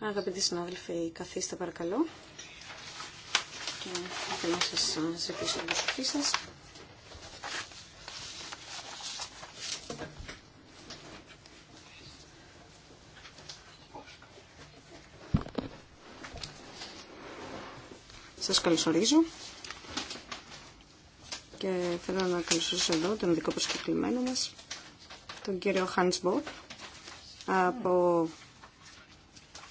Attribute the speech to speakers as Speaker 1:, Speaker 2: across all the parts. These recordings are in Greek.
Speaker 1: Αγαπητοί συνάδελφοι, καθίστε παρακαλώ και θέλω να σας ζητήσω την προσοχή σας. Σας καλωσορίζω και θέλω να καλωσορίσω εδώ τον ειδικό προσκεκλημένο μας, τον κύριο Hans από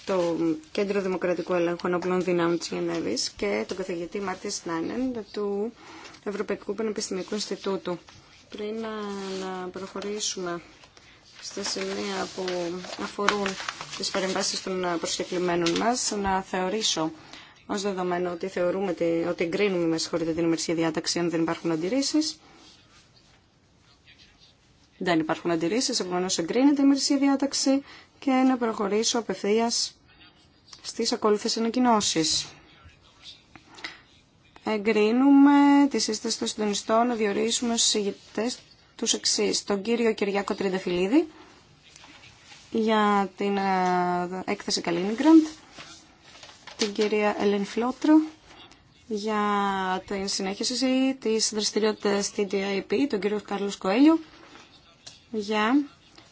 Speaker 1: το Κέντρο Δημοκρατικού Ελέγχου Ανοπλών Δυνάμων της Γενέβης και τον καθηγητή Μάρτιν Στάνεν του Ευρωπαϊκού Πανεπιστημιακού Ινστιτούτου. Πριν να προχωρήσουμε στα σημεία που αφορούν τις παρεμβάσεις των προσκεκλημένων μας, να θεωρήσω ως δεδομένο ότι θεωρούμε ότι, ότι εγκρίνουμε με συγχωρείτε την ημερησία διάταξη αν δεν υπάρχουν αντιρρήσεις. Δεν υπάρχουν αντιρρήσεις, επομένω εγκρίνεται η μερική διάταξη και να προχωρήσω απευθείας στις ακολουθές ανακοινώσει. Εγκρίνουμε τη σύσταση των συντονιστών να διορίσουμε στου ηγητέ τους εξής. Τον κύριο Κυριάκο Τρενταφυλλίδη για την ε, έκθεση Καλίνιγκραντ, την κυρία Ελέν Φλότρο για την συνέχιση της δραστηριότητας TDIP, τον κύριο Κάρλος Κοέλιο, για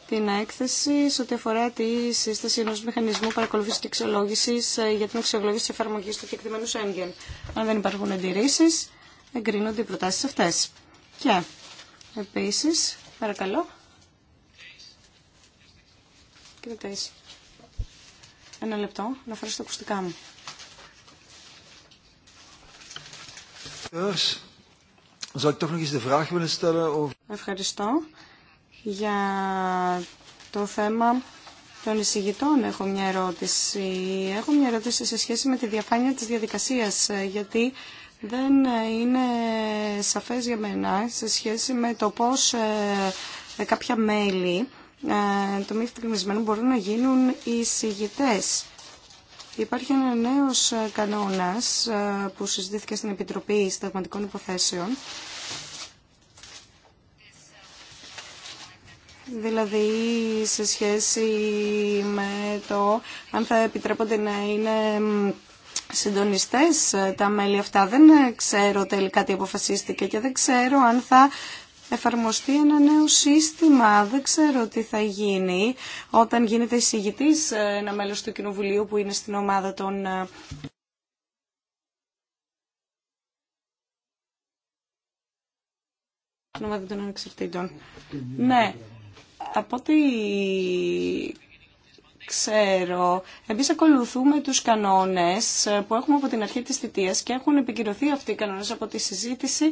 Speaker 1: την έκθεση σε ό,τι αφορά τη σύσταση ενό μηχανισμού παρακολούθηση και αξιολόγηση ε, για την αξιολόγηση τη εφαρμογή του κεκτημένου Σέγγεν. Αν δεν υπάρχουν αντιρρήσει, εγκρίνονται οι προτάσει αυτέ. Και επίση, παρακαλώ. Κύριε ένα λεπτό να φέρω στα ακουστικά μου. Ευχαριστώ για το θέμα των εισηγητών έχω μια ερώτηση. Έχω μια ερώτηση σε σχέση με τη διαφάνεια της διαδικασίας, γιατί δεν είναι σαφές για μένα σε σχέση με το πώς ε, κάποια μέλη ε, το μη φτυγμισμένο μπορούν να γίνουν εισηγητές. Υπάρχει ένα νέος κανόνας ε, που συζητήθηκε στην Επιτροπή Συνταγματικών Υποθέσεων Δηλαδή σε σχέση με το αν θα επιτρέπονται να είναι συντονιστές ε, τα μέλη αυτά. Δεν ξέρω τελικά τι αποφασίστηκε και δεν ξέρω αν θα εφαρμοστεί ένα νέο σύστημα. Δεν ξέρω τι θα γίνει όταν γίνεται εισηγητής ένα μέλος του Κοινοβουλίου που είναι στην ομάδα των... Ε, στην Ναι. Από ό,τι ξέρω, εμείς ακολουθούμε τους κανόνες που έχουμε από την αρχή της θητείας και έχουν επικυρωθεί αυτοί οι κανόνες από τη συζήτηση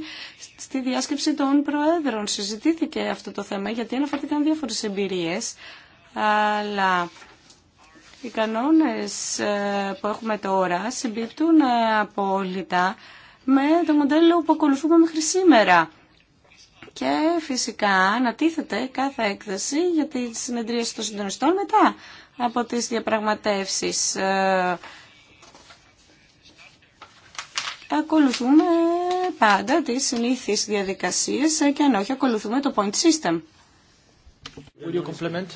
Speaker 1: στη διάσκεψη των Προέδρων. Συζητήθηκε αυτό το θέμα γιατί αναφέρθηκαν διάφορες εμπειρίες, αλλά... Οι κανόνες ε, που έχουμε τώρα συμπίπτουν ε, απόλυτα με το μοντέλο που ακολουθούμε μέχρι σήμερα και φυσικά να τίθεται κάθε έκθεση για τη συνεδρίαση των συντονιστών μετά από τις διαπραγματεύσεις. Ε, ακολουθούμε πάντα τις συνήθεις διαδικασίες ε, και αν όχι ακολουθούμε το point system.
Speaker 2: Will you compliment?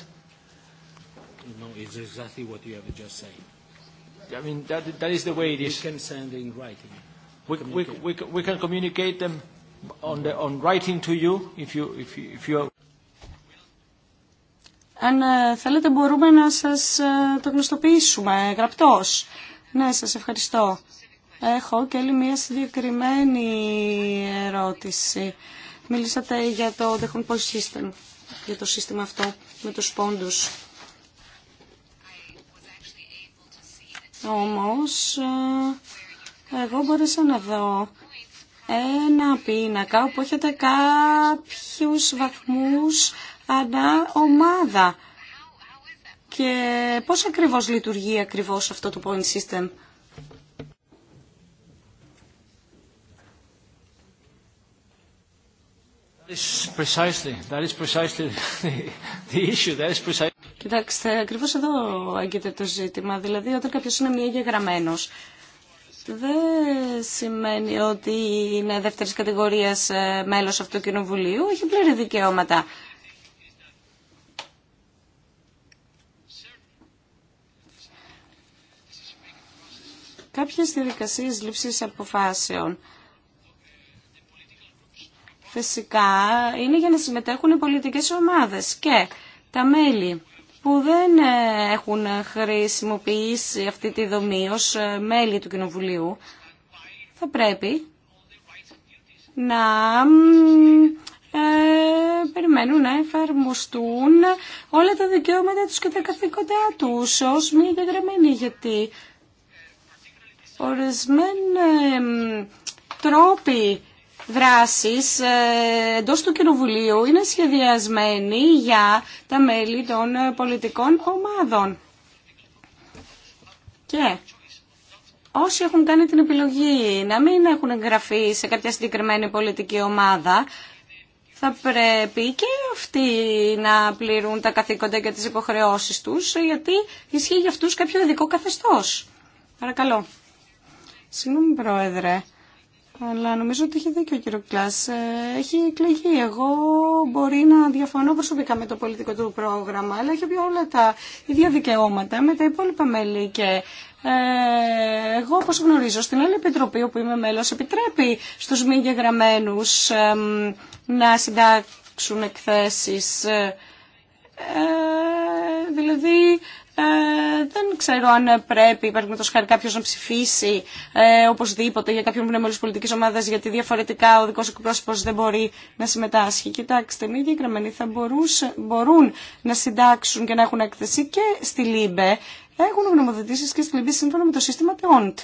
Speaker 2: No, it's exactly what you have just said. I mean, that, that is the way it is. We can send in writing. We, we, we, we can communicate them on, the,
Speaker 1: Αν θέλετε μπορούμε να σας ε, το γνωστοποιήσουμε γραπτός. Ναι, σας ευχαριστώ. Έχω και άλλη μια συγκεκριμένη ερώτηση. Μιλήσατε για το The System, για το σύστημα αυτό με τους πόντους. Όμως, ε, εγώ μπόρεσα να δω ένα πίνακα όπου έχετε κάποιους βαθμούς ανά ομάδα. Και πώς ακριβώς λειτουργεί ακριβώς αυτό το point system. Κοιτάξτε, ακριβώς εδώ έγκυται το ζήτημα. Δηλαδή, όταν κάποιος είναι μία εγγεγραμμένος, δεν σημαίνει ότι είναι δεύτερης κατηγορίας ε, μέλος αυτού του κοινοβουλίου. Έχει πλήρη δικαιώματα. Κάποιες διαδικασίες λήψης αποφάσεων φυσικά είναι για να συμμετέχουν οι πολιτικές ομάδες και τα μέλη που δεν ε, έχουν χρησιμοποιήσει αυτή τη δομή ως ε, μέλη του Κοινοβουλίου θα πρέπει να ε, περιμένουν να εφαρμοστούν όλα τα δικαιώματα τους και τα καθήκοντά τους ως μη εγγεγραμμένοι γιατί ορισμένοι τρόποι δράσεις ε, εντό του Κοινοβουλίου είναι σχεδιασμένη για τα μέλη των ε, πολιτικών ομάδων. Και όσοι έχουν κάνει την επιλογή να μην έχουν εγγραφεί σε κάποια συγκεκριμένη πολιτική ομάδα, θα πρέπει και αυτοί να πληρούν τα καθήκοντα και τις υποχρεώσεις τους, γιατί ισχύει για αυτούς κάποιο ειδικό καθεστώς. Παρακαλώ. Συγγνώμη, Πρόεδρε. Αλλά νομίζω ότι έχει δίκιο ο κύριο Κλάς. Ε, έχει εκλεγεί. Εγώ μπορεί να διαφωνώ προσωπικά με το πολιτικό του πρόγραμμα, αλλά έχει πει όλα τα ίδια δικαιώματα με τα υπόλοιπα μέλη και ε, εγώ όπω γνωρίζω στην άλλη επιτροπή όπου είμαι μέλος επιτρέπει στους μη γεγραμμένους να συντάξουν εκθέσεις. Ε, ε δηλαδή ε, δεν ξέρω αν πρέπει, το χάρη, κάποιο να ψηφίσει ε, οπωσδήποτε για κάποιον που είναι πολιτική ομάδα, γιατί διαφορετικά ο δικό εκπρόσωπο δεν μπορεί να συμμετάσχει. Κοιτάξτε, μη διεκραμμένοι θα μπορούν να συντάξουν και να έχουν έκθεση και στη ΛΥΜΠΕ. Έχουν γνωμοδοτήσει και στη ΛΥΜΠΕ σύμφωνα με το σύστημα ΤΕΟΝΤ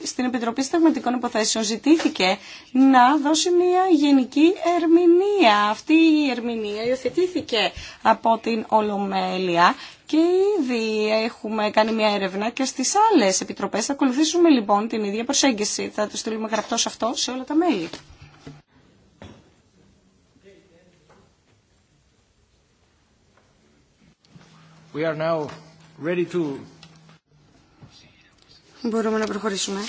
Speaker 1: στην Επιτροπή Σταγματικών Υποθέσεων ζητήθηκε να δώσει μια γενική ερμηνεία. Αυτή η ερμηνεία υιοθετήθηκε από την Ολομέλεια και ήδη έχουμε κάνει μια έρευνα και στις άλλες επιτροπές. Θα ακολουθήσουμε λοιπόν την ίδια προσέγγιση. Θα το στείλουμε γραπτός αυτό σε όλα τα μέλη.
Speaker 2: We are now ready to
Speaker 1: Μπορούμε να προχωρήσουμε.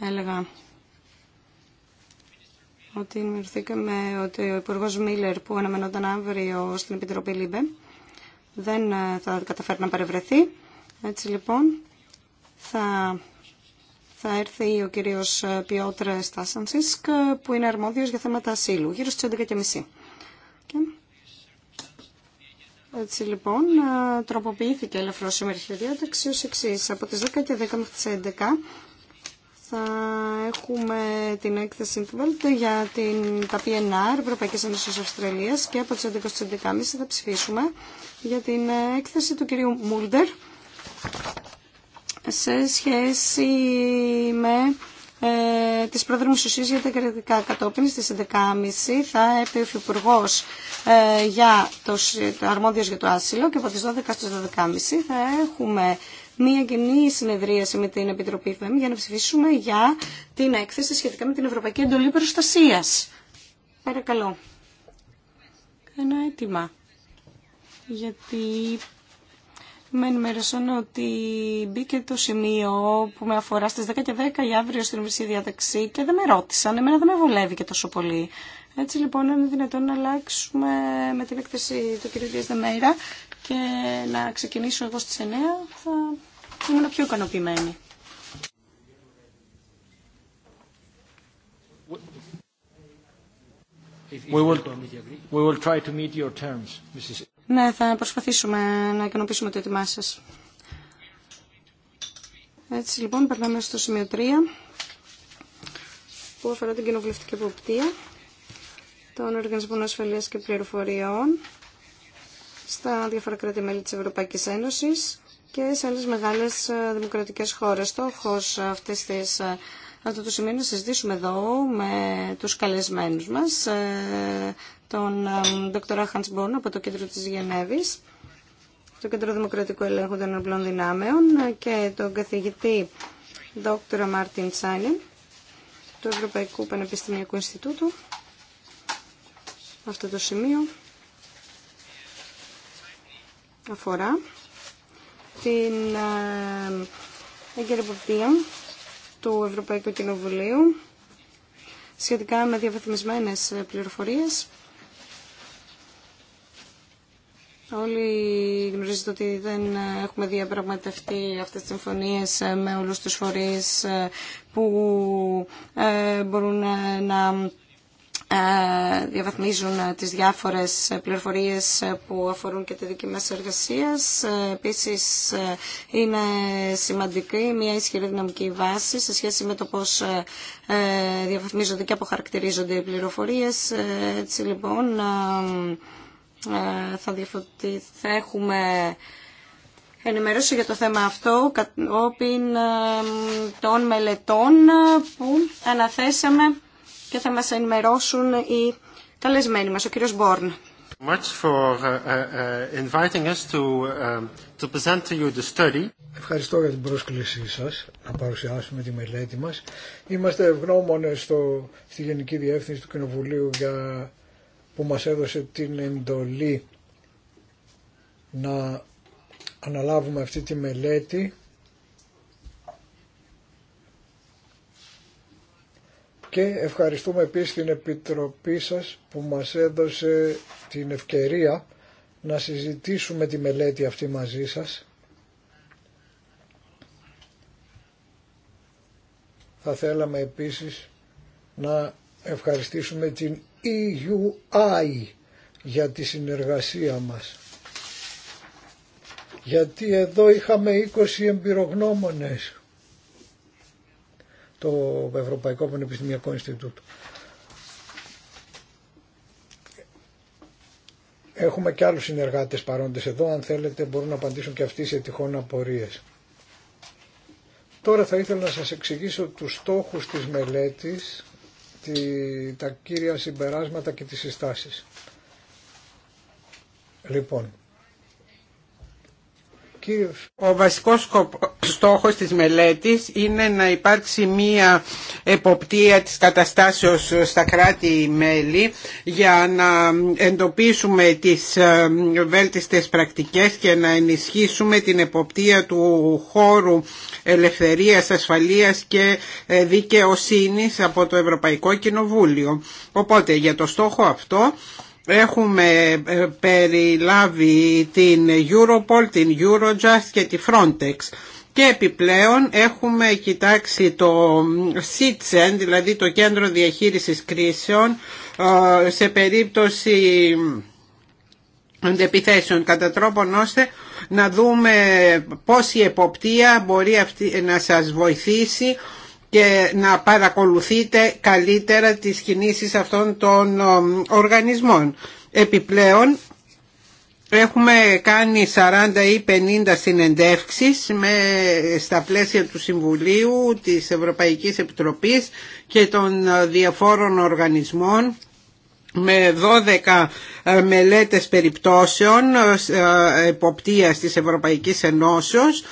Speaker 1: Έλεγα ότι ενημερωθήκαμε ότι ο Υπουργό Μίλλερ που αναμενόταν αύριο στην Επιτροπή Λίμπε δεν ε, θα καταφέρει να παρευρεθεί. Έτσι λοιπόν θα, θα έρθει ο κύριος ε, Πιότρε Στάσανσισκ ε, που είναι αρμόδιος για θέματα ασύλου γύρω στις 11.30. Έτσι λοιπόν τροποποιήθηκε ελαφρώς σήμερα η διάταξη ως εξής. Από τις 10 και 10 μέχρι τις 11 θα έχουμε την έκθεση Βέλτ για την, τα PNR Ευρωπαϊκής Ένωσης Αυστραλίας και από τις 11 στις 11.30 θα ψηφίσουμε για την έκθεση του κυρίου Μούλτερ σε σχέση με ε, της Πρόεδρου για τα κρατικά κατόπιν στις 11.30 θα έρθει ο Υφυπουργό ε, για το, το για το άσυλο και από τις 12 στις 12.30 θα έχουμε μία κοινή συνεδρίαση με την Επιτροπή ΦΕΜ για να ψηφίσουμε για την έκθεση σχετικά με την Ευρωπαϊκή Εντολή Προστασία. Παρακαλώ. Ένα αίτημα. Γιατί με ενημέρωσαν ότι μπήκε το σημείο που με αφορά στις 10 και 10 για αύριο στην μισή διαταξή και δεν με ρώτησαν, εμένα δεν με βολεύει και τόσο πολύ. Έτσι λοιπόν είναι δυνατόν να αλλάξουμε με την έκθεση του κ. Δεμέρα και να ξεκινήσω εγώ στις 9 θα ήμουν πιο ικανοποιημένη.
Speaker 2: We will, we will try to meet your terms, Mrs.
Speaker 1: Ναι, θα προσπαθήσουμε να ικανοποιήσουμε το έτοιμά σα. Έτσι λοιπόν, περνάμε στο σημείο 3, που αφορά την κοινοβουλευτική εποπτεία των Οργανισμών ασφαλεία και Πληροφοριών στα διάφορα κράτη-μέλη της Ευρωπαϊκής Ένωσης και σε άλλε μεγάλε δημοκρατικέ χώρε. Στόχο αυτής της ε, αυτό το σημείο να συζητήσουμε εδώ με τους καλεσμένους μας, ε, τον Δ. Χαντς Μπόν από το κέντρο της Γενέβης, το Κέντρο Δημοκρατικού Ελέγχου των Απλών Δυνάμεων και τον καθηγητή Δ. Μάρτιν Τσάνιν του Ευρωπαϊκού Πανεπιστημιακού Ινστιτούτου. Αυτό το σημείο αφορά την εγκαιρεποπτία του Ευρωπαϊκού Κοινοβουλίου σχετικά με διαβαθμισμένες πληροφορίες. Όλοι γνωρίζετε ότι δεν έχουμε διαπραγματευτεί αυτές τις συμφωνίες με όλους τους φορείς που ε, μπορούν να ε, διαβαθμίζουν ε, τις διάφορες ε, πληροφορίες που αφορούν και τη δική μας εργασία. Επίσης είναι σημαντική μια ισχυρή δυναμική βάση σε σχέση με το πώς διαβαθμίζονται και αποχαρακτηρίζονται οι πληροφορίες. Έτσι λοιπόν θα, διαφωτί, θα έχουμε ενημερώσει για το θέμα αυτό όπιν των μελετών που αναθέσαμε και θα μας ενημερώσουν οι καλεσμένοι μας, ο κύριος Μπόρν.
Speaker 3: Ευχαριστώ για την πρόσκλησή σας να παρουσιάσουμε τη μελέτη μας. Είμαστε ευγνώμονες στο, στη Γενική Διεύθυνση του Κοινοβουλίου για, που μας έδωσε την εντολή να αναλάβουμε αυτή τη μελέτη Και ευχαριστούμε επίσης την Επιτροπή σας που μας έδωσε την ευκαιρία να συζητήσουμε τη μελέτη αυτή μαζί σας. Θα θέλαμε επίσης να ευχαριστήσουμε την EUI για τη συνεργασία μας. Γιατί εδώ είχαμε 20 εμπειρογνώμονες το Ευρωπαϊκό Πανεπιστημιακό Ινστιτούτο. Έχουμε και άλλους συνεργάτες παρόντες εδώ, αν θέλετε μπορούν να απαντήσουν και αυτοί σε τυχόν απορίες. Τώρα θα ήθελα να σας εξηγήσω τους στόχους της μελέτης, τη, τα κύρια συμπεράσματα και τις συστάσεις. Λοιπόν,
Speaker 4: ο βασικός στόχος της μελέτης είναι να υπάρξει μία εποπτεία της καταστάσεως στα κράτη-μέλη για να εντοπίσουμε τις ε, βέλτιστες πρακτικές και να ενισχύσουμε την εποπτεία του χώρου ελευθερίας, ασφαλείας και ε, δικαιοσύνης από το Ευρωπαϊκό Κοινοβούλιο. Οπότε για το στόχο αυτό έχουμε ε, περιλάβει την Europol, την Eurojust και τη Frontex. Και επιπλέον έχουμε κοιτάξει το CITSEN, δηλαδή το Κέντρο Διαχείρισης Κρίσεων, ε, σε περίπτωση επιθέσεων κατά τρόπον ώστε να δούμε πώς η εποπτεία μπορεί να σας βοηθήσει και να παρακολουθείτε καλύτερα τις κινήσεις αυτών των οργανισμών. Επιπλέον έχουμε κάνει 40 ή 50 συνεντεύξεις με, στα πλαίσια του Συμβουλίου, της Ευρωπαϊκής Επιτροπής και των διαφόρων οργανισμών με 12 ε, μελέτες περιπτώσεων ε, ε, εποπτείας της Ευρωπαϊκής Ενώσεως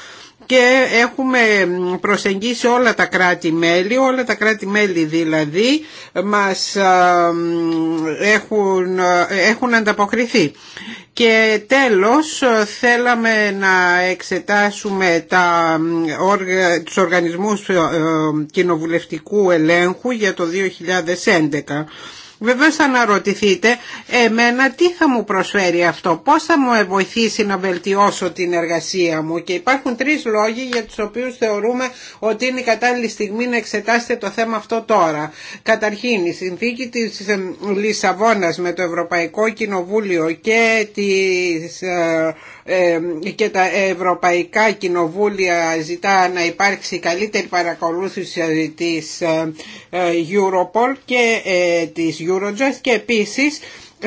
Speaker 4: και έχουμε προσεγγίσει όλα τα κράτη-μέλη, όλα τα κράτη-μέλη δηλαδή μας έχουν, έχουν ανταποκριθεί. Και τέλος θέλαμε να εξετάσουμε τα, τους οργανισμούς ε, ε, κοινοβουλευτικού ελέγχου για το 2011. Βεβαίως θα αναρωτηθείτε εμένα τι θα μου προσφέρει αυτό, πώς θα μου βοηθήσει να βελτιώσω την εργασία μου και υπάρχουν τρεις λόγοι για τους οποίους θεωρούμε ότι είναι η κατάλληλη στιγμή να εξετάσετε το θέμα αυτό τώρα. Καταρχήν η συνθήκη της ε, Λισαβόνας με το Ευρωπαϊκό Κοινοβούλιο και της ε, ε, και τα Ευρωπαϊκά Κοινοβούλια ζητά να υπάρξει καλύτερη παρακολούθηση της ε, ε, Europol και της Eurojust και επίσης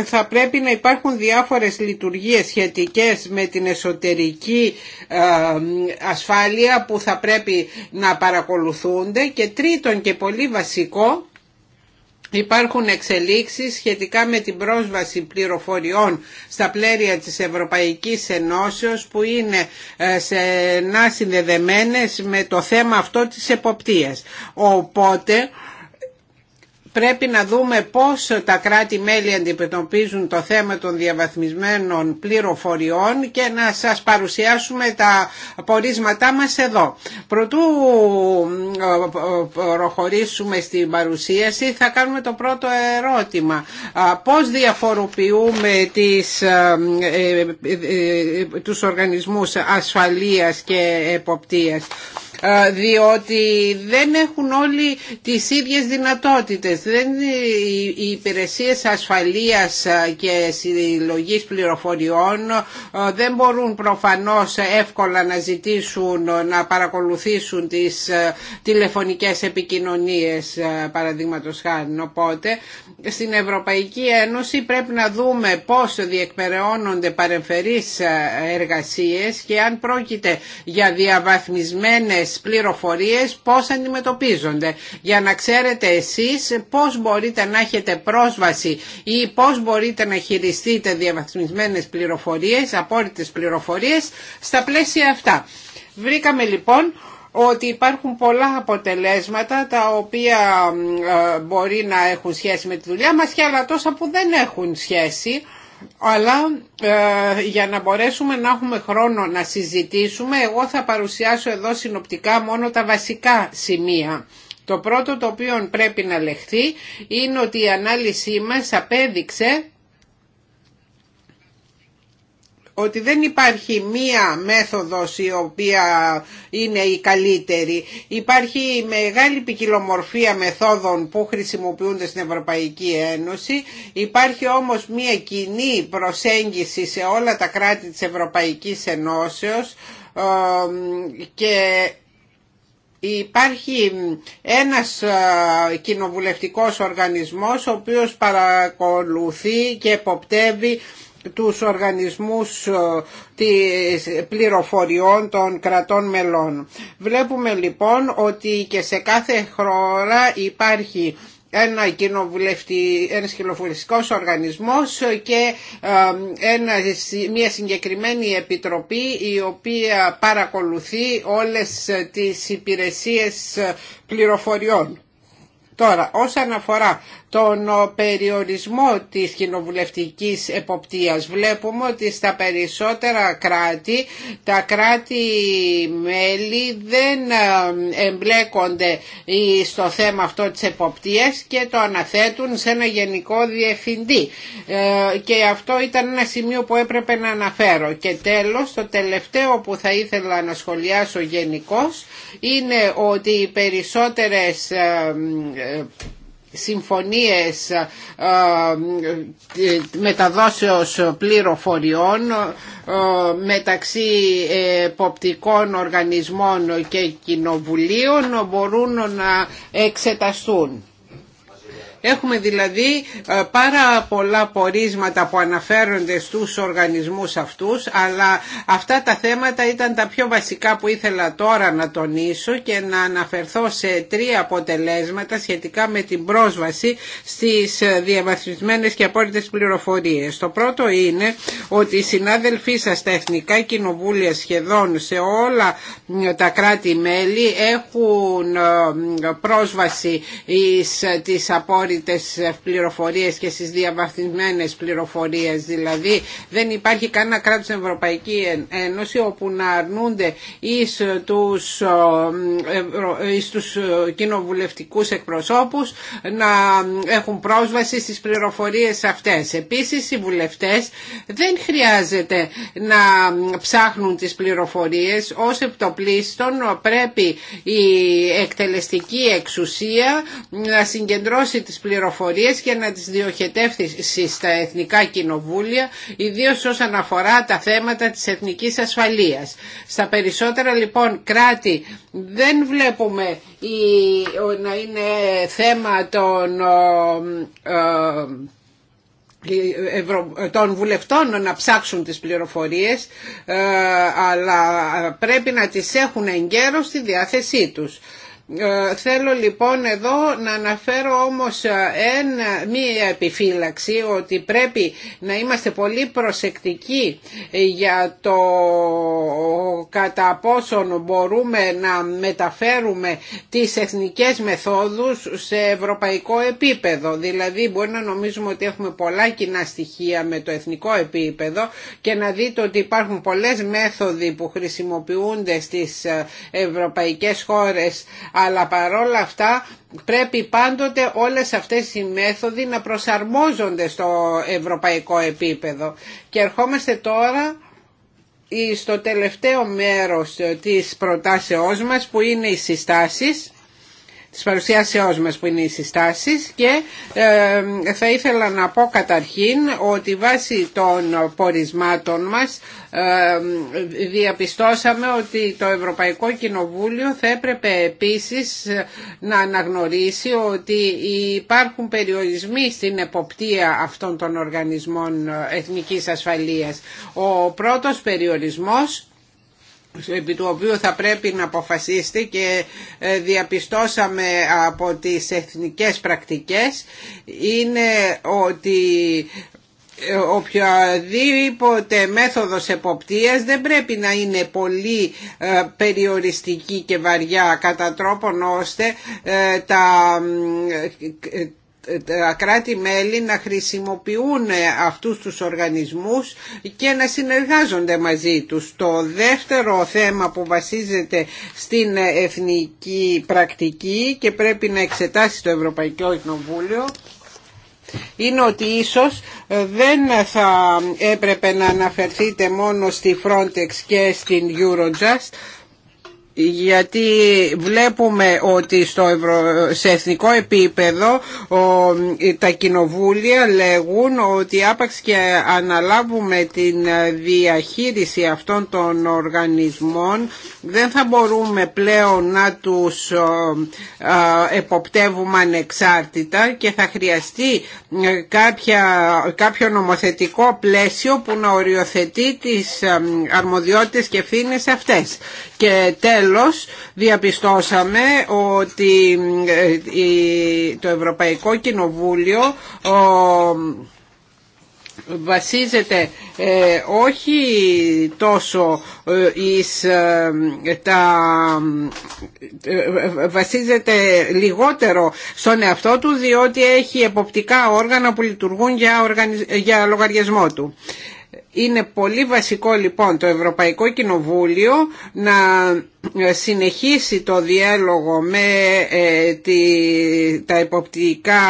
Speaker 4: θα πρέπει να υπάρχουν διάφορες λειτουργίες σχετικές με την εσωτερική ασφάλεια που θα πρέπει να παρακολουθούνται και τρίτον και πολύ βασικό Υπάρχουν εξελίξεις σχετικά με την πρόσβαση πληροφοριών στα πλαίρια της Ευρωπαϊκής Ενώσεως που είναι ε, να συνδεδεμένες με το θέμα αυτό της εποπτείας. Οπότε πρέπει να δούμε πώς τα κράτη-μέλη αντιμετωπίζουν το θέμα των διαβαθμισμένων πληροφοριών και να σας παρουσιάσουμε τα πορίσματά μας εδώ. Προτού ε, προχωρήσουμε στην παρουσίαση θα κάνουμε το πρώτο ερώτημα. Πώς διαφοροποιούμε τις, ε, ε, τους οργανισμούς ασφαλείας και εποπτείας διότι δεν έχουν όλοι τις ίδιες δυνατότητες. Δεν, ε, οι υπηρεσίες ασφαλείας ε, και συλλογής πληροφοριών ε, δεν μπορούν προφανώς εύκολα να ζητήσουν να παρακολουθήσουν τις τηλεφωνικές επικοινωνίες παραδείγματος χάρη. Οπότε στην Ευρωπαϊκή Ένωση πρέπει να δούμε πώς διεκπεραιώνονται παρεμφερείς εργασίες και αν πρόκειται για διαβαθμισμένες αυτές πληροφορίες πώς αντιμετωπίζονται για να ξέρετε εσείς πώς μπορείτε να έχετε πρόσβαση ή πώς μπορείτε να χειριστείτε διαβαθμισμένες πληροφορίες, απόρριτες πληροφορίες στα πλαίσια αυτά. Βρήκαμε λοιπόν ότι υπάρχουν πολλά αποτελέσματα τα οποία ε, μπορεί να έχουν σχέση με τη δουλειά μας και άλλα τόσα που δεν έχουν σχέση αλλά ε, για να μπορέσουμε να έχουμε χρόνο να συζητήσουμε εγώ θα παρουσιάσω εδώ συνοπτικά μόνο τα βασικά σημεία. Το πρώτο το οποίο πρέπει να λεχθεί είναι ότι η ανάλυση μας απέδειξε ότι δεν υπάρχει μία μέθοδος η οποία είναι η καλύτερη. Υπάρχει μεγάλη ποικιλομορφία μεθόδων που χρησιμοποιούνται στην Ευρωπαϊκή Ένωση. Υπάρχει όμως μία κοινή προσέγγιση σε όλα τα κράτη της Ευρωπαϊκής Ενώσεως και Υπάρχει ένας ε, κοινοβουλευτικός οργανισμός ο οποίος παρακολουθεί και εποπτεύει τους οργανισμούς ε, της πληροφοριών των κρατών μελών. Βλέπουμε λοιπόν ότι και σε κάθε χώρα υπάρχει ένα κοινοβουλευτή, ένας κοινοβουλευτικός οργανισμός και ε, ένα, μια συγκεκριμένη επιτροπή η οποία παρακολουθεί όλες τις υπηρεσίες πληροφοριών. Τώρα, όσον αφορά τον περιορισμό της κοινοβουλευτικής εποπτείας, βλέπουμε ότι στα περισσότερα κράτη, τα κράτη-μέλη δεν ε, εμπλέκονται ε, στο θέμα αυτό της εποπτείας και το αναθέτουν σε ένα γενικό διευθυντή. Ε, και αυτό ήταν ένα σημείο που έπρεπε να αναφέρω. Και τέλος, το τελευταίο που θα ήθελα να σχολιάσω γενικώ είναι ότι οι περισσότερες συμφωνίες ε, ε, μεταδόσεως πληροφοριών ε, μεταξύ εποπτικών οργανισμών και κοινοβουλίων μπορούν να εξεταστούν. Έχουμε δηλαδή ε, πάρα πολλά πορίσματα που αναφέρονται στους οργανισμούς αυτούς, αλλά αυτά τα θέματα ήταν τα πιο βασικά που ήθελα τώρα να τονίσω και να αναφερθώ σε τρία αποτελέσματα σχετικά με την πρόσβαση στις ε, διαβαθμισμένες και απόρριτες πληροφορίες. Το πρώτο είναι ότι οι συνάδελφοί σας στα Εθνικά Κοινοβούλια σχεδόν σε όλα τα κράτη-μέλη έχουν ε, πρόσβαση στις απόρριτες απόρριτες πληροφορίες και στις διαβαθμισμένες πληροφορίες. Δηλαδή δεν υπάρχει κανένα κράτος Ευρωπαϊκή Ένωση όπου να αρνούνται εις τους, εις τους κοινοβουλευτικούς εκπροσώπους να έχουν πρόσβαση στις πληροφορίες αυτές. Επίσης οι βουλευτές δεν χρειάζεται να ψάχνουν τις πληροφορίες ως επτοπλίστων πρέπει η εκτελεστική εξουσία να συγκεντρώσει τις τις και να τις διοχετεύσει στα εθνικά κοινοβούλια, ιδίως όσον αφορά τα θέματα της εθνικής ασφαλείας. Στα περισσότερα λοιπόν κράτη δεν βλέπουμε να είναι θέμα των των βουλευτών να ψάξουν τις πληροφορίες ε, αλλά πρέπει να τις έχουν εγκαίρως στη διάθεσή τους. Ε, θέλω λοιπόν εδώ να αναφέρω όμως ένα, ε, μία επιφύλαξη ότι πρέπει να είμαστε πολύ προσεκτικοί ε, για το κατά πόσον μπορούμε να μεταφέρουμε τις εθνικές μεθόδους σε ευρωπαϊκό επίπεδο. Δηλαδή μπορεί να νομίζουμε ότι έχουμε πολλά κοινά στοιχεία με το εθνικό επίπεδο και να δείτε ότι υπάρχουν πολλές μέθοδοι που χρησιμοποιούνται στις ευρωπαϊκές χώρες αλλά παρόλα αυτά πρέπει πάντοτε όλες αυτές οι μέθοδοι να προσαρμόζονται στο ευρωπαϊκό επίπεδο. Και ερχόμαστε τώρα στο τελευταίο μέρος της προτάσεώς μας που είναι οι συστάσεις της παρουσιάσεώς μας που είναι οι συστάσεις και ε, θα ήθελα να πω καταρχήν ότι βάσει των πορισμάτων μας ε, διαπιστώσαμε ότι το Ευρωπαϊκό Κοινοβούλιο θα έπρεπε επίσης να αναγνωρίσει ότι υπάρχουν περιορισμοί στην εποπτεία αυτών των οργανισμών εθνικής ασφαλείας. Ο πρώτος περιορισμός επί του οποίου θα πρέπει να αποφασίσετε και ε, διαπιστώσαμε από τις εθνικές πρακτικές είναι ότι ε, οποιαδήποτε μέθοδος εποπτείας δεν πρέπει να είναι πολύ ε, περιοριστική και βαριά κατά τρόπον ώστε τα, τα κράτη-μέλη να χρησιμοποιούν αυτούς τους οργανισμούς και να συνεργάζονται μαζί τους. Το δεύτερο θέμα που βασίζεται στην εθνική πρακτική και πρέπει να εξετάσει το Ευρωπαϊκό Κοινοβούλιο είναι ότι ίσως δεν θα έπρεπε να αναφερθείτε μόνο στη Frontex και στην Eurojust γιατί βλέπουμε ότι στο σε εθνικό επίπεδο τα κοινοβούλια λέγουν ότι άπαξ και αναλάβουμε την διαχείριση αυτών των οργανισμών δεν θα μπορούμε πλέον να τους εποπτεύουμε ανεξάρτητα και θα χρειαστεί ε, κάποια, κάποιο νομοθετικό πλαίσιο που να οριοθετεί τις ε, αρμοδιότητες και ευθύνες αυτές. Και τέλος τέλος διαπιστώσαμε ότι ε, το Ευρωπαϊκό Κοινοβούλιο βασίζεται ε, όχι τόσο ε, τα βασίζεται λιγότερο στον εαυτό του διότι έχει εποπτικά όργανα που λειτουργούν για, για λογαριασμό του. Είναι πολύ βασικό λοιπόν το Ευρωπαϊκό Κοινοβούλιο να ε, συνεχίσει το διάλογο με ε, τη, τα υποπτικά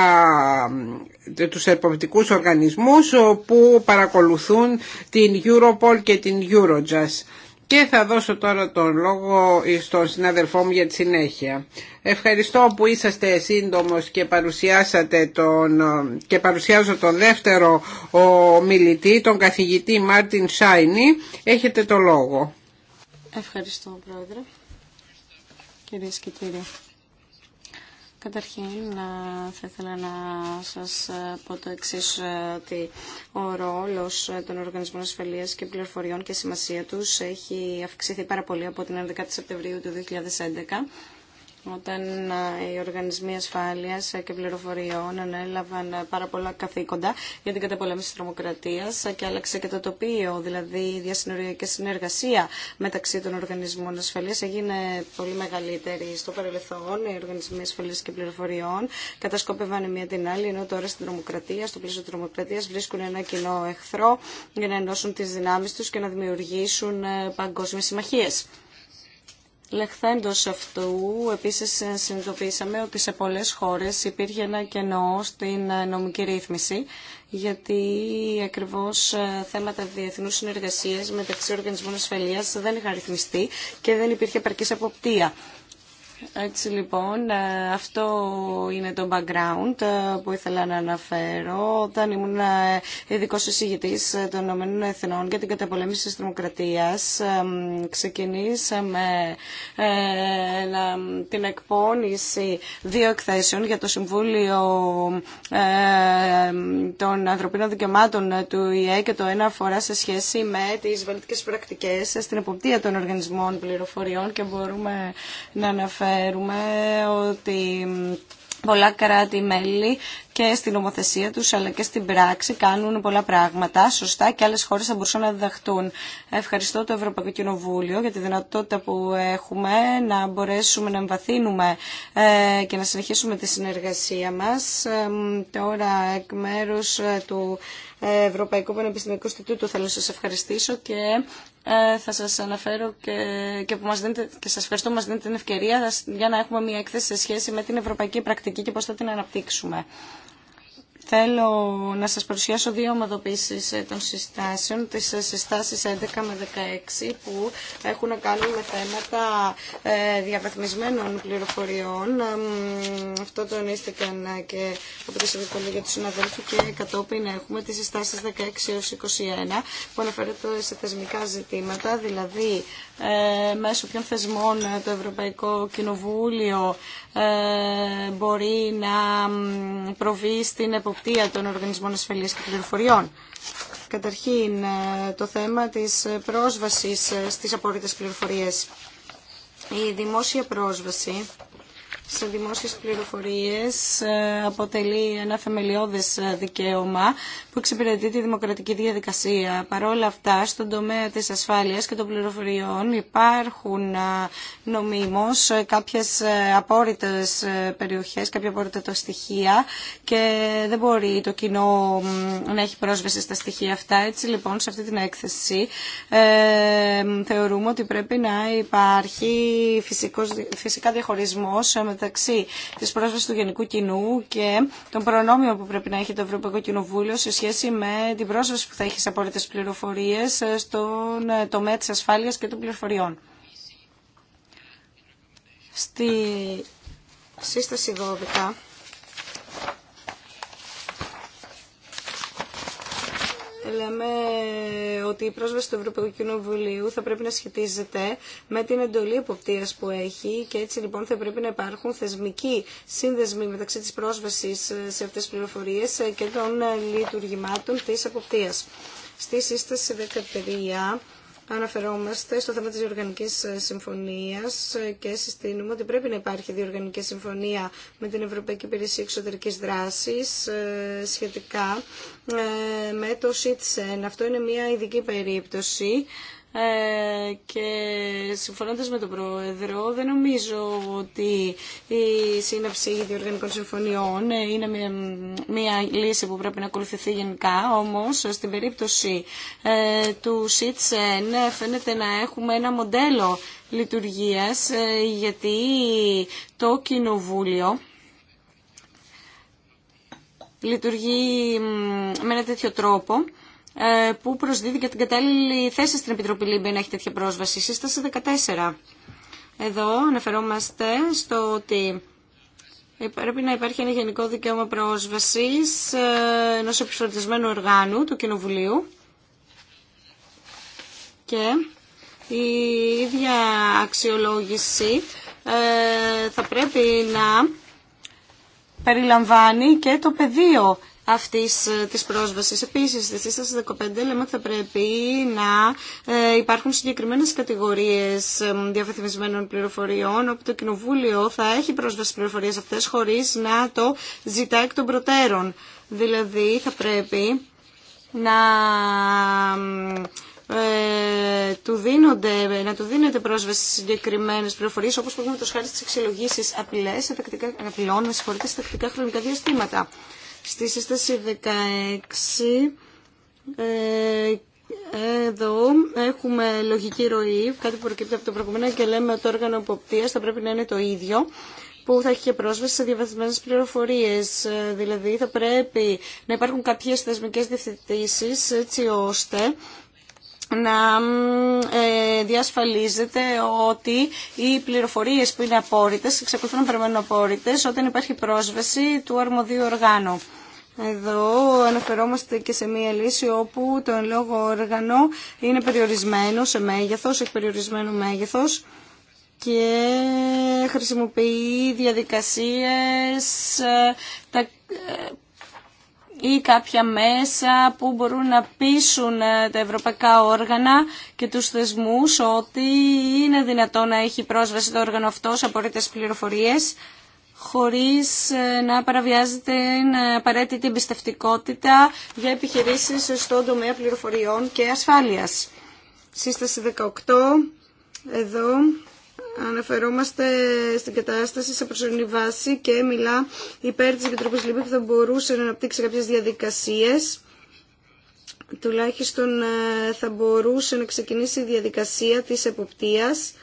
Speaker 4: ε, τους εποπτικούς οργανισμούς που παρακολουθούν την Europol και την Eurojust και θα δώσω τώρα τον λόγο στον συνάδελφό μου για τη συνέχεια. Ευχαριστώ που είσαστε σύντομος και, παρουσιάσατε τον, και παρουσιάζω τον δεύτερο ο μιλητή, τον καθηγητή Μάρτιν Σάινι. Έχετε το λόγο.
Speaker 1: Ευχαριστώ, Πρόεδρε. Κυρίες και κύριοι. Καταρχήν, θα ήθελα να σας ε, πω το εξή ε, ότι ο ρόλος ε, των Οργανισμών Ασφαλείας και Πληροφοριών και σημασία τους έχει αυξηθεί πάρα πολύ από την 11η Σεπτεμβρίου του 2011 όταν οι οργανισμοί ασφάλειας ε, και πληροφοριών ανέλαβαν ε, πάρα πολλά καθήκοντα για την καταπολέμηση της τρομοκρατίας ε, και άλλαξε και το τοπίο, δηλαδή η διασυνοριακή συνεργασία μεταξύ των οργανισμών ασφαλείας έγινε πολύ μεγαλύτερη. Στο παρελθόν οι οργανισμοί ασφαλείας και πληροφοριών κατασκόπευαν μία την άλλη, ενώ τώρα στην τρομοκρατία, στο πλαίσιο της τρομοκρατίας βρίσκουν ένα κοινό εχθρό για να ενώσουν τις δυνάμεις τους και να δημιουργήσουν παγκόσμιες συμμαχίε. Λεχθέντο αυτού, επίσης ε, συνειδητοποίησαμε ότι σε πολλές χώρες υπήρχε ένα κενό στην ε, νομική ρύθμιση, γιατί ακριβώς ε, θέματα διεθνούς συνεργασίας μεταξύ οργανισμών ασφαλείας δεν είχαν ρυθμιστεί και δεν υπήρχε επαρκής αποπτία. Έτσι λοιπόν, ε, αυτό είναι το background ε, που ήθελα να αναφέρω όταν ήμουν ε, ειδικό εισηγητή των Ηνωμένων Εθνών για την καταπολέμηση της δημοκρατίας. Ξεκινήσαμε την εκπόνηση δύο εκθέσεων για το Συμβούλιο των Ανθρωπίνων Δικαιωμάτων του ΙΕ και το ένα αφορά σε σχέση με τις βαλτικές πρακτικές στην εποπτεία των οργανισμών πληροφοριών και μπορούμε να αναφέρουμε αναφέρουμε ότι πολλά κράτη-μέλη και στην νομοθεσία τους αλλά και στην πράξη κάνουν πολλά πράγματα σωστά και άλλες χώρες θα μπορούσαν να διδαχτούν. Ευχαριστώ το Ευρωπαϊκό Κοινοβούλιο για τη δυνατότητα που έχουμε να μπορέσουμε να εμβαθύνουμε ε, και να συνεχίσουμε τη συνεργασία μας. Τώρα εκ μέρους ε, του Ευρωπαϊκού Πανεπιστημιακού Ινστιτούτου θέλω να σας ευχαριστήσω και ε, θα σας αναφέρω και, και, που μας δίνετε, και σας ευχαριστώ που μας δίνετε την ευκαιρία για να έχουμε μια έκθεση σε σχέση με την ευρωπαϊκή πρακτική και πώς θα την αναπτύξουμε. Θέλω να σας παρουσιάσω δύο ομαδοποίησεις ε, των συστάσεων, τις ε, συστάσεις 11 με 16 που έχουν να κάνουν με θέματα ε, διαβαθμισμένων πληροφοριών. Αυτό τονίστηκαν και από τη Συμβουλή για τους και κατόπιν έχουμε τις συστάσεις 16 έως 21 που αναφέρεται σε θεσμικά ζητήματα, δηλαδή μέσω ποιων θεσμών το Ευρωπαϊκό Κοινοβούλιο ε, μπορεί να προβεί στην εποπτεία των οργανισμών ασφαλείας και πληροφοριών. Καταρχήν, ε, το θέμα της πρόσβασης ε, στις απορρίτες πληροφορίες. Η δημόσια πρόσβαση σε δημόσιες πληροφορίες ε, αποτελεί ένα θεμελιώδες ε, δικαίωμα που εξυπηρετεί τη δημοκρατική διαδικασία. Παρόλα αυτά, στον τομέα της ασφάλειας και των πληροφοριών υπάρχουν ε, νομίμως κάποιες απόρριτες περιοχές, κάποια απόρριτα στοιχεία και δεν μπορεί το κοινό να έχει πρόσβαση στα στοιχεία αυτά. Έτσι λοιπόν, σε αυτή την έκθεση θεωρούμε ότι πρέπει να υπάρχει φυσικός, φυσικά διαχωρισμός με μεταξύ τη πρόσβαση του Γενικού Κοινού και των προνόμιων που πρέπει να έχει το Ευρωπαϊκό Κοινοβούλιο σε σχέση με την πρόσβαση που θα έχει σε απόλυτε πληροφορίε ε, στον ε, τομέα τη ασφάλεια και των πληροφοριών. Στη σύσταση 12 λέμε ότι η πρόσβαση του Ευρωπαϊκού Κοινοβουλίου θα πρέπει να σχετίζεται με την εντολή υποπτία που έχει και έτσι λοιπόν θα πρέπει να υπάρχουν θεσμικοί σύνδεσμοι μεταξύ της πρόσβασης σε αυτές τις πληροφορίες και των λειτουργημάτων της υποπτία. Στη σύσταση 13 αναφερόμαστε στο θέμα της διοργανικής ε, συμφωνίας ε, και συστήνουμε ότι πρέπει να υπάρχει διοργανική συμφωνία με την Ευρωπαϊκή Υπηρεσία Εξωτερικής Δράσης ε, σχετικά με το ΣΥΤΣΕΝ. Αυτό είναι μια ειδική περίπτωση ε, και συμφωνώντα με τον Πρόεδρο δεν νομίζω ότι η σύναψη διοργανικών συμφωνιών είναι μια, μια λύση που πρέπει να ακολουθηθεί γενικά όμως στην περίπτωση ε, του ΣΥΤΣΕΝ φαίνεται να έχουμε ένα μοντέλο λειτουργίας ε, γιατί το Κοινοβούλιο λειτουργεί με ένα τέτοιο τρόπο ε, που προσδίδει και την κατάλληλη θέση στην Επιτροπή Λίμπη να έχει τέτοια πρόσβαση. Σύσταση 14. Εδώ αναφερόμαστε στο ότι πρέπει να υπάρχει ένα γενικό δικαίωμα πρόσβασης ε, ενό επιφορτισμένου οργάνου του Κοινοβουλίου και η ίδια αξιολόγηση ε, θα πρέπει να περιλαμβάνει και το πεδίο αυτή ε, τη πρόσβαση. Επίση, στη σύσταση 15 λέμε ότι θα πρέπει να ε, υπάρχουν συγκεκριμένε κατηγορίε ε, διαφεθυμισμένων πληροφοριών, όπου το Κοινοβούλιο θα έχει πρόσβαση στι πληροφορίε αυτέ χωρί να το ζητάει εκ των προτέρων. Δηλαδή, θα πρέπει να... Ε, του δίνονται, να του δίνεται πρόσβαση σε συγκεκριμένε πληροφορίε, όπω παραδείγματο χάρη στι εξελογήσει απειλών με συγχωρείτε, σε τακτικά χρονικά διαστήματα. Στη σύσταση 16 ε, εδώ έχουμε λογική ροή, κάτι που προκύπτει από το προηγούμενο και λέμε ότι το όργανο υποπτίας θα πρέπει να είναι το ίδιο που θα έχει και πρόσβαση σε διαβασμένες πληροφορίε. Ε, δηλαδή, θα πρέπει να υπάρχουν κάποιε θεσμικέ διευθυντήσει, έτσι ώστε να ε, διασφαλίζεται ότι οι πληροφορίες που είναι απόρριτες, εξακολουθούν να παραμένουν απόρριτες όταν υπάρχει πρόσβαση του αρμοδίου οργάνου. Εδώ αναφερόμαστε και σε μία λύση όπου το εν λόγω όργανο είναι περιορισμένο σε μέγεθος, έχει περιορισμένο μέγεθος και χρησιμοποιεί διαδικασίες ε, τα ε, ή κάποια μέσα που μπορούν να πείσουν ε, τα ευρωπαϊκά όργανα και τους θεσμούς ότι είναι δυνατό να έχει πρόσβαση το όργανο αυτό σε απορρίτες πληροφορίες χωρίς ε, να παραβιάζεται την απαραίτητη εμπιστευτικότητα για επιχειρήσεις στον τομέα πληροφοριών και ασφάλειας. Σύσταση 18, εδώ αναφερόμαστε στην κατάσταση σε προσωρινή βάση και μιλά υπέρ της Επιτροπής Λίμπη που θα μπορούσε να αναπτύξει κάποιες διαδικασίες τουλάχιστον ε, θα μπορούσε να ξεκινήσει η διαδικασία της εποπτείας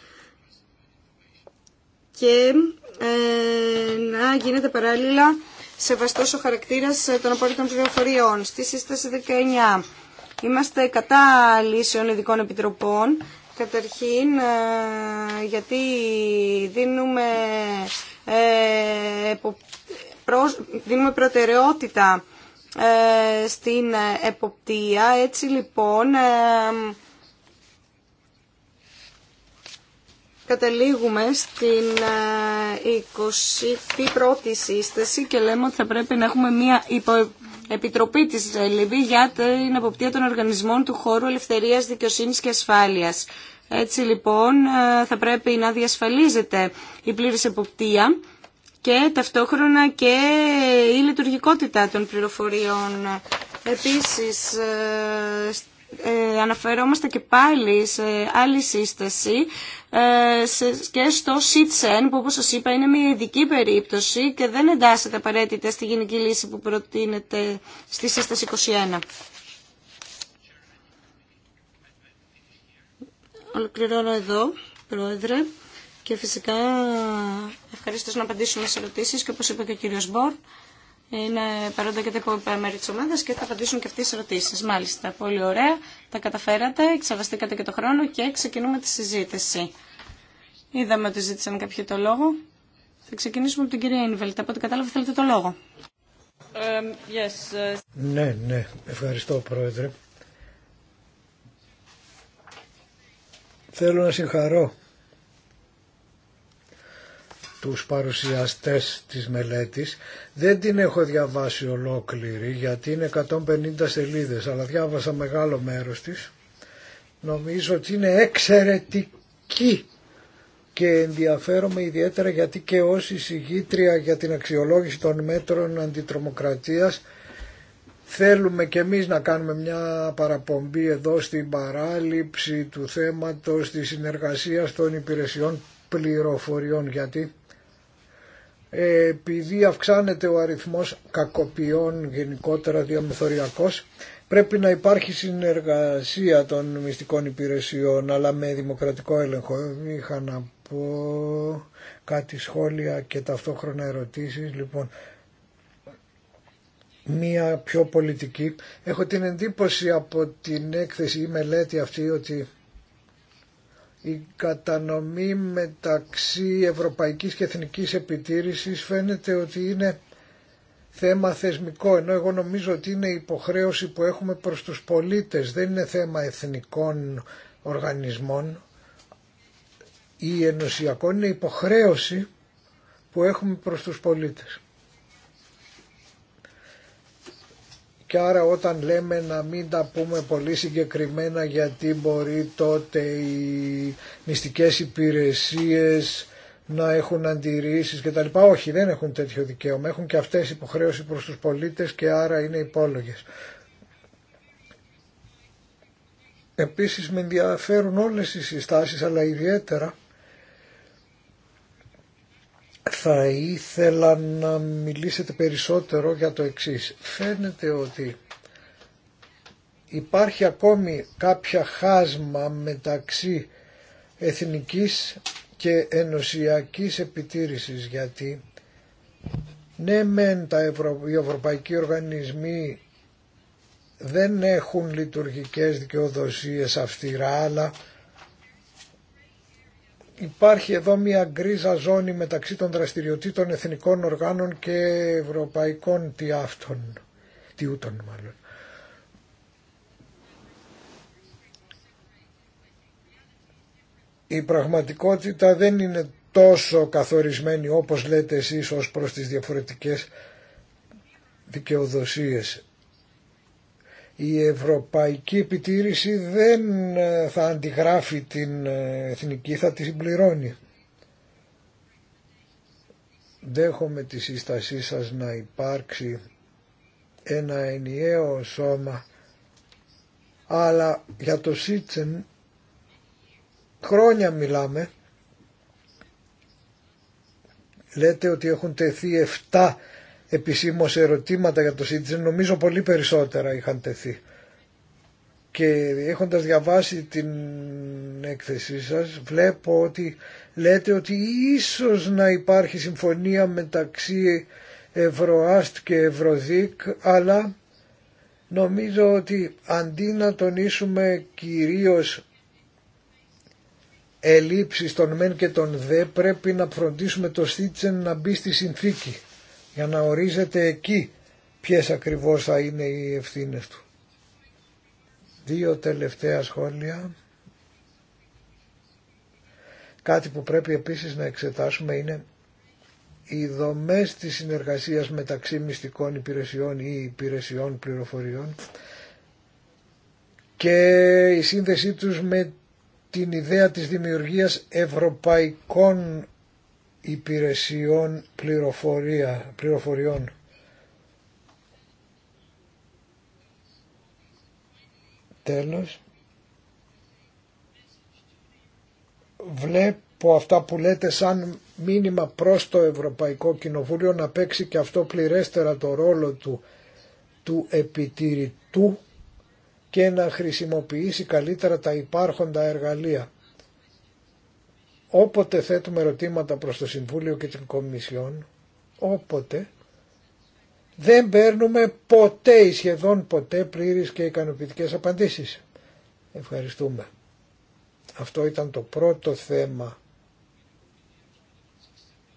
Speaker 1: και ε, να γίνεται παράλληλα σεβαστός ο χαρακτήρας των απολύτων πληροφοριών. Στη σύσταση 19 είμαστε κατά λύσεων ειδικών επιτροπών Καταρχήν, ε, γιατί δίνουμε, ε, δίνουμε προτεραιότητα ε, στην εποπτεία. Έτσι λοιπόν, καταλήγουμε στην 21η σύσταση και λέμε ότι θα πρέπει να έχουμε μια Επιτροπή της Λιβύη για την εποπτεία των οργανισμών του χώρου ελευθερίας, δικαιοσύνη και ασφάλειας. Έτσι λοιπόν ε, θα πρέπει να διασφαλίζεται η πλήρης εποπτεία και ταυτόχρονα και η λειτουργικότητα των πληροφοριών. Επίσης, ε, ε, αναφερόμαστε και πάλι σε άλλη σύσταση ε, σε, και στο ΣΥΤΣΕΝ που όπως σας είπα είναι μια ειδική περίπτωση και δεν εντάσσεται απαραίτητα στη γενική λύση που προτείνεται στη σύσταση 21. Ολοκληρώνω εδώ, Πρόεδρε, και φυσικά ευχαριστώ να απαντήσουμε σε ερωτήσεις και όπως είπε και ο κύριος Μπορ, είναι παρόντα και τα υπόλοιπα μέρη τη ομάδα και θα απαντήσουν και αυτέ τι ερωτήσει. Μάλιστα, πολύ ωραία. Τα καταφέρατε, εξαβαστήκατε και το χρόνο και ξεκινούμε τη συζήτηση. Είδαμε ότι ζήτησαν κάποιοι το λόγο. Θα ξεκινήσουμε από την κυρία Ινβελτ. Από ό,τι κατάλαβα, θέλετε το λόγο. yes. Ε,
Speaker 3: ναι, ναι. Ευχαριστώ, Πρόεδρε. Θέλω να συγχαρώ τους παρουσιαστές της μελέτης. Δεν την έχω διαβάσει ολόκληρη γιατί είναι 150 σελίδες αλλά διάβασα μεγάλο μέρος της. Νομίζω ότι είναι εξαιρετική και ενδιαφέρομαι ιδιαίτερα γιατί και ως εισηγήτρια για την αξιολόγηση των μέτρων αντιτρομοκρατίας θέλουμε και εμείς να κάνουμε μια παραπομπή εδώ στην παράληψη του θέματος της συνεργασίας των υπηρεσιών πληροφοριών γιατί επειδή αυξάνεται ο αριθμός κακοποιών γενικότερα διαμεθοριακός πρέπει να υπάρχει συνεργασία των μυστικών υπηρεσιών αλλά με δημοκρατικό έλεγχο. Είχα να πω κάτι σχόλια και ταυτόχρονα ερωτήσεις. Λοιπόν, μία πιο πολιτική. Έχω την εντύπωση από την έκθεση ή μελέτη αυτή ότι η κατανομή μεταξύ ευρωπαϊκής και εθνικής επιτήρησης φαίνεται ότι είναι θέμα θεσμικό, ενώ εγώ νομίζω ότι είναι υποχρέωση που έχουμε προς τους πολίτες, δεν είναι θέμα εθνικών οργανισμών ή ενωσιακών, είναι υποχρέωση που έχουμε προς τους πολίτες. Και άρα όταν λέμε να μην τα πούμε πολύ συγκεκριμένα γιατί μπορεί τότε οι μυστικές υπηρεσίες να έχουν αντιρρήσεις και τα λοιπά. Όχι, δεν έχουν τέτοιο δικαίωμα. Έχουν και αυτές υποχρέωση προς τους πολίτες και άρα είναι υπόλογες. Επίσης με ενδιαφέρουν όλες οι συστάσεις αλλά ιδιαίτερα θα ήθελα να μιλήσετε περισσότερο για το εξής. Φαίνεται ότι υπάρχει ακόμη κάποια χάσμα μεταξύ εθνικής και ενωσιακής επιτήρησης γιατί ναι μεν τα οι ευρωπαϊκοί οργανισμοί δεν έχουν λειτουργικές δικαιοδοσίες αυστηρά αλλά Υπάρχει εδώ μια γκρίζα ζώνη μεταξύ των δραστηριοτήτων εθνικών οργάνων και ευρωπαϊκών τιάφτων, τιούτων μάλλον. Η πραγματικότητα δεν είναι τόσο καθορισμένη όπως λέτε εσείς ως προς τις διαφορετικές δικαιοδοσίες η ευρωπαϊκή επιτήρηση δεν ε, θα αντιγράφει την ε, εθνική, θα τη συμπληρώνει. Δέχομαι τη σύστασή σας να υπάρξει ένα ενιαίο σώμα, αλλά για το Σίτσεν χρόνια μιλάμε, λέτε ότι έχουν τεθεί 7 επισήμως ερωτήματα για το ΣΥΤΣΕΝ νομίζω πολύ περισσότερα είχαν τεθεί. Και έχοντας διαβάσει την έκθεσή σας, βλέπω ότι λέτε ότι ίσως να υπάρχει συμφωνία μεταξύ Ευρωάστ και Ευρωδίκ, αλλά νομίζω ότι αντί να τονίσουμε κυρίως ελλείψεις των μεν και των δε πρέπει να φροντίσουμε το ΣΥΤΣΕΝ να μπει στη συνθήκη για να ορίζεται εκεί ποιες ακριβώς θα είναι οι ευθύνες του. Δύο τελευταία σχόλια. Κάτι που πρέπει επίσης να εξετάσουμε είναι οι δομές της συνεργασίας μεταξύ μυστικών υπηρεσιών ή υπηρεσιών πληροφοριών και η σύνδεσή τους με την ιδέα της δημιουργίας ευρωπαϊκών υπηρεσιών πληροφορία, πληροφοριών. Τέλος, βλέπω αυτά που λέτε σαν μήνυμα προς το Ευρωπαϊκό Κοινοβούλιο να παίξει και αυτό πληρέστερα το ρόλο του, του επιτηρητού και να χρησιμοποιήσει καλύτερα τα υπάρχοντα εργαλεία όποτε θέτουμε ερωτήματα προς το Συμβούλιο και την Κομισιόν, όποτε, δεν παίρνουμε ποτέ ή σχεδόν ποτέ πλήρεις και ικανοποιητικές απαντήσεις. Ευχαριστούμε. Αυτό ήταν το πρώτο θέμα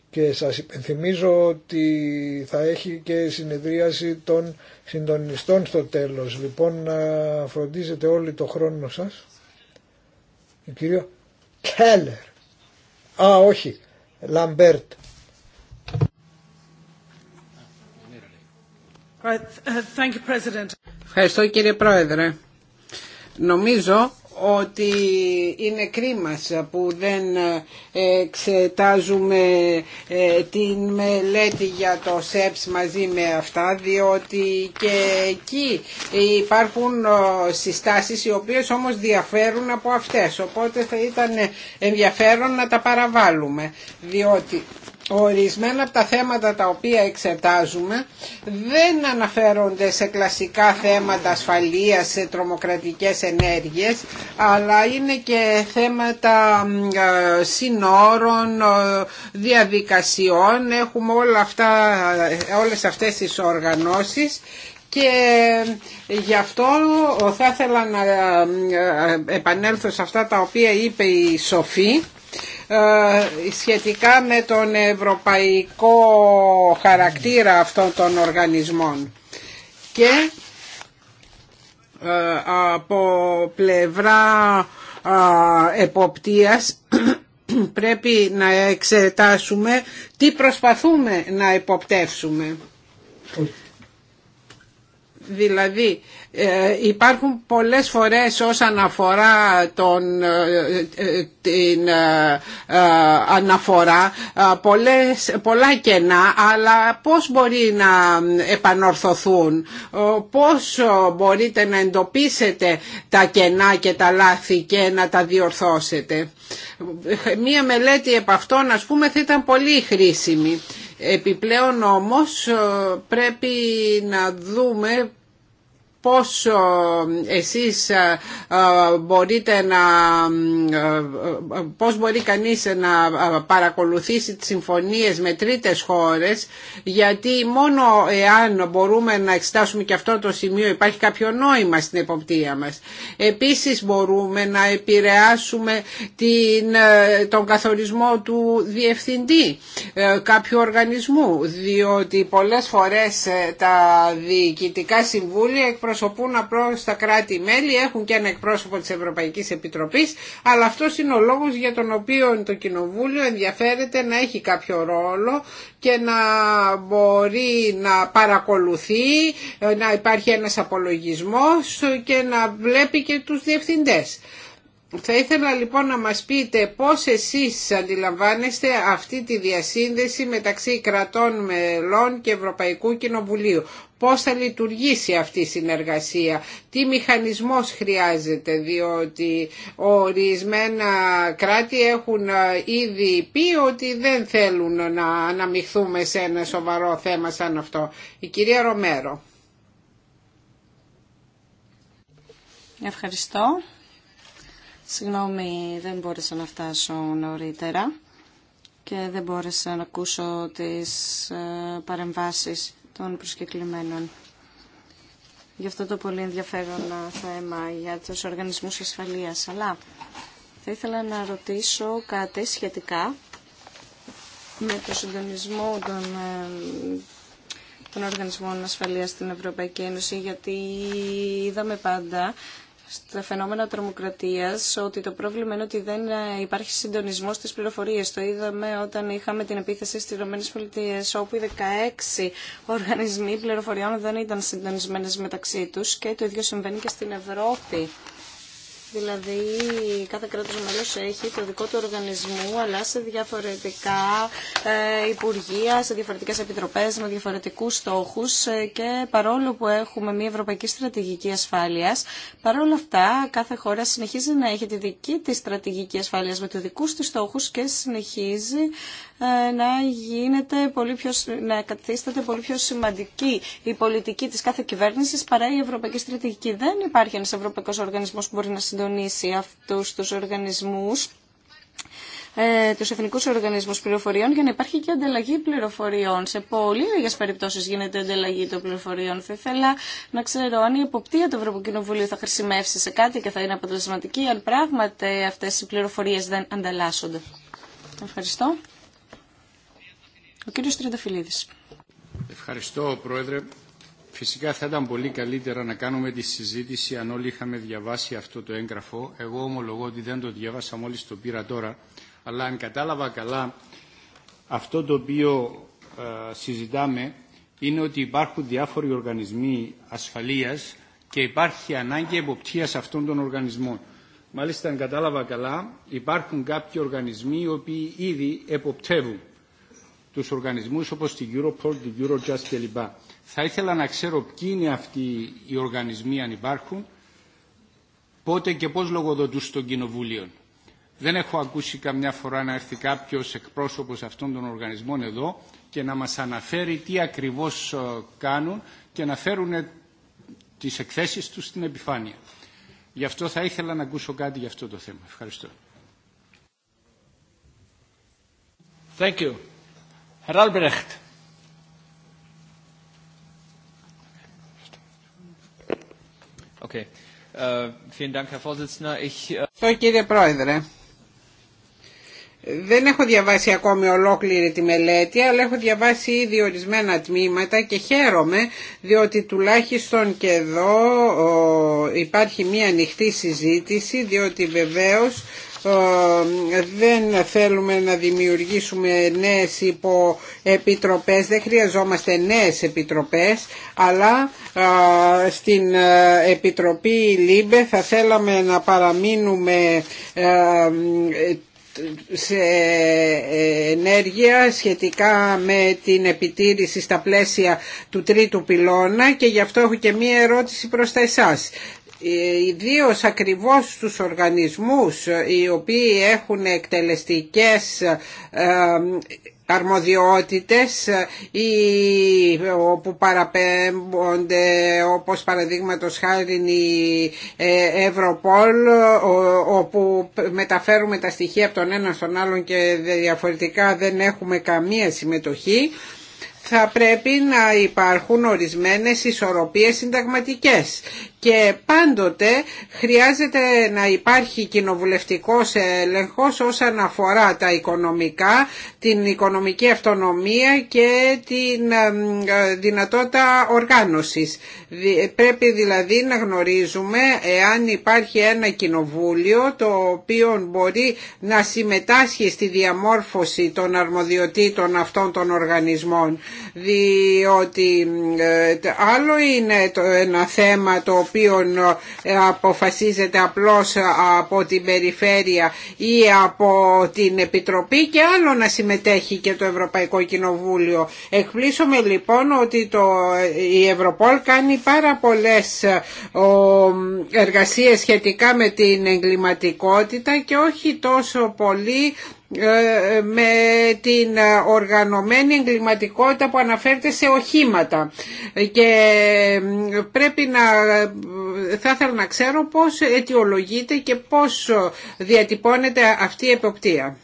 Speaker 3: και σας υπενθυμίζω ότι θα έχει και συνεδρίαση των συντονιστών στο τέλος. Λοιπόν να φροντίζετε όλοι το χρόνο σας. Ο κύριο Κέλλερ. Α, όχι. Λαμπέρτ.
Speaker 4: Uh, Ευχαριστώ κύριε Πρόεδρε. Νομίζω ότι είναι κρίμα που δεν εξετάζουμε ε, την μελέτη για το ΣΕΠΣ μαζί με αυτά διότι και εκεί υπάρχουν ε, συστάσεις οι οποίες όμως διαφέρουν από αυτές οπότε θα ήταν ενδιαφέρον να τα παραβάλουμε διότι Ορισμένα από τα θέματα τα οποία εξετάζουμε δεν αναφέρονται σε κλασικά θέματα ασφαλείας, σε τρομοκρατικές ενέργειες, αλλά είναι και θέματα ε, συνόρων, ε, διαδικασιών. Έχουμε όλα αυτά, όλες αυτές τις οργανώσεις και γι' αυτό θα ήθελα να ε, επανέλθω σε αυτά τα οποία είπε η Σοφή ε, σχετικά με τον ευρωπαϊκό χαρακτήρα αυτών των οργανισμών. Και ε, από πλευρά εποπτείας πρέπει να εξετάσουμε τι προσπαθούμε να εποπτεύσουμε. Δηλαδή ε, υπάρχουν πολλές φορές όσον αφορά τον, ε, ε, την αναφορά πολλές, πολλά κενά αλλά πώς μπορεί να επανορθωθούν πώς μπορείτε να εντοπίσετε τα κενά και τα λάθη και να τα διορθώσετε μία μελέτη επ' αυτό να πούμε θα ήταν πολύ χρήσιμη Επιπλέον όμως πρέπει να δούμε πώς εσείς ε, ε, μπορείτε να ε, πώς μπορεί κανείς να παρακολουθήσει τις συμφωνίες με τρίτες χώρες γιατί μόνο εάν μπορούμε να εξετάσουμε και αυτό το σημείο υπάρχει κάποιο νόημα στην εποπτεία μας. Επίσης μπορούμε να επηρεάσουμε την, τον καθορισμό του διευθυντή κάποιου οργανισμού διότι πολλές φορές τα διοικητικά συμβούλια εκπροσωπούν εκπροσωπούν απλώς τα κράτη-μέλη, έχουν και ένα εκπρόσωπο της Ευρωπαϊκής Επιτροπής, αλλά αυτό είναι ο λόγος για τον οποίο το Κοινοβούλιο ενδιαφέρεται να έχει κάποιο ρόλο και να μπορεί να παρακολουθεί, να υπάρχει ένας απολογισμός και να βλέπει και τους διευθυντές. Θα ήθελα λοιπόν να μας πείτε πώς εσείς αντιλαμβάνεστε αυτή τη διασύνδεση μεταξύ κρατών μελών και Ευρωπαϊκού Κοινοβουλίου πώς θα λειτουργήσει αυτή η συνεργασία, τι μηχανισμός χρειάζεται, διότι ορισμένα κράτη έχουν ε, ήδη πει ότι δεν θέλουν να αναμειχθούμε σε ένα σοβαρό
Speaker 1: θέμα σαν αυτό. Η κυρία Ρομέρο. Ευχαριστώ. Συγγνώμη, δεν μπόρεσα να φτάσω νωρίτερα και δεν μπόρεσα να ακούσω τις ε, παρεμβάσεις των προσκεκλημένων για αυτό το πολύ ενδιαφέρον ε, θέμα για τους οργανισμούς ασφαλείας. Αλλά θα ήθελα να ρωτήσω κάτι σχετικά με το συντονισμό των, ε, των οργανισμών ασφαλείας στην Ευρωπαϊκή Ένωση, γιατί είδαμε πάντα στα φαινόμενα τρομοκρατία, ότι το πρόβλημα είναι ότι δεν ε, υπάρχει συντονισμό στις πληροφορίες. Το είδαμε όταν είχαμε την επίθεση στι ΗΠΑ όπου οι 16 οργανισμοί πληροφοριών δεν ήταν συντονισμένε μεταξύ τους και το ίδιο συμβαίνει και στην Ευρώπη. Δηλαδή κάθε κράτος μέλο έχει το δικό του οργανισμό, αλλά σε διαφορετικά ε, υπουργεία, σε διαφορετικές επιτροπές, με διαφορετικούς στόχους ε, και παρόλο που έχουμε μια ευρωπαϊκή στρατηγική ασφάλειας, παρόλα αυτά κάθε χώρα συνεχίζει να έχει τη δική της στρατηγική ασφάλειας με του δικού της στόχου και συνεχίζει ε, να γίνεται πολύ πιο, να καθίσταται πολύ πιο σημαντική η πολιτική της κάθε κυβέρνησης παρά η ευρωπαϊκή στρατηγική. Δεν υπάρχει ένας ευρωπαϊκός οργανισμός που μπορεί να συντονίσει αυτούς τους οργανισμούς ε, τους εθνικούς οργανισμούς πληροφοριών για να υπάρχει και ανταλλαγή πληροφοριών. Σε πολύ λίγες περιπτώσεις γίνεται ανταλλαγή των πληροφοριών. Θα ήθελα να ξέρω αν η εποπτεία του Ευρωκοινοβουλίου θα χρησιμεύσει σε κάτι και θα είναι αποτελεσματική, αν πράγματι αυτές οι πληροφορίες δεν ανταλλάσσονται. Ευχαριστώ. Ο κύριος Τριανταφυλλίδης.
Speaker 2: Ευχαριστώ, Πρόεδρε. Φυσικά θα ήταν πολύ καλύτερα να κάνουμε τη συζήτηση αν όλοι είχαμε διαβάσει αυτό το έγγραφο. Εγώ ομολογώ ότι δεν το διάβασα μόλις το πήρα τώρα. Αλλά αν κατάλαβα καλά, αυτό το οποίο ε, συζητάμε είναι ότι υπάρχουν διάφοροι οργανισμοί ασφαλείας και υπάρχει ανάγκη εποπτείας αυτών των οργανισμών. Μάλιστα, αν κατάλαβα καλά, υπάρχουν κάποιοι οργανισμοί οι οποίοι ήδη εποπτεύουν τους οργανισμούς όπως την Europol, την Eurojust κλπ. Θα ήθελα να ξέρω ποιοι είναι αυτοί οι οργανισμοί αν υπάρχουν, πότε και πώς λογοδοτούν στον Κοινοβούλιο. Δεν έχω ακούσει καμιά φορά να έρθει κάποιος εκπρόσωπος αυτών των οργανισμών εδώ και να μας αναφέρει τι ακριβώς ε, κάνουν και να φέρουν τις εκθέσεις τους στην επιφάνεια. Γι' αυτό θα ήθελα να ακούσω κάτι για αυτό το θέμα. Ευχαριστώ. Herr
Speaker 4: äh, äh, κύριε Πρόεδρε. Δεν έχω διαβάσει ακόμη ολόκληρη τη μελέτη, αλλά έχω διαβάσει ήδη ορισμένα τμήματα και χαίρομαι διότι τουλάχιστον και εδώ υπάρχει μία ανοιχτή συζήτηση, διότι βεβαίως ε, δεν θέλουμε να δημιουργήσουμε νέες επιτροπές, δεν χρειαζόμαστε νέες επιτροπές, αλλά ε, στην ε, Επιτροπή ΛΥΜΠΕ θα θέλαμε να παραμείνουμε σε ενέργεια σχετικά με την επιτήρηση στα πλαίσια του τρίτου πυλώνα και γι' αυτό έχω και μία ερώτηση προς τα εσάς ιδίω ακριβώς στους οργανισμούς ε, οι οποίοι έχουν εκτελεστικές ε, αρμοδιότητες ε, ή όπου παραπέμπονται όπως παραδείγματος χάρη η Ευρωπόλ όπου μεταφέρουμε τα στοιχεία από τον ένα στον άλλον και διαφορετικά δεν έχουμε καμία συμμετοχή θα πρέπει να υπάρχουν ορισμένες ισορροπίες συνταγματικές και πάντοτε χρειάζεται να υπάρχει κοινοβουλευτικός έλεγχος όσον αφορά τα οικονομικά, την οικονομική αυτονομία και την ε, δυνατότητα οργάνωσης. Πρέπει δηλαδή να γνωρίζουμε εάν υπάρχει ένα κοινοβούλιο το οποίο μπορεί να συμμετάσχει στη διαμόρφωση των αρμοδιοτήτων αυτών των οργανισμών διότι ε, άλλο είναι ένα θέμα το οποίο ε, αποφασίζεται απλώς ε, από την περιφέρεια ή από την Επιτροπή και άλλο να συμμετέχει και το Ευρωπαϊκό Κοινοβούλιο. Εκπλήσωμε λοιπόν ότι το, η Ευρωπόλ κάνει πάρα πολλές ε, εργασίες σχετικά με την εγκληματικότητα και όχι τόσο πολύ ε, με την οργανωμένη εγκληματικότητα που αναφέρεται σε οχήματα και ε, πρέπει να θα ήθελα να ξέρω πώς αιτιολογείται και πώς διατυπώνεται αυτή η εποπτεία.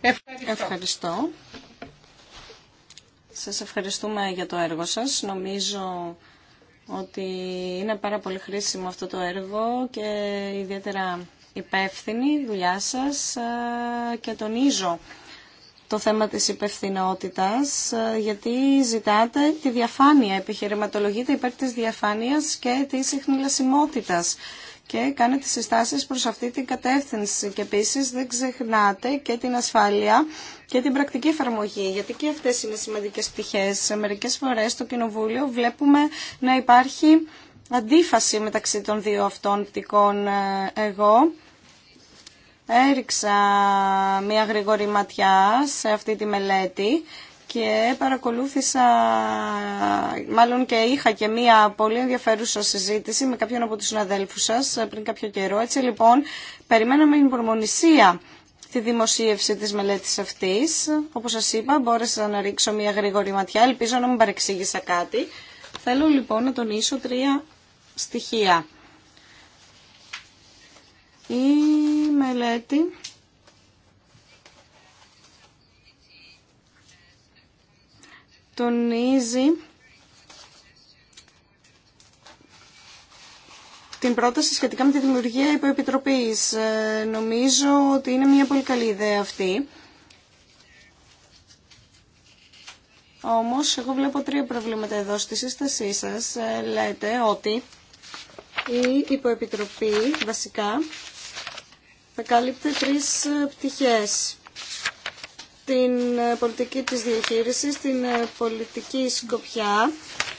Speaker 1: Ευχαριστώ. Ευχαριστώ. Σας ευχαριστούμε για το έργο σας. Νομίζω ότι είναι πάρα πολύ χρήσιμο αυτό το έργο και ιδιαίτερα υπεύθυνη δουλειά σας ε, και τονίζω το θέμα της υπευθυνότητας, ε, γιατί ζητάτε τη διαφάνεια, επιχειρηματολογείτε υπέρ της διαφάνειας και της εχνηλασιμότητας και κάνετε συστάσεις προς αυτή την κατεύθυνση και επίσης δεν ξεχνάτε και την ασφάλεια και την πρακτική εφαρμογή, γιατί και αυτές είναι σημαντικές πτυχές. Μερικές φορές στο Κοινοβούλιο βλέπουμε να υπάρχει αντίφαση μεταξύ των δύο αυτών πτικών ε, εγώ. Έριξα μια γρήγορη ματιά σε αυτή τη μελέτη και παρακολούθησα, μάλλον και είχα και μία πολύ ενδιαφέρουσα συζήτηση με κάποιον από τους συναδέλφους σας ε, πριν κάποιο καιρό. Έτσι λοιπόν, περιμέναμε την προμονησία τη δημοσίευση της μελέτης αυτής. Όπως σας είπα, μπόρεσα να ρίξω μία γρήγορη ματιά, ελπίζω να μην παρεξήγησα κάτι. Θέλω λοιπόν να τονίσω τρία στοιχεία. Η μελέτη τονίζει την πρόταση σχετικά με τη δημιουργία υποεπιτροπής. Ε, νομίζω ότι είναι μια πολύ καλή ιδέα αυτή. Όμως, εγώ βλέπω τρία προβλήματα εδώ στη σύστασή σας. Ε, λέτε ότι η υποεπιτροπή βασικά θα κάλυπτε τρεις ε, πτυχές. Την ε, πολιτική της διαχείρισης, την ε, πολιτική σκοπιά,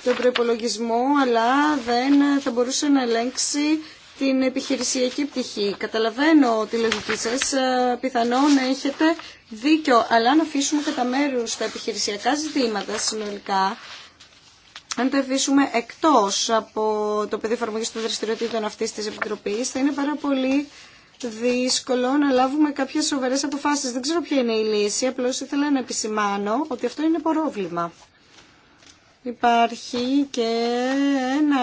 Speaker 1: τον προπολογισμό, αλλά δεν θα μπορούσε να ελέγξει την επιχειρησιακή πτυχή. Καταλαβαίνω τη λογική σας, πιθανόν να έχετε δίκιο, αλλά να αφήσουμε κατά μέρου τα επιχειρησιακά ζητήματα συνολικά, αν το εκτός από το πεδίο εφαρμογή των δραστηριοτήτων αυτής της Επιτροπής, θα είναι πάρα πολύ δύσκολο να λάβουμε κάποιες σοβαρές αποφάσεις. Δεν ξέρω ποια είναι η λύση, απλώς ήθελα να επισημάνω ότι αυτό είναι πρόβλημα. Υπάρχει και ένα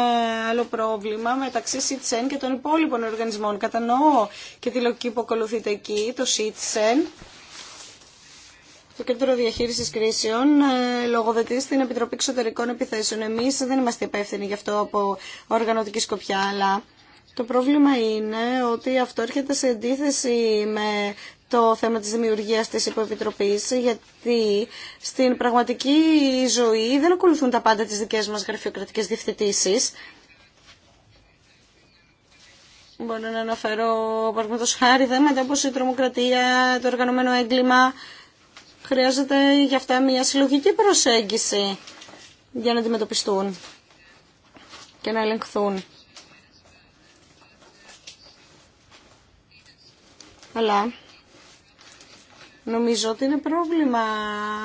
Speaker 1: άλλο πρόβλημα μεταξύ ΣΥΤΣΕΝ και των υπόλοιπων οργανισμών. Κατανοώ και τη λογική που ακολουθείται εκεί, το ΣΥΤΣΕΝ το κέντρο διαχείριση κρίσεων ε, λογοδοτεί στην Επιτροπή Εξωτερικών Επιθέσεων. Εμεί δεν είμαστε υπεύθυνοι γι' αυτό από οργανωτική σκοπιά, αλλά το πρόβλημα είναι ότι αυτό έρχεται σε αντίθεση με το θέμα της δημιουργίας της υποεπιτροπής, γιατί στην πραγματική ζωή δεν ακολουθούν τα πάντα τις δικές μας γραφειοκρατικές διευθετήσεις. Μπορώ να αναφέρω, παραδείγματος χάρη, θέματα όπως η τρομοκρατία, το οργανωμένο έγκλημα, χρειάζεται για αυτά μια συλλογική προσέγγιση για να αντιμετωπιστούν και να ελεγχθούν. Αλλά νομίζω ότι είναι πρόβλημα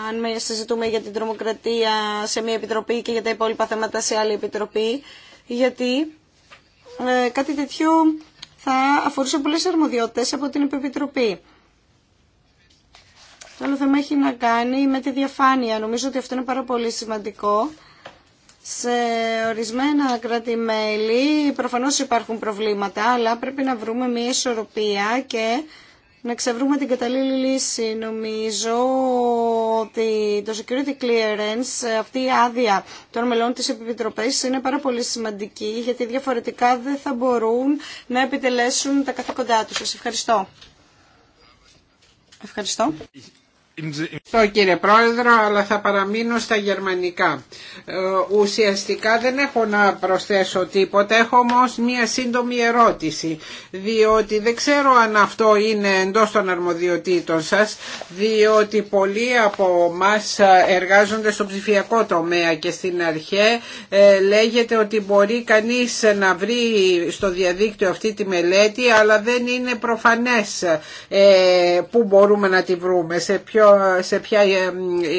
Speaker 1: αν με συζητούμε για την τρομοκρατία σε μια επιτροπή και για τα υπόλοιπα θέματα σε άλλη επιτροπή, γιατί ε, κάτι τέτοιο θα αφορούσε πολλές αρμοδιότητες από την Επιτροπή. Το άλλο θέμα έχει να κάνει με τη διαφάνεια. Νομίζω ότι αυτό είναι πάρα πολύ σημαντικό. Σε ορισμένα κράτη-μέλη προφανώς υπάρχουν προβλήματα, αλλά πρέπει να βρούμε μια ισορροπία και να ξεβρούμε την καταλλήλη λύση. Νομίζω ότι το security clearance, αυτή η άδεια των μελών της Επιτροπής είναι πάρα πολύ σημαντική, γιατί διαφορετικά δεν θα μπορούν να επιτελέσουν τα καθήκοντά τους. Σας ευχαριστώ. Ευχαριστώ. Ευχαριστώ
Speaker 4: κύριε Πρόεδρο, αλλά θα παραμείνω στα γερμανικά. Ε, ουσιαστικά δεν έχω να προσθέσω τίποτα, έχω όμως μία σύντομη ερώτηση, διότι δεν ξέρω αν αυτό είναι εντός των αρμοδιοτήτων σας, διότι πολλοί από μας εργάζονται στο ψηφιακό τομέα και στην αρχή ε, λέγεται ότι μπορεί κανείς να βρει στο διαδίκτυο αυτή τη μελέτη, αλλά δεν είναι προφανές ε, που μπορούμε να τη βρούμε, σε ποιο ποιο, σε ποια ε,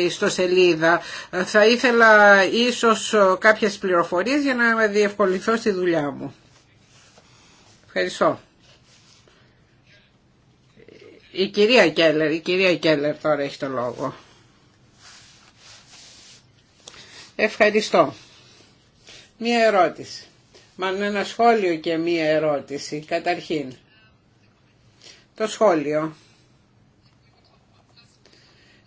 Speaker 4: ιστοσελίδα. Θα ήθελα ίσως κάποιες πληροφορίες για να διευκολυθώ στη δουλειά μου. Ευχαριστώ. Η κυρία Κέλλερ, η κυρία Κέλλερ τώρα έχει το λόγο. Ευχαριστώ. Μία ερώτηση. Μάλλον ένα σχόλιο και μία ερώτηση. Καταρχήν, το σχόλιο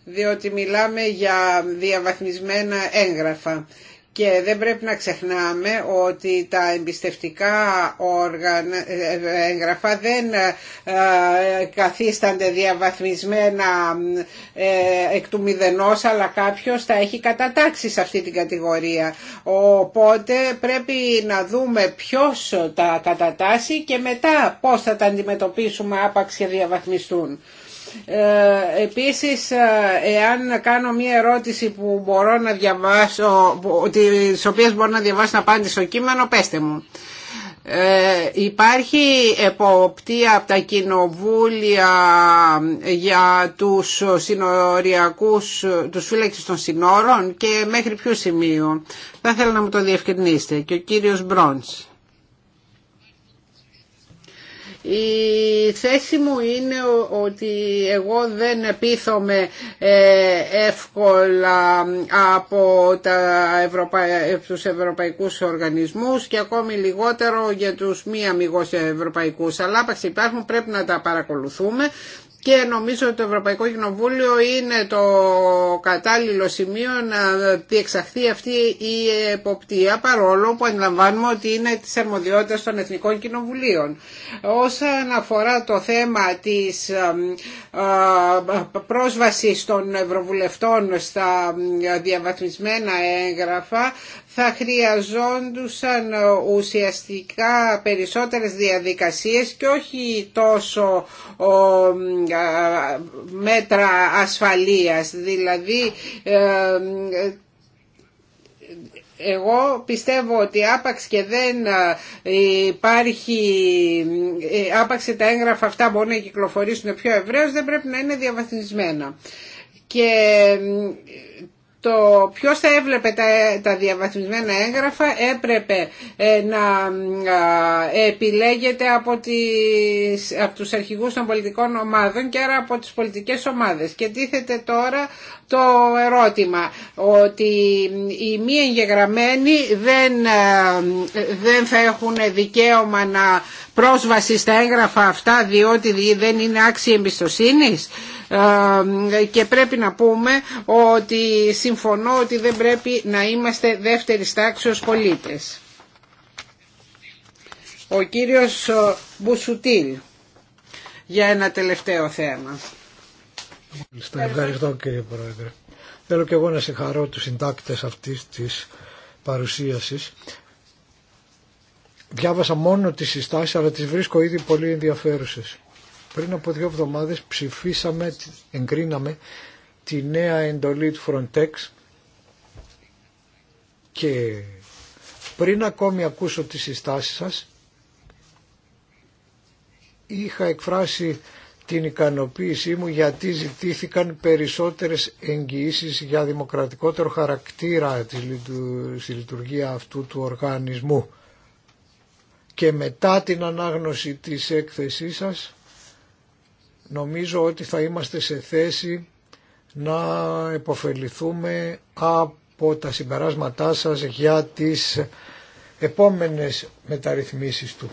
Speaker 4: διότι μιλάμε για διαβαθμισμένα έγγραφα. Και δεν πρέπει να ξεχνάμε ότι τα εμπιστευτικά ε, έγγραφα δεν ε, καθίστανται διαβαθμισμένα ε, εκ του μηδενός, αλλά κάποιος τα έχει κατατάξει σε αυτή την κατηγορία. Οπότε πρέπει να δούμε ποιος τα κατατάσσει και μετά πώς θα τα αντιμετωπίσουμε άπαξ και διαβαθμιστούν. Ε, επίσης, ε, εάν κάνω μία ερώτηση που μπορώ να διαβάσω, τις οποίες μπορώ να διαβάσω να απάντηση στο κείμενο, πέστε μου. Ε, υπάρχει εποπτεία από τα κοινοβούλια για τους συνοριακούς, τους φύλακες των συνόρων και μέχρι ποιο σημείο. Θα ήθελα να μου το διευκρινίσετε και ο κύριος Μπρόντς. Η θέση μου είναι ότι εγώ δεν επίθομαι ε, εύκολα από τα ευρωπα... τους ευρωπαϊκούς οργανισμούς και ακόμη λιγότερο για τους μη αμυγός ευρωπαϊκούς. Αλλά υπάρχουν πρέπει να τα παρακολουθούμε και νομίζω ότι το Ευρωπαϊκό Κοινοβούλιο είναι το κατάλληλο σημείο να διεξαχθεί αυτή η εποπτεία παρόλο που αντιλαμβάνουμε ότι είναι της αρμοδιότητας των Εθνικών Κοινοβουλίων. Όσον αφορά το θέμα της ε, πρόσβασης των Ευρωβουλευτών στα ε, διαβαθμισμένα έγγραφα θα χρειαζόντουσαν ουσιαστικά περισσότερες διαδικασίες και όχι τόσο μέτρα ασφαλείας, δηλαδή ε, εγώ πιστεύω ότι άπαξ και δεν ε, υπάρχει, ε, άπαξ τα έγγραφα αυτά μπορούν να κυκλοφορήσουν πιο ευρέως, δεν πρέπει να είναι διαβαθμισμένα. Και το ποιος θα έβλεπε τα, τα διαβαθμισμένα έγγραφα έπρεπε ε, να επιλέγεται από, τις, από τους αρχηγούς των πολιτικών ομάδων και άρα από τις πολιτικές ομάδες. Και τίθεται τώρα το ερώτημα ότι οι μη εγγεγραμμένοι δεν, δεν θα έχουν δικαίωμα να πρόσβαση στα έγγραφα αυτά διότι δεν είναι άξιοι εμπιστοσύνης. Ε, και πρέπει να πούμε ότι συμφωνώ ότι δεν πρέπει να είμαστε δεύτερης τάξης πολίτες. Ο κύριος ε, Μπουσουτήλ για ένα τελευταίο θέμα.
Speaker 3: Ευχαριστώ ευχαριστώ κύριε Πρόεδρε. Θέλω και εγώ να συγχαρώ τους συντάκτες αυτής της παρουσίασης. Διάβασα μόνο τις συστάσεις αλλά τις βρίσκω ήδη πολύ ενδιαφέρουσες. Πριν από δύο εβδομάδες ψηφίσαμε, εγκρίναμε τη νέα εντολή του Frontex και πριν ακόμη ακούσω τις συστάσεις σας είχα εκφράσει την ικανοποίησή μου γιατί ζητήθηκαν περισσότερες εγγυήσει για δημοκρατικότερο χαρακτήρα στη λειτουργία αυτού του οργανισμού. Και μετά την ανάγνωση της έκθεσής σας νομίζω ότι θα είμαστε σε θέση να επωφεληθούμε από τα συμπεράσματά σας για τις επόμενες μεταρρυθμίσεις του.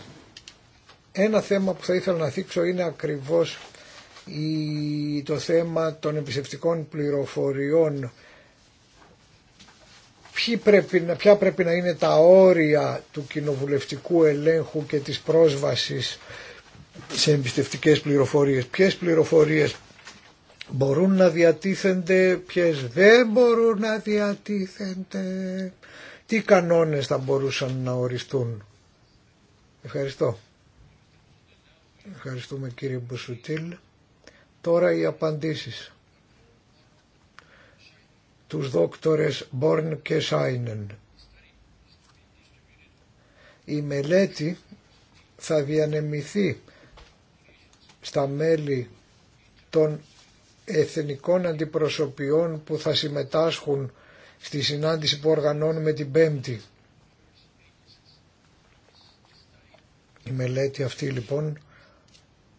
Speaker 3: Ένα θέμα που θα ήθελα να θίξω είναι ακριβώς το θέμα των εμπιστευτικών πληροφοριών. πρέπει, ποια πρέπει να είναι τα όρια του κοινοβουλευτικού ελέγχου και της πρόσβασης σε εμπιστευτικές πληροφορίες. Ποιες πληροφορίες μπορούν να διατίθενται, ποιες δεν μπορούν να διατίθενται. Τι κανόνες θα μπορούσαν να οριστούν. Ευχαριστώ. Ευχαριστούμε κύριε Μπουσουτήλ. Τώρα οι απαντήσεις. Τους δόκτορες Μπόρν και Σάινεν. Η μελέτη θα διανεμηθεί στα μέλη των εθνικών αντιπροσωπιών που θα συμμετάσχουν στη συνάντηση που οργανώνουμε την Πέμπτη. Η μελέτη αυτή λοιπόν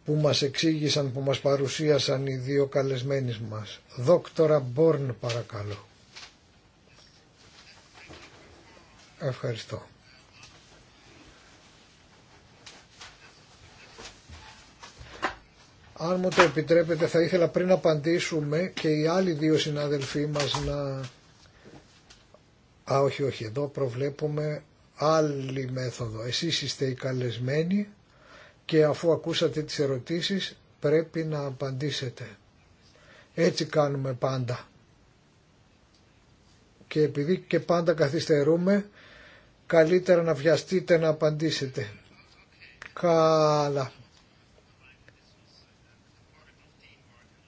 Speaker 3: που μας εξήγησαν, που μας παρουσίασαν οι δύο καλεσμένοι μας. Δόκτορα Μπόρν παρακαλώ. Ευχαριστώ. Αν μου το επιτρέπετε θα ήθελα πριν απαντήσουμε και οι άλλοι δύο συνάδελφοί μας να... Α, όχι, όχι, εδώ προβλέπουμε άλλη μέθοδο. Εσείς είστε οι καλεσμένοι και αφού ακούσατε τις ερωτήσεις πρέπει να απαντήσετε. Έτσι κάνουμε πάντα. Και επειδή και πάντα καθυστερούμε, καλύτερα να βιαστείτε να απαντήσετε. Καλά.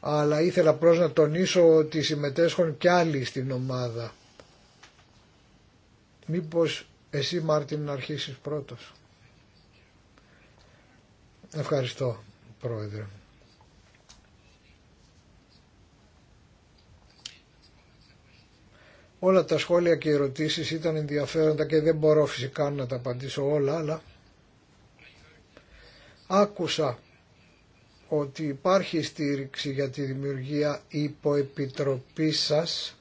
Speaker 3: αλλά ήθελα πρώτα να τονίσω ότι συμμετέσχουν κι άλλοι στην ομάδα. Μήπως εσύ Μάρτιν να αρχίσεις πρώτος. Ευχαριστώ Πρόεδρε. Όλα τα σχόλια και ερωτήσεις ήταν ενδιαφέροντα και δεν μπορώ φυσικά να τα απαντήσω όλα, αλλά άκουσα ότι υπάρχει στήριξη για τη δημιουργία υποεπιτροπής σας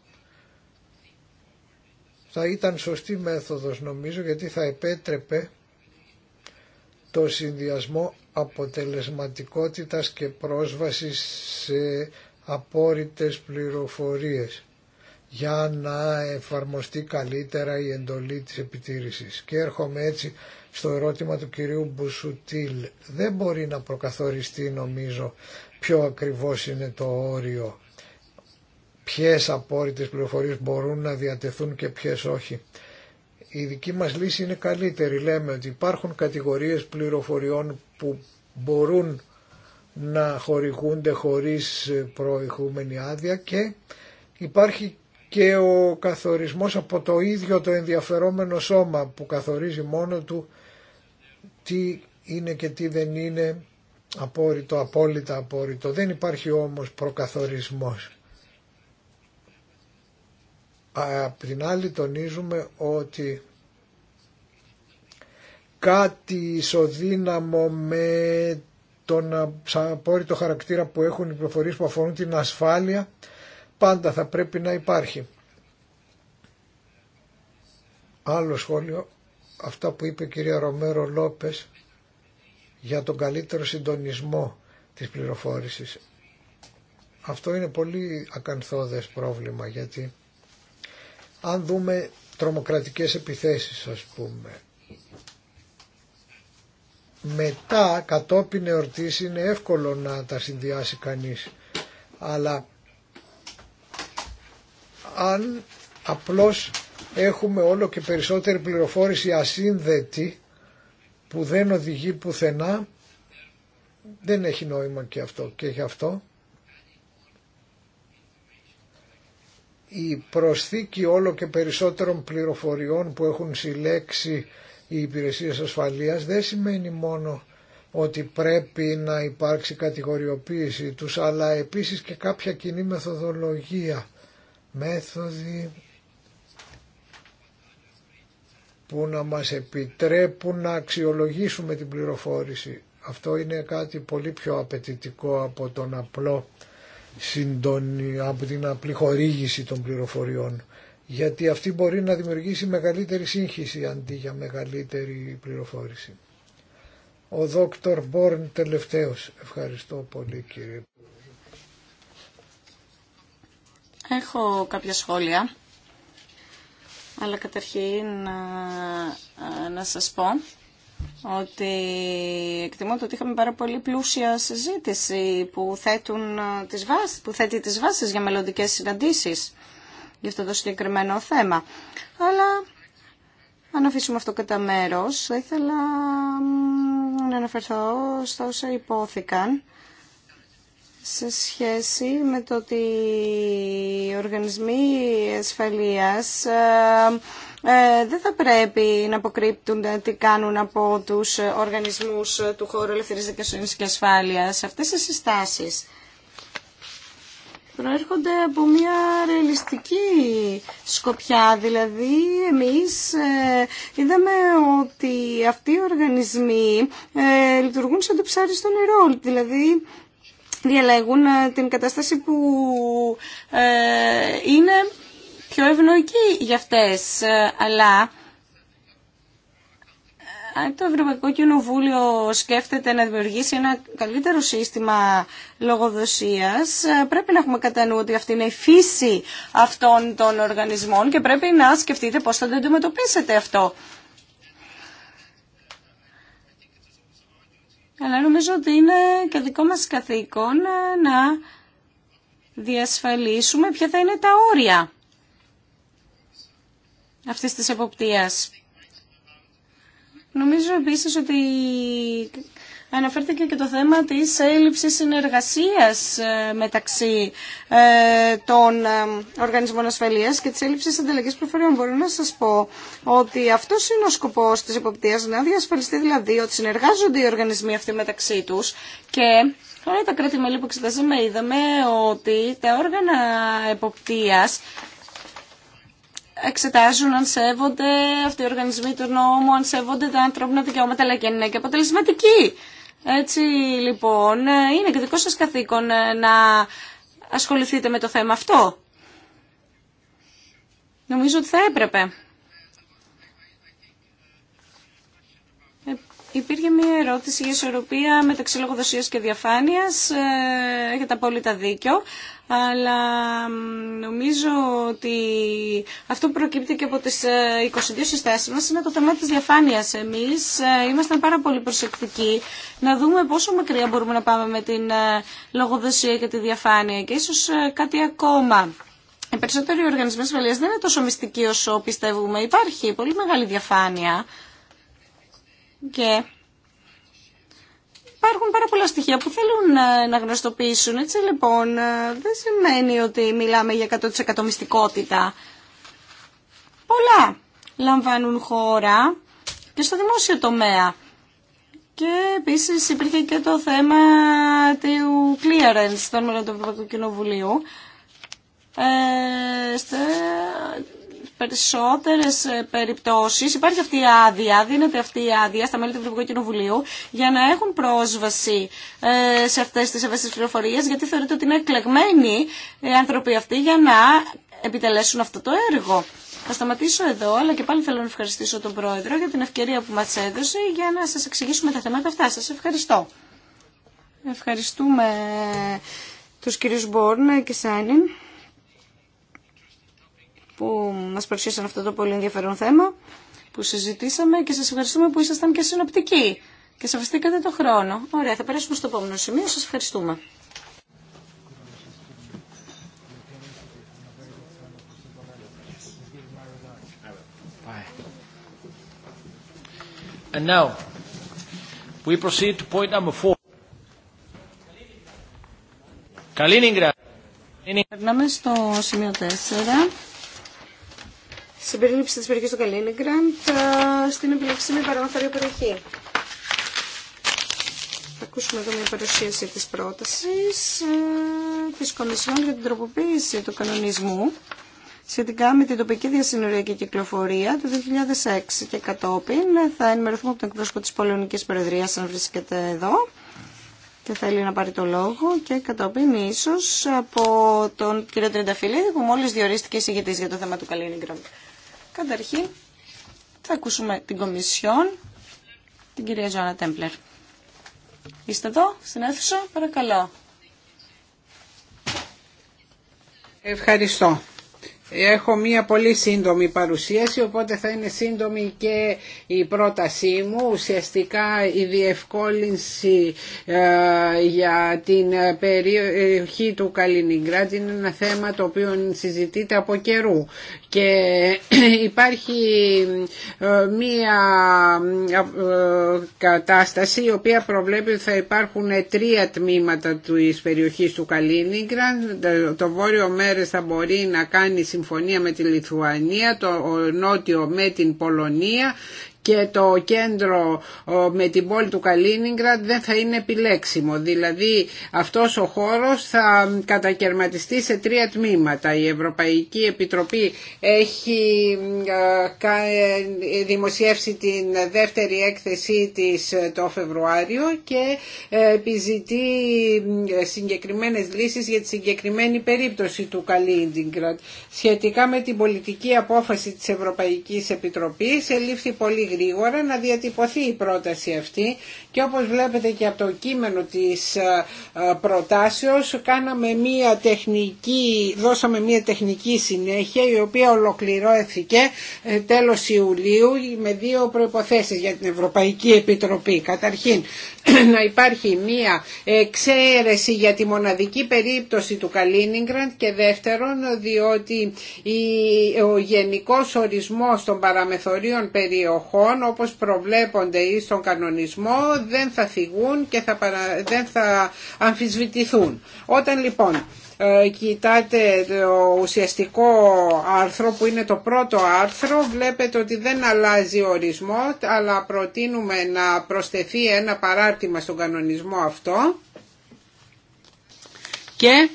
Speaker 3: θα ήταν σωστή μέθοδος νομίζω γιατί θα επέτρεπε το συνδυασμό αποτελεσματικότητας και πρόσβασης σε απόρριτες πληροφορίες για να εφαρμοστεί καλύτερα η εντολή της επιτήρησης. Και έρχομαι έτσι στο ερώτημα του κυρίου Μπουσουτήλ. Δεν μπορεί να προκαθοριστεί νομίζω ποιο ακριβώς είναι το όριο. Ποιες απόρριτες πληροφορίες μπορούν να διατεθούν και ποιες όχι. Η δική μας λύση είναι καλύτερη. Λέμε ότι υπάρχουν κατηγορίες πληροφοριών που μπορούν να χορηγούνται χωρίς προηγούμενη άδεια και υπάρχει και ο καθορισμός από το ίδιο το ενδιαφερόμενο σώμα που καθορίζει μόνο του τι είναι και τι δεν είναι απόρριτο, απόλυτα απόρριτο. Δεν υπάρχει όμως προκαθορισμός. Απ' την άλλη τονίζουμε ότι κάτι ισοδύναμο με τον απόρριτο χαρακτήρα που έχουν οι πληροφορίες που αφορούν την ασφάλεια πάντα θα πρέπει να υπάρχει. Άλλο σχόλιο, αυτά που είπε η κυρία Ρομέρο Λόπες για τον καλύτερο συντονισμό της πληροφόρησης. Αυτό είναι πολύ ακανθόδες πρόβλημα γιατί αν δούμε τρομοκρατικές επιθέσεις ας πούμε μετά κατόπιν εορτής είναι εύκολο να τα συνδυάσει κανείς αλλά αν απλώς έχουμε όλο και περισσότερη πληροφόρηση ασύνδετη που δεν οδηγεί πουθενά δεν έχει νόημα και αυτό και γι' αυτό η προσθήκη όλο και περισσότερων πληροφοριών που έχουν συλλέξει οι υπηρεσίες ασφαλείας δεν σημαίνει μόνο ότι πρέπει να υπάρξει κατηγοριοποίηση τους αλλά επίσης και κάποια κοινή μεθοδολογία μέθοδοι που να μας επιτρέπουν να αξιολογήσουμε την πληροφόρηση. Αυτό είναι κάτι πολύ πιο απαιτητικό από τον απλό συντονι... από την απλή χορήγηση των πληροφοριών. Γιατί αυτή μπορεί να δημιουργήσει μεγαλύτερη σύγχυση αντί για μεγαλύτερη πληροφόρηση. Ο δόκτωρ Μπόρν τελευταίος. Ευχαριστώ πολύ κύριε
Speaker 1: Έχω κάποια σχόλια, αλλά καταρχήν ε, ε, να σας πω ότι εκτιμώ ότι είχαμε πάρα πολύ πλούσια συζήτηση που, θέτουν ε, τις βάσεις, που θέτει τις βάσεις για μελλοντικές συναντήσεις για αυτό το συγκεκριμένο θέμα. Αλλά αν αφήσουμε αυτό κατά μέρος, θα ήθελα να αναφερθώ στα όσα υπόθηκαν σε σχέση με το ότι οι οργανισμοί ασφαλείας ε, ε, δεν θα πρέπει να αποκρύπτουν τι κάνουν από τους οργανισμούς του χώρου ελευθερίας δικαιοσύνης και ασφάλειας. Αυτές οι συστάσεις προέρχονται από μια ρεαλιστική σκοπιά. Δηλαδή, εμείς ε, είδαμε ότι αυτοί οι οργανισμοί λειτουργούν σαν το ψάρι στο νερό. Δηλαδή, διαλέγουν ε, την κατάσταση που ε, είναι πιο ευνοϊκή για αυτές. Ε, αλλά αν το Ευρωπαϊκό Κοινοβούλιο σκέφτεται να δημιουργήσει ένα καλύτερο σύστημα λογοδοσίας, πρέπει να έχουμε κατά νου ότι αυτή είναι η φύση αυτών των οργανισμών και πρέπει να σκεφτείτε πώς θα το αντιμετωπίσετε αυτό. αλλά νομίζω ότι είναι και δικό μας καθήκον ε, να διασφαλίσουμε ποια θα είναι τα όρια αυτής της εποπτείας. Νομίζω επίσης ότι αναφέρθηκε και το θέμα της έλλειψης συνεργασίας ε, μεταξύ ε, των ε, οργανισμών ασφαλείας και της έλλειψης ανταλλαγής προφορίων. Μπορώ να σας πω ότι αυτός είναι ο σκοπός της εποπτείας, να διασφαλιστεί δηλαδή ότι συνεργάζονται οι οργανισμοί αυτοί μεταξύ τους και Τώρα τα κράτη-μέλη που εξετάζουμε είδαμε ότι τα όργανα εποπτείας εξετάζουν αν σέβονται αυτοί οι οργανισμοί του νόμου, αν σέβονται τα ανθρώπινα δικαιώματα, αλλά και είναι και αποτελεσματικοί. Έτσι λοιπόν ε, είναι και δικό σας καθήκον ε, να ασχοληθείτε με το θέμα αυτό. Νομίζω ότι θα έπρεπε. Ε, υπήρχε μια ερώτηση για ισορροπία μεταξύ λογοδοσίας και διαφάνειας διαφάνεια. Έχετε απόλυτα δίκιο αλλά νομίζω ότι αυτό που προκύπτει και από τις 22 ε, συστάσεις μας είναι το θέμα της διαφάνειας. Εμείς ε, ήμασταν πάρα πολύ προσεκτικοί να δούμε πόσο μακριά μπορούμε να πάμε με την ε, λογοδοσία και τη διαφάνεια και ίσως κάτι ακόμα. Οι περισσότεροι οργανισμοί ασφαλείας δεν είναι τόσο μυστικοί όσο πιστεύουμε. Υπάρχει πολύ μεγάλη διαφάνεια και υπάρχουν πάρα πολλά στοιχεία που θέλουν ε, να γνωστοποιήσουν. Έτσι λοιπόν ε, δεν σημαίνει ότι μιλάμε για 100% μυστικότητα. Πολλά λαμβάνουν χώρα και στο δημόσιο τομέα. Και επίσης υπήρχε και το θέμα του clearance των μελών του Κοινοβουλίου. Ε, Περισσότερε περιπτώσει. υπάρχει αυτή η άδεια, δίνεται αυτή η άδεια στα μέλη του Ευρωπαϊκού Κοινοβουλίου για να έχουν πρόσβαση ε, σε αυτέ τι ευαίσθητε πληροφορίε, γιατί θεωρείται ότι είναι εκλεγμένοι οι ε, άνθρωποι αυτοί για να επιτελέσουν αυτό το έργο. Θα σταματήσω εδώ, αλλά και πάλι θέλω να ευχαριστήσω τον Πρόεδρο για την ευκαιρία που μας έδωσε για να σας εξηγήσουμε τα θέματα αυτά. Σας ευχαριστώ. Ευχαριστούμε τους κυρίους Μπόρν και Σάνιν που μας παρουσίασαν αυτό το πολύ ενδιαφέρον θέμα που συζητήσαμε και σας ευχαριστούμε που ήσασταν και συνοπτικοί και σαφιστήκατε το χρόνο. Ωραία, θα περάσουμε στο επόμενο σημείο. Σας ευχαριστούμε.
Speaker 2: And now, we proceed to point number Kaliningrad.
Speaker 1: Περνάμε στο σημείο 4 συμπερίληψη της περιοχής του Καλίνιγκραντ ε, στην με παραμαθαρή περιοχή. Θα ακούσουμε εδώ μια παρουσίαση της πρότασης ε, της Κομισιόν για την τροποποίηση του κανονισμού σχετικά με την τοπική διασυνοριακή κυκλοφορία του 2006 και κατόπιν. Θα ενημερωθούμε από τον εκπρόσωπο της Πολεωνικής Προεδρίας αν βρίσκεται εδώ και θέλει να πάρει το λόγο και κατόπιν ίσως από τον κύριο Τρενταφυλλίδη που μόλις διορίστηκε εισηγητής για το θέμα του Καλίνιγκραντ. Καταρχήν θα ακούσουμε την Κομισιόν, την κυρία Ζωάννα Τέμπλερ. Είστε εδώ, στην αίθουσα, παρακαλώ.
Speaker 4: Ευχαριστώ. Έχω μία πολύ σύντομη παρουσίαση, οπότε θα είναι σύντομη και η πρότασή μου. Ουσιαστικά η διευκόλυνση ε, για την ε, περιοχή του Καλινιγκράτ είναι ένα θέμα το οποίο συζητείται από καιρού και υπάρχει ε, μία ε, κατάσταση η οποία προβλέπει ότι θα υπάρχουν τρία τμήματα της περιοχής του Καλίνιγκραντ. Το βόρειο μέρος θα μπορεί να κάνει συμφωνία με τη Λιθουανία, το νότιο με την Πολωνία και το κέντρο με την πόλη του Καλίνιγκραντ δεν θα είναι επιλέξιμο. Δηλαδή αυτός ο χώρος θα κατακαιρματιστεί σε τρία τμήματα. Η Ευρωπαϊκή Επιτροπή έχει ε, δημοσιεύσει την δεύτερη έκθεσή της ε, το Φεβρουάριο και ε, επιζητεί συγκεκριμένες λύσεις για τη συγκεκριμένη περίπτωση του Καλίνιγκραντ. Σχετικά με την πολιτική απόφαση της Ευρωπαϊκής Επιτροπής ελήφθη πολύ να διατυπωθεί η πρόταση αυτή και όπως βλέπετε και από το κείμενο της ε, ε, προτάσεως κάναμε μια τεχνική, δώσαμε μια τεχνική συνέχεια η οποία ολοκληρώθηκε ε, τέλος Ιουλίου με δύο προϋποθέσεις για την Ευρωπαϊκή Επιτροπή. Καταρχήν να υπάρχει μία εξαίρεση για τη μοναδική περίπτωση του Καλίνιγκραντ και δεύτερον διότι ο γενικός ορισμός των παραμεθορίων περιοχών λοιπόν όπως προβλέπονται ή στον κανονισμό δεν θα φυγούν και θα δεν θα αμφισβητηθούν. Όταν λοιπόν ε, κοιτάτε το ουσιαστικό άρθρο που είναι το πρώτο άρθρο βλέπετε ότι δεν αλλάζει ορισμό αλλά προτείνουμε να προσθεθεί ένα παράρτημα στον κανονισμό αυτό και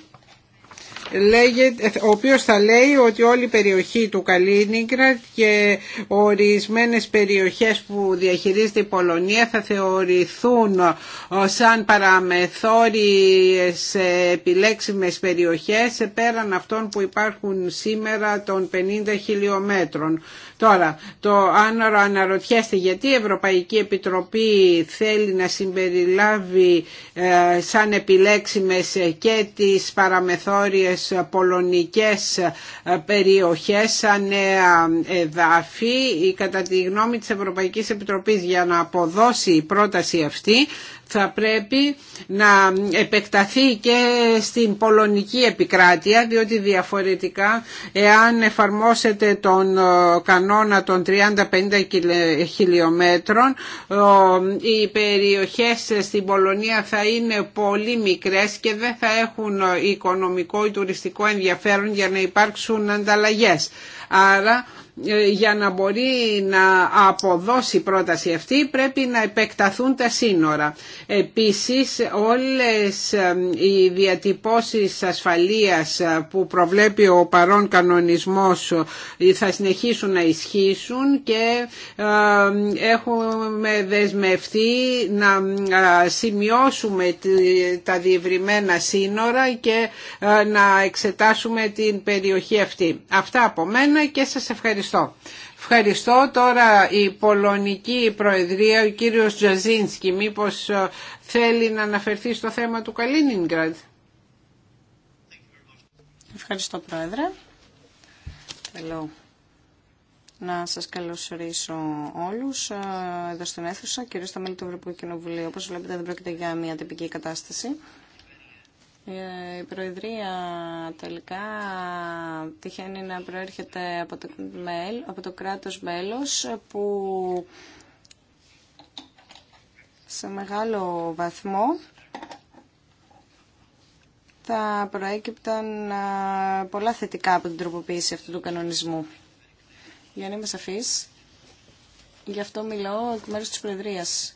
Speaker 4: ο οποίος θα λέει ότι όλη η περιοχή του Καλίνιγκρατ και ορισμένες περιοχές που διαχειρίζεται η Πολωνία θα θεωρηθούν ε, σαν παραμεθόριες ε, επιλέξιμες περιοχές ε, πέραν αυτών που υπάρχουν σήμερα των 50 χιλιόμετρων. Τώρα, το αν αναρωτιέστε γιατί η Ευρωπαϊκή Επιτροπή θέλει να συμπεριλάβει ε, σαν επιλέξιμες και τις παραμεθόριες πολωνικές ε, περιοχές σαν νέα εδάφη, κατά τη γνώμη της Ευρωπαϊκής Επιτροπής για να αποδώσει η πρόταση αυτή θα πρέπει να επεκταθεί και στην πολωνική επικράτεια διότι διαφορετικά εάν εφαρμόσετε τον ε, κανόνα των 30-50 χιλιόμετρων ε, οι περιοχές στην Πολωνία θα είναι πολύ μικρές και δεν θα έχουν οικονομικό ή τουριστικό ενδιαφέρον για να υπάρξουν ανταλλαγές. Άρα ε, για να μπορεί να αποδώσει η πρόταση αυτή πρέπει να επεκταθούν τα σύνορα. Επίσης όλες ε, οι διατυπώσεις ασφαλείας ε, που προβλέπει ο παρόν κανονισμός θα συνεχίσουν να ισχύσουν και έχουμε δεσμευτεί να σημειώσουμε τα διευρυμένα σύνορα και να εξετάσουμε την περιοχή αυτή. Αυτά από μένα και σας ευχαριστώ. Ευχαριστώ. τώρα η Πολωνική Προεδρία, ο κύριος Τζαζίνσκι, μήπως ε, θέλει να αναφερθεί στο θέμα του
Speaker 1: Καλίνιγκραντ. Ευχαριστώ Πρόεδρε. Θέλω να σας καλωσορίσω όλους ε, εδώ στην αίθουσα, κυρίως στα μέλη του Ευρωπαϊκού Κοινοβουλίου. Όπως βλέπετε δεν πρόκειται για μια τυπική κατάσταση. Ε, η Προεδρία τελικά τυχαίνει να προέρχεται από το, μέλ, από το κράτος μέλος που σε μεγάλο βαθμό θα προέκυπταν ε, πολλά θετικά από την τροποποίηση αυτού του κανονισμού. Για να είμαι σαφής, γι' αυτό μιλώ εκ μέρους της Προεδρίας.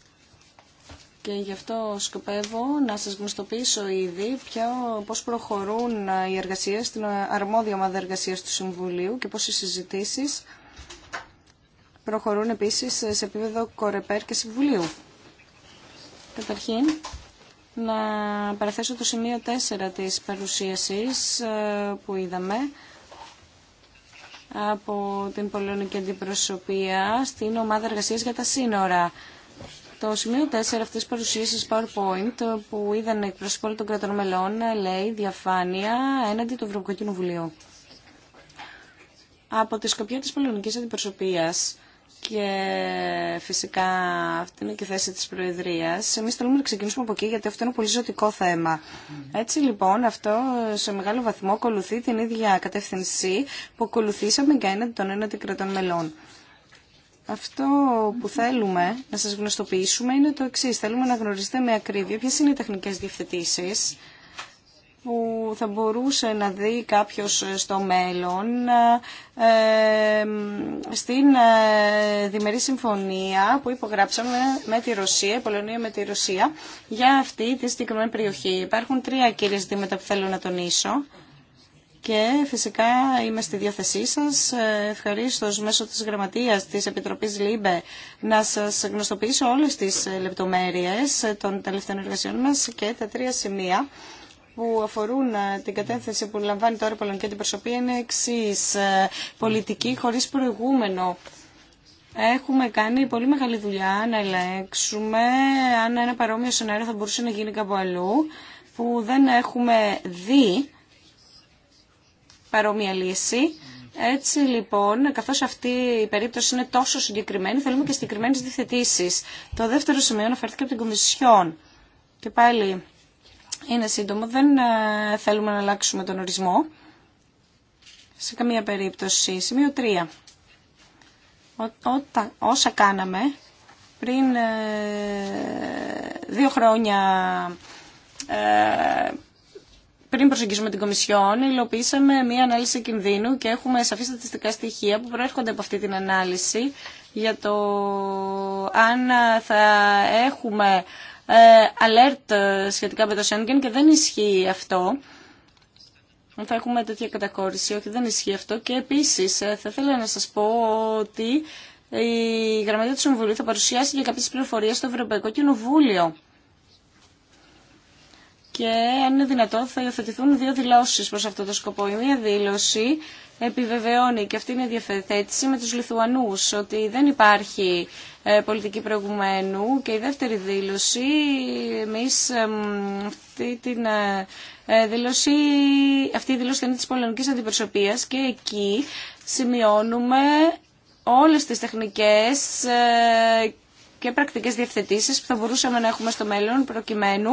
Speaker 1: Και γι' αυτό σκοπεύω να σας γνωστοποιήσω ήδη ποιο, πώς προχωρούν οι εργασίες στην αρμόδια ομάδα εργασίας του Συμβουλίου και πώς οι συζητήσεις προχωρούν επίσης σε επίπεδο κορεπέρ και Συμβουλίου. Καταρχήν, να παραθέσω το σημείο 4 της παρουσίασης ε, που είδαμε από την πολωνική αντιπροσωπεία στην ομάδα εργασίας για τα σύνορα. Το σημείο 4 αυτής της παρουσίασης PowerPoint που είδαν η όλων των κρατών μελών λέει διαφάνεια έναντι του Ευρωπαϊκού Κοινοβουλίου. Από τη σκοπιά της πολιτικής αντιπροσωπείας και φυσικά αυτή είναι και η θέση της Προεδρίας. Εμείς θέλουμε να ξεκινήσουμε από εκεί γιατί αυτό είναι πολύ ζωτικό θέμα. Έτσι λοιπόν αυτό σε μεγάλο βαθμό ακολουθεί την ίδια κατεύθυνση που ακολουθήσαμε και έναντι των έναντι κρατών μελών. Αυτό που θέλουμε να σας γνωστοποιήσουμε είναι το εξή. Θέλουμε να γνωρίζετε με ακρίβεια ποιες είναι οι τεχνικές διευθετήσεις που θα μπορούσε να δει κάποιος στο μέλλον ε, στην ε, διμερή συμφωνία που υπογράψαμε με τη Ρωσία, η Πολωνία με τη Ρωσία, για αυτή τη συγκεκριμένη περιοχή. Υπάρχουν τρία κύριε ζητήματα που θέλω να τονίσω και φυσικά είμαι στη διάθεσή σας. Ε, Ευχαρίστω μέσω της γραμματείας της Επιτροπής ΛΥΜΠΕ να σας γνωστοποιήσω όλες τις ε, λεπτομέρειες ε, των τελευταίων εργασιών μας και τα τρία σημεία που αφορούν την κατέθεση που λαμβάνει τώρα η Πολωνική Αντιπροσωπεία είναι εξή πολιτική χωρίς προηγούμενο. Έχουμε κάνει πολύ μεγάλη δουλειά να ελέγξουμε αν ένα παρόμοιο σενάριο θα μπορούσε να γίνει κάπου αλλού που δεν έχουμε δει παρόμοια λύση. Έτσι λοιπόν, καθώς αυτή η περίπτωση είναι τόσο συγκεκριμένη, θέλουμε και συγκεκριμένε διθετήσεις. Το δεύτερο σημείο αναφέρθηκε από την Κομισιόν. Και πάλι είναι σύντομο, δεν ε, θέλουμε να αλλάξουμε τον ορισμό. Σε καμία περίπτωση. Σημείο 3. όσα κάναμε πριν ε, δύο χρόνια ε, πριν προσεγγίσουμε την Κομισιόν, υλοποιήσαμε μία ανάλυση κινδύνου και έχουμε σαφή στατιστικά στοιχεία που προέρχονται από αυτή την ανάλυση για το αν θα έχουμε ε, alert σχετικά με το Schengen και δεν ισχύει αυτό. Θα έχουμε τέτοια κατακόρηση. όχι δεν ισχύει αυτό. Και επίσης ε, θα ήθελα να σας πω ότι η Γραμματεία του Συμβουλίου θα παρουσιάσει για κάποιες πληροφορίες στο Ευρωπαϊκό Κοινοβούλιο και αν είναι δυνατό θα υιοθετηθούν δύο δηλώσεις προς αυτό το σκοπό. Η μία δήλωση επιβεβαιώνει και αυτή είναι η διαφεθέτηση με τους Λιθουανούς ότι δεν υπάρχει ε, πολιτική προηγουμένου και η δεύτερη δήλωση εμείς αυτή την ε, ε, δήλωση αυτή η δήλωση είναι της πολεμικής αντιπροσωπείας και εκεί σημειώνουμε όλες τις τεχνικές και πρακτικέ διευθετήσει που θα μπορούσαμε να έχουμε στο μέλλον προκειμένου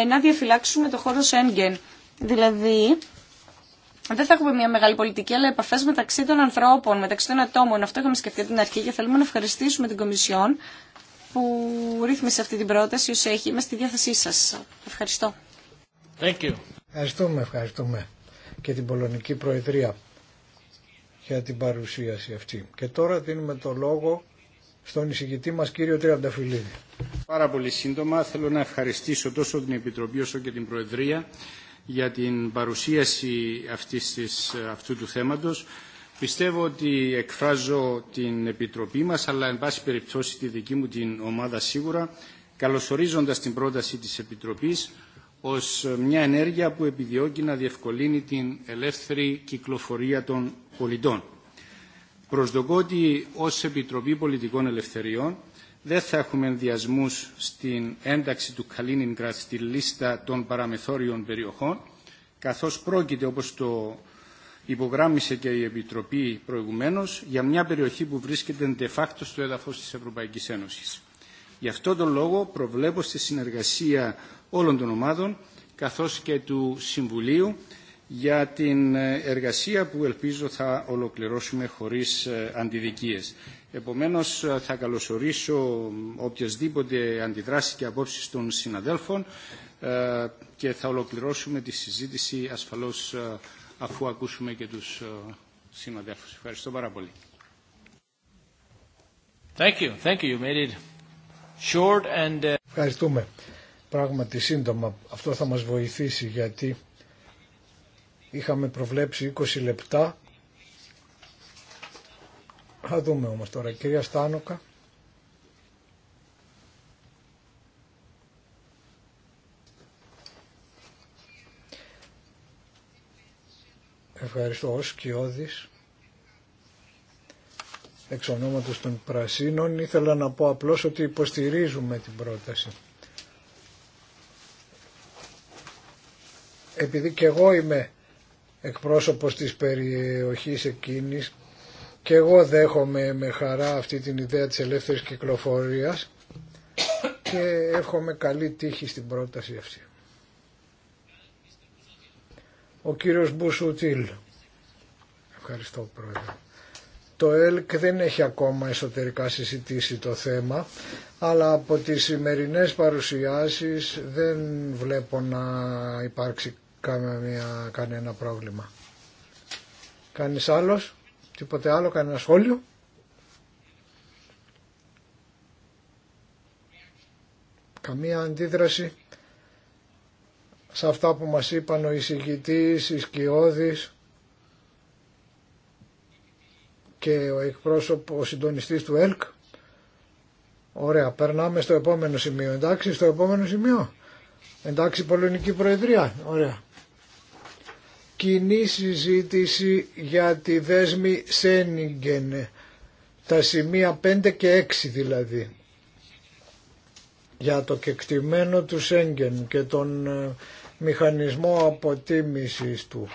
Speaker 1: ε, να διαφυλάξουμε το χώρο Σέγγεν. Δηλαδή, δεν θα έχουμε μια μεγάλη πολιτική, αλλά επαφέ μεταξύ των ανθρώπων, μεταξύ των ατόμων. Αυτό είχαμε σκεφτεί από την αρχή και θέλουμε να ευχαριστήσουμε την Κομισιόν που ρύθμισε αυτή την πρόταση όσο έχει. Είμαι στη διάθεσή σα. Ευχαριστώ.
Speaker 2: Thank
Speaker 3: you. Ευχαριστούμε, ευχαριστούμε και την Πολωνική Προεδρία για την παρουσίαση αυτή. Και τώρα δίνουμε το λόγο στον εισηγητή μας κύριο Τριανταφυλλίδη.
Speaker 2: Πάρα πολύ σύντομα θέλω να ευχαριστήσω τόσο την Επιτροπή όσο και την Προεδρία για την παρουσίαση αυτής της, αυτού του θέματος. Πιστεύω ότι εκφράζω την Επιτροπή μας, αλλά εν πάση περιπτώσει τη δική μου την ομάδα σίγουρα, καλωσορίζοντας την πρόταση της Επιτροπής ως μια ενέργεια που επιδιώκει να διευκολύνει την ελεύθερη κυκλοφορία των πολιτών. Προσδοκώ ότι ως Επιτροπή Πολιτικών Ελευθεριών δεν θα έχουμε ενδιασμού στην ένταξη του Καλίνιγκρατ στη λίστα των παραμεθόριων περιοχών, καθώς πρόκειται, όπως το υπογράμμισε και η Επιτροπή προηγουμένως, για μια περιοχή που βρίσκεται de facto στο έδαφος της Ευρωπαϊκής Ένωσης. Γι' αυτό τον λόγο προβλέπω στη συνεργασία όλων των ομάδων, καθώς και του Συμβουλίου, για την εργασία που ελπίζω θα ολοκληρώσουμε χωρίς ε, αντιδικίες. Επομένως ε, θα καλωσορίσω οποιασδήποτε αντιδράσεις και απόψεις των συναδέλφων ε, και θα ολοκληρώσουμε τη συζήτηση ασφαλώς αφού ακούσουμε και τους συναδέλφους. Ευχαριστώ πάρα πολύ.
Speaker 3: Ευχαριστούμε. Πράγματι σύντομα αυτό θα μας βοηθήσει γιατί Είχαμε προβλέψει 20 λεπτά. Θα δούμε όμως τώρα. κυρία Στάνοκα. Ευχαριστώ ως σκιώδης. Εξ ονόματος των Πρασίνων ήθελα να πω απλώς ότι υποστηρίζουμε την πρόταση. Επειδή και εγώ είμαι εκπρόσωπος της περιοχής εκείνης και εγώ δέχομαι με χαρά αυτή την ιδέα της ελεύθερης κυκλοφορίας και εύχομαι καλή τύχη στην πρόταση αυτή. Ο κύριος Μπουσουτήλ. Ευχαριστώ πρόεδρε. Το ΕΛΚ δεν έχει ακόμα εσωτερικά συζητήσει το θέμα, αλλά από τις σημερινές παρουσιάσεις δεν βλέπω να υπάρξει καμία, κανένα πρόβλημα. Κανείς άλλος, τίποτε άλλο, κανένα σχόλιο. Καμία αντίδραση σε αυτά που μας είπαν ο εισηγητής, η Σκιώδης και ο εκπρόσωπος, ο συντονιστής του ΕΛΚ. Ωραία, περνάμε στο επόμενο σημείο. Εντάξει, στο επόμενο σημείο. Εντάξει, Πολωνική Προεδρία. Ωραία κοινή συζήτηση για τη δέσμη Σένιγκεν, τα σημεία 5 και 6 δηλαδή, για το κεκτημένο του Σέγγεν και τον ε, μηχανισμό αποτίμησης του.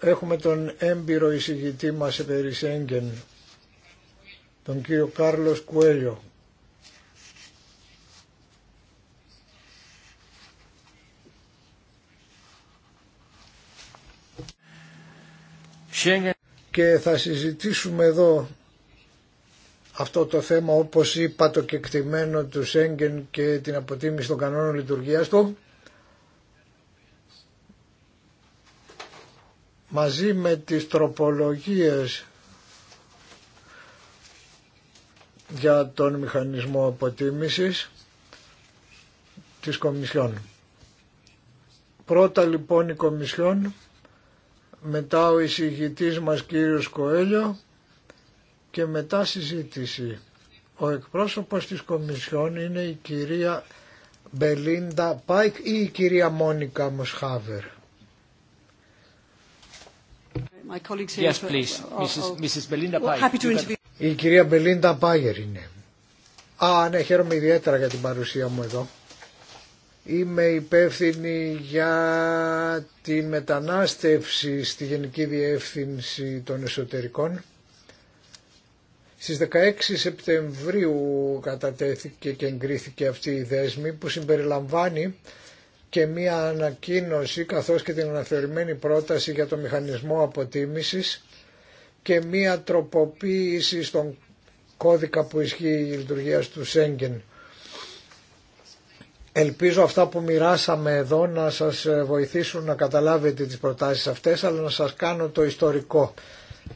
Speaker 3: Έχουμε τον έμπειρο εισηγητή μας περί τον κύριο Κάρλος Κουέλιο Και θα συζητήσουμε εδώ αυτό το θέμα όπως είπα το κεκτημένο του Σέγγεν και την αποτίμηση των κανόνων λειτουργίας του μαζί με τις τροπολογίες για τον μηχανισμό αποτίμησης της Κομισιόν. Πρώτα λοιπόν η Κομισιόν μετά ο εισηγητής μας κύριος Κοέλιο και μετά συζήτηση. Ο εκπρόσωπος της Κομισιόν είναι η κυρία Μπελίντα Πάικ ή η κυρία Μόνικα Μοσχάβερ. Yes, please. Mrs. Belinda Η κυρία Μπελίντα Πάγερ είναι. Α, ναι, χαίρομαι ιδιαίτερα για την παρουσία μου εδώ. Είμαι υπεύθυνη για τη μετανάστευση στη Γενική Διεύθυνση των Εσωτερικών. Στις 16 Σεπτεμβρίου κατατέθηκε και εγκρίθηκε αυτή η δέσμη που συμπεριλαμβάνει και μία ανακοίνωση καθώς και την αναθεωρημένη πρόταση για το μηχανισμό αποτίμησης και μία τροποποίηση στον κώδικα που ισχύει η λειτουργία του Σέγγεν. Ελπίζω αυτά που μοιράσαμε εδώ να σας ε, βοηθήσουν να καταλάβετε τις προτάσεις αυτές, αλλά να σας κάνω το ιστορικό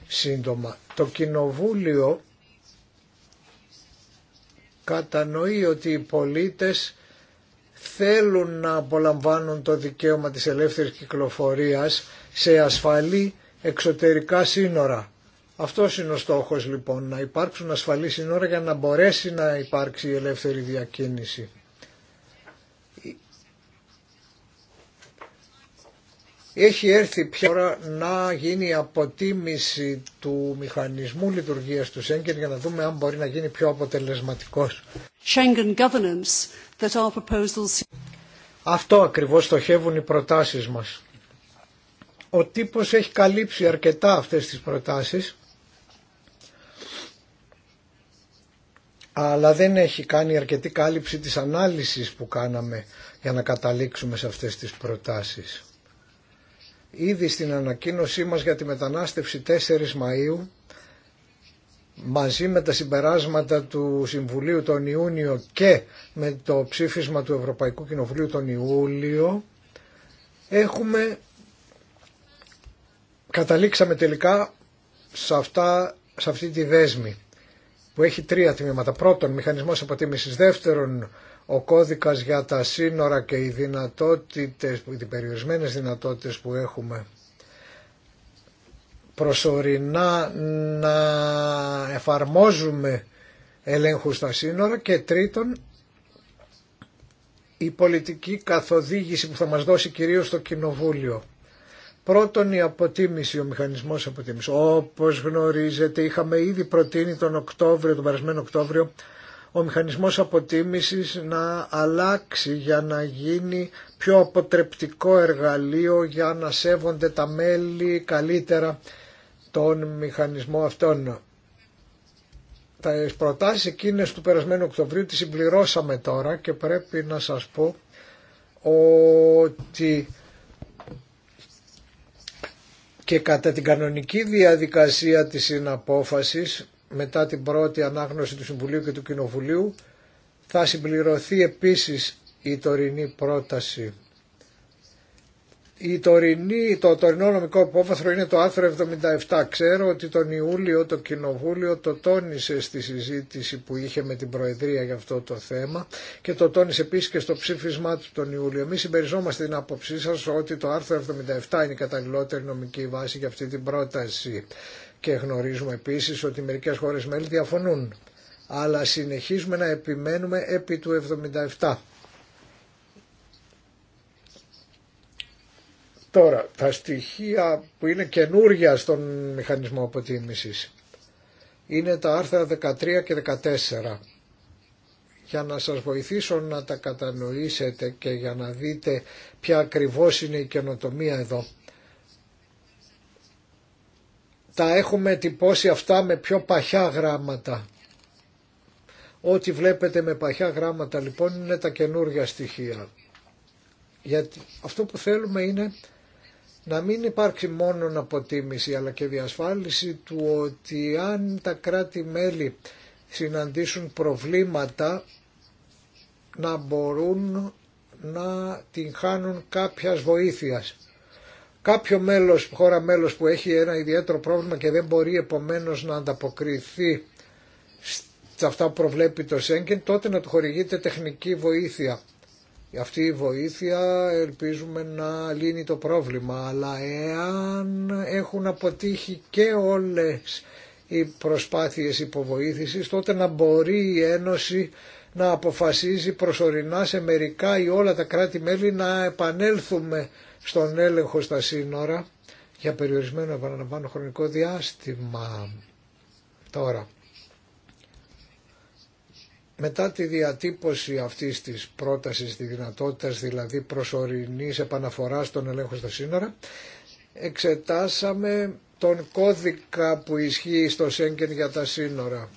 Speaker 3: σύντομα. Το Κοινοβούλιο κατανοεί ότι οι πολίτες θέλουν να απολαμβάνουν το δικαίωμα της ελεύθερης κυκλοφορίας σε ασφαλή εξωτερικά σύνορα. Αυτό είναι ο στόχος λοιπόν, να υπάρξουν ασφαλή σύνορα για να μπορέσει να υπάρξει η ελεύθερη διακίνηση. Έχει έρθει πια ώρα να γίνει η αποτίμηση του μηχανισμού λειτουργίας του Σέγγεν για να δούμε αν μπορεί να γίνει πιο αποτελεσματικός. Αυτό ακριβώς στοχεύουν οι προτάσεις μας. Ο τύπος έχει καλύψει αρκετά αυτές τις προτάσεις αλλά δεν έχει κάνει αρκετή κάλυψη της ανάλυσης που κάναμε για να καταλήξουμε σε αυτές τις προτάσεις. Ήδη στην ανακοίνωσή μας για τη μετανάστευση 4 Μαΐου μαζί με τα συμπεράσματα του Συμβουλίου τον Ιούνιο και με το ψήφισμα του Ευρωπαϊκού Κοινοβουλίου τον Ιούλιο έχουμε καταλήξαμε τελικά σε, αυτά, σε αυτή τη δέσμη που έχει τρία τμήματα. Πρώτον, μηχανισμός αποτίμησης. Δεύτερον, ο κώδικας για τα σύνορα και οι δυνατότητες, οι περιορισμένες δυνατότητες που έχουμε προσωρινά να εφαρμόζουμε ελέγχους στα σύνορα και τρίτον η πολιτική καθοδήγηση που θα μας δώσει κυρίως το Κοινοβούλιο. Πρώτον η αποτίμηση, ο μηχανισμός αποτίμησης. Όπως γνωρίζετε είχαμε ήδη προτείνει τον Οκτώβριο, τον περασμένο Οκτώβριο ο μηχανισμός αποτίμησης να αλλάξει για να γίνει πιο αποτρεπτικό εργαλείο για να σέβονται τα μέλη καλύτερα τον μηχανισμό αυτόν. Τα προτάσεις εκείνες του περασμένου Οκτωβρίου τις συμπληρώσαμε τώρα και πρέπει να σας πω ότι και κατά την κανονική διαδικασία της συναπόφασης μετά την πρώτη ανάγνωση του Συμβουλίου και του Κοινοβουλίου θα συμπληρωθεί επίσης η τωρινή πρόταση. Η τωρινή, το τωρινό νομικό υπόβαθρο είναι το άρθρο 77. Ξέρω ότι τον Ιούλιο το Κοινοβούλιο το τόνισε στη συζήτηση που είχε με την Προεδρία για αυτό το θέμα και το τόνισε επίσης και στο ψήφισμά του τον Ιούλιο. Εμεί συμπεριζόμαστε την άποψή σα ότι το άρθρο 77 είναι η καταλληλότερη νομική βάση για αυτή την πρόταση και γνωρίζουμε επίσης ότι μερικές χώρες μέλη διαφωνούν αλλά συνεχίζουμε να επιμένουμε επί του 77. Τώρα, τα στοιχεία που είναι καινούργια στον μηχανισμό αποτίμησης είναι τα άρθρα 13 και 14. Για να σας βοηθήσω να τα κατανοήσετε και για να δείτε ποια ακριβώς είναι η καινοτομία εδώ τα έχουμε τυπώσει αυτά με πιο παχιά γράμματα. Ό,τι βλέπετε με παχιά γράμματα λοιπόν είναι τα καινούργια στοιχεία. Γιατί αυτό που θέλουμε είναι να μην υπάρξει μόνο αποτίμηση αλλά και διασφάλιση του ότι αν τα κράτη-μέλη συναντήσουν προβλήματα να μπορούν να την χάνουν κάποιας βοήθειας κάποιο μέλος, χώρα μέλος που έχει ένα ιδιαίτερο πρόβλημα και δεν μπορεί επομένως να ανταποκριθεί σε αυτά που προβλέπει το Σέγγεν, τότε να του χορηγείται τεχνική βοήθεια. Αυτή η βοήθεια ελπίζουμε να λύνει το πρόβλημα, αλλά εάν έχουν αποτύχει και όλες οι προσπάθειες υποβοήθησης, τότε να μπορεί η Ένωση να αποφασίζει προσωρινά σε μερικά ή όλα τα κράτη-μέλη να επανέλθουμε στον έλεγχο στα σύνορα για περιορισμένο επαναλαμβάνω χρονικό διάστημα. Τώρα, μετά τη διατύπωση αυτής της πρότασης, τη δυνατότητας δηλαδή προσωρινής επαναφοράς των ελέγχων στα σύνορα, εξετάσαμε τον κώδικα που ισχύει στο Σέγγεν για τα σύνορα.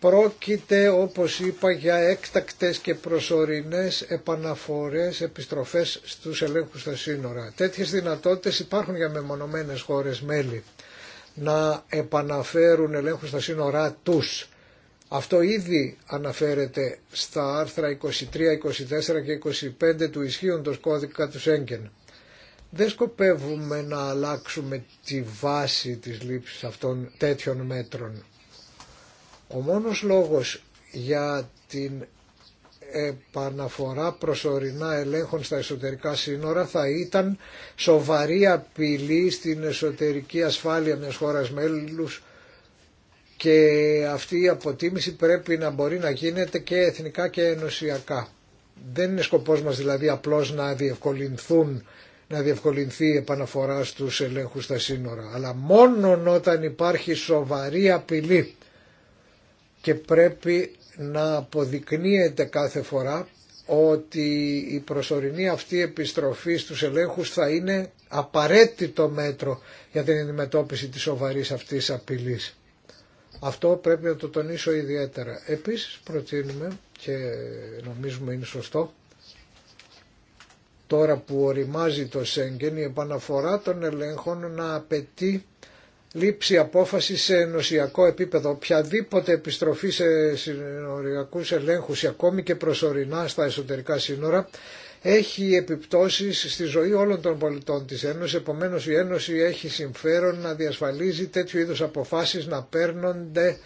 Speaker 3: Πρόκειται όπως είπα για έκτακτες και προσωρινές επαναφορές, επιστροφές στους ελέγχους στα σύνορα. Τέτοιες δυνατότητες υπάρχουν για μεμονωμένες χώρες μέλη να επαναφέρουν ελέγχους στα σύνορά τους. Αυτό ήδη αναφέρεται στα άρθρα 23, 24 και 25 του ισχύοντος κώδικα του Σέγγεν. Δεν σκοπεύουμε να αλλάξουμε τη βάση της λήψης αυτών τέτοιων μέτρων. Ο μόνος λόγος για την επαναφορά προσωρινά ελέγχων στα εσωτερικά σύνορα θα ήταν σοβαρή απειλή στην εσωτερική ασφάλεια μιας χώρας μέλους και αυτή η αποτίμηση πρέπει να μπορεί να γίνεται και εθνικά και ενωσιακά. Δεν είναι σκοπός μας δηλαδή απλώς να διευκολυνθούν να διευκολυνθεί η επαναφορά στους ελέγχους στα σύνορα, αλλά μόνο όταν υπάρχει σοβαρή απειλή και πρέπει να αποδεικνύεται κάθε φορά ότι η προσωρινή αυτή επιστροφή στους ελέγχους θα είναι απαραίτητο μέτρο για την αντιμετώπιση της σοβαρής αυτής απειλής. Αυτό πρέπει να το τονίσω ιδιαίτερα. Επίσης προτείνουμε και νομίζουμε είναι σωστό τώρα που οριμάζει το Σέγγεν η επαναφορά των ελέγχων να απαιτεί λήψη απόφαση σε ενωσιακό επίπεδο. Οποιαδήποτε επιστροφή σε έχει επιπτώσει στη ζωή όλων των πολιτών τη Ένωση. Επομένω, ελέγχους ακόμη και προσωρινά στα εσωτερικά σύνορα έχει επιπτώσεις στη ζωή όλων των πολιτών της Ένωσης. Επομένως η Ένωση έχει συμφέρον να διασφαλίζει τέτοιου είδου αποφάσει να παίρνονται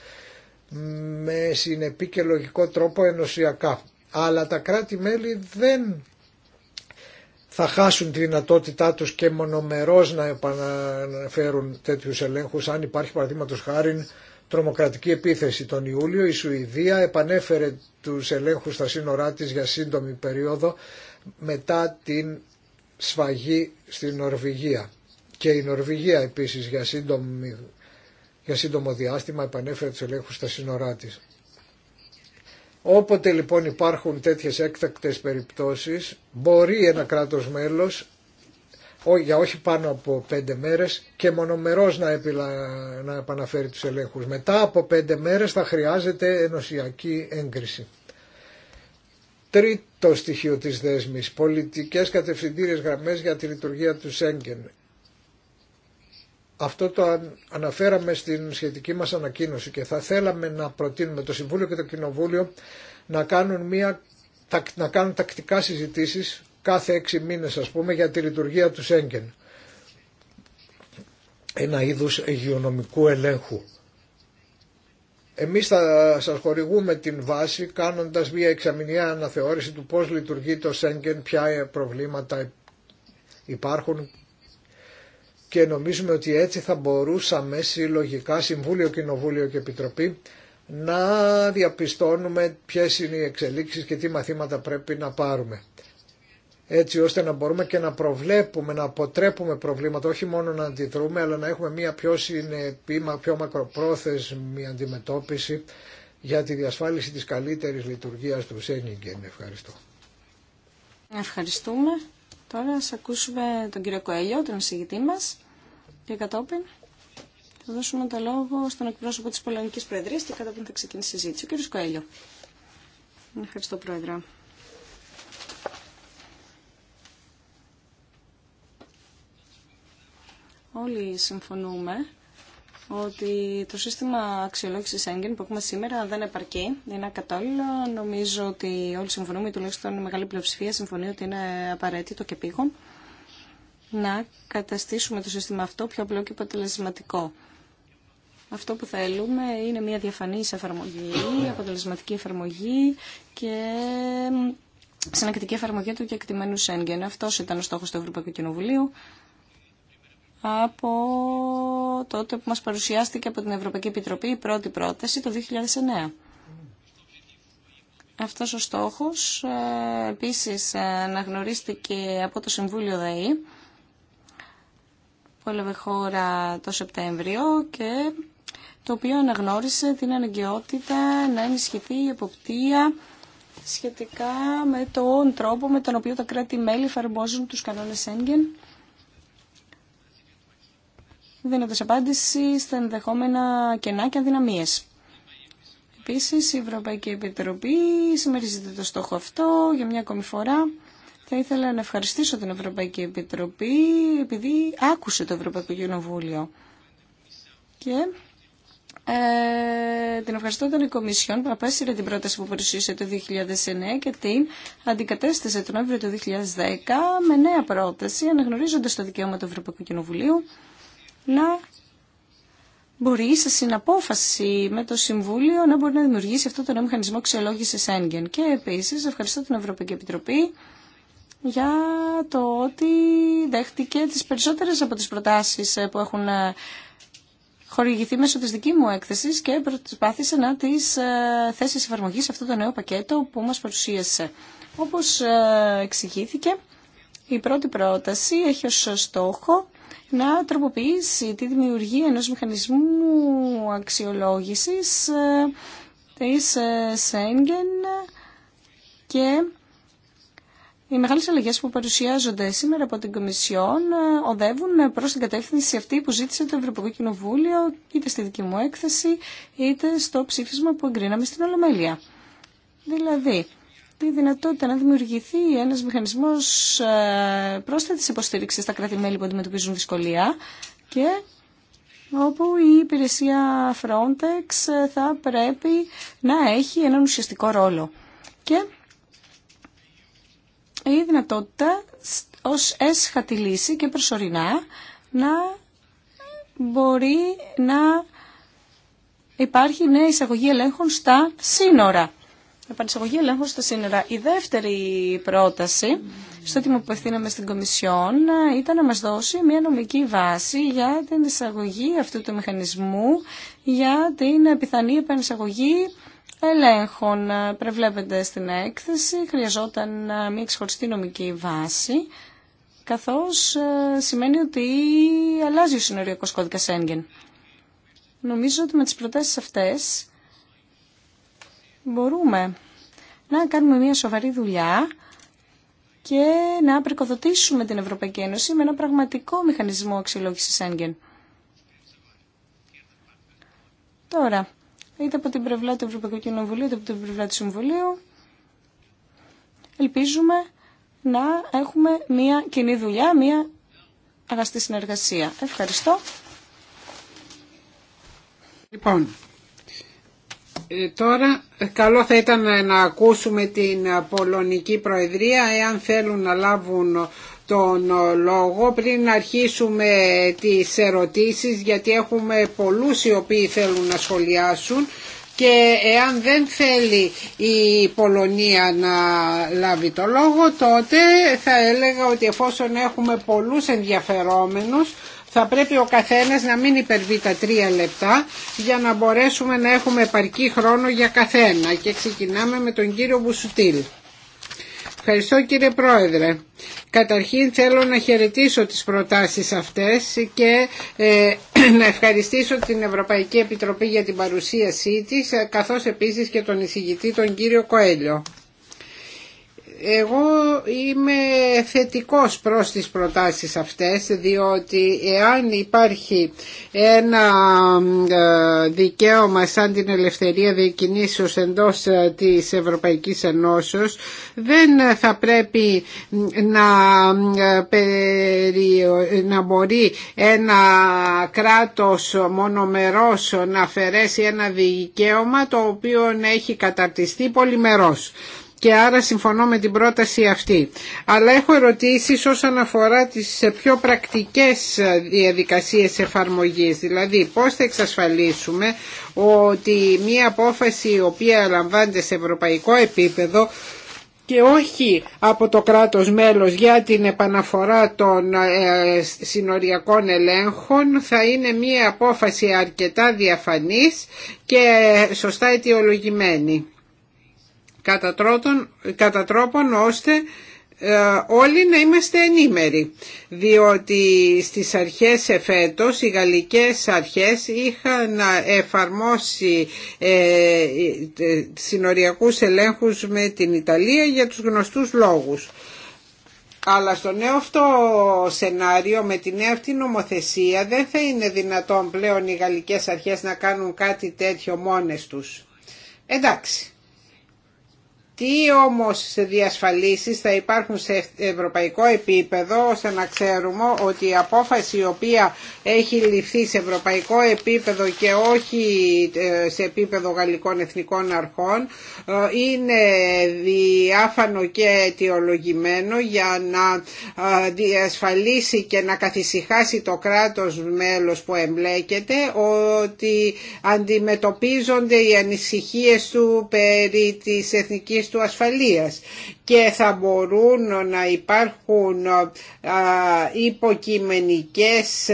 Speaker 3: με συνεπή και λογικό τρόπο ενωσιακά. Αλλά τα κράτη-μέλη δεν θα χάσουν τη δυνατότητά τους και μονομερώς να επαναφέρουν τέτοιους ελέγχους αν υπάρχει παραδείγματος χάρη τρομοκρατική επίθεση. Τον Ιούλιο η Σουηδία επανέφερε τους ελέγχους στα σύνορά της για σύντομη περίοδο μετά την σφαγή στη Νορβηγία. Και η Νορβηγία επίσης για, σύντομη, για σύντομο διάστημα επανέφερε τους ελέγχους στα σύνορά της. Όποτε λοιπόν υπάρχουν τέτοιες έκτακτες περιπτώσεις, μπορεί ένα κράτος μέλος για όχι πάνω από πέντε μέρες και μονομερός να, επιλα... να επαναφέρει τους ελέγχους. Μετά από πέντε μέρες θα χρειάζεται ενωσιακή έγκριση. Τρίτο στοιχείο της δέσμης, πολιτικές κατευθυντήριες γραμμές για τη λειτουργία του Σέγγεν. Αυτό το αναφέραμε στην σχετική μας ανακοίνωση και θα θέλαμε να προτείνουμε το Συμβούλιο και το Κοινοβούλιο να κάνουν, μια, να κάνουν τακτικά συζητήσεις κάθε έξι μήνες ας πούμε για τη λειτουργία του Σέγγεν. Ένα είδους υγειονομικού ελέγχου. Εμείς θα σας χορηγούμε την βάση κάνοντας μια εξαμηνία αναθεώρηση του πώς λειτουργεί το Σέγγεν, ποια προβλήματα υπάρχουν και νομίζουμε ότι έτσι θα μπορούσαμε συλλογικά Συμβούλιο, Κοινοβούλιο και Επιτροπή να διαπιστώνουμε ποιες είναι οι εξελίξεις και τι μαθήματα πρέπει να πάρουμε. Έτσι ώστε να μπορούμε και να προβλέπουμε, να αποτρέπουμε προβλήματα, όχι μόνο να αντιδρούμε, αλλά να έχουμε μια πιο συνεπή, πιο μακροπρόθεσμη αντιμετώπιση για τη διασφάλιση της καλύτερης λειτουργίας του Σένιγκεν. Ευχαριστώ.
Speaker 1: Ευχαριστούμε. Τώρα ας ακούσουμε τον κύριο Κοέλιο, τον συγητή μας. Και κατόπιν θα δώσουμε το λόγο στον εκπρόσωπο της Πολωνικής Προεδρίας και κατόπιν θα ξεκινήσει η συζήτηση. Ο κύριος Κοέλιο. Ευχαριστώ, Πρόεδρε. Όλοι συμφωνούμε ότι το σύστημα αξιολόγηση έγκεν που έχουμε σήμερα δεν επαρκεί, είναι ακατόλληλο. Νομίζω ότι όλοι συμφωνούμε, τουλάχιστον η μεγάλη πλειοψηφία συμφωνεί ότι είναι απαραίτητο και πήγον να καταστήσουμε το σύστημα αυτό πιο απλό και αποτελεσματικό. Αυτό που θέλουμε είναι μια διαφανής εφαρμογή, αποτελεσματική εφαρμογή και συνακτική εφαρμογή του κεκτημένου Σέγγεν. Αυτός ήταν ο στόχος του Ευρωπαϊκού Κοινοβουλίου από τότε που μας παρουσιάστηκε από την Ευρωπαϊκή Επιτροπή η πρώτη πρόταση το 2009. Αυτός ο στόχος ε, επίσης αναγνωρίστηκε από το Συμβούλιο ΔΕΗ που έλαβε χώρα το Σεπτέμβριο και το οποίο αναγνώρισε την αναγκαιότητα να ενισχυθεί η εποπτεία σχετικά με τον τρόπο με τον οποίο τα κράτη-μέλη εφαρμόζουν τους κανόνες Σέγγεν δίνοντας απάντηση στα ενδεχόμενα κενά και αδυναμίες. Επίσης, η Ευρωπαϊκή Επιτροπή συμμερίζεται το στόχο αυτό για μια ακόμη φορά θα ήθελα να ευχαριστήσω την Ευρωπαϊκή Επιτροπή επειδή άκουσε το Ευρωπαϊκό Κοινοβούλιο. Και ε, την ευχαριστώ των Κομισιόν που απέσυρε την πρόταση που παρουσίασε το 2009 και την αντικατέστησε τον Νοέμβριο του 2010 με νέα πρόταση αναγνωρίζοντας το δικαίωμα του Ευρωπαϊκού Κοινοβουλίου να μπορεί σε συναπόφαση με το Συμβούλιο να μπορεί να δημιουργήσει αυτό το νέο μηχανισμό αξιολόγηση έγκεν. Και επίση ευχαριστώ την Ευρωπαϊκή Επιτροπή για το ότι δέχτηκε τις περισσότερες από τις προτάσεις ε, που έχουν ε, χορηγηθεί μέσω της δική μου έκθεσης και προσπάθησε να τις ε, θέσει εφαρμογή σε αυτό το νέο πακέτο που μας παρουσίασε. Όπως εξηγήθηκε, η πρώτη πρόταση έχει ως στόχο να τροποποιήσει τη δημιουργία ενός μηχανισμού αξιολόγησης της Σέγγεν και οι μεγάλες αλλαγέ που παρουσιάζονται σήμερα από την Κομισιόν ε, οδεύουν προς την κατεύθυνση αυτή που ζήτησε το Ευρωπαϊκό Κοινοβούλιο είτε στη δική μου έκθεση είτε στο ψήφισμα που εγκρίναμε στην Ολομέλεια. Δηλαδή, τη δυνατότητα να δημιουργηθεί ένας μηχανισμός ε, πρόσθετη υποστήριξη στα κράτη-μέλη που αντιμετωπίζουν δυσκολία και όπου η υπηρεσία Frontex ε, θα πρέπει να έχει έναν ουσιαστικό ρόλο. Και η δυνατότητα ως έσχατη λύση και προσωρινά να μπορεί να υπάρχει νέα εισαγωγή ελέγχων στα σύνορα. Επανεισαγωγή ελέγχων στα σύνορα. Η δεύτερη πρόταση στο τιμό που ευθύναμε στην Κομισιόν ήταν να μας δώσει μια νομική βάση για την εισαγωγή αυτού του μηχανισμού για την πιθανή επανεισαγωγή ελέγχων ε, προβλέπετε στην έκθεση. Χρειαζόταν ε, μια ξεχωριστή νομική βάση, καθώς ε, σημαίνει ότι αλλάζει ο συνοριακός κώδικας έγκεν. Νομίζω ότι με τις προτάσεις αυτές μπορούμε να κάνουμε μια σοβαρή δουλειά και να απρικοδοτήσουμε την Ευρωπαϊκή Ένωση με ένα πραγματικό μηχανισμό αξιολόγησης έγκεν. Τώρα, είτε από την πλευρά του Ευρωπαϊκού Κοινοβουλίου, είτε από την πλευρά του Συμβουλίου. Ελπίζουμε να έχουμε μία κοινή δουλειά, μία αγαστή συνεργασία. Ευχαριστώ.
Speaker 4: Λοιπόν, ε, τώρα ε, καλό θα ήταν να ακούσουμε την Πολωνική Προεδρία εάν θέλουν να λάβουν τον ε, λόγο πριν αρχίσουμε τις ερωτήσεις γιατί έχουμε πολλούς οι οποίοι θέλουν να σχολιάσουν και εάν δεν θέλει η Πολωνία να λάβει το λόγο τότε θα έλεγα ότι εφόσον έχουμε πολλούς ενδιαφερόμενους θα πρέπει ο καθένας να μην υπερβεί τα τρία λεπτά για να μπορέσουμε να έχουμε επαρκή χρόνο για καθένα και ξεκινάμε με τον κύριο Μπουσουτήλ. Ευχαριστώ κύριε Πρόεδρε. Καταρχήν θέλω να χαιρετήσω τις προτάσεις αυτές και ε, να ευχαριστήσω την Ευρωπαϊκή Επιτροπή για την παρουσίασή της καθώς επίσης και τον εισηγητή τον κύριο Κοέλιο. Εγώ είμαι θετικός προς τις προτάσεις αυτές διότι εάν υπάρχει ένα ε, δικαίωμα σαν την ελευθερία διακινήσεως εντός ε, της Ευρωπαϊκής Ενώσεως δεν θα πρέπει να, ε, να μπορεί ένα κράτος μονομερός να αφαιρέσει ένα δικαίωμα το οποίο έχει καταρτιστεί πολυμερός και άρα συμφωνώ με την πρόταση αυτή. Αλλά έχω ερωτήσεις όσον αφορά τις πιο πρακτικές διαδικασίες εφαρμογής, δηλαδή πώς θα εξασφαλίσουμε ότι μία απόφαση η οποία λαμβάνεται σε ευρωπαϊκό επίπεδο και όχι από το κράτος μέλος για την επαναφορά των ε, συνοριακών ελέγχων θα είναι μία απόφαση αρκετά διαφανής και σωστά αιτιολογημένη κατά, τρότον, τρόπον ώστε ε, όλοι να είμαστε ενήμεροι διότι στις αρχές εφέτος οι γαλλικές αρχές είχαν εφαρμόσει ε, ε, συνοριακούς ελέγχους με την Ιταλία για τους γνωστούς λόγους. Αλλά στο νέο αυτό σενάριο με τη νέα αυτή νομοθεσία δεν θα είναι δυνατόν πλέον οι γαλλικές αρχές να κάνουν κάτι τέτοιο μόνες τους. Εντάξει. Τι όμως διασφαλίσεις θα υπάρχουν σε ευρωπαϊκό επίπεδο ώστε να ξέρουμε ότι η απόφαση η οποία έχει ληφθεί σε ευρωπαϊκό επίπεδο και όχι ε, σε επίπεδο γαλλικών εθνικών αρχών ε, είναι διάφανο και αιτιολογημένο για να ε, διασφαλίσει και να καθησυχάσει το κράτος μέλος που εμπλέκεται ότι αντιμετωπίζονται οι ανησυχίες του περί της εθνικής του ασφαλείας και θα μπορούν να υπάρχουν υποκειμενικές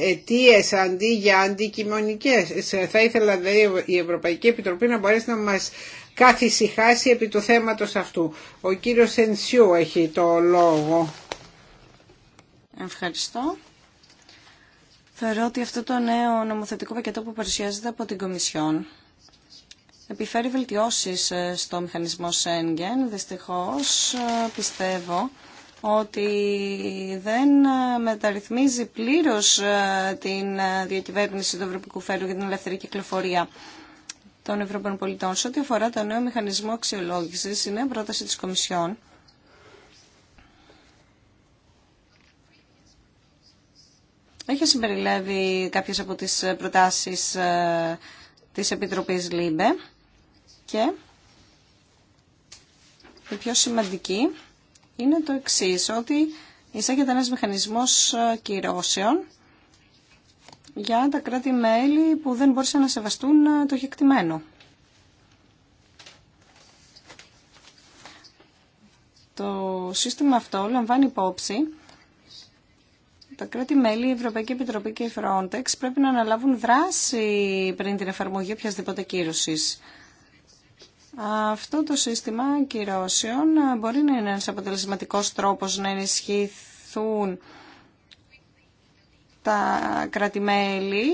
Speaker 4: αιτίε αντί για αντικειμενικές. Θα ήθελα δηλαδή η Ευρωπαϊκή Επιτροπή να μπορέσει να μας καθησυχάσει επί του θέματος αυτού. Ο κύριος Σενσιού έχει το λόγο.
Speaker 1: Ευχαριστώ. Θεωρώ ότι αυτό το νέο νομοθετικό πακέτο που παρουσιάζεται από την Κομισιόν επιφέρει βελτιώσεις ε, στο μηχανισμό Σέγγεν. Δυστυχώς ε, πιστεύω ότι δεν ε, μεταρρυθμίζει πλήρως την διακυβέρνηση του Ευρωπαϊκού Φέρου για την ελεύθερη κυκλοφορία των Ευρωπαίων πολιτών. Σε ό,τι αφορά το νέο μηχανισμό αξιολόγησης, είναι πρόταση της Κομισιόν. Έχει συμπεριλάβει κάποιες από τις προτάσεις της Επιτροπής ΛΥΜΠΕ. Και η πιο σημαντική είναι το εξής, ότι εισάγεται ένας μηχανισμός ε, κυρώσεων για τα κράτη-μέλη που δεν μπορούσαν να σεβαστούν ε, το χεκτημένο. Το σύστημα αυτό λαμβάνει υπόψη τα κράτη-μέλη, η Ευρωπαϊκή Επιτροπή και η Frontex πρέπει να αναλάβουν δράση πριν την εφαρμογή οποιασδήποτε κύρωσης. Αυτό το σύστημα κυρώσεων μπορεί να είναι ένας αποτελεσματικός τρόπος να ενισχυθούν τα κρατημέλη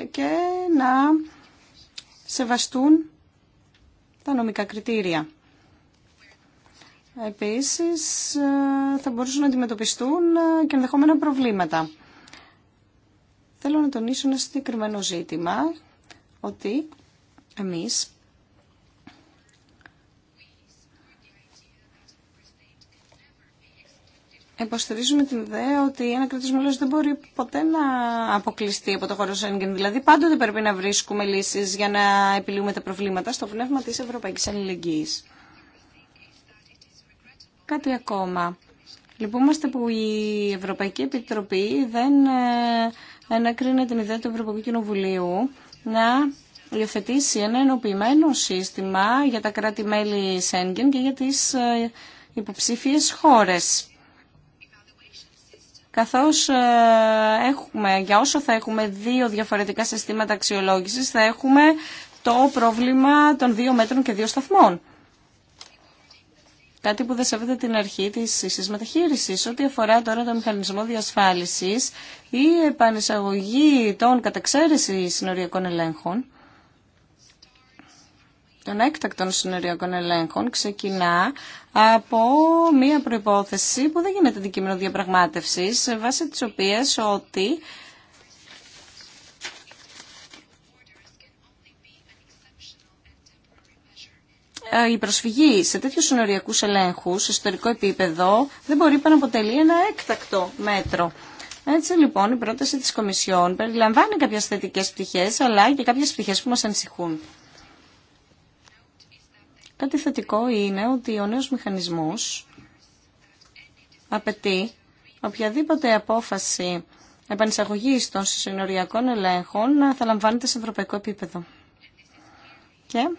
Speaker 1: ε, και να σεβαστούν τα νομικά κριτήρια. Επίσης, ε, θα μπορούσαν να αντιμετωπιστούν ε, και ενδεχόμενα προβλήματα. Θέλω να τονίσω ένα συγκεκριμένο ζήτημα, ότι εμείς Υποστηρίζουμε την ιδέα ότι ένα κράτο μέλο δεν μπορεί ποτέ να αποκλειστεί από το χώρο Σέγγεν. Δηλαδή, πάντοτε πρέπει να βρίσκουμε λύσει για να επιλύουμε τα προβλήματα στο πνεύμα τη Ευρωπαϊκή Αλληλεγγύη. Κάτι ακόμα. Λυπούμαστε που η Ευρωπαϊκή Επιτροπή δεν ανακρίνει ε, την ιδέα του Ευρωπαϊκού Κοινοβουλίου να υιοθετήσει ένα ενωπημένο σύστημα για τα κράτη-μέλη Σέγγεν και για τις ε, υποψήφιες χώρες καθώς ε, έχουμε, για όσο θα έχουμε δύο διαφορετικά συστήματα αξιολόγησης, θα έχουμε το πρόβλημα των δύο μέτρων και δύο σταθμών. Κάτι που δεσέβεται την αρχή της ίσης Ό,τι αφορά τώρα το μηχανισμό διασφάλισης, η επανεισαγωγή των κατεξαίρεση συνοριακών ελέγχων, των έκτακτων συνοριακών ελέγχων ξεκινά από μία προϋπόθεση που δεν γίνεται αντικείμενο διαπραγμάτευσης, βάσει της οποίας ότι ε, η προσφυγή σε τέτοιου συνοριακού ελέγχου σε ιστορικό επίπεδο δεν μπορεί να αποτελεί ένα έκτακτο μέτρο. Έτσι λοιπόν η πρόταση της Κομισιόν περιλαμβάνει κάποιες θετικές πτυχές αλλά και κάποιες πτυχές που μας ανησυχούν. Κάτι θετικό είναι ότι ο νέος μηχανισμός απαιτεί οποιαδήποτε απόφαση επανεισαγωγής των συνοριακών ελέγχων θα λαμβάνεται σε ευρωπαϊκό επίπεδο. Και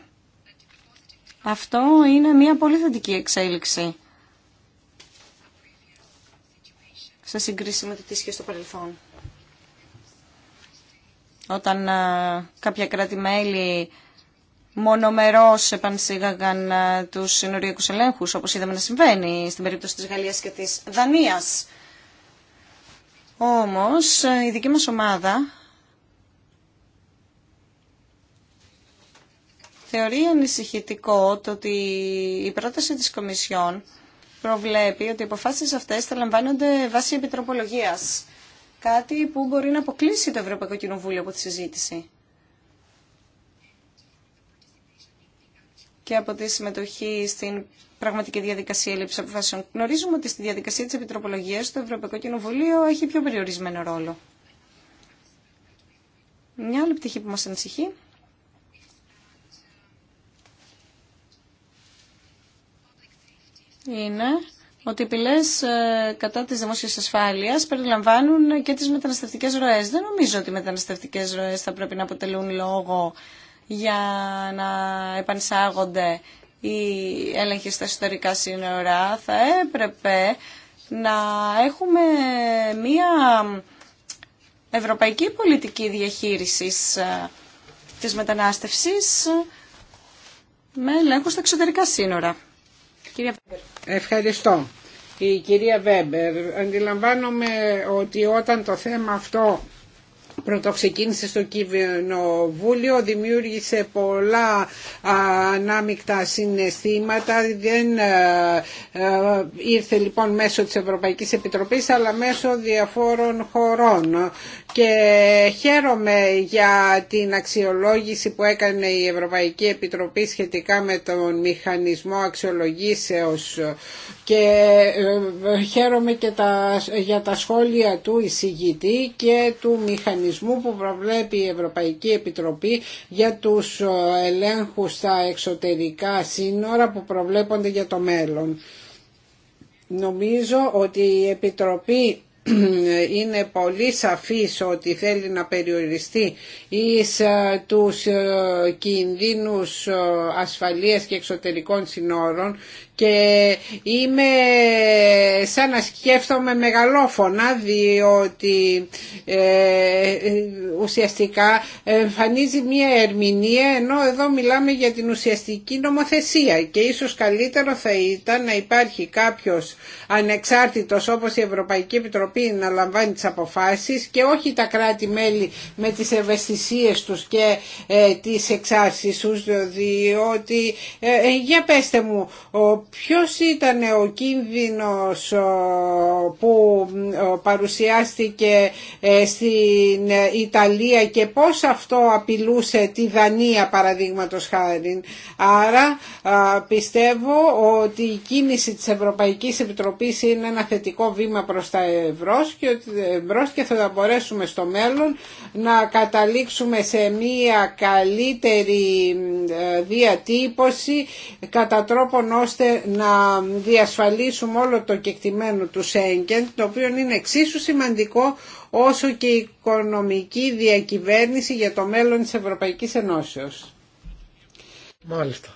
Speaker 1: αυτό είναι μια πολύ θετική εξέλιξη σε συγκρίση με το τι ισχύει στο παρελθόν. Όταν ε, κάποια κράτη-μέλη μονομερώς επανσήγαγαν ε, τους συνοριακούς ελέγχους, όπως είδαμε να συμβαίνει στην περίπτωση της Γαλλίας και της Δανίας. Όμως, ε, η δική μας ομάδα θεωρεί ανησυχητικό το ότι η πρόταση της Κομισιόν προβλέπει ότι οι αποφάσεις αυτές θα λαμβάνονται βάσει επιτροπολογίας. Κάτι που μπορεί να αποκλείσει το Ευρωπαϊκό Κοινοβούλιο από τη συζήτηση. και από τη συμμετοχή στην πραγματική διαδικασία λήψη αποφάσεων. Γνωρίζουμε ότι στη διαδικασία τη επιτροπολογία το Ευρωπαϊκό Κοινοβούλιο έχει πιο περιορισμένο ρόλο. Μια άλλη πτυχή που μα ανησυχεί είναι ότι οι πυλέ ε, κατά τη δημόσια ασφάλεια περιλαμβάνουν και τι μεταναστευτικέ ροέ. Δεν νομίζω ότι οι μεταναστευτικέ ροέ θα πρέπει να αποτελούν λόγο για να επανισάγονται οι έλεγχοι στα ιστορικά σύνορα, θα έπρεπε να έχουμε μία ευρωπαϊκή πολιτική διαχείρισης ε, της μετανάστευσης με ελέγχο στα εξωτερικά σύνορα.
Speaker 4: Ευχαριστώ.
Speaker 1: Η κυρία
Speaker 4: Βέμπερ, αντιλαμβάνομαι ότι όταν το θέμα αυτό πρωτοξεκίνησε στο Κοινοβούλιο, δημιούργησε πολλά ανάμεικτα συναισθήματα, δεν ε, ε, ήρθε λοιπόν μέσω της Ευρωπαϊκής Επιτροπής αλλά μέσω διαφόρων χωρών και χαίρομαι για την αξιολόγηση που έκανε η Ευρωπαϊκή Επιτροπή σχετικά με τον μηχανισμό αξιολογήσεως και ε, χαίρομαι και για τα σχόλια του εισηγητή και του μηχανισμού που προβλέπει η Ευρωπαϊκή Επιτροπή για τους ε, ελέγχους στα εξωτερικά σύνορα που προβλέπονται για το μέλλον. Νομίζω ότι η Επιτροπή είναι πολύ σαφής ότι θέλει να περιοριστεί εις ε, τους ε, κινδύνους ε, ασφαλείας και εξωτερικών συνόρων και είμαι σαν να σκέφτομαι μεγαλόφωνα διότι ε, ουσιαστικά εμφανίζει μια ερμηνεία ενώ εδώ μιλάμε για την ουσιαστική νομοθεσία και ίσως καλύτερο θα ήταν να υπάρχει κάποιος ανεξάρτητος όπως η Ευρωπαϊκή Επιτροπή να λαμβάνει τις αποφάσεις και όχι τα κράτη-μέλη με τις ευαισθησίες τους και ε, τις εξάρσεις τους διότι ε, ε, για πέστε μου ποιος ήταν ο κίνδυνος που παρουσιάστηκε ε, στην ε, Ιταλία και πώς αυτό απειλούσε τη Δανία παραδείγματος χάρη. Άρα πιστεύω ότι η κίνηση της Ευρωπαϊκής Επιτροπής είναι ένα θετικό βήμα προς τα ευρώς και, ευρώς και θα μπορέσουμε στο μέλλον να καταλήξουμε σε μία καλύτερη ε, διατύπωση κατά τρόπον ώστε να διασφαλίσουμε όλο το κεκτημένο του Σέγγεν, το οποίο είναι εξίσου σημαντικό όσο και η οικονομική διακυβέρνηση για το μέλλον της Ευρωπαϊκής Ενώσεως.
Speaker 3: Μάλιστα.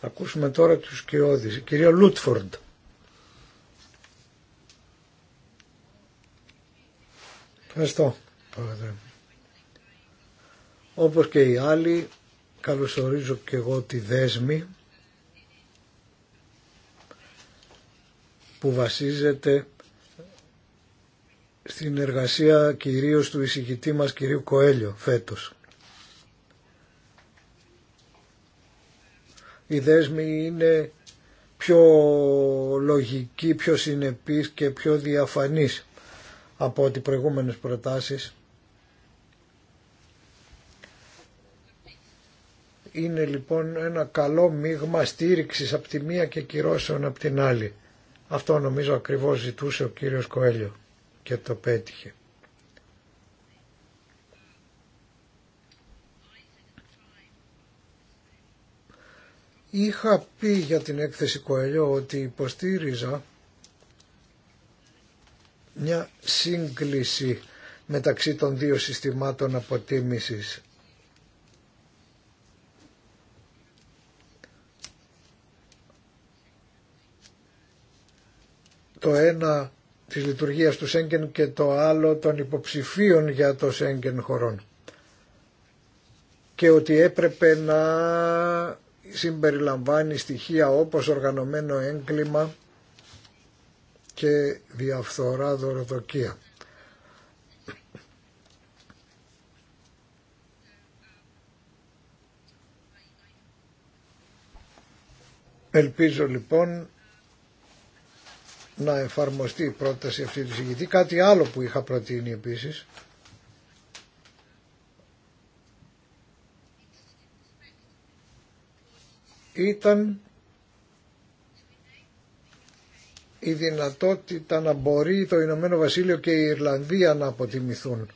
Speaker 3: Θα ακούσουμε τώρα τους κοιόδης. κυρία Λούτφορντ. Ευχαριστώ, Όπως και οι άλλοι, καλωσορίζω και εγώ τη δέσμη που βασίζεται στην εργασία κυρίως του εισηγητή μας κυρίου Κοέλιο φέτος. Οι δέσμοι είναι πιο λογική, πιο συνεπείς και πιο διαφανής από τις προηγούμενες προτάσεις. Είναι λοιπόν ένα καλό μείγμα στήριξης από τη μία και κυρώσεων από την άλλη. Αυτό νομίζω ακριβώς ζητούσε ο κύριος Κοέλιο και το πέτυχε. Είχα πει για την έκθεση Κοέλιο ότι υποστήριζα μια σύγκληση μεταξύ των δύο συστημάτων αποτίμησης το ένα της λειτουργίας του Σέγγεν και το άλλο των υποψηφίων για το Σέγγεν χωρών και ότι έπρεπε να συμπεριλαμβάνει στοιχεία όπως οργανωμένο έγκλημα και διαφθορά δωροδοκία. Ελπίζω λοιπόν να εφαρμοστεί η πρόταση αυτή του συγκεκριτή Κάτι άλλο που είχα προτείνει επίσης ήταν η δυνατότητα να μπορεί το Ηνωμένο Βασίλειο και η Ιρλανδία να αποτιμηθούν.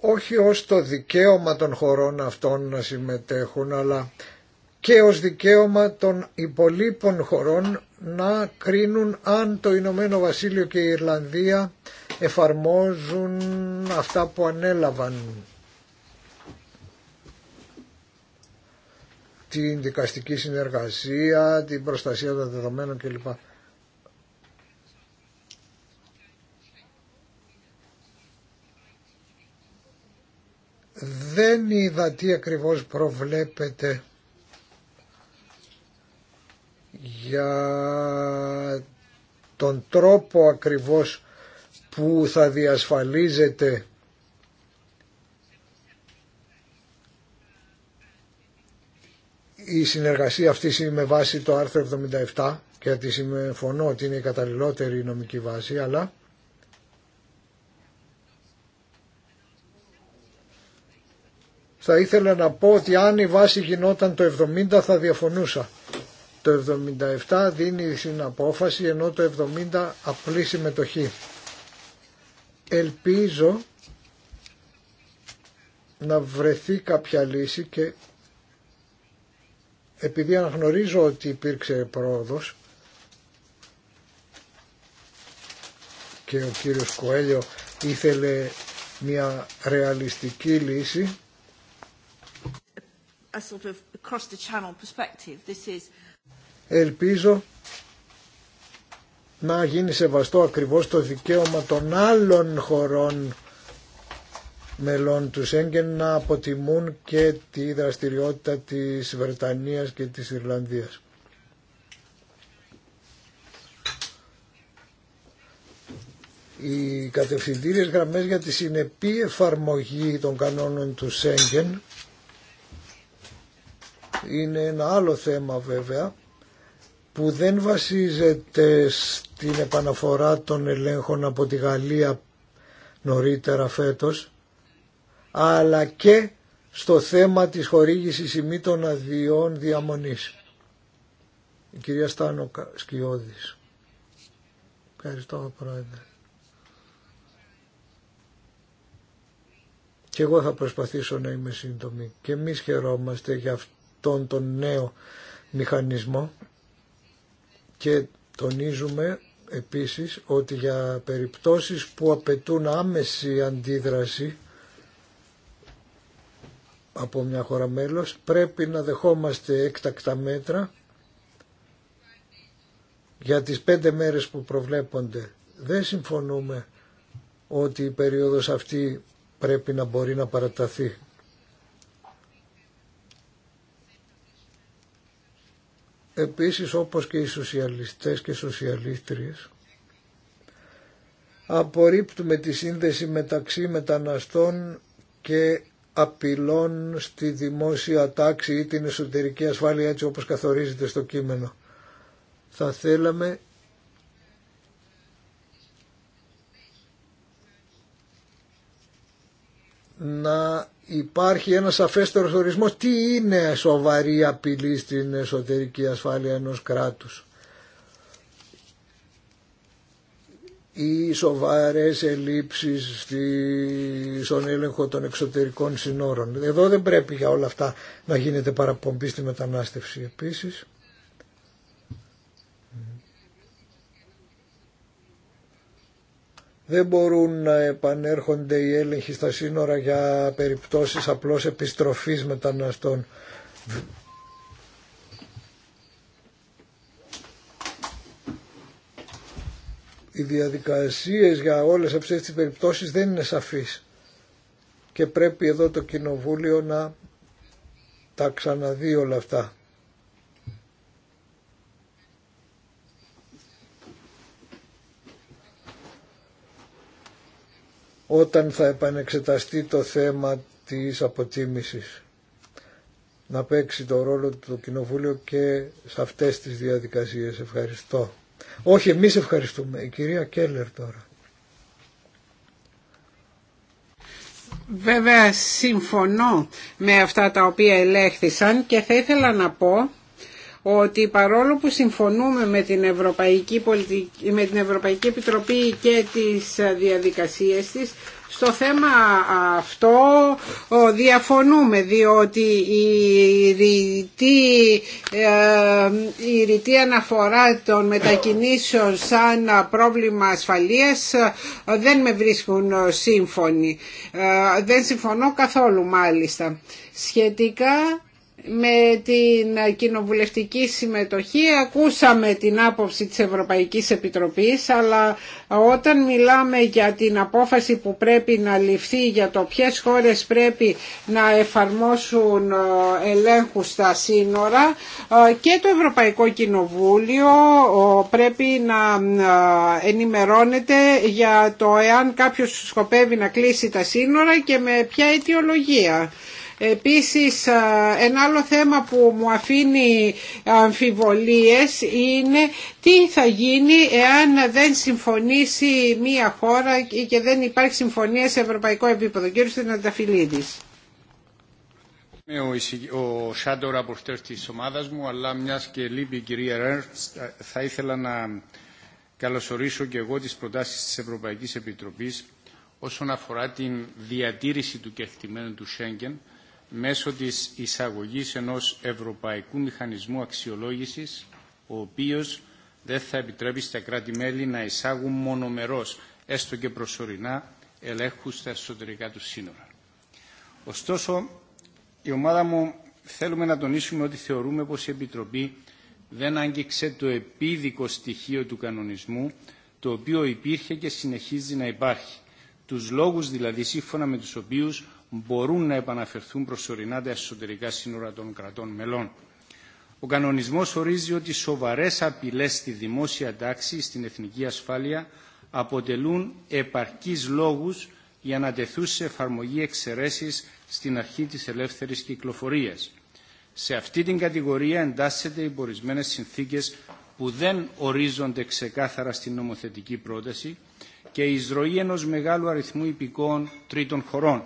Speaker 3: Όχι ως το δικαίωμα των χωρών αυτών να συμμετέχουν, αλλά και ως δικαίωμα των υπολείπων χωρών να κρίνουν αν το Ηνωμένο Βασίλειο και η Ιρλανδία εφαρμόζουν αυτά που ανέλαβαν. Την δικαστική συνεργασία, την προστασία των δεδομένων κλπ. Δεν είδα τι ακριβώς προβλέπεται για τον τρόπο ακριβώς που θα διασφαλίζεται η συνεργασία αυτή με βάση το άρθρο 77 και τη συμφωνώ ότι είναι η καταλληλότερη νομική βάση αλλά θα ήθελα να πω ότι αν η βάση γινόταν το 70 θα διαφωνούσα το 77 δίνει την απόφαση ενώ το 70 απλή συμμετοχή. Ελπίζω να βρεθεί κάποια λύση και επειδή αναγνωρίζω ότι υπήρξε πρόοδος και ο κύριος Κοέλιο ήθελε μια ρεαλιστική λύση
Speaker 1: across the channel perspective. This is
Speaker 3: ελπίζω να γίνει σεβαστό ακριβώς το δικαίωμα των άλλων χωρών μελών του Σέγγεν να αποτιμούν και τη δραστηριότητα της Βρετανίας και της Ιρλανδίας. Οι κατευθυντήριες γραμμές για τη συνεπή εφαρμογή των κανόνων του Σέγγεν είναι ένα άλλο θέμα βέβαια που δεν βασίζεται στην επαναφορά των ελέγχων από τη Γαλλία νωρίτερα φέτος, αλλά και στο θέμα της χορήγησης ημίτων αδειών διαμονής. Η κυρία Στάνο Σκιώδης. Ευχαριστώ πρόεδρε. Και εγώ θα προσπαθήσω να είμαι σύντομη. Και εμείς χαιρόμαστε για αυτόν τον νέο μηχανισμό και τονίζουμε επίσης ότι για περιπτώσεις που απαιτούν άμεση αντίδραση από μια χώρα μέλος πρέπει να δεχόμαστε έκτακτα μέτρα για τις πέντε μέρες που προβλέπονται. Δεν συμφωνούμε ότι η περίοδος αυτή πρέπει να μπορεί να παραταθεί. Επίσης όπως και οι σοσιαλιστές και σοσιαλίστριες απορρίπτουμε τη σύνδεση μεταξύ μεταναστών και απειλών στη δημόσια τάξη ή την εσωτερική ασφάλεια έτσι όπως καθορίζεται στο κείμενο. Θα θέλαμε να υπάρχει ένας σαφέστερο ορισμός τι είναι σοβαρή απειλή στην εσωτερική ασφάλεια ενός κράτους. ή σοβαρές ελλείψεις στον έλεγχο των εξωτερικών συνόρων. Εδώ δεν πρέπει για όλα αυτά να γίνεται παραπομπή στη μετανάστευση επίσης. Δεν μπορούν να επανέρχονται οι έλεγχοι στα σύνορα για περιπτώσεις απλώς επιστροφής μεταναστών. Οι διαδικασίες για όλες αυτές τις περιπτώσεις δεν είναι σαφείς και πρέπει εδώ το Κοινοβούλιο να τα ξαναδεί όλα αυτά. όταν θα επανεξεταστεί το θέμα της αποτίμησης να παίξει το ρόλο του το Κοινοβούλιο και σε αυτές τις διαδικασίες. Ευχαριστώ. Όχι, εμείς ευχαριστούμε. Η κυρία Κέλλερ τώρα.
Speaker 4: Βέβαια συμφωνώ με αυτά τα οποία ελέγχθησαν και θα ήθελα να πω ότι παρόλο που συμφωνούμε με την Ευρωπαϊκή, Πολιτική, με την Ευρωπαϊκή Επιτροπή και τις ε, διαδικασίες της, στο θέμα αυτό διαφωνούμε διότι η ρητή, ε, η ρητή αναφορά των μετακινήσεων σαν πρόβλημα ασφαλείας ε, δεν με βρίσκουν σύμφωνοι. Δεν συμφωνώ καθόλου μάλιστα. Σχετικά με την κοινοβουλευτική συμμετοχή ακούσαμε την άποψη της Ευρωπαϊκής Επιτροπής αλλά όταν μιλάμε για την απόφαση που πρέπει να ληφθεί για το ποιες χώρες πρέπει να εφαρμόσουν ε, ελέγχου στα σύνορα ε, και το Ευρωπαϊκό Κοινοβούλιο ε, πρέπει να ενημερώνεται για το εάν κάποιος σκοπεύει να κλείσει τα σύνορα και με ποια αιτιολογία. Επίσης ένα άλλο θέμα που μου αφήνει αμφιβολίες είναι τι θα γίνει εάν δεν συμφωνήσει μία χώρα και δεν υπάρχει συμφωνία σε ευρωπαϊκό επίπεδο. Κύριε Στενανταφυλίδης.
Speaker 2: Είμαι ο shadow rapporteur της ομάδας μου, αλλά μιας και λείπει η κυρία θα ήθελα να καλωσορίσω και εγώ τις προτάσεις της Ευρωπαϊκής Επιτροπής όσον αφορά την διατήρηση του κεκτημένου του Σέγγεν, μέσω της εισαγωγής ενός ευρωπαϊκού μηχανισμού αξιολόγησης, ο οποίος δεν θα επιτρέπει στα κράτη-μέλη να εισάγουν μονομερώς, έστω και προσωρινά, ελέγχου στα εσωτερικά του σύνορα. Ωστόσο, η ομάδα μου θέλουμε να τονίσουμε ότι θεωρούμε πως η Επιτροπή δεν άγγιξε το επίδικο στοιχείο του κανονισμού, το οποίο υπήρχε και συνεχίζει να υπάρχει. Τους λόγους δηλαδή σύμφωνα με τους οποίους μπορούν να επαναφερθούν προσωρινά τα εσωτερικά σύνορα των κρατών μελών. Ο κανονισμός ορίζει ότι σοβαρές απειλές στη δημόσια τάξη, στην εθνική ασφάλεια, αποτελούν επαρκείς λόγους για να τεθούν σε εφαρμογή εξαιρέσεις στην αρχή της ελεύθερης κυκλοφορίας. Σε αυτή την κατηγορία εντάσσεται οι ορισμένε συνθήκες που δεν ορίζονται ξεκάθαρα στην νομοθετική πρόταση και η εισρωή ενός μεγάλου αριθμού υπηκών τρίτων χωρών.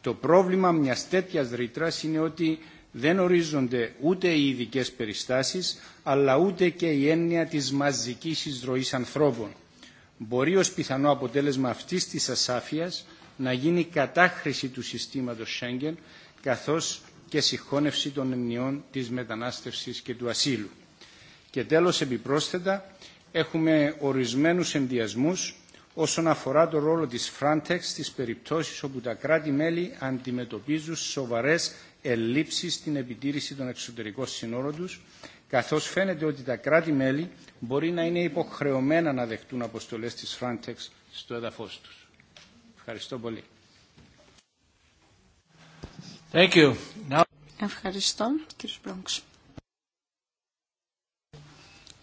Speaker 2: Το πρόβλημα μιας τέτοιας ρήτρα είναι ότι δεν ορίζονται ούτε οι ειδικέ περιστάσεις, αλλά ούτε και η έννοια της μαζικής εισρωής ανθρώπων. Μπορεί ως πιθανό αποτέλεσμα αυτής της ασάφειας να γίνει κατάχρηση του συστήματος Σέγγεν, καθώς και συγχώνευση των ενιών της μετανάστευσης και του ασύλου. Και τέλος, επιπρόσθετα, έχουμε ορισμένους ενδιασμούς όσον αφορά το ρόλο της Frontex στις περιπτώσεις όπου τα κράτη-μέλη αντιμετωπίζουν σοβαρές ελλείψεις στην επιτήρηση των εξωτερικών συνόρων τους, καθώς φαίνεται ότι τα κράτη-μέλη μπορεί να είναι υποχρεωμένα να δεχτούν αποστολές της Frontex στο έδαφος τους. Ευχαριστώ πολύ. Thank you.
Speaker 1: Ευχαριστώ, κύριε Μπρόγκς.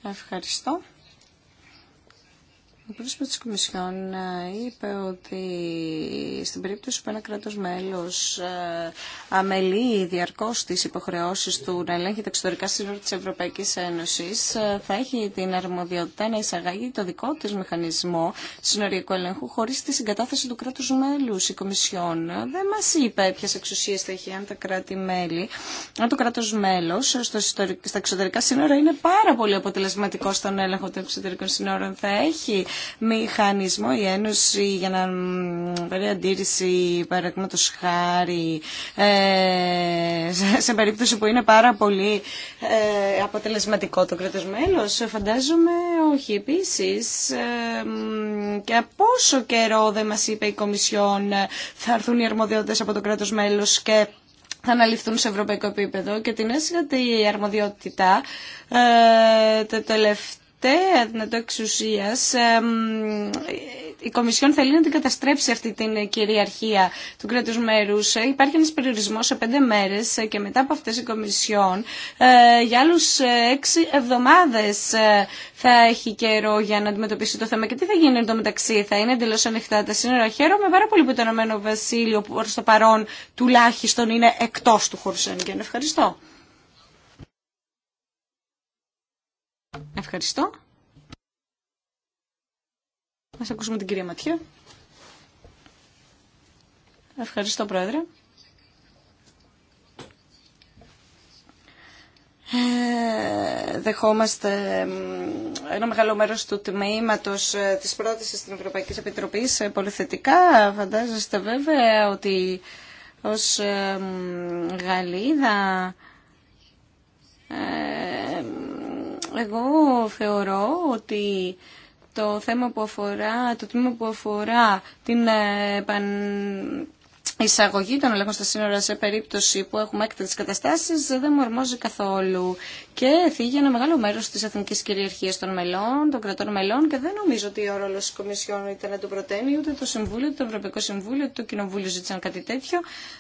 Speaker 1: Ευχαριστώ. Ο πρόσωπο τη Κομισιόν ε, είπε ότι στην περίπτωση που ένα κράτο μέλος ε, αμελεί διαρκώ τις υποχρεώσει του να ελέγχει τα εξωτερικά σύνορα τη Ευρωπαϊκή Ένωση, ε, θα έχει την αρμοδιότητα να εισαγάγει το δικό τη μηχανισμό συνοριακού ελέγχου χωρί τη συγκατάθεση του κράτου μέλους. Η Κομισιόν δεν μα είπε ποιε εξουσίε θα έχει αν τα κράτη-μέλη. Αν το κράτο μέλο στα εξωτερικά σύνορα είναι πάρα πολύ αποτελεσματικό στον έλεγχο των εξωτερικών σύνορων. Θα έχει μηχανισμό η Ένωση για να πάρει αντίρρηση παραδείγματο χάρη ε, σε περίπτωση που είναι πάρα πολύ ε, αποτελεσματικό το κράτος μέλος. Φαντάζομαι όχι. Επίσης, ε, και πόσο καιρό δεν μας είπε η Κομισιόν θα έρθουν οι αρμοδιότητες από το κράτος μέλος και θα αναλυφθούν σε ευρωπαϊκό επίπεδο και την η αρμοδιότητα το τελευταίο τελευταία δυνατό εξουσίας η Κομισιόν θέλει να την καταστρέψει αυτή την κυριαρχία του κράτους μέρους. Ε, υπάρχει ένας περιορισμός σε πέντε μέρες ε, και μετά από αυτές η Κομισιόν ε, για άλλους έξι εβδομάδες θα έχει καιρό για να αντιμετωπίσει το θέμα. Και τι θα γίνει εν μεταξύ, θα είναι εντελώς ανοιχτά τα σύνορα. Χαίρομαι πάρα πολύ που το Ηνωμένο Βασίλειο που προς το παρόν τουλάχιστον είναι εκτός του χώρου Ευχαριστώ. Ευχαριστώ. σας ακούσουμε την κυρία Ματιέ. Ευχαριστώ, Πρόεδρε. Ε, δεχόμαστε ένα μεγάλο μέρος του τμήματος ε, της πρότασης της Ευρωπαϊκής Επιτροπής ε, πολύ θετικά. Φαντάζεστε βέβαια ότι ως ε, Γαλλίδα εγώ θεωρώ ότι το θέμα που αφορά, το τμήμα που αφορά την ε, εισαγωγή των ελέγχων στα σύνορα σε περίπτωση που έχουμε έκτακτες καταστάσεις δεν μου αρμόζει καθόλου και φύγει ένα μεγάλο μέρο τη εθνική κυριαρχία των μελών, των κρατών μελών και δεν νομίζω ότι ο ρόλο τη Κομισιόν ήταν να το προτείνει, ούτε το Συμβούλιο, το Ευρωπαϊκό Συμβούλιο, το Κοινοβούλιο ζήτησαν κάτι τέτοιο.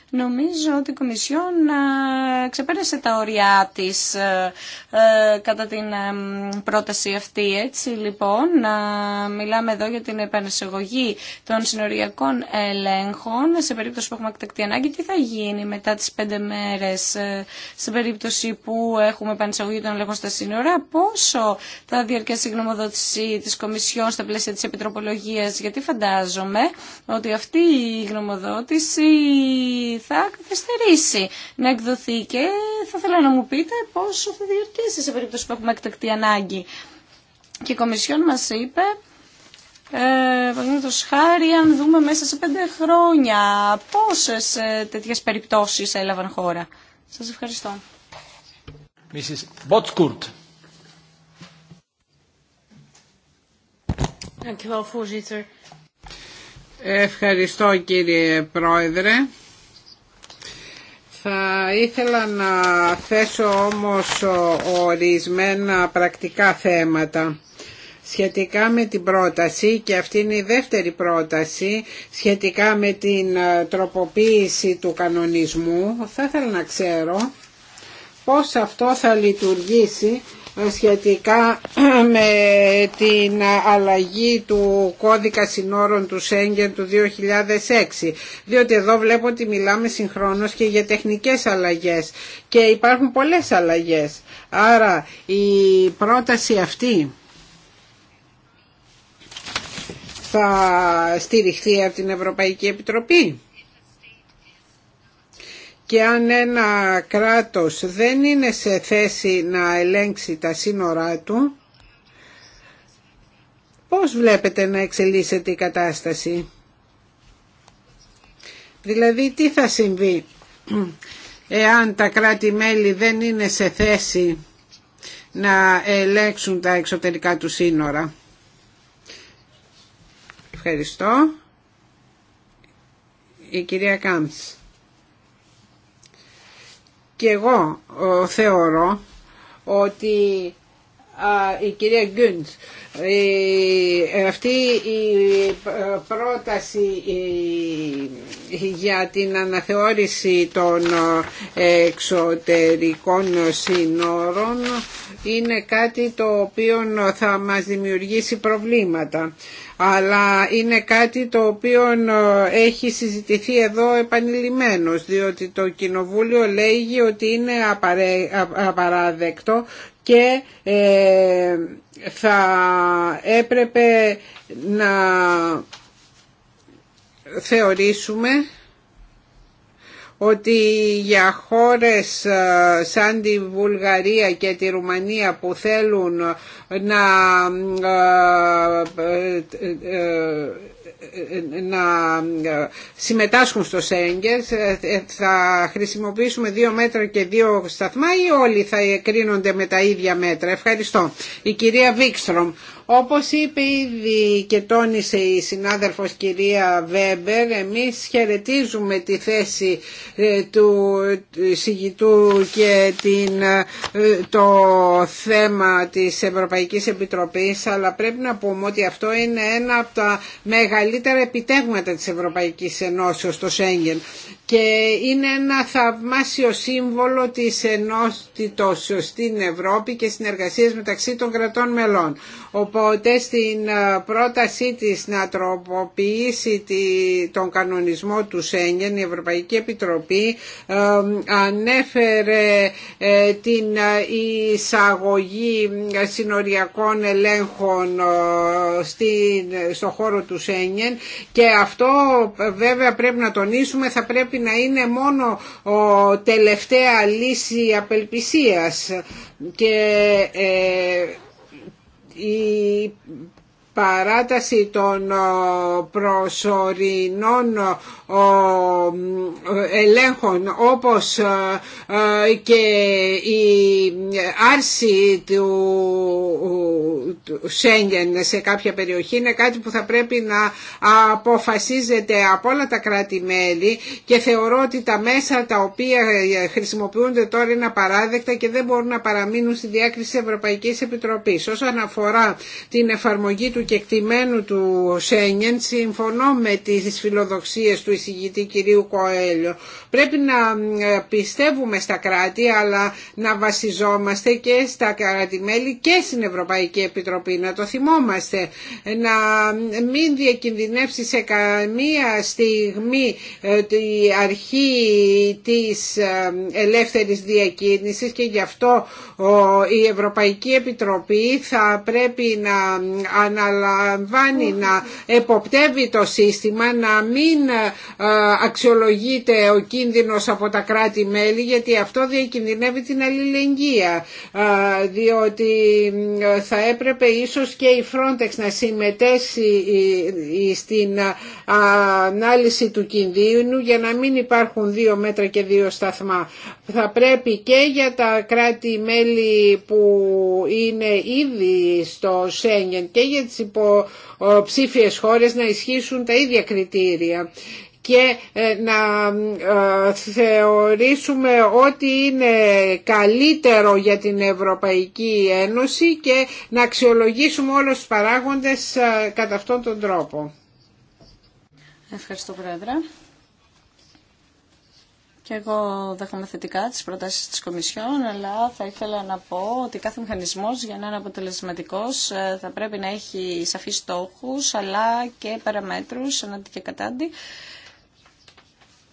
Speaker 1: Νομίζω ότι η Κομισιόν ξεπέρασε τα όρια τη κατά την πρόταση αυτή. Έτσι λοιπόν, μιλάμε εδώ για την επανεσογωγή των συνοριακών ελέγχων σε περίπτωση που έχουμε εκτεκτή ανάγκη. Τι θα γίνει μετά τι πέντε μέρε σε περίπτωση που έχουμε διεξαγωγή των ελέγχων λοιπόν στα σύνορα, πόσο θα διαρκέσει η γνωμοδότηση της Κομισιόν στα πλαίσια της Επιτροπολογίας, γιατί φαντάζομαι ότι αυτή η γνωμοδότηση θα καθυστερήσει να εκδοθεί και θα ήθελα να μου πείτε πόσο θα διαρκέσει σε περίπτωση που έχουμε εκτεκτή ανάγκη. Και η Κομισιόν μας είπε ε, Παραδείγματο χάρη, αν δούμε μέσα σε πέντε χρόνια πόσε τέτοιε περιπτώσει έλαβαν χώρα. Σα ευχαριστώ.
Speaker 4: Ευχαριστώ κύριε Πρόεδρε. Θα ήθελα να θέσω όμως ορισμένα πρακτικά θέματα σχετικά με την πρόταση και αυτή είναι η δεύτερη πρόταση σχετικά με την τροποποίηση του κανονισμού. Θα ήθελα να ξέρω πώς αυτό θα λειτουργήσει ε, σχετικά με την αλλαγή του κώδικα συνόρων του Σέγγεν του 2006 διότι εδώ βλέπω ότι μιλάμε συγχρόνως και για τεχνικές αλλαγές και υπάρχουν πολλές αλλαγές άρα η πρόταση αυτή θα στηριχθεί από την Ευρωπαϊκή Επιτροπή και αν ένα κράτος δεν είναι σε θέση να ελέγξει τα σύνορά του, πώς βλέπετε να εξελίσσεται η κατάσταση. Δηλαδή τι θα συμβεί εάν τα κράτη-μέλη δεν είναι σε θέση να ελέγξουν τα εξωτερικά του σύνορα. Ευχαριστώ. Η κυρία Κάμψ. Και εγώ ε, θεωρώ ότι η κυρία Γκούντς. Ε, αυτή η ε, πρόταση για την αναθεώρηση των ε, εξωτερικών συνόρων είναι κάτι το οποίο θα μας δημιουργήσει προβλήματα. Αλλά είναι κάτι το οποίο έχει συζητηθεί εδώ επανειλημμένος, διότι το Κοινοβούλιο λέγει ότι είναι απαράδεκτο και ε, θα έπρεπε να θεωρήσουμε ότι για χώρες ε, σαν τη Βουλγαρία και τη Ρουμανία που θέλουν να ε, να ε, συμμετάσχουν στο Σέγγερ ε, ε, θα χρησιμοποιήσουμε δύο μέτρα και δύο σταθμά ή όλοι θα κρίνονται με τα ίδια μέτρα. Ευχαριστώ. Η κυρία Βίξτρομ. Όπως είπε ήδη και τόνισε η συνάδελφος κυρία Βέμπερ, εμείς χαιρετίζουμε τη θέση ε, του συγητού και την, ε, το θέμα της Ευρωπαϊκής Επιτροπής, αλλά πρέπει να πούμε ότι αυτό είναι ένα από τα μεγαλύτερα επιτεύγματα της Ευρωπαϊκής Ενώσεως, το Σέγγεν και είναι ένα θαυμάσιο σύμβολο της ενότητος στην Ευρώπη και συνεργασίας μεταξύ των κρατών μελών. Οπότε στην ε, πρότασή της να τροποποιήσει τον κανονισμό του Σέγγεν η Ευρωπαϊκή Επιτροπή ε, ανέφερε ε, την εισαγωγή συνοριακών ελέγχων στο χώρο του Σέγγεν και αυτό βέβαια πρέπει να τονίσουμε θα πρέπει να είναι μόνο τελευταία λύση απελπισίας και η παράταση των ε, προσωρινών ελέγχων όπως ε, ε, και η άρση του Σέγγεν σε κάποια περιοχή είναι κάτι που θα πρέπει να αποφασίζεται από όλα τα κράτη-μέλη και θεωρώ ότι τα μέσα τα οποία χρησιμοποιούνται τώρα είναι απαράδεκτα και δεν μπορούν να παραμείνουν στη διάκριση της Ευρωπαϊκής Επιτροπής. Όσον αφορά την εφαρμογή του κεκτημένου του Σέγγεν, συμφωνώ με τις φιλοδοξίες του εισηγητή κυρίου Κοέλιο. Πρέπει να ε, πιστεύουμε στα κράτη αλλά να βασιζόμαστε και στα κράτη-μέλη και στην Ευρωπαϊκή Επιτροπή. Να το θυμόμαστε. Να μην διακινδυνεύσει σε καμία στιγμή ε, η αρχή της ε, ελεύθερης διακίνησης και γι' αυτό η Ευρωπαϊκή Επιτροπή θα πρέπει να αναλαμβάνει, να εποπτεύει το σύστημα, να μην αξιολογείται ο κίνδυνος από τα κράτη-μέλη γιατί αυτό διακινδυνεύει την αλληλεγγύη διότι θα έπρεπε ίσως και η Frontex να συμμετέσει στην ανάλυση του κινδύνου για να μην υπάρχουν δύο μέτρα και δύο σταθμά. Θα πρέπει και για τα κράτη-μέλη που είναι ήδη στο Σέγγεν και για τις υπο ψήφιες χώρες να ισχύσουν τα ίδια κριτήρια και ε, να ε, θεωρήσουμε ότι είναι καλύτερο για την Ευρωπαϊκή Ένωση και να αξιολογήσουμε όλους τους παράγοντες ε, κατά αυτόν τον τρόπο.
Speaker 1: Ευχαριστώ Πρόεδρε. Και εγώ δέχομαι θετικά τις προτάσεις της Κομισιόν, αλλά θα ήθελα να πω ότι κάθε μηχανισμός για να είναι αποτελεσματικός ε, θα πρέπει να έχει σαφείς στόχους, αλλά και παραμέτρους ανάντι και κατάντι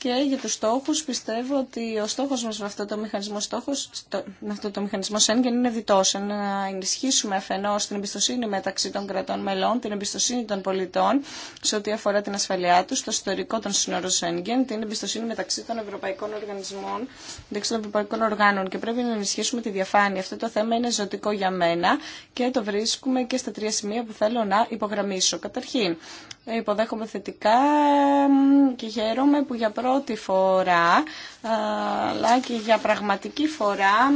Speaker 1: και για τους στόχους πιστεύω ότι ο στόχος μας με αυτό το μηχανισμό, στόχος, με αυτό το μηχανισμό Σέγγεν είναι διτός. Να ενισχύσουμε αφενός την εμπιστοσύνη μεταξύ των κρατών μελών, την εμπιστοσύνη των πολιτών σε ό,τι αφορά την ασφαλειά τους, το ιστορικό των σύνορων Σέγγεν, την εμπιστοσύνη μεταξύ των ευρωπαϊκών οργανισμών, μεταξύ των ευρωπαϊκών οργάνων και πρέπει να ενισχύσουμε τη διαφάνεια. Αυτό το θέμα είναι ζωτικό για μένα και το βρίσκουμε και στα τρία σημεία που θέλω να υπογραμμίσω. Καταρχήν, υποδέχομαι θετικά και χαίρομαι που για πρώτη φορά αλλά και για πραγματική φορά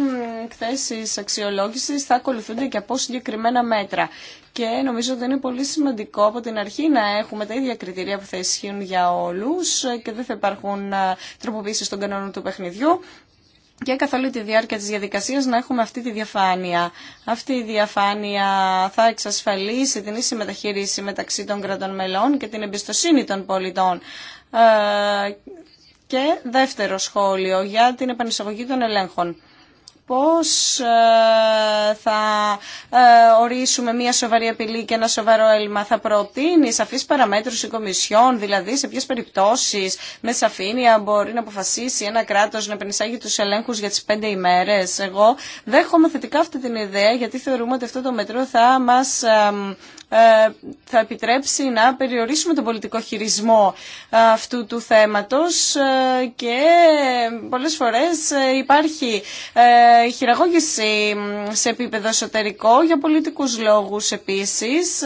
Speaker 1: εκθέσεις αξιολόγησης θα ακολουθούνται και από συγκεκριμένα μέτρα. Και νομίζω ότι είναι πολύ σημαντικό από την αρχή να έχουμε τα ίδια κριτήρια που θα ισχύουν για όλους και δεν θα υπάρχουν ε, τροποποίησεις των κανόνων του παιχνιδιού και καθ' όλη τη διάρκεια της διαδικασίας να έχουμε αυτή τη διαφάνεια. Αυτή η διαφάνεια θα εξασφαλίσει την ίση μεταχείριση μεταξύ των κρατών μελών και την εμπιστοσύνη των πολιτών. Ε, και δεύτερο σχόλιο για την επανεισαγωγή των ελέγχων πώς ε, θα ε, ορίσουμε μια σοβαρή απειλή και ένα σοβαρό έλλειμμα. Θα προτείνει σαφείς παραμέτρους η Κομισιόν, δηλαδή σε ποιες περιπτώσεις με σαφήνεια μπορεί να αποφασίσει ένα κράτος να επενισάγει τους ελέγχους για τις πέντε ημέρες. Εγώ δέχομαι θετικά αυτή την ιδέα γιατί θεωρούμε ότι αυτό το μετρό θα μας ε, ε, θα επιτρέψει να περιορίσουμε τον πολιτικό χειρισμό αυτού του θέματος ε, και πολλές φορές ε, υπάρχει χειραγώγηση σε επίπεδο εσωτερικό για πολιτικούς λόγους επίσης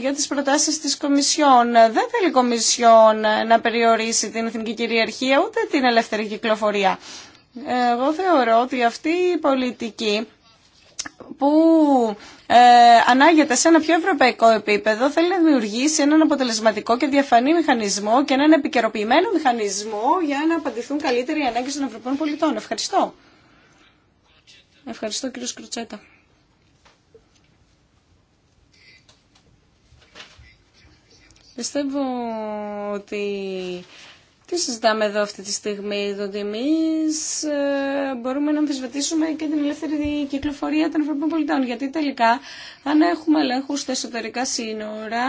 Speaker 1: για τις προτάσεις της Κομισιόν. Δεν θέλει η Κομισιόν να περιορίσει την εθνική κυριαρχία ούτε την ελεύθερη κυκλοφορία. Εγώ θεωρώ ότι αυτή η πολιτική που ε, ανάγεται σε ένα πιο ευρωπαϊκό επίπεδο θέλει να δημιουργήσει έναν αποτελεσματικό και διαφανή μηχανισμό και έναν επικαιροποιημένο μηχανισμό για να απαντηθούν καλύτεροι οι ανάγκες των Ευρωπαίων πολιτών. Ευχαριστώ. Ευχαριστώ κύριο Σκρουτσέτα. Πιστεύω ότι τι συζητάμε εδώ αυτή τη στιγμή, ότι εμεί ε, μπορούμε να αμφισβητήσουμε και την ελεύθερη κυκλοφορία των Ευρωπαϊκών πολιτών. Γιατί τελικά, αν έχουμε ελέγχου στα εσωτερικά σύνορα,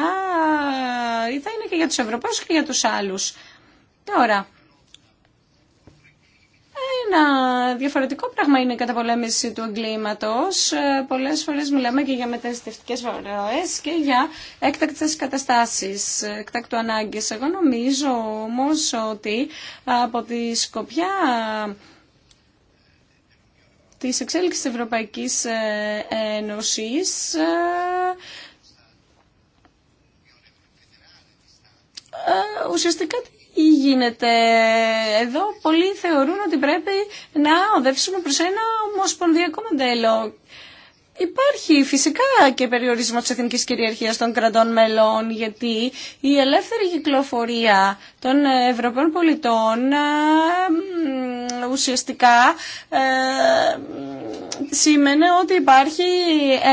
Speaker 1: ε, θα είναι και για του Ευρωπαίου και για του άλλου. Τώρα, ένα διαφορετικό πράγμα είναι η καταπολέμηση του εγκλήματος. Ε, πολλές φορές μιλάμε και για μεταστευτικές φορές και για έκτακτες καταστάσεις, εκτάκτου ανάγκες. Εγώ νομίζω όμως ότι από τη σκοπιά της εξέλιξης της Ευρωπαϊκής ε, Ένωσης ε, ουσιαστικά ή γίνεται εδώ, πολλοί θεωρούν ότι πρέπει να οδεύσουμε προς ένα ομοσπονδιακό μοντέλο. Υπάρχει φυσικά και περιορισμό της εθνικής κυριαρχίας των κρατών μελών, γιατί η ελεύθερη κυκλοφορία των Ευρωπαίων πολιτών ε, ουσιαστικά ε, σήμαινε ότι υπάρχει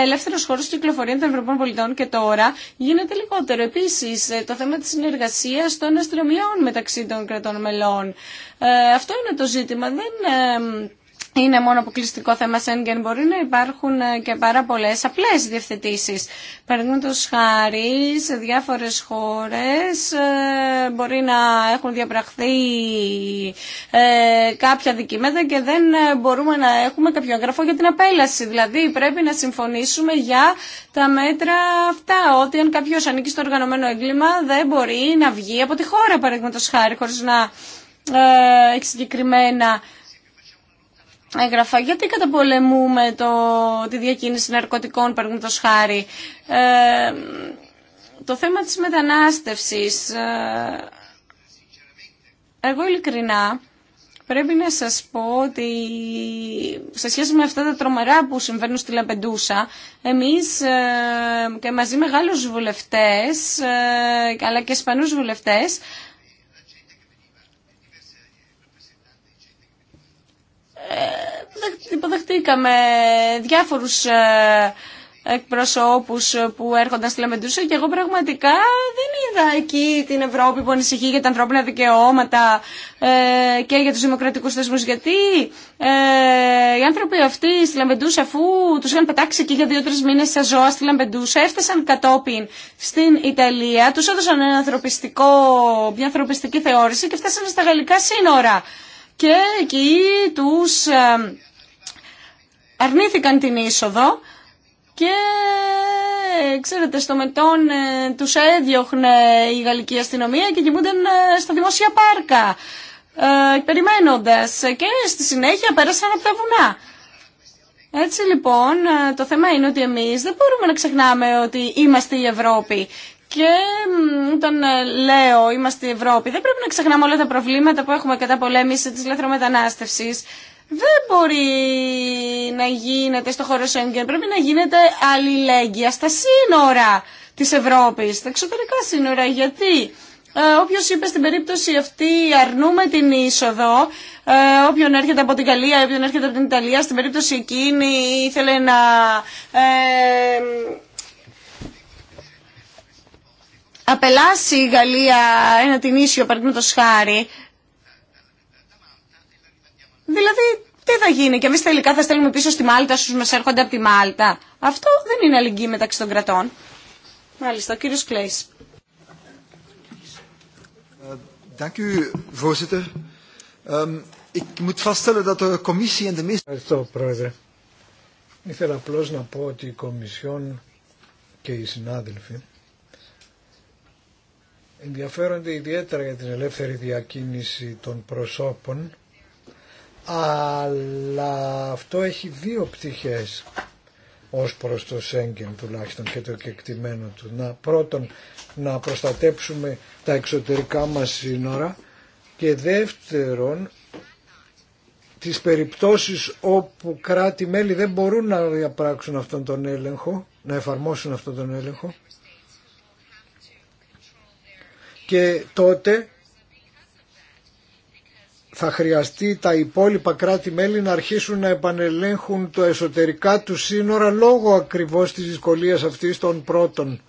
Speaker 1: ελεύθερος χώρος κυκλοφορία των Ευρωπαϊκών πολιτών και τώρα γίνεται λιγότερο. Επίσης, ε, το θέμα της συνεργασίας των αστυνομιών μεταξύ των κρατών μελών. Ε, αυτό είναι το ζήτημα. Δεν ε, είναι μόνο αποκλειστικό θέμα Σέγγεν, μπορεί να υπάρχουν ε, και πάρα πολλέ απλέ διευθετήσει. Παραδείγματο χάρη, σε διάφορε χώρε ε, μπορεί να έχουν διαπραχθεί ε, κάποια δικήματα και δεν μπορούμε να έχουμε κάποιο έγγραφο για την απέλαση. Δηλαδή, πρέπει να συμφωνήσουμε για τα μέτρα αυτά. Ότι αν κάποιο ανήκει στο οργανωμένο έγκλημα, δεν μπορεί να βγει από τη χώρα, παραδείγματο χάρη, χωρί να έχει συγκεκριμένα Έγραφα, Γιατί καταπολεμούμε το, τη διακίνηση ναρκωτικών, παραδείγματο χάρη. Ε, το θέμα της μετανάστευσης. Ε, εγώ ειλικρινά πρέπει να σας πω ότι σε σχέση με αυτά τα τρομερά που συμβαίνουν στη Λαμπεντούσα, εμείς ε, και μαζί μεγάλους βουλευτές, ε, αλλά και σπανούς βουλευτές, υποδεχτήκαμε διάφορους ε, εκπροσώπους που έρχονταν στη Λαμπεντούσα και εγώ πραγματικά δεν είδα εκεί την Ευρώπη που ανησυχεί για τα ανθρώπινα δικαιώματα ε, και για τους δημοκρατικούς θεσμούς γιατί ε, οι άνθρωποι αυτοί στη Λαμπεντούσα αφού τους είχαν πετάξει εκεί για δύο-τρεις μήνες στα ζώα στη Λαμπεντούσα έφτασαν κατόπιν στην Ιταλία, τους έδωσαν ένα ανθρωπιστικό, μια ανθρωπιστική θεώρηση και φτάσανε στα γαλλικά σύνορα και εκεί τους ε, αρνήθηκαν την είσοδο και ε, ξέρετε στο μετών ε, τους έδιωχνε η γαλλική αστυνομία και κοιμούνταν στα δημόσια πάρκα περιμένοντας και στη συνέχεια πέρασαν από τα βουνά. Έτσι λοιπόν το θέμα είναι ότι εμείς δεν μπορούμε να ξεχνάμε ότι είμαστε η Ευρώπη και όταν ε, λέω είμαστε η Ευρώπη, δεν πρέπει να ξεχνάμε όλα τα προβλήματα που έχουμε κατά πολέμηση τη λαθρομετανάστευση. Δεν μπορεί να γίνεται στο χώρο Σέγγεν, πρέπει να γίνεται αλληλέγγυα στα σύνορα της Ευρώπης, στα εξωτερικά σύνορα. Γιατί ε, Όποιο είπε στην περίπτωση αυτή αρνούμε την είσοδο, ε, όποιον έρχεται από την Γαλλία, όποιον έρχεται από την Ιταλία, στην περίπτωση εκείνη ήθελε να απελάσει η Γαλλία ένα την ίσιο παραδείγματος χάρη, δηλαδή τι θα γίνει και εμεί τελικά θα στέλνουμε πίσω στη Μάλτα στου μα έρχονται από τη Μάλτα. Αυτό δεν είναι αλληλεγγύη μεταξύ των κρατών. Μάλιστα, ο κύριο Κλέη.
Speaker 3: Ε, ehm, Ευχαριστώ, Πρόεδρε. Ήθελα απλώ να πω ότι η Κομισιόν και οι συνάδελφοι ενδιαφέρονται ιδιαίτερα για την ελεύθερη διακίνηση των προσώπων αλλά αυτό έχει δύο πτυχές ως προς το Σέγγεν τουλάχιστον και το κεκτημένο του. Να, πρώτον να προστατέψουμε τα εξωτερικά μας σύνορα και δεύτερον τις περιπτώσεις όπου κράτη-μέλη δεν μπορούν να διαπράξουν αυτόν τον έλεγχο, να εφαρμόσουν αυτόν τον έλεγχο και τότε θα χρειαστεί τα υπόλοιπα κράτη-μέλη να αρχίσουν να επανελέγχουν το εσωτερικά του σύνορα λόγω ακριβώς της δυσκολίας αυτής των πρώτων.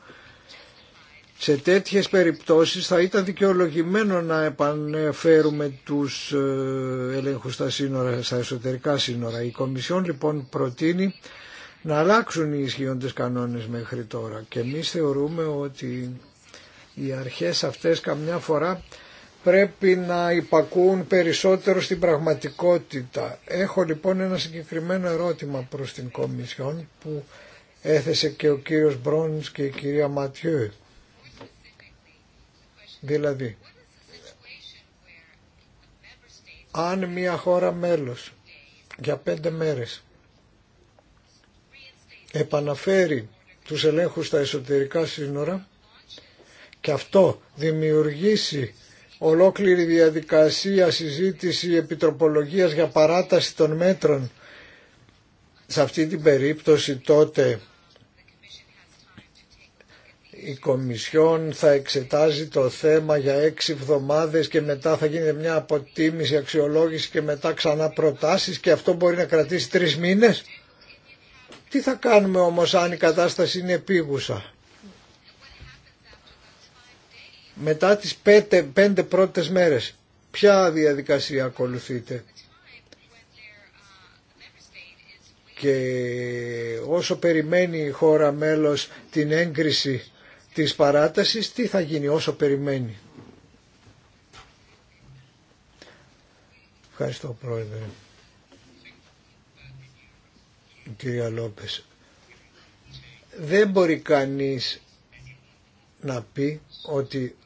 Speaker 3: Σε τέτοιες περιπτώσεις θα ήταν δικαιολογημένο να επανεφέρουμε τους ε, ελέγχους στα, σύνορα, στα εσωτερικά σύνορα. Η Κομισιόν λοιπόν προτείνει να αλλάξουν οι ισχύοντες κανόνες μέχρι τώρα και εμείς θεωρούμε ότι οι αρχές αυτές καμιά φορά πρέπει να υπακούν περισσότερο στην πραγματικότητα. Έχω λοιπόν ένα συγκεκριμένο ερώτημα προς την Κομισιόν που έθεσε και ο κύριος Μπρόνς και η κυρία Ματιού. Δηλαδή, αν μια χώρα μέλος για πέντε μέρες επαναφέρει τους ελέγχους στα εσωτερικά σύνορα, και αυτό δημιουργήσει ολόκληρη διαδικασία συζήτηση επιτροπολογίας για παράταση των μέτρων σε αυτή την περίπτωση τότε η Κομισιόν θα εξετάζει το θέμα για έξι εβδομάδες και μετά θα γίνεται μια αποτίμηση, αξιολόγηση και μετά ξανά προτάσεις και αυτό μπορεί να κρατήσει τρεις μήνες. Τι θα κάνουμε όμως αν η κατάσταση είναι επίγουσα μετά τις πέντε, πέντε πρώτες μέρες. Ποια διαδικασία ακολουθείτε. Και όσο περιμένει η χώρα μέλος την έγκριση της παράτασης, τι θα γίνει όσο περιμένει. Ευχαριστώ πρόεδρε. Κυρία Λόπες. Δεν μπορεί κανείς να πει ότι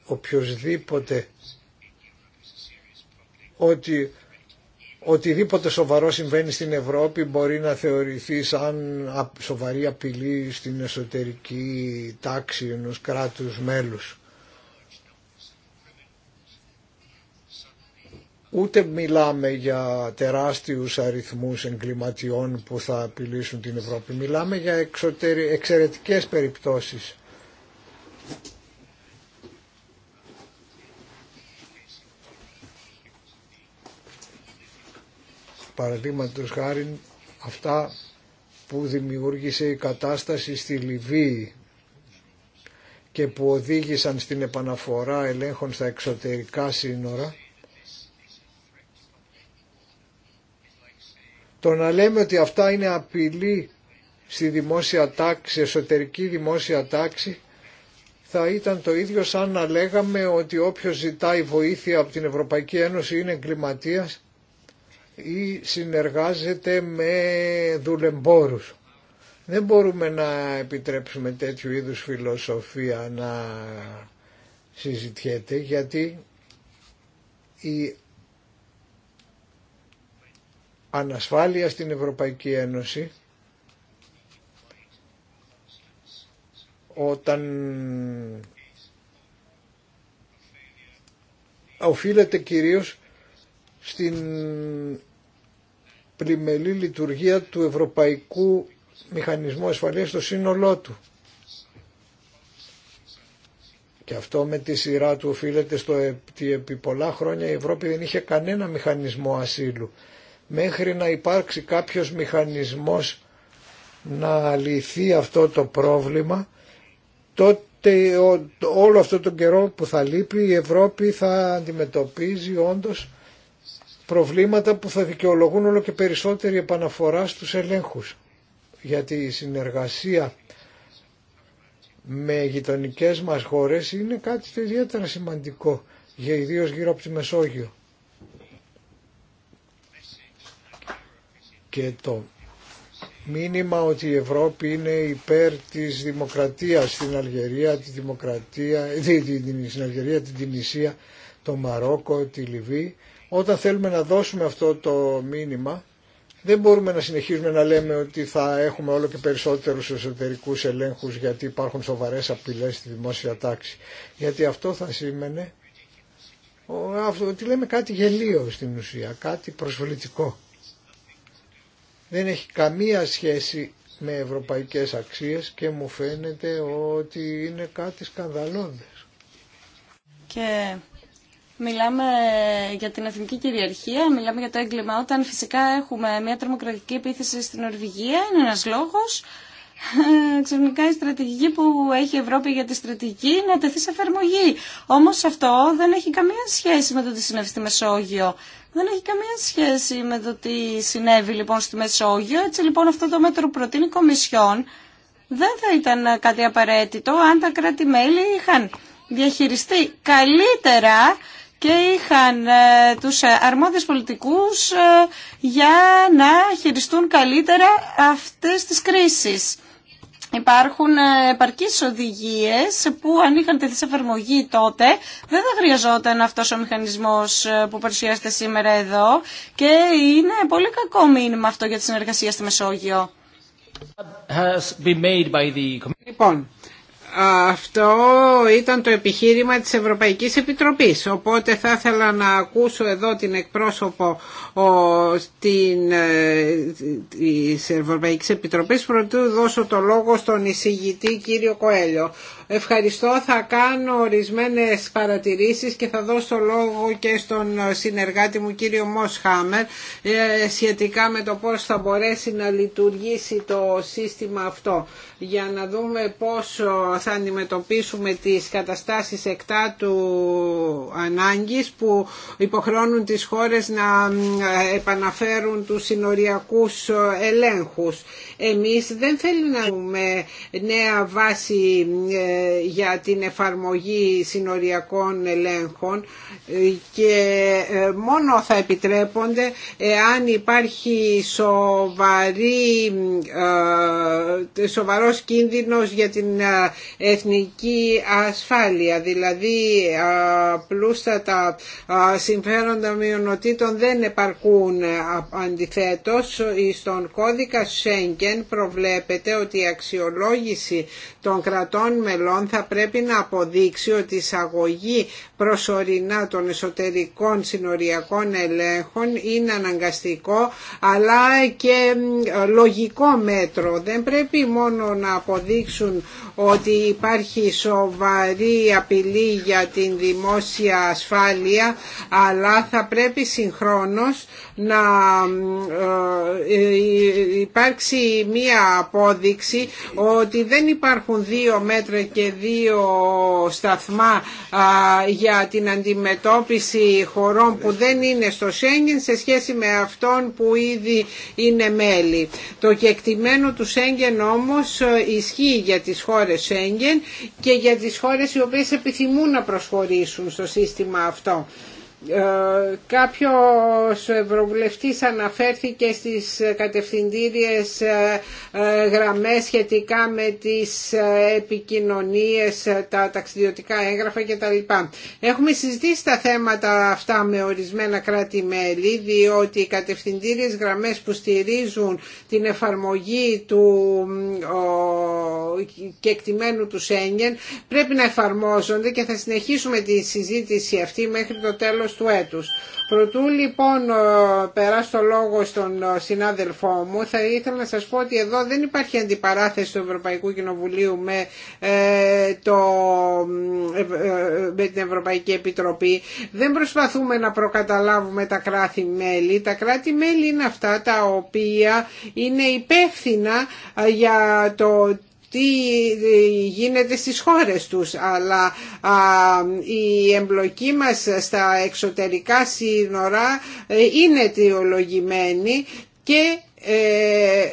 Speaker 3: ότι οτιδήποτε σοβαρό συμβαίνει στην Ευρώπη μπορεί να θεωρηθεί σαν σοβαρή απειλή στην εσωτερική τάξη ενός κράτους μέλους. Ούτε μιλάμε για τεράστιους αριθμούς εγκληματιών που θα απειλήσουν την Ευρώπη. Μιλάμε για εξωτερι... εξαιρετικές περιπτώσεις παραδείγματο χάρη αυτά που δημιούργησε η κατάσταση στη Λιβύη και που οδήγησαν στην επαναφορά ελέγχων στα εξωτερικά σύνορα το να λέμε ότι αυτά είναι απειλή στη δημόσια τάξη, εσωτερική δημόσια τάξη θα ήταν το ίδιο σαν να λέγαμε ότι όποιος ζητάει βοήθεια από την Ευρωπαϊκή Ένωση είναι εγκληματίας ή συνεργάζεται με δουλεμπόρους. Δεν μπορούμε να επιτρέψουμε τέτοιου είδους φιλοσοφία να συζητιέται γιατί η ανασφάλεια στην Ευρωπαϊκή Ένωση όταν οφείλεται κυρίως στην πλημελή λειτουργία του Ευρωπαϊκού Μηχανισμού Ασφαλείας στο σύνολό του. Και αυτό με τη σειρά του οφείλεται στο ότι επί πολλά χρόνια η Ευρώπη δεν είχε κανένα μηχανισμό ασύλου. Μέχρι να υπάρξει κάποιος μηχανισμός να λυθεί αυτό το πρόβλημα, τότε όλο αυτό τον καιρό που θα λείπει η Ευρώπη θα αντιμετωπίζει όντως προβλήματα που θα δικαιολογούν όλο και περισσότερη επαναφορά στους ελέγχους. Γιατί η συνεργασία με γειτονικέ μας χώρες είναι κάτι το ιδιαίτερα σημαντικό, για ιδίως γύρω από τη Μεσόγειο. Και το μήνυμα ότι η Ευρώπη είναι υπέρ της δημοκρατίας στην Αλγερία, τη δημοκρατία, στην Αλγερία, την Τινησία, το Μαρόκο, τη Λιβύη όταν θέλουμε να δώσουμε αυτό το μήνυμα, δεν μπορούμε να συνεχίζουμε να λέμε ότι θα έχουμε όλο και περισσότερους εσωτερικούς ελέγχους γιατί υπάρχουν σοβαρές απειλές στη δημόσια τάξη. Γιατί αυτό θα σήμαινε ότι λέμε κάτι γελίο στην ουσία, κάτι προσβλητικό. Δεν έχει καμία σχέση με ευρωπαϊκές αξίες και μου φαίνεται ότι είναι κάτι σκανδαλώδες.
Speaker 1: Και Μιλάμε για την εθνική κυριαρχία, μιλάμε για το έγκλημα. Όταν φυσικά έχουμε μια τρομοκρατική επίθεση στην Ορβηγία, είναι ένας λόγος. Ε, ξαφνικά η στρατηγική που έχει η Ευρώπη για τη στρατηγική να τεθεί σε εφαρμογή. Όμως αυτό δεν έχει καμία σχέση με το τι συνέβη στη Μεσόγειο. Δεν έχει καμία σχέση με το τι συνέβη λοιπόν στη Μεσόγειο. Έτσι λοιπόν αυτό το μέτρο προτείνει η Κομισιόν. Δεν θα ήταν κάτι απαραίτητο αν τα κράτη-μέλη είχαν διαχειριστεί καλύτερα και είχαν ε, τους ε, αρμόδιους πολιτικούς ε, για να χειριστούν καλύτερα αυτές τις κρίσεις. Υπάρχουν επαρκείς οδηγίες που αν είχαν τεθεί σε εφαρμογή τότε δεν θα χρειαζόταν αυτός ο μηχανισμός που παρουσιάζεται σήμερα εδώ και είναι πολύ κακό μήνυμα αυτό για τη συνεργασία στη Μεσόγειο.
Speaker 4: Αυτό ήταν το επιχείρημα της Ευρωπαϊκής Επιτροπής. Οπότε θα ήθελα να ακούσω εδώ την εκπρόσωπο ε, της Ευρωπαϊκής Επιτροπής προτού δώσω το λόγο στον εισηγητή κύριο Κοέλιο. Ευχαριστώ. Θα κάνω ορισμένες παρατηρήσεις και θα δώσω λόγο και στον συνεργάτη μου κύριο Μόσχαμερ ε, σχετικά με το πώς θα μπορέσει να λειτουργήσει το σύστημα αυτό για να δούμε πώς ε, θα αντιμετωπίσουμε τις καταστάσεις εκτά του ανάγκης που υποχρώνουν τις χώρες να ε, επαναφέρουν τους συνοριακούς ελέγχους. Εμείς δεν θέλουμε νέα βάση ε, για την εφαρμογή συνοριακών ελέγχων ε, και ε, μόνο θα επιτρέπονται εάν υπάρχει σοβαρή, σοβαρός κίνδυνος για την εθνική ασφάλεια. Δηλαδή πλούστατα συμφέροντα μειονοτήτων δεν επαρκούν αντιθέτως στον κώδικα Schengen δεν προβλέπεται ότι η αξιολόγηση των κρατών μελών θα πρέπει να αποδείξει ότι η εισαγωγή προσωρινά των εσωτερικών συνοριακών ελέγχων είναι αναγκαστικό αλλά και λογικό μέτρο. Δεν πρέπει μόνο να αποδείξουν ότι υπάρχει σοβαρή απειλή για την δημόσια ασφάλεια αλλά θα πρέπει συγχρόνως να ε, υπάρξει μία απόδειξη ότι δεν υπάρχουν δύο μέτρα και δύο σταθμά για την αντιμετώπιση χωρών που δεν είναι στο Σέγγεν σε σχέση με αυτόν που ήδη είναι μέλη. Το κεκτημένο του Σέγγεν όμως ε, ισχύει για τις χώρες Σέγγεν και για τις χώρες οι οποίες επιθυμούν να προσχωρήσουν στο σύστημα αυτό. Ε, κάποιος ευρωβουλευτής αναφέρθηκε στις κατευθυντήριες ε, ε, γραμμές σχετικά με τις επικοινωνίες, τα ταξιδιωτικά έγγραφα κτλ. Έχουμε συζητήσει τα θέματα αυτά με ορισμένα κράτη-μέλη, διότι οι κατευθυντήριες γραμμές που στηρίζουν την εφαρμογή του κεκτημένου του Σέγγεν πρέπει να εφαρμόζονται και θα συνεχίσουμε τη συζήτηση αυτή μέχρι το τέλος τέλος του έτους. Προτού λοιπόν ε, περάσω το λόγο στον ε, συνάδελφό μου, θα ήθελα να σας πω ότι εδώ δεν υπάρχει αντιπαράθεση του Ευρωπαϊκού Κοινοβουλίου με, ε, το, με την Ευρωπαϊκή Επιτροπή. Δεν προσπαθούμε να προκαταλάβουμε τα κράτη-μέλη. Τα κράτη-μέλη είναι αυτά τα οποία είναι υπεύθυνα για το τι ε, γίνεται στις χώρες τους αλλά η εμπλοκή μας στα εξωτερικά σύνορα ε, είναι τριολογημένη και ε,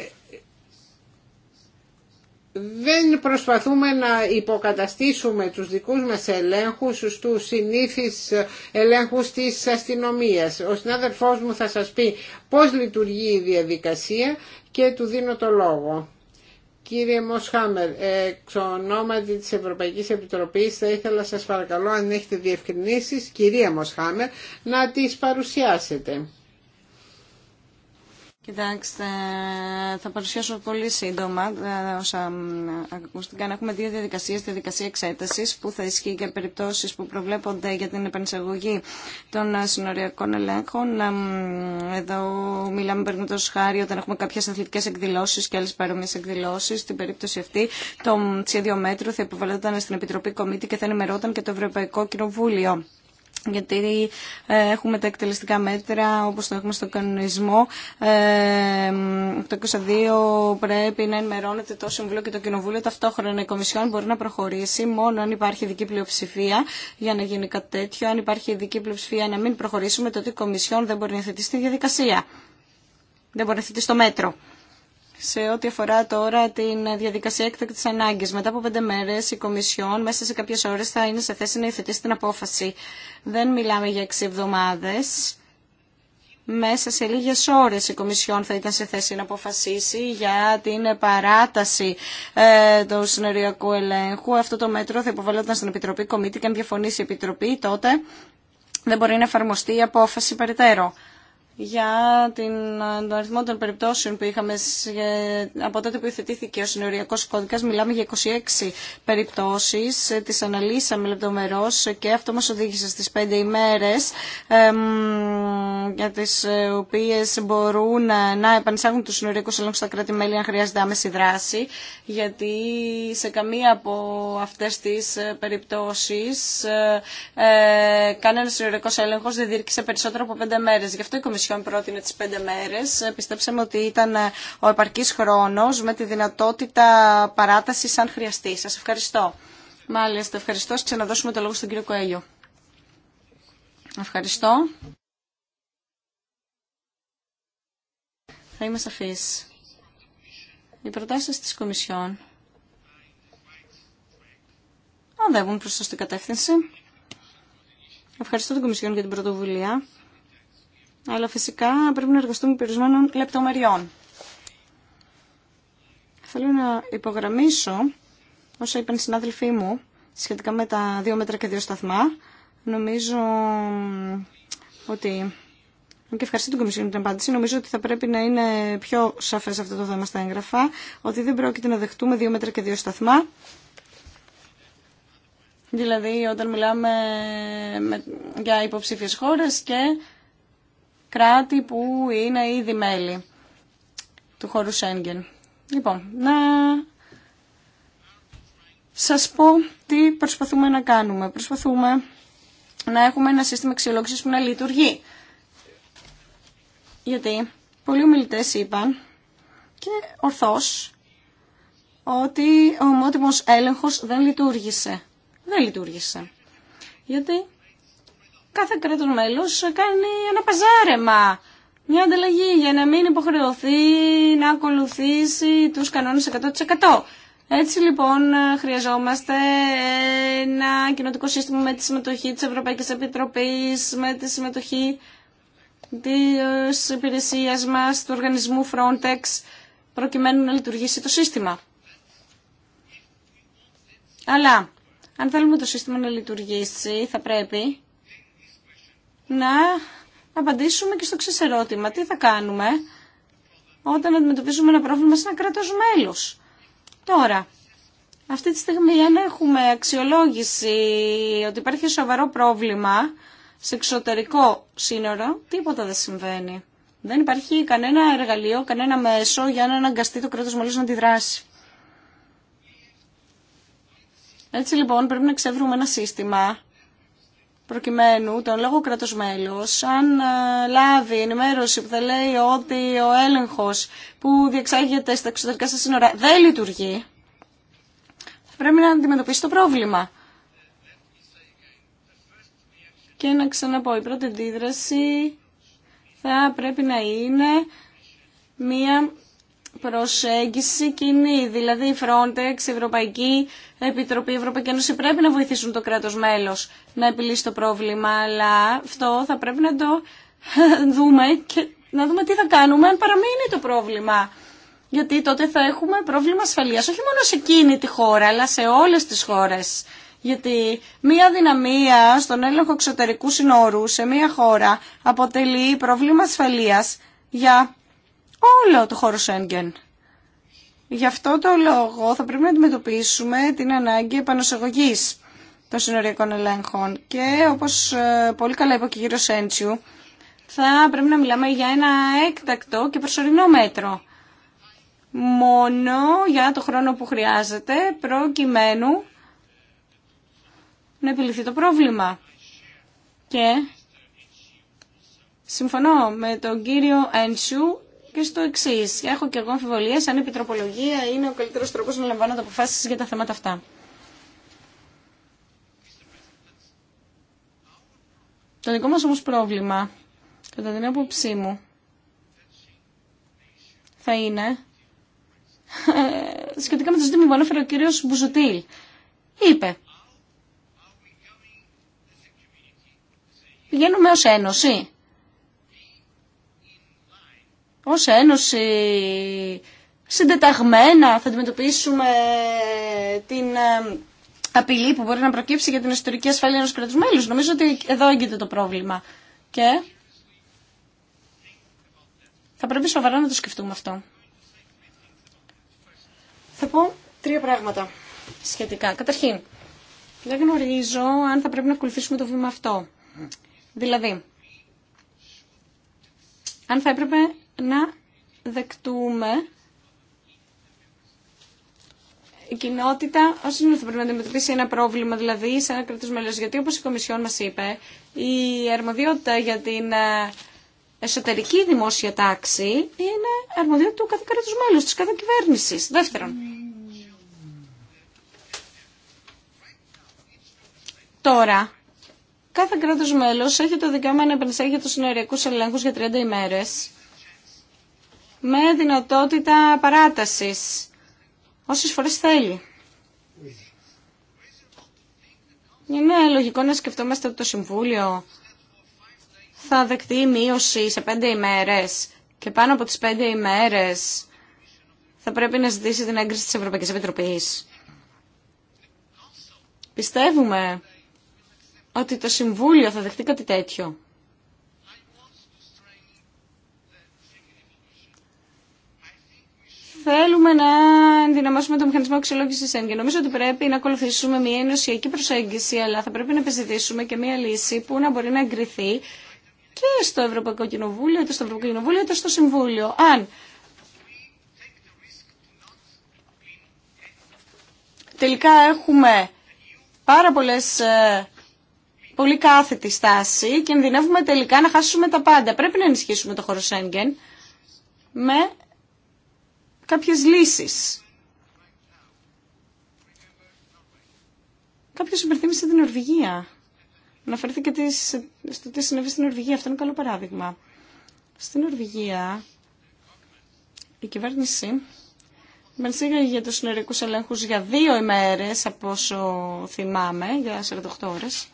Speaker 4: δεν προσπαθούμε να υποκαταστήσουμε τους δικούς μας ελέγχους στους συνήθεις ελέγχους της αστυνομίας. Ο συνάδελφός μου θα σας πει πώς λειτουργεί η διαδικασία και του δίνω το λόγο. Κύριε Μοσχάμερ, εξ ονόματι της Ευρωπαϊκής Επιτροπής θα ήθελα σας παρακαλώ αν έχετε διευκρινήσεις, κυρία Μοσχάμερ, να τις παρουσιάσετε.
Speaker 1: Κοιτάξτε, θα παρουσιάσω πολύ σύντομα ε, όσα ακουστηκαν. Έχουμε δύο διαδικασίες, διαδικασία εξέτασης που θα ισχύει για περιπτώσεις που προβλέπονται για την επανεισαγωγή των ε, συνοριακών ελέγχων. Ε, εδώ μιλάμε περίπτωση χάρη όταν έχουμε κάποιες αθλητικές εκδηλώσεις και άλλες παρόμοιες εκδηλώσεις. Στην περίπτωση αυτή το σχέδιο μέτρου θα υποβαλόταν στην Επιτροπή Κομίτη και θα ενημερώταν και το Ευρωπαϊκό Κοινοβούλιο γιατί ε, έχουμε τα εκτελεστικά μέτρα όπως το έχουμε στο κανονισμό. Ε, το 22 πρέπει να ενημερώνεται το Συμβουλίο και το Κοινοβούλιο ταυτόχρονα. Η Κομισιόν μπορεί να προχωρήσει μόνο αν υπάρχει ειδική πλειοψηφία για να γίνει κάτι τέτοιο. Αν υπάρχει ειδική πλειοψηφία να μην προχωρήσουμε, τότε η Κομισιόν δεν μπορεί να θετήσει τη διαδικασία. Δεν μπορεί να θετήσει το μέτρο σε ό,τι αφορά τώρα την διαδικασία έκτακτη ανάγκη. Μετά από πέντε μέρε η Κομισιόν μέσα σε κάποιε ώρε θα είναι σε θέση να υιοθετήσει την απόφαση. Δεν μιλάμε για έξι εβδομάδε. Μέσα σε λίγε ώρε η Κομισιόν θα ήταν σε θέση να αποφασίσει για την παράταση ε, του συνοριακού ελέγχου. Αυτό το μέτρο θα υποβαλλόταν στην Επιτροπή Κομίτη και αν διαφωνήσει η Επιτροπή τότε δεν μπορεί να εφαρμοστεί η απόφαση περαιτέρω για την, τον αριθμό των περιπτώσεων που είχαμε από τότε που υιοθετήθηκε ο συνοριακό κώδικα, Μιλάμε για 26 περιπτώσει. Ε, τι αναλύσαμε λεπτομερώς και αυτό μα οδήγησε στι 5 ημέρε, για τι ε, οποίε μπορούν ε, να επανεισάγουν του συνοριακού έλεγχου στα κράτη-μέλη αν χρειάζεται άμεση δράση γιατί σε καμία από αυτέ τι περιπτώσει ε, κανένας έλεγχο δεν διήρκησε περισσότερο από 5 μέρε. Γι' αυτό η Κομισιόν πρότεινε τις πέντε μέρες. Πιστέψαμε ότι ήταν ε, ο επαρκής χρόνος με τη δυνατότητα παράτασης αν χρειαστεί. Σας ευχαριστώ. Μάλιστα, ευχαριστώ. Σας ξαναδώσουμε το λόγο στον κύριο Κοέλιο. Ευχαριστώ. Θα είμαι σαφής. Οι προτάσεις της Κομισιόν οδεύουν προς την κατεύθυνση. Ευχαριστώ την Κομισιόν για την πρωτοβουλία αλλά φυσικά πρέπει να εργαστούμε περιορισμένων λεπτομεριών. Θέλω να υπογραμμίσω όσα είπαν οι συνάδελφοί μου σχετικά με τα δύο μέτρα και δύο σταθμά. Νομίζω ότι και ευχαριστώ την Κομισιόν την απάντηση. Νομίζω ότι θα πρέπει να είναι πιο σαφέ αυτό το θέμα στα έγγραφα, ότι δεν πρόκειται να δεχτούμε δύο μέτρα και δύο σταθμά. Δηλαδή, όταν μιλάμε για υποψήφιε χώρε και κράτη που είναι ήδη μέλη του χώρου Σέγγεν. Λοιπόν, να σας πω τι προσπαθούμε να κάνουμε. Προσπαθούμε να έχουμε ένα σύστημα αξιολόγησης που να λειτουργεί. Γιατί πολλοί ομιλητέ είπαν και ορθώς ότι ο ομότιμος έλεγχος δεν λειτουργήσε. Δεν λειτουργήσε. Γιατί κάθε κράτο μέλο κάνει ένα παζάρεμα, μια ανταλλαγή για να μην υποχρεωθεί να ακολουθήσει τους κανόνες 100%. Έτσι λοιπόν χρειαζόμαστε ένα κοινοτικό σύστημα με τη συμμετοχή της Ευρωπαϊκής Επιτροπής, με τη συμμετοχή της υπηρεσίας μας, του οργανισμού Frontex, προκειμένου να λειτουργήσει το σύστημα. Αλλά αν θέλουμε το σύστημα να λειτουργήσει θα πρέπει να απαντήσουμε και στο ξεσερώτημα. Τι θα κάνουμε όταν αντιμετωπίζουμε ένα πρόβλημα σε ένα κράτος μέλος. Τώρα, αυτή τη στιγμή αν έχουμε αξιολόγηση ότι υπάρχει σοβαρό πρόβλημα σε εξωτερικό σύνορο, τίποτα δεν συμβαίνει. Δεν υπάρχει κανένα εργαλείο, κανένα μέσο για να αναγκαστεί το κράτος μόλις να αντιδράσει. Έτσι λοιπόν πρέπει να ξεβρούμε ένα σύστημα προκειμένου τον λόγο κράτος μέλος, αν ε, λάβει ενημέρωση που θα λέει ότι ο έλεγχος που διεξάγεται στα εξωτερικά σας σύνορα δεν λειτουργεί, θα πρέπει να αντιμετωπίσει το πρόβλημα. Και να ξαναπώ, η πρώτη αντίδραση θα πρέπει να είναι μία προσέγγιση κοινή. Δηλαδή η Frontex, η Ευρωπαϊκή Επιτροπή, η Ευρωπαϊκή Ένωση πρέπει να βοηθήσουν το κράτος μέλος να επιλύσει το πρόβλημα, αλλά αυτό θα πρέπει να το δούμε και να δούμε τι θα κάνουμε αν παραμείνει το πρόβλημα. Γιατί τότε θα έχουμε πρόβλημα ασφαλείας, όχι μόνο σε εκείνη τη χώρα, αλλά σε όλες τις χώρες. Γιατί μία δυναμία στον έλεγχο εξωτερικού συνόρου σε μία χώρα αποτελεί πρόβλημα ασφαλείας για όλο το χώρο Σέγγεν. Γι' αυτό το λόγο θα πρέπει να αντιμετωπίσουμε την ανάγκη επανοσεγωγής των συνοριακών ελέγχων. Και όπως ε, πολύ καλά είπε ο κύριος Σέντσιου, θα πρέπει να μιλάμε για ένα έκτακτο και προσωρινό μέτρο. Μόνο για το χρόνο που χρειάζεται, προκειμένου να επιληθεί το πρόβλημα. Και συμφωνώ με τον κύριο Έντσιου και στο εξή. Έχω και εγώ αμφιβολίε αν η επιτροπολογία είναι ο καλύτερο τρόπο να τα αποφάσει για τα θέματα αυτά. Το δικό μας όμως πρόβλημα, κατά την άποψή μου, θα είναι ε, σχετικά με το ζήτημα που ανέφερε ο κύριος Μπουζουτήλ. Είπε, πηγαίνουμε ως ένωση ως Ένωση συντεταγμένα θα αντιμετωπίσουμε την ε, απειλή που μπορεί να προκύψει για την ιστορική ασφάλεια ενός κράτους μέλους. Νομίζω ότι εδώ έγκυται το πρόβλημα. Και θα πρέπει σοβαρά να το σκεφτούμε αυτό. Θα πω τρία πράγματα σχετικά. Καταρχήν, δεν γνωρίζω αν θα πρέπει να ακολουθήσουμε το βήμα αυτό. Δηλαδή, αν θα έπρεπε να δεκτούμε η κοινότητα ότι θα πρέπει να αντιμετωπίσει ένα πρόβλημα, δηλαδή σε ένα κρατό μέλο. Γιατί όπω η Κομισιόν μα είπε, η αρμοδιότητα για την ε, εσωτερική δημόσια τάξη είναι αρμοδιότητα του κάθε κράτου μέλου, τη κάθε κυβέρνηση. Δεύτερον. Τώρα, κάθε κράτο μέλο έχει το δικαίωμα να επενδύσει για του συνοριακού ελέγχου για 30 ημέρε με δυνατότητα παράτασης όσες φορές θέλει. Είναι λογικό να σκεφτόμαστε ότι το Συμβούλιο θα δεχτεί μείωση σε πέντε ημέρες και πάνω από τις πέντε ημέρες θα πρέπει να ζητήσει την έγκριση της Ευρωπαϊκής Επιτροπής. Πιστεύουμε ότι το Συμβούλιο θα δεχτεί κάτι τέτοιο. θέλουμε να ενδυναμώσουμε το μηχανισμό αξιολόγηση έγκαι. Νομίζω ότι πρέπει να ακολουθήσουμε μια ενωσιακή προσέγγιση, αλλά θα πρέπει να επιζητήσουμε και μια λύση που να μπορεί να εγκριθεί και στο Ευρωπαϊκό Κοινοβούλιο, είτε στο Ευρωπαϊκό Κοινοβούλιο, είτε στο Συμβούλιο. Αν τελικά έχουμε πάρα πολλέ ε, πολύ κάθετη στάση και ενδυνεύουμε τελικά να χάσουμε τα πάντα. Πρέπει να ενισχύσουμε το χώρο Σέγγεν με κάποιες λύσεις. Κάποιος υπερθύμισε την Ορβηγία. Αναφέρθηκε στο τι συνέβη στην Ορβηγία. Αυτό είναι καλό παράδειγμα. Στην Ορβηγία η κυβέρνηση με για τους συνορικούς ελέγχους για δύο ημέρες από όσο θυμάμαι, για 48 ώρες.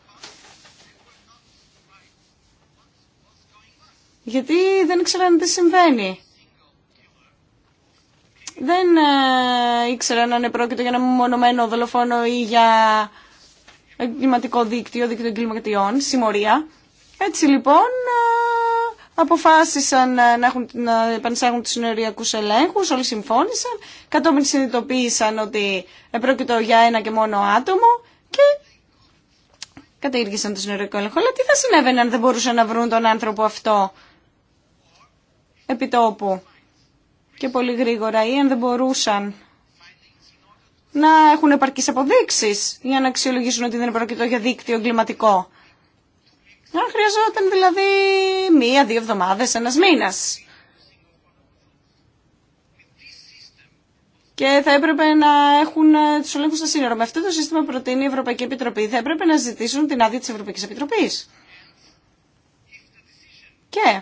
Speaker 1: Γιατί δεν ήξεραν τι συμβαίνει. Δεν ε, ήξερα αν πρόκειτο για ένα μονομένο δολοφόνο ή για εγκληματικό δίκτυο, δίκτυο εγκληματιών, συμμορία. Έτσι λοιπόν ε, αποφάσισαν ε, να, έχουν, να επανεισάγουν τους ελέγχους, όλοι συμφώνησαν, κατόπιν συνειδητοποίησαν ότι πρόκειτο για ένα και μόνο άτομο και κατήργησαν το συνοριακό έλεγχο. Αλλά τι θα συνέβαινε αν δεν μπορούσαν να βρουν τον άνθρωπο αυτό επί τόπου και πολύ γρήγορα ή αν δεν μπορούσαν να έχουν επαρκείς αποδείξεις για να αξιολογήσουν ότι δεν πρόκειται για δίκτυο εγκληματικό. Αν χρειαζόταν δηλαδή μία-δύο εβδομάδες, ένας μήνας. Και θα έπρεπε να έχουν ε, του ελέγχου στα σύνορα. Με αυτό το σύστημα προτείνει η Ευρωπαϊκή Επιτροπή θα έπρεπε να ζητήσουν την άδεια τη Ευρωπαϊκή Επιτροπή. Και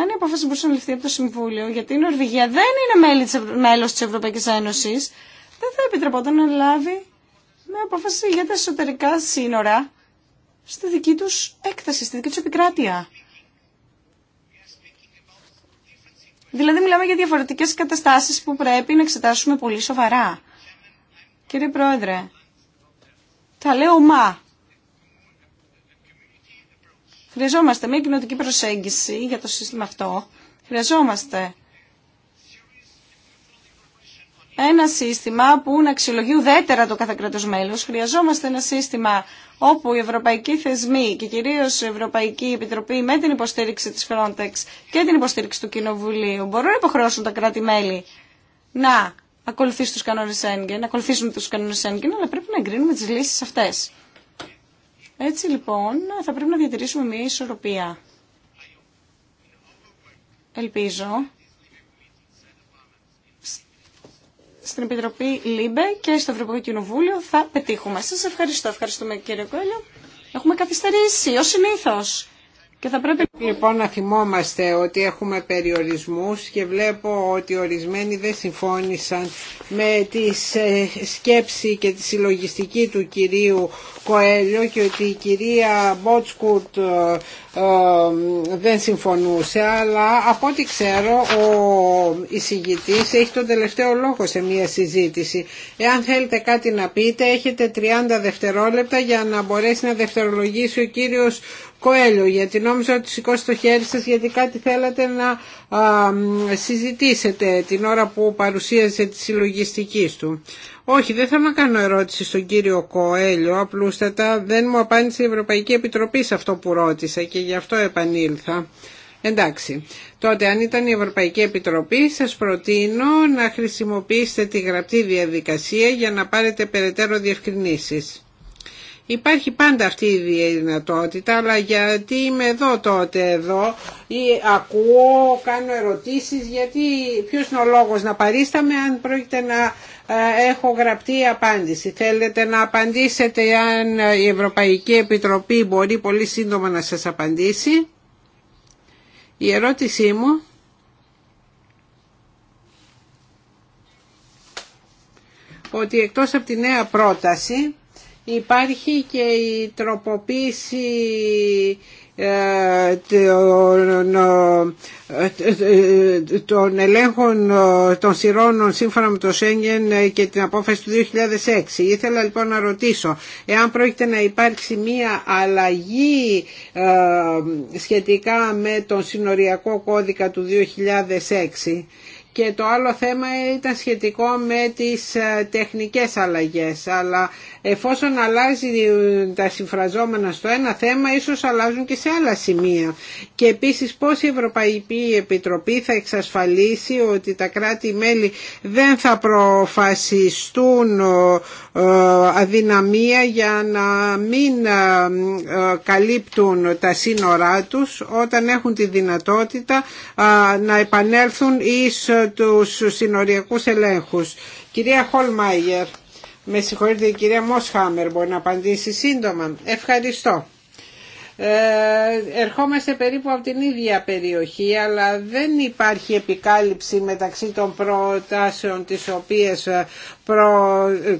Speaker 1: αν η απόφαση μπορούσε να ληφθεί από το Συμβούλιο, γιατί η Νορβηγία δεν είναι μέλο τη Ευρωπαϊκή Ένωση, δεν θα επιτρεπόταν να λάβει μια απόφαση για τα εσωτερικά σύνορα στη δική του έκταση, στη δική του επικράτεια. Δηλαδή μιλάμε για διαφορετικές καταστάσεις που πρέπει να εξετάσουμε πολύ σοβαρά. Κύριε Πρόεδρε, τα λέω μα. Χρειαζόμαστε μια κοινωτική προσέγγιση για το σύστημα αυτό. Χρειαζόμαστε ένα σύστημα που να αξιολογεί ουδέτερα το κάθε κρατό μέλο. Χρειαζόμαστε ένα σύστημα όπου οι ευρωπαϊκοί θεσμοί και κυρίω η Ευρωπαϊκή Επιτροπή με την υποστήριξη τη Frontex και την υποστήριξη του Κοινοβουλίου μπορούν να υποχρεώσουν τα κράτη-μέλη να ακολουθήσουν τους κανόνες Σέγγεν, να ακολουθήσουν του κανόνε Σέγγεν, αλλά πρέπει να εγκρίνουμε τι λύσει αυτέ. Έτσι λοιπόν θα πρέπει να διατηρήσουμε μια ισορροπία. Ελπίζω στην Επιτροπή ΛΥΜΠΕ και στο Ευρωπαϊκό Κοινοβούλιο θα πετύχουμε. Σας ευχαριστώ. Ευχαριστούμε κύριε Κόλλιο. Έχουμε καθυστερήσει ως συνήθως. Και θα πρέπει... Λοιπόν να θυμόμαστε ότι έχουμε περιορισμούς
Speaker 4: και βλέπω ότι ορισμένοι δεν συμφώνησαν με τη σκέψη και τη συλλογιστική του κυρίου Κοέλιο και ότι η κυρία Μπότσκουρτ ε, ε, δεν συμφωνούσε αλλά από ό,τι ξέρω ο εισηγητής έχει τον τελευταίο λόγο σε μια συζήτηση. Εάν θέλετε κάτι να πείτε έχετε 30 δευτερόλεπτα για να μπορέσει να δευτερολογήσει ο κύριος Κοέλιο γιατί νόμιζα ότι σηκώσετε το χέρι σας γιατί κάτι θέλατε να συζητήσετε την ώρα που παρουσίαζε τη συλλογιστική του. Όχι, δεν θα να κάνω ερώτηση στον κύριο Κοέλιο, απλούστατα δεν μου απάντησε η Ευρωπαϊκή Επιτροπή σε αυτό που ρώτησα και γι' αυτό επανήλθα. Εντάξει, τότε αν ήταν η Ευρωπαϊκή Επιτροπή σας προτείνω να χρησιμοποιήσετε τη γραπτή διαδικασία για να πάρετε περαιτέρω διευκρινήσεις. Υπάρχει πάντα αυτή η δυνατότητα, αλλά γιατί είμαι εδώ τότε εδώ ή ακούω, κάνω ερωτήσεις, γιατί ποιος είναι ο λόγος να παρίσταμε αν πρόκειται να ε, έχω γραπτή απάντηση. Θέλετε να απαντήσετε αν ε, η Ευρωπαϊκή Επιτροπή μπορεί πολύ σύντομα να σας απαντήσει. Η ερώτησή μου... ότι εκτός από τη νέα πρόταση Υπάρχει και η τροποποίηση ε, ε, των ελέγχων ε, των σειρώνων σύμφωνα με το Σέγγεν και την απόφαση του 2006. Ήθελα λοιπόν να ρωτήσω εάν πρόκειται να υπάρξει μία αλλαγή σχετικά με τον συνοριακό κώδικα του 2006 και το άλλο θέμα ήταν σχετικό με τις ε, τεχνικές αλλαγές. Αλλά εφόσον αλλάζει τα συμφραζόμενα στο ένα θέμα, ίσως αλλάζουν και σε άλλα σημεία. Και επίσης πώς η Ευρωπαϊκή Επιτροπή θα εξασφαλίσει ότι τα κράτη-μέλη δεν θα προφασιστούν ε, ε, αδυναμία για να μην καλύπτουν τα σύνορά τους όταν έχουν τη δυνατότητα να επανέλθουν εις τους συνοριακούς ελέγχους. Κυρία Χολμάγερ, με συγχωρείτε η κυρία Μόσχαμερ μπορεί να απαντήσει σύντομα. Ευχαριστώ. Ε, ερχόμαστε περίπου από την ίδια περιοχή αλλά δεν υπάρχει επικάλυψη μεταξύ των προτάσεων τις οποίες ε, προ, ε, ε,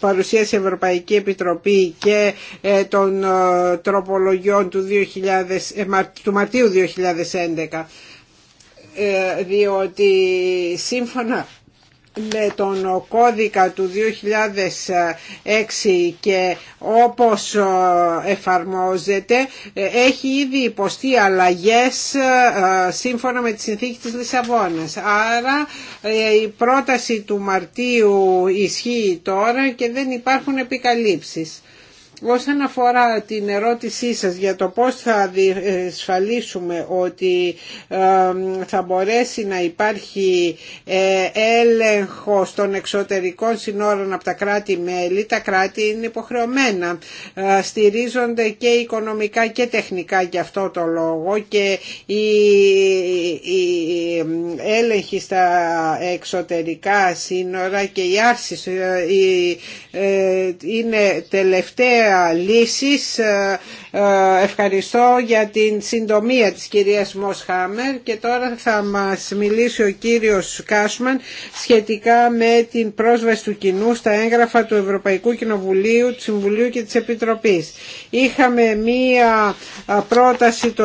Speaker 4: παρουσίασε η Ευρωπαϊκή Επιτροπή και των τροπολογιών του, 2000, του Μαρτίου 2011. Ε, διότι σύμφωνα με τον κώδικα του 2006 και όπως ε, εφαρμόζεται ε, έχει ήδη υποστεί αλλαγές σύμφωνα με τη συνθήκη της Λισαβόνας. Άρα η πρόταση του Μαρτίου ισχύει τώρα και δεν υπάρχουν επικαλύψεις. Όσον αφορά την ερώτησή σας για το πώς θα διασφαλίσουμε ότι ε, θα μπορέσει να υπάρχει ε, έλεγχο των εξωτερικών συνόρων από τα κράτη-μέλη, τα κράτη είναι υποχρεωμένα. Ε, στηρίζονται και οικονομικά και τεχνικά για αυτό το λόγο και οι έλεγχοι στα εξωτερικά σύνορα και η άρση είναι τελευταία λύσεις ε, ε, ευχαριστώ για την συντομία της κυρίας Μοσχάμερ και τώρα θα μας μιλήσει ο κύριος Κάσμαν σχετικά με την πρόσβαση του κοινού στα έγγραφα του Ευρωπαϊκού Κοινοβουλίου, του Συμβουλίου και της Επιτροπής. Είχαμε μία πρόταση το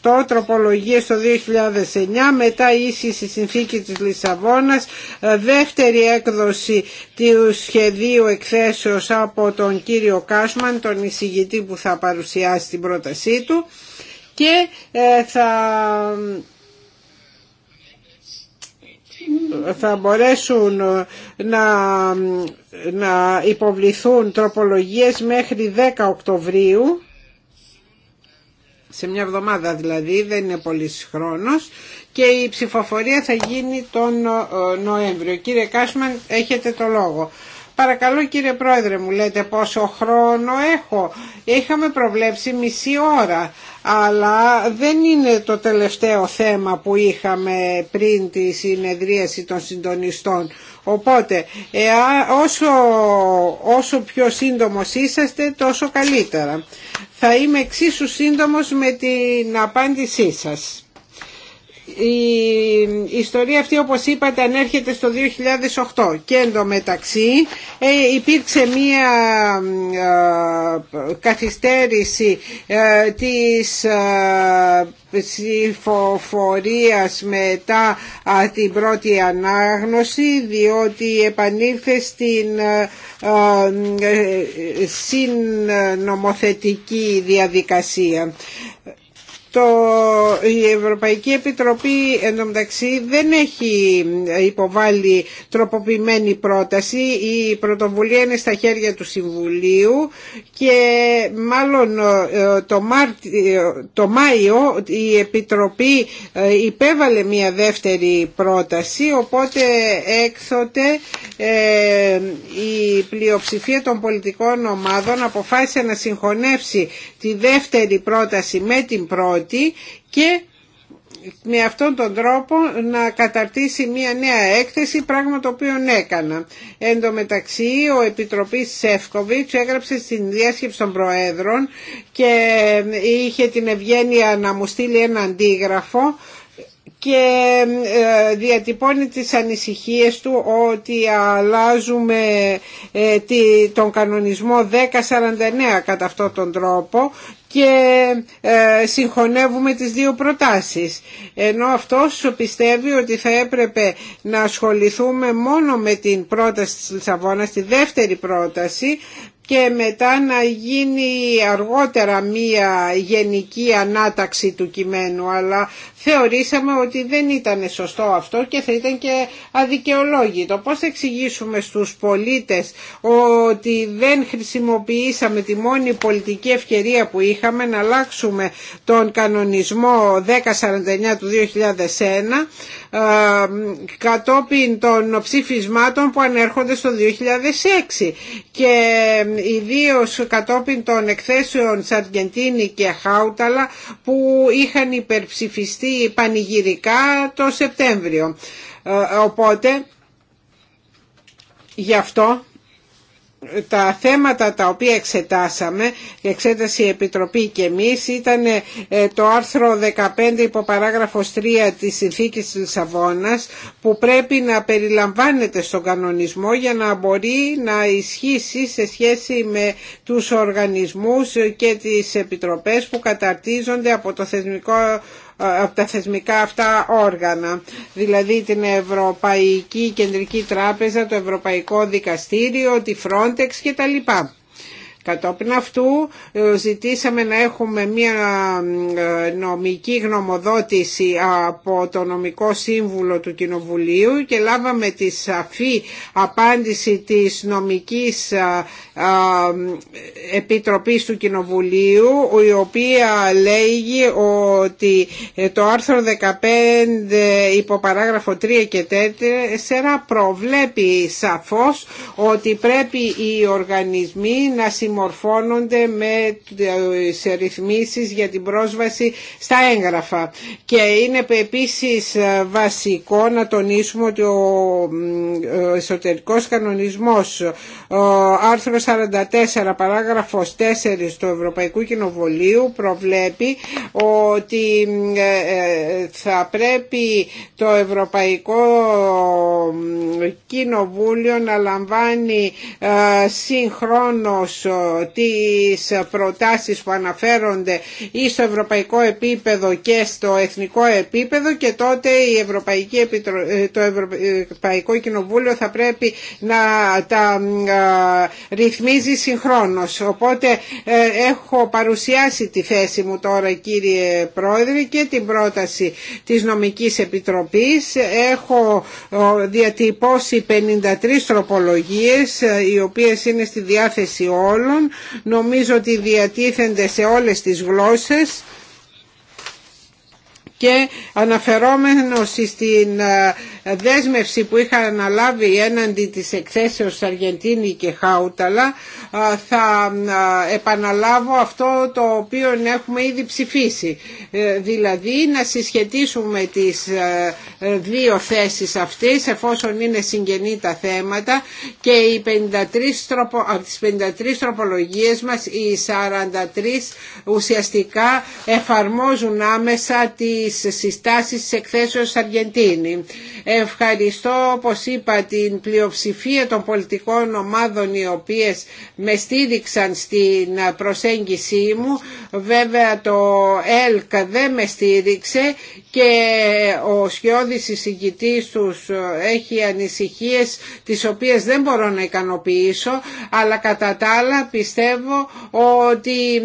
Speaker 4: 2008, τροπολογίες το 2009, μετά ίση στη συνθήκη της Λισαβόνας, ε, δεύτερη έκδοση του σχεδίου εκθέσεως από τον κύριο Κάσμαν, τον εισηγητή που θα παρουσιάσει την πρότασή του και ε, θα θα μπορέσουν ε, να, να υποβληθούν τροπολογίες μέχρι 10 Οκτωβρίου σε μια εβδομάδα δηλαδή, δεν είναι πολύ χρόνος και η ψηφοφορία θα γίνει τον ε, Νοέμβριο. Κύριε Κάσμαν έχετε το λόγο. Παρακαλώ κύριε Πρόεδρε μου λέτε πόσο χρόνο έχω. Είχαμε προβλέψει μισή ώρα αλλά δεν είναι το τελευταίο θέμα που είχαμε πριν τη συνεδρίαση των συντονιστών. Οπότε όσο, όσο πιο σύντομος είσαστε τόσο καλύτερα. Θα είμαι εξίσου σύντομος με την απάντησή σας η ιστορία αυτή όπως είπατε ανέρχεται στο 2008 και εντωμεταξύ ε, υπήρξε μία ε, καθυστέρηση ε, της ψηφοφορίας μετά την πρώτη ανάγνωση διότι επανήλθε στην συνομοθετική διαδικασία το, η Ευρωπαϊκή Επιτροπή μεταξύ δεν έχει υποβάλει τροποποιημένη πρόταση. Η πρωτοβουλία είναι στα χέρια του Συμβουλίου και μάλλον ε, το, ε, το Μάιο η Επιτροπή ε, υπέβαλε μια δεύτερη πρόταση οπότε έκθοτε η πλειοψηφία των πολιτικών ομάδων αποφάσισε να συγχωνεύσει τη δεύτερη πρόταση με την πρώτη και με αυτόν τον τρόπο να καταρτήσει μια νέα έκθεση, πράγμα το οποίο έκανα. Εν τω μεταξύ, ο Επιτροπής Σεύκοβιτς έγραψε στην διάσκεψη των Προέδρων και είχε την ευγένεια να μου στείλει ένα αντίγραφο και ε, διατυπώνει τις ανησυχίες του ότι αλλάζουμε ε, τον κανονισμό 1049 κατά αυτόν τον τρόπο και ε, συγχωνεύουμε τις δύο προτάσεις. Ενώ αυτός πιστεύει ότι θα έπρεπε να ασχοληθούμε μόνο με την πρόταση της Λισαβόνας, τη δεύτερη πρόταση, και μετά να γίνει αργότερα μία γενική ανάταξη του κειμένου αλλά θεωρήσαμε ότι δεν ήταν σωστό αυτό και θα ήταν και αδικαιολόγητο. Πώς θα εξηγήσουμε στους πολίτες ότι δεν χρησιμοποιήσαμε τη μόνη πολιτική ευκαιρία που είχαμε να αλλάξουμε τον κανονισμό 1049 του 2001 κατόπιν των ψηφισμάτων που ανέρχονται στο 2006 και ιδίως κατόπιν των εκθέσεων Σαργεντίνη και Χάουταλα που είχαν υπερψηφιστεί πανηγυρικά το Σεπτέμβριο. Ε, οπότε γι' αυτό τα θέματα τα οποία εξετάσαμε, η εξέταση Επιτροπή και εμείς, ήταν ε, το άρθρο 15 υποπαράγραφος 3 της Συνθήκης της Λισαβόνας που πρέπει να περιλαμβάνεται στον κανονισμό για να μπορεί να ισχύσει σε σχέση με τους οργανισμούς και τις επιτροπές που καταρτίζονται από το θεσμικό από τα θεσμικά αυτά όργανα, δηλαδή την Ευρωπαϊκή Κεντρική Τράπεζα, το Ευρωπαϊκό Δικαστήριο, τη Frontex κτλ. Κατόπιν αυτού ε, ζητήσαμε να έχουμε μια ε, νομική γνωμοδότηση από το νομικό σύμβουλο του Κοινοβουλίου και λάβαμε τη σαφή απάντηση της νομικής ε, επιτροπής του Κοινοβουλίου η οποία λέγει ότι το άρθρο 15 παράγραφο 3 και 4 προβλέπει σαφώς ότι πρέπει οι οργανισμοί να συμμετέχουν συμμορφώνονται με τις ρυθμίσεις για την πρόσβαση στα έγγραφα. Και είναι επίσης βασικό να τονίσουμε ότι ο εσωτερικός κανονισμός άρθρο 44 παράγραφος 4 του Ευρωπαϊκού Κοινοβουλίου προβλέπει ότι ε, ε, θα πρέπει το Ευρωπαϊκό Κοινοβούλιο να λαμβάνει ε, συγχρόνως τις προτάσεις που αναφέρονται ή στο ευρωπαϊκό επίπεδο και στο εθνικό επίπεδο και τότε η Ευρωπαϊκή ε, το ε, Ευρωπαϊκό Κοινοβούλιο θα πρέπει να τα ε, ρυθμίζει συγχρόνως. Οπότε έχω παρουσιάσει τη θέση μου τώρα κύριε Πρόεδρε και την πρόταση της Νομικής Επιτροπής. Έχω διατυπώσει 53 τροπολογίες οι οποίες είναι στη διάθεση όλων Νομίζω ότι διατίθενται σε όλες τις γλώσσες και αναφερόμενος στην ε, δέσμευση που είχα αναλάβει έναντι της εκθέσεως Αργεντίνη και Χάουταλα ε, θα ε, επαναλάβω αυτό το οποίο έχουμε ήδη ψηφίσει δηλαδή να συσχετίσουμε τις δύο θέσεις αυτές εφόσον είναι συγγενή τα θέματα και οι 53 τροπο, από τις 53 τροπολογίες μας οι 43 ουσιαστικά εφαρμόζουν άμεσα τις τις συστάσεις της εκθέσεως Αργεντίνη. Ευχαριστώ όπως είπα την πλειοψηφία των πολιτικών ομάδων οι οποίες με στήριξαν στην προσέγγιση μου. Βέβαια το ΕΛΚ δεν με στήριξε και ο σκιώδης εισηγητής τους έχει ανησυχίες τις οποίες δεν μπορώ να ικανοποιήσω αλλά κατά τα άλλα πιστεύω ότι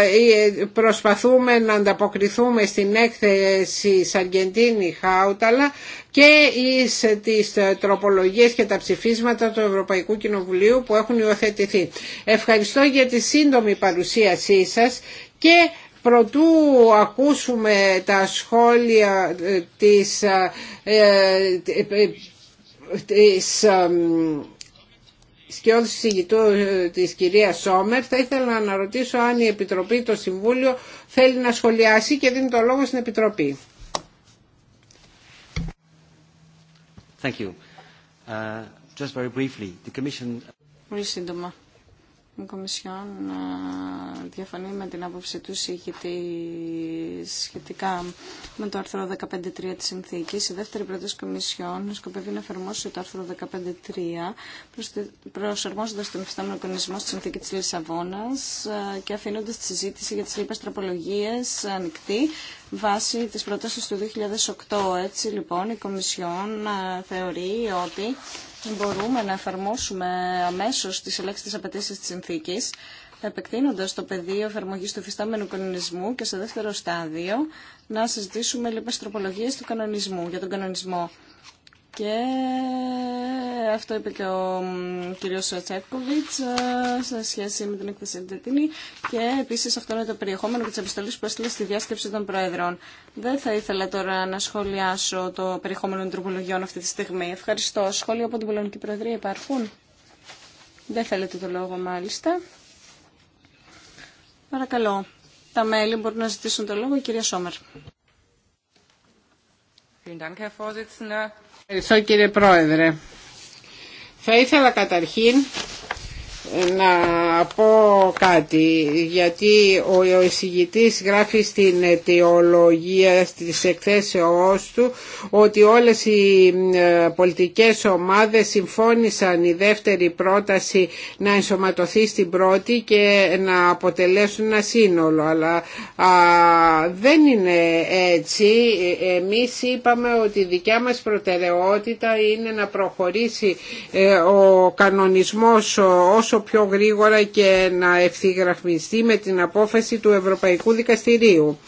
Speaker 4: ε, προσπαθούμε να ανταποκριθούμε στην έκθεση στις Αργεντίνη Χάουταλα και εις τις ε, τροπολογίες και τα ψηφίσματα του Ευρωπαϊκού Κοινοβουλίου που έχουν υιοθετηθεί. Ευχαριστώ για τη σύντομη παρουσίασή σας και Προτού ακούσουμε τα σχόλια ε, της, ε, της ως συγητού ε, της κυρίας Σόμερ θα ήθελα να αναρωτήσω αν η Επιτροπή το Συμβούλιο θέλει να σχολιάσει και δίνει το λόγο στην Επιτροπή.
Speaker 2: Uh,
Speaker 1: Πολύ σύντομα. Η Κομισιόν διαφωνεί με την άποψη του σύγχυτη σχετικά με το άρθρο 15.3 της συνθήκης. Η δεύτερη πρόταση Κομισιόν σκοπεύει να εφαρμόσει το άρθρο 15.3 προσαρμόζοντας τον υφιστάμενο κονισμό στη συνθήκη της Λισαβόνας και αφήνοντας τη συζήτηση για τις λοιπές τροπολογίες ανοιχτή βάσει της πρότασης του 2008. Έτσι λοιπόν η Κομισιόν θεωρεί ότι μπορούμε να εφαρμόσουμε αμέσως τις ελέγξεις απαιτήσει της συνθήκης, επεκτείνοντας το πεδίο εφαρμογής του φυστάμενου κανονισμού και σε δεύτερο στάδιο να συζητήσουμε λοιπές τροπολογίες του κανονισμού για τον κανονισμό και αυτό είπε και ο κύριος Τσέπκοβιτς ε, σε σχέση με την έκθεση ΤΕΤΙΝΗ και επίση αυτό είναι το περιεχόμενο και τη επιστολή που έστειλε στη διάσκεψη των Προέδρων. Δεν θα ήθελα τώρα να σχολιάσω το περιεχόμενο των τροπολογιών αυτή τη στιγμή. Ευχαριστώ. Σχόλια από την Πολωνική Προεδρία υπάρχουν. Δεν θέλετε το λόγο μάλιστα. Παρακαλώ. Τα μέλη μπορούν να ζητήσουν το λόγο. Η κυρία Σόμερ.
Speaker 4: Ευχαριστώ κύριε Πρόεδρε. Θα ήθελα καταρχήν να πω κάτι γιατί ο εισηγητής γράφει στην αιτιολογία της εκθέσεώς του ότι όλες οι ε, πολιτικές ομάδες συμφώνησαν η δεύτερη πρόταση να ενσωματωθεί στην πρώτη και να αποτελέσουν ένα σύνολο αλλά δεν είναι έτσι εμείς είπαμε ότι η δικιά μας προτεραιότητα είναι να προχωρήσει ε, ο κανονισμός όσο όσο πιο γρήγορα και να ευθυγραμμιστεί με την απόφαση του Ευρωπαϊκού Δικαστηρίου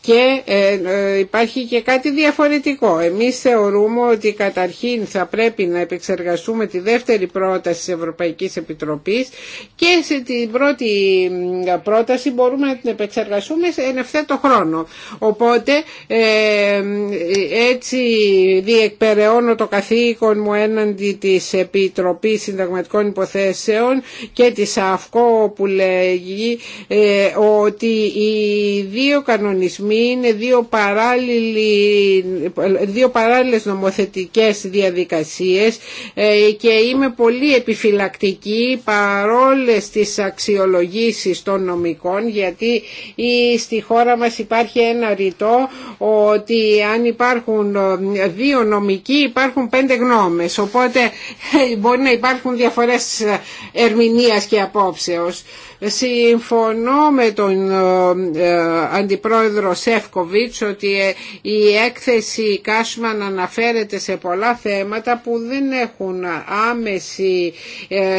Speaker 4: και ε, ε, υπάρχει και κάτι διαφορετικό. Εμείς θεωρούμε ότι καταρχήν θα πρέπει να επεξεργαστούμε τη δεύτερη πρόταση της Ευρωπαϊκής Επιτροπής και σε την πρώτη πρόταση μπορούμε να την επεξεργαστούμε σε το χρόνο. Οπότε ε, έτσι διεκπεραιώνω το καθήκον μου έναντι της Επιτροπής Συνταγματικών Υποθέσεων και της ΑΦΚΟ που λέγει ότι οι δύο κανονισμοί είναι δύο, δύο παράλληλες νομοθετικές διαδικασίες ε, και είμαι πολύ επιφυλακτική παρόλες τις αξιολογήσεις των νομικών γιατί στη χώρα μας υπάρχει ένα ρητό ότι αν υπάρχουν ε, δύο νομικοί υπάρχουν πέντε γνώμες οπότε ε, μπορεί να υπάρχουν διαφορές ερμηνείας και απόψεως. Συμφωνώ με τον ε, ε, Αντιπρόεδρο Σεύκοβιτς ότι ε, η έκθεση Κάσμαν αναφέρεται σε πολλά θέματα που δεν έχουν άμεση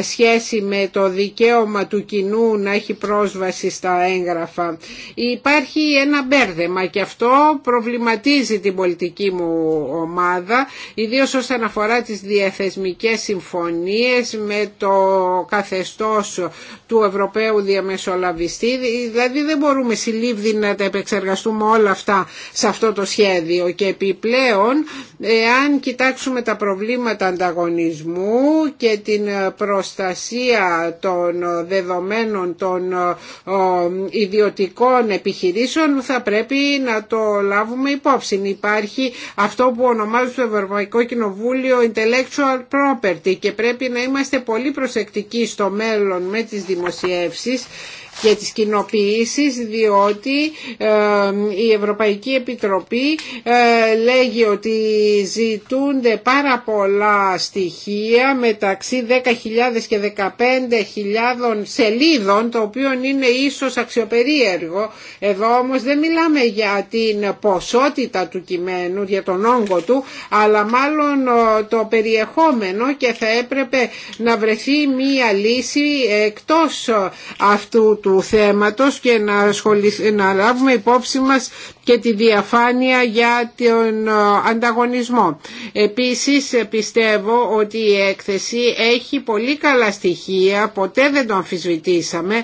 Speaker 4: σχέση με το δικαίωμα του κοινού να έχει πρόσβαση στα έγγραφα. Υπάρχει ένα μπέρδεμα και αυτό προβληματίζει την πολιτική μου ομάδα, ιδίως όσον αφορά τις διαθεσμικές συμφωνίες με το καθεστώς του Ευρωπαίου Ευρωπαίου διαμεσολαβιστή, δηλαδή δεν μπορούμε συλλήβδη να τα επεξεργαστούμε όλα αυτά σε αυτό το σχέδιο και επιπλέον αν κοιτάξουμε τα προβλήματα ανταγωνισμού και την προστασία των δεδομένων των ιδιωτικών επιχειρήσεων θα πρέπει να το λάβουμε υπόψη. Υπάρχει αυτό που ονομάζουμε στο Ευρωπαϊκό Κοινοβούλιο intellectual property και πρέπει να είμαστε πολύ προσεκτικοί στο μέλλον με τις δημοσιεύσεις διαβούλευσης για τις κοινοποιήσεις διότι ε, η Ευρωπαϊκή Επιτροπή ε, λέγει ότι ζητούνται πάρα πολλά στοιχεία μεταξύ 10.000 και 15.000 σελίδων το οποίο είναι ίσως αξιοπερίεργο. Εδώ όμως δεν μιλάμε για την ποσότητα του κειμένου, για τον όγκο του, αλλά μάλλον ε, το περιεχόμενο και θα έπρεπε να βρεθεί μία λύση εκτός αυτού του του θέματος και να, να λάβουμε υπόψη μας και τη διαφάνεια για τον ε, ανταγωνισμό. Επίσης πιστεύω ότι η έκθεση έχει πολύ καλά στοιχεία, ποτέ δεν το αμφισβητήσαμε,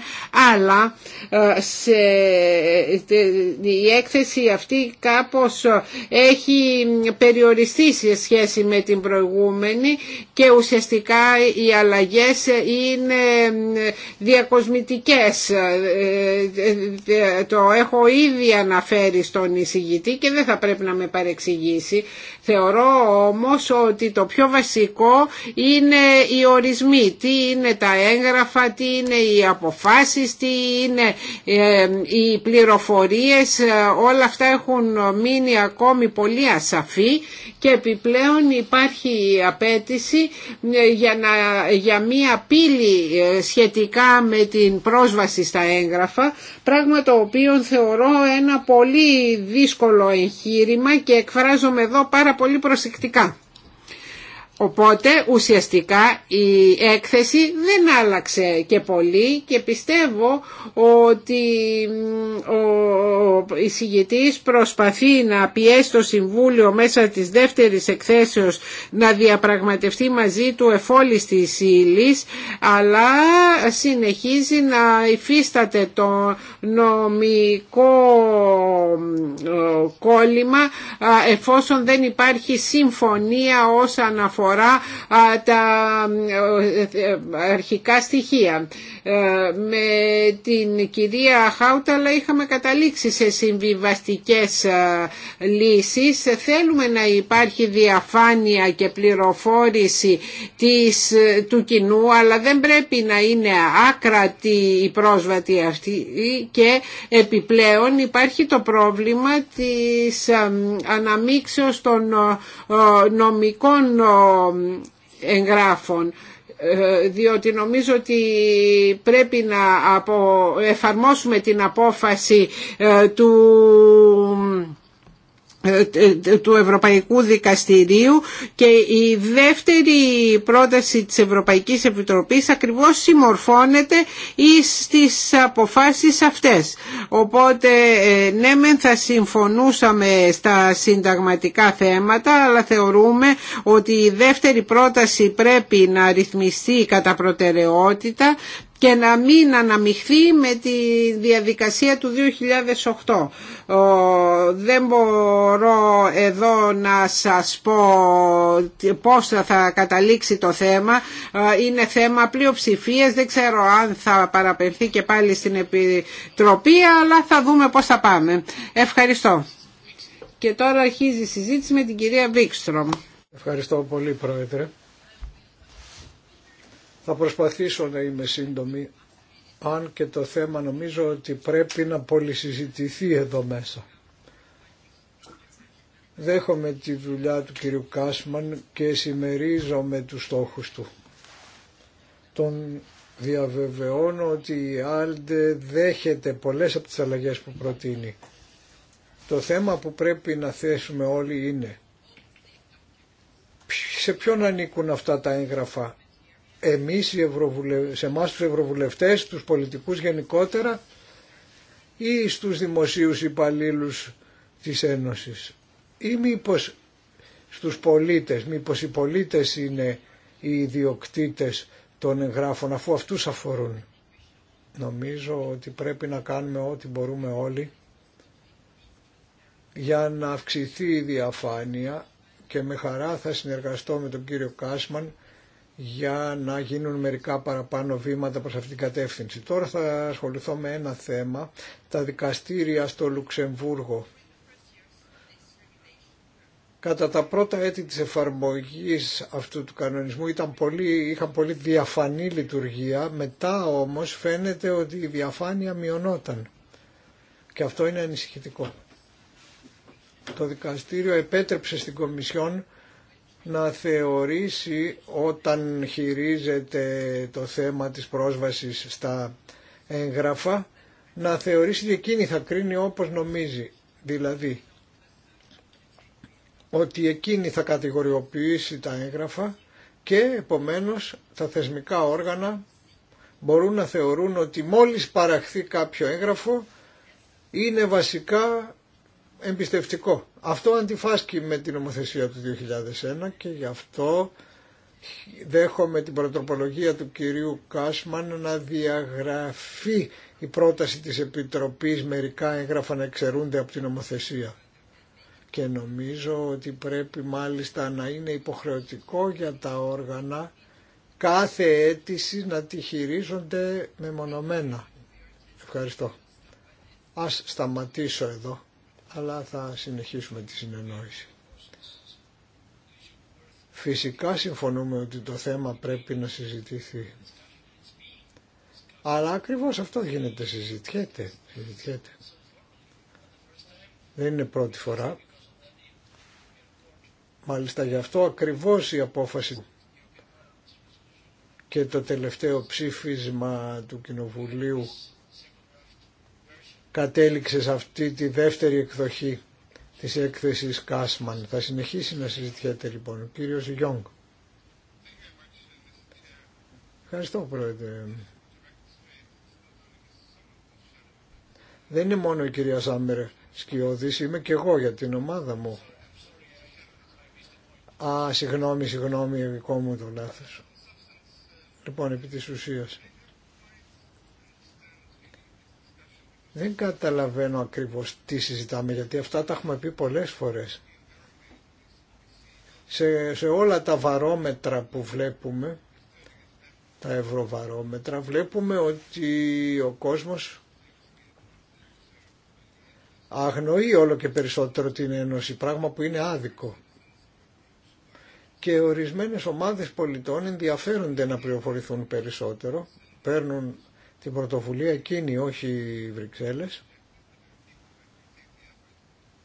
Speaker 4: αλλά ε, σε, η έκθεση αυτή κάπως ε, έχει περιοριστεί σε σχέση με την προηγούμενη και ουσιαστικά οι αλλαγές είναι διακοσμητικές. Το έχω ήδη αναφέρει στο στον εισηγητή και δεν θα πρέπει να με παρεξηγήσει. Θεωρώ όμως ότι το πιο βασικό είναι οι ορισμοί. Τι είναι τα έγγραφα, τι είναι οι αποφάσεις, τι είναι οι πληροφορίες. Όλα αυτά έχουν μείνει ακόμη πολύ ασαφή και επιπλέον υπάρχει απέτηση για, να, για μία πύλη ε, σχετικά με την πρόσβαση στα έγγραφα, πράγμα το οποίο θεωρώ ένα πολύ δύσκολο εγχείρημα και εκφράζομαι εδώ πάρα πολύ προσεκτικά. Οπότε ουσιαστικά η έκθεση δεν άλλαξε και πολύ και πιστεύω ότι ο εισηγητής προσπαθεί να πιέσει το Συμβούλιο μέσα της δεύτερης εκθέσεως να διαπραγματευτεί μαζί του εφόλης της ύλης αλλά συνεχίζει να υφίσταται το νομικό κόλλημα εφόσον δεν υπάρχει συμφωνία όσα αναφορά τα ε, ε, αρχικά στοιχεία. Ε, με την κυρία Χάουταλα είχαμε καταλήξει σε συμβιβαστικές λύσεις. Θέλουμε να υπάρχει διαφάνεια και πληροφόρηση της, του κοινού, αλλά δεν πρέπει να είναι άκρατη η πρόσβατη αυτή και επιπλέον υπάρχει το πρόβλημα της αναμίξεως των νομικών εγγράφων ε, διότι νομίζω ότι πρέπει να εφαρμόσουμε την απόφαση ε, του ε, ε, ε, του Ευρωπαϊκού Δικαστηρίου και η δεύτερη πρόταση της Ευρωπαϊκής Επιτροπής ακριβώς συμμορφώνεται στις αποφάσεις αυτές. Οπότε ναι μεν θα συμφωνούσαμε στα συνταγματικά θέματα αλλά θεωρούμε ότι η δεύτερη πρόταση πρέπει να ρυθμιστεί κατά προτεραιότητα και να μην αναμειχθεί με τη διαδικασία του 2008. Δεν μπορώ εδώ να σας πω πώς θα καταλήξει το θέμα. Είναι θέμα πλειοψηφίας, δεν ξέρω αν θα παραπευθεί και πάλι στην Επιτροπή, αλλά θα δούμε πώς θα πάμε. Ευχαριστώ. Και τώρα αρχίζει η συζήτηση με την κυρία Βίξτρομ. Ευχαριστώ πολύ Πρόεδρε.
Speaker 3: Θα προσπαθήσω να είμαι σύντομη, αν και το θέμα νομίζω ότι πρέπει να πολυσυζητηθεί εδώ μέσα. Δέχομαι τη δουλειά του κυρίου Κάσμαν και συμμερίζομαι τους στόχους του. Τον διαβεβαιώνω ότι η Άλντε δέχεται πολλές από τις αλλαγές που προτείνει. Το θέμα που πρέπει να θέσουμε όλοι είναι σε ποιον ανήκουν αυτά τα έγγραφα εμείς οι σε εμάς τους ευρωβουλευτές, τους πολιτικούς γενικότερα ή στους δημοσίους υπαλλήλου της Ένωσης ή μήπως στους πολίτες, μήπως οι πολίτες είναι οι ιδιοκτήτες των εγγράφων αφού αυτούς αφορούν. Νομίζω ότι πρέπει να κάνουμε ό,τι μπορούμε όλοι για να αυξηθεί η διαφάνεια και με χαρά θα συνεργαστώ με τον κύριο Κάσμαν για να γίνουν μερικά παραπάνω βήματα προς αυτήν την κατεύθυνση. Τώρα θα ασχοληθώ με ένα θέμα, τα δικαστήρια στο Λουξεμβούργο. Κατά τα πρώτα έτη της εφαρμογής αυτού του κανονισμού ήταν πολύ, είχαν πολύ διαφανή λειτουργία, μετά όμως φαίνεται ότι η διαφάνεια μειωνόταν. Και αυτό είναι ανησυχητικό. Το δικαστήριο επέτρεψε στην Κομισιόν να θεωρήσει όταν χειρίζεται το θέμα της πρόσβασης στα έγγραφα, να θεωρήσει ότι εκείνη θα κρίνει όπως νομίζει. Δηλαδή, ότι εκείνη θα κατηγοριοποιήσει τα έγγραφα και επομένως τα θεσμικά όργανα μπορούν να θεωρούν ότι μόλις παραχθεί κάποιο έγγραφο είναι βασικά εμπιστευτικό. Αυτό αντιφάσκει με την νομοθεσία του 2001 και γι' αυτό δέχομαι την προτροπολογία του κυρίου Κάσμαν να διαγραφεί η πρόταση της Επιτροπής μερικά έγγραφα να εξαιρούνται από την νομοθεσία. Και νομίζω ότι πρέπει μάλιστα να είναι υποχρεωτικό για τα όργανα κάθε αίτηση να τη χειρίζονται μεμονωμένα. Ευχαριστώ. Ας σταματήσω εδώ αλλά θα συνεχίσουμε τη συνεννόηση. Φυσικά συμφωνούμε ότι το θέμα πρέπει να συζητηθεί. Αλλά ακριβώς αυτό γίνεται, συζητιέται, συζητιέται. Δεν είναι πρώτη φορά. Μάλιστα γι' αυτό ακριβώς η απόφαση και το τελευταίο ψήφισμα του Κοινοβουλίου κατέληξε σε αυτή τη δεύτερη εκδοχή της έκθεσης Κάσμαν. Θα συνεχίσει να συζητιέται λοιπόν ο κύριος Γιόγκ. Ευχαριστώ πρόεδρε. Δεν είναι μόνο η κυρία Σάμερ σκιώδης, είμαι και εγώ για την ομάδα μου. Α, συγγνώμη, συγγνώμη, δικό μου το λάθος. Λοιπόν, επί της ουσίας. Δεν καταλαβαίνω ακριβώς τι συζητάμε γιατί αυτά τα έχουμε πει πολλές φορές. Σε, όλα τα βαρόμετρα που βλέπουμε, τα ευρωβαρόμετρα, βλέπουμε ότι ο κόσμος αγνοεί όλο και περισσότερο την Ένωση, πράγμα που είναι άδικο. Και ορισμένες ομάδες πολιτών ενδιαφέρονται να πληροφορηθούν περισσότερο, παίρνουν την πρωτοβουλία εκείνη, όχι οι Βρυξέλλες,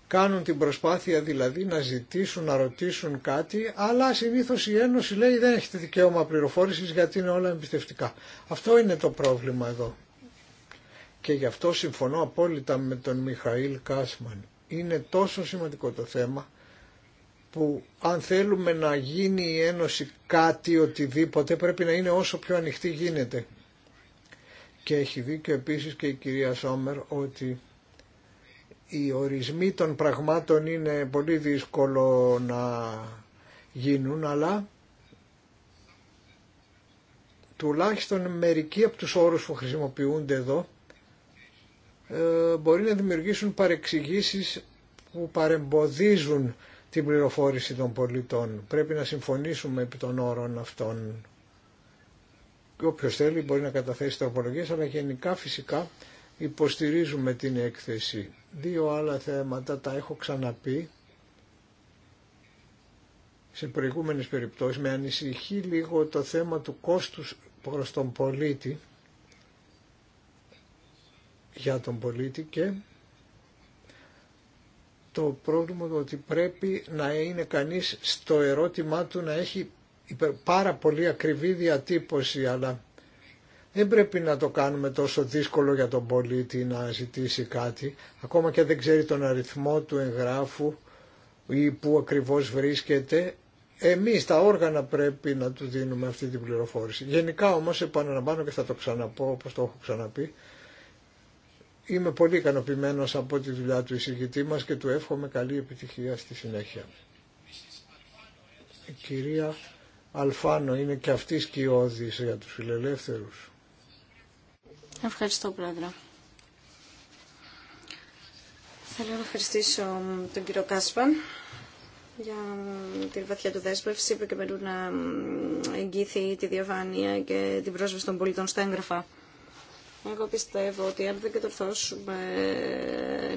Speaker 3: κάνουν την προσπάθεια δηλαδή να ζητήσουν, να ρωτήσουν κάτι, αλλά συνήθως η Ένωση λέει δεν έχετε δικαίωμα πληροφόρησης γιατί είναι όλα εμπιστευτικά. Αυτό είναι το πρόβλημα εδώ. Και γι' αυτό συμφωνώ απόλυτα με τον Μιχαήλ Κάσμαν. Είναι τόσο σημαντικό το θέμα που αν θέλουμε να γίνει η Ένωση κάτι, οτιδήποτε, πρέπει να είναι όσο πιο ανοιχτή γίνεται. Και έχει δίκιο επίσης και η κυρία Σόμερ ότι οι ορισμοί των πραγμάτων είναι πολύ δύσκολο να γίνουν, αλλά τουλάχιστον μερικοί από τους όρους που χρησιμοποιούνται εδώ ε, μπορεί να δημιουργήσουν παρεξηγήσεις που παρεμποδίζουν την πληροφόρηση των πολιτών. Πρέπει να συμφωνήσουμε επί των όρων αυτών όποιο θέλει μπορεί να καταθέσει τροπολογίες, αλλά γενικά φυσικά υποστηρίζουμε την έκθεση. Δύο άλλα θέματα τα έχω ξαναπεί σε προηγούμενες περιπτώσεις. Με ανησυχεί λίγο το θέμα του κόστους προς τον πολίτη, για τον πολίτη και το πρόβλημα ότι πρέπει να είναι κανείς στο ερώτημά του να έχει πάρα πολύ ακριβή διατύπωση αλλά δεν πρέπει να το κάνουμε τόσο δύσκολο για τον πολίτη να ζητήσει κάτι ακόμα και δεν ξέρει τον αριθμό του εγγράφου ή που ακριβώς βρίσκεται εμείς τα όργανα πρέπει να του δίνουμε αυτή την πληροφόρηση. Γενικά όμως επαναλαμβάνω και θα το ξαναπώ όπως το έχω ξαναπεί είμαι πολύ ικανοποιημένο από τη δουλειά του εισηγητή μας και του εύχομαι καλή επιτυχία στη συνέχεια. κυρία Αλφάνο είναι και αυτή σκιώδη για τους φιλελεύθερους.
Speaker 1: Ευχαριστώ πρόεδρε. Θέλω να ευχαριστήσω τον κύριο Κάσπαν για τη βαθιά του δέσπευση που και να εγγύθει τη διαφάνεια και την πρόσβαση των πολιτών στα έγγραφα. Εγώ πιστεύω ότι αν δεν κατορθώσουμε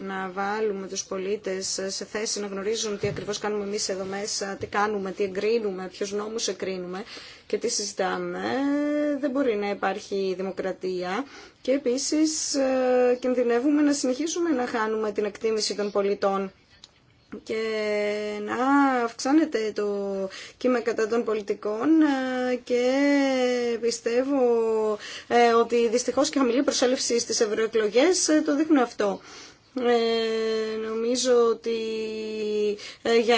Speaker 1: να βάλουμε τους πολίτες σε θέση να γνωρίζουν τι ακριβώς κάνουμε εμείς εδώ μέσα, τι κάνουμε, τι εγκρίνουμε, ποιους νόμους εγκρίνουμε και τι συζητάμε, δεν μπορεί να υπάρχει δημοκρατία και επίσης ε, κινδυνεύουμε να συνεχίσουμε να χάνουμε την εκτίμηση των πολιτών και να αυξάνεται το κύμα κατά των πολιτικών ε, και πιστεύω ε, ότι δυστυχώς και η χαμηλή προσέλευση στις ευρωεκλογές ε, το δείχνουν αυτό. Ε, νομίζω ότι ε, για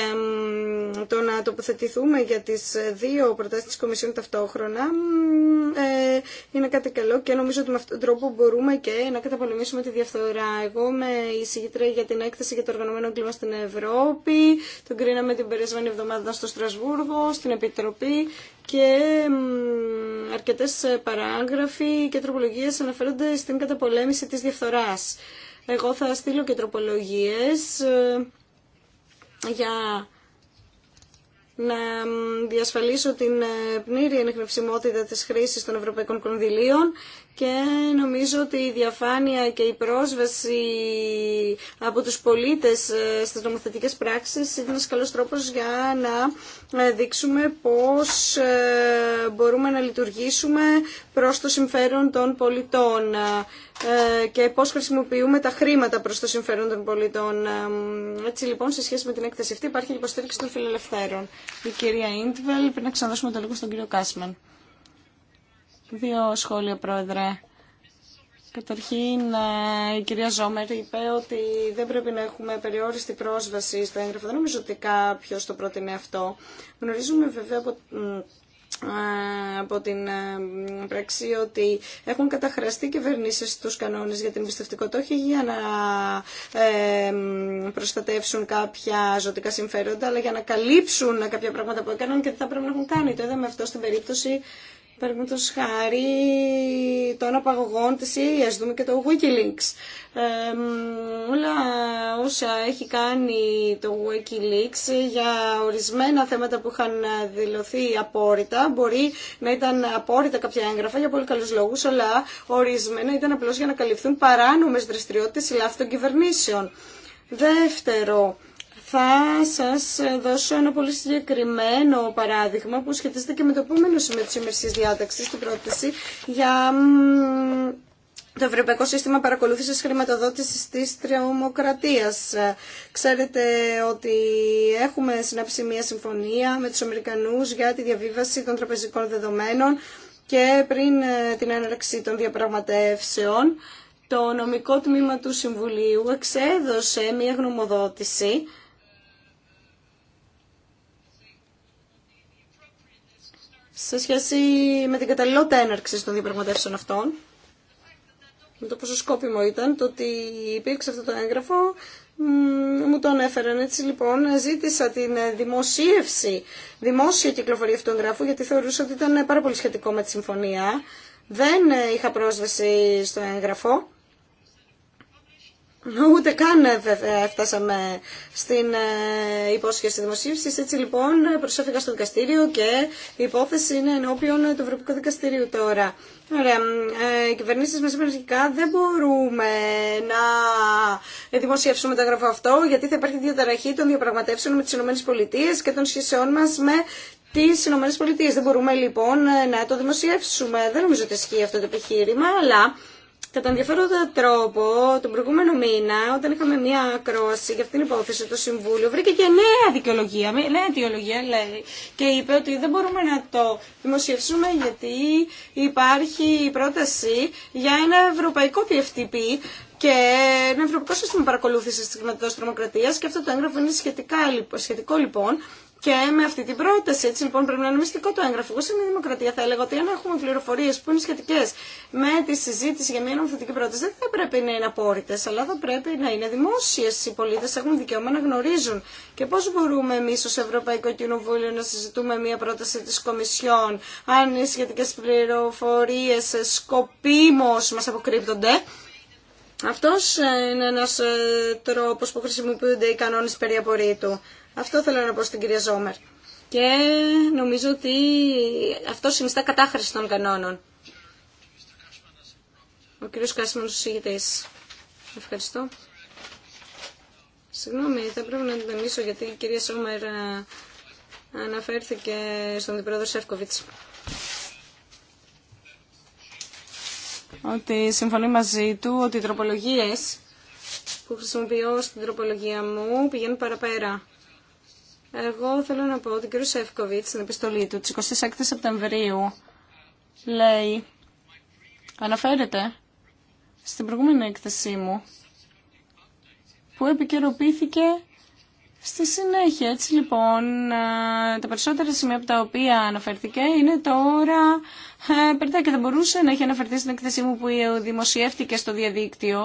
Speaker 1: το να τοποθετηθούμε για τις δύο προτάσεις της Κομισιόν ταυτόχρονα ε, είναι κάτι καλό και νομίζω ότι με αυτόν τον τρόπο μπορούμε και να καταπολεμήσουμε τη διαφθορά. Εγώ είμαι η για την έκθεση για το οργανωμένο κλίμα στην Ευρώπη. Τον κρίναμε την περασμένη εβδομάδα στο Στρασβούργο, στην Επιτροπή και αρκετές παράγραφοι και τροπολογίες αναφέρονται στην καταπολέμηση της διαφθοράς. Εγώ θα στείλω και τροπολογίες ε, για να διασφαλίσω την ε, πνήρη ενεχνευσιμότητα της χρήσης των ευρωπαϊκών κονδυλίων και νομίζω ότι η διαφάνεια και η πρόσβαση από τους πολίτες ε, στις νομοθετικές πράξεις είναι ένας καλός τρόπος για να ε, δείξουμε πώς ε, μπορούμε να λειτουργήσουμε προς το συμφέρον των πολιτών και πώς χρησιμοποιούμε τα χρήματα προς το συμφέρον των πολιτών. Έτσι λοιπόν, σε σχέση με την έκθεση αυτή υπάρχει η λοιπόν υποστήριξη των φιλελευθέρων. Η κυρία Ίντβελ, πριν να ξαναδώσουμε το λόγο στον κύριο Κάσμαν. Δύο σχόλια, Πρόεδρε. Καταρχήν, ε, η κυρία Ζόμερ είπε ότι δεν πρέπει να έχουμε περιόριστη πρόσβαση στα έγγραφα. Δεν νομίζω ότι κάποιο το πρότεινε αυτό. Γνωρίζουμε βέβαια από ε, από την ε, πράξη ότι έχουν καταχραστεί κυβερνήσει τους κανόνες για την πιστευτικότητα όχι για να προστατεύσουν κάποια ζωτικά συμφέροντα αλλά για να καλύψουν κάποια πράγματα που έκαναν και τι θα πρέπει να έχουν κάνει. Το είδαμε αυτό στην περίπτωση Παραδείγματο χάρη των απαγωγών τη Συρίας, δούμε και το Wikileaks. Ε, όλα όσα έχει κάνει το Wikileaks για ορισμένα θέματα που είχαν δηλωθεί απόρριτα, μπορεί να ήταν απόρριτα κάποια έγγραφα για πολύ καλου λόγου, αλλά ορισμένα ήταν απλώ για να καλυφθούν παράνομες δραστηριότητες λάθη των κυβερνήσεων. Δεύτερο, θα σας δώσω ένα πολύ συγκεκριμένο παράδειγμα που σχετίζεται και με το επόμενο σημείο της ημερησίας διάταξης, την πρόταση για το Ευρωπαϊκό Σύστημα Παρακολούθησης Χρηματοδότησης της Τρομοκρατίας. Ξέρετε ότι έχουμε συνάψει μια συμφωνία με τους Αμερικανούς για τη διαβίβαση των τραπεζικών δεδομένων και πριν ε, την έναρξη των διαπραγματεύσεων, το νομικό τμήμα του Συμβουλίου εξέδωσε μια γνωμοδότηση σε σχέση με την καταλληλότητα έναρξης των διαπραγματεύσεων αυτών. Με το πόσο σκόπιμο ήταν το ότι υπήρξε αυτό το έγγραφο, μου τον έφεραν. Έτσι λοιπόν ζήτησα την δημοσίευση, δημόσια κυκλοφορία αυτού του εγγράφου, γιατί θεωρούσα ότι ήταν πάρα πολύ σχετικό με τη συμφωνία. Δεν ε, είχα πρόσβαση στο έγγραφο. Ούτε καν ε, ε, έφτασαμε στην ε, υπόσχεση δημοσίευση. Έτσι λοιπόν προσέφηκα στο δικαστήριο και η υπόθεση είναι ενώπιον του Ευρωπαϊκού Δικαστηρίου τώρα. Ωραία. Οι κυβερνήσει μα είπαν αρχικά δεν μπορούμε να δημοσιεύσουμε το έγγραφο αυτό γιατί θα υπάρχει διαταραχή των διαπραγματεύσεων με τι ΗΠΑ και των σχέσεών μα με τι ΗΠΑ. Δεν μπορούμε λοιπόν να το δημοσιεύσουμε. Δεν νομίζω ότι ισχύει αυτό το επιχείρημα, αλλά Κατά ενδιαφέροντα τρόπο, τον προηγούμενο μήνα, όταν είχαμε μία ακρόαση για αυτήν την υπόθεση, το Συμβούλιο βρήκε και νέα δικαιολογία, νέα δικαιολογία λέει, και είπε ότι δεν μπορούμε να το δημοσιεύσουμε γιατί υπάρχει πρόταση για ένα ευρωπαϊκό PFTP και ένα ευρωπαϊκό σύστημα παρακολούθηση τη χρηματοδότηση τρομοκρατία και αυτό το έγγραφο είναι σχετικό λοιπόν και με αυτή την πρόταση. Έτσι λοιπόν πρέπει να είναι μυστικό το έγγραφο. Εγώ σαν δημοκρατία θα έλεγα ότι αν έχουμε πληροφορίε που είναι σχετικέ με τη συζήτηση για μια νομοθετική πρόταση, δεν θα πρέπει να είναι απόρριτε, αλλά θα πρέπει να είναι δημόσιε. Οι πολίτε έχουν δικαίωμα να γνωρίζουν. Και πώ μπορούμε εμεί ω Ευρωπαϊκό Κοινοβούλιο να συζητούμε μια πρόταση τη Κομισιόν, αν οι σχετικέ πληροφορίε σκοπίμω μα αποκρύπτονται. Αυτό ε, είναι ένα ε, τρόπο που χρησιμοποιούνται οι κανόνε περί απορρίτου. Αυτό θέλω να πω στην κυρία Ζόμερ. Και νομίζω ότι αυτό συνιστά κατάχρηση των κανόνων. Ο κύριος Κάσμανος, ο συγητής. Ευχαριστώ. Συγγνώμη, θα πρέπει να την τονίσω γιατί η κυρία Σόμερ ε, αναφέρθηκε στον διπρόεδρο Σεύκοβιτς. Ότι συμφωνεί μαζί του ότι οι τροπολογίες που χρησιμοποιώ στην τροπολογία μου πηγαίνουν παραπέρα εγώ θέλω να πω ότι ο κ. Σεύκοβιτ στην επιστολή του τη 26 Σεπτεμβρίου λέει, αναφέρεται στην προηγούμενη έκθεσή μου που επικαιροποιήθηκε Στη συνέχεια, έτσι λοιπόν, τα περισσότερα σημεία από τα οποία αναφερθήκε είναι τώρα ε, περτά και θα μπορούσε να έχει αναφερθεί στην εκθεσή μου που δημοσιεύτηκε στο διαδίκτυο.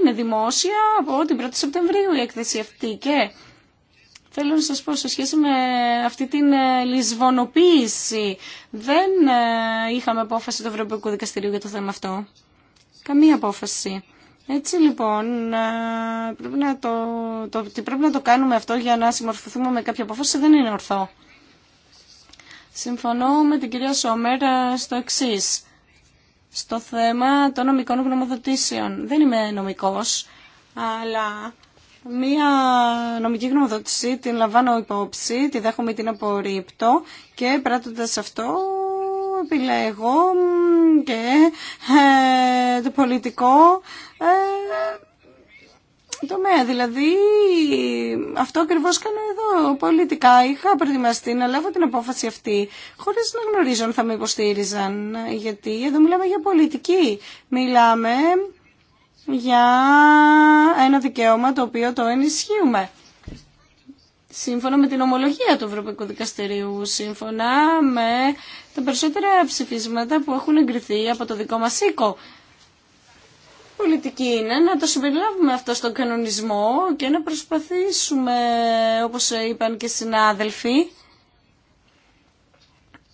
Speaker 1: Είναι δημόσια από την 1η Σεπτεμβρίου η έκθεση αυτή και Θέλω να σας πω, σε σχέση με αυτή την ε, λησβονοποίηση, δεν ε, είχαμε απόφαση του Ευρωπαϊκού Δικαστηρίου για το θέμα αυτό. Καμία απόφαση. Έτσι λοιπόν, ε, πρέπει το, το, πρέπει να το κάνουμε αυτό για να συμμορφωθούμε με κάποια απόφαση δεν είναι ορθό. Συμφωνώ με την κυρία Σομέρα στο εξή. Στο θέμα των νομικών γνωμοδοτήσεων. Δεν είμαι νομικός, αλλά Μία νομική γνωμοδότηση την λαμβάνω υπόψη, τη δέχομαι την απορρίπτω και πράττοντας αυτό επιλέγω και ε, το πολιτικό ε, τομέα. Δηλαδή αυτό ακριβώ κάνω εδώ πολιτικά. Είχα προετοιμαστεί να λάβω την απόφαση αυτή χωρίς να γνωρίζω αν θα με υποστήριζαν γιατί εδώ μιλάμε για πολιτική. Μιλάμε για ένα δικαίωμα το οποίο το ενισχύουμε. Σύμφωνα με την ομολογία του Ευρωπαϊκού Δικαστηρίου, σύμφωνα με τα περισσότερα ψηφίσματα που έχουν εγκριθεί από το δικό μας οίκο. Πολιτική είναι να το συμπεριλάβουμε αυτό στον κανονισμό και να προσπαθήσουμε, όπως είπαν και συνάδελφοι,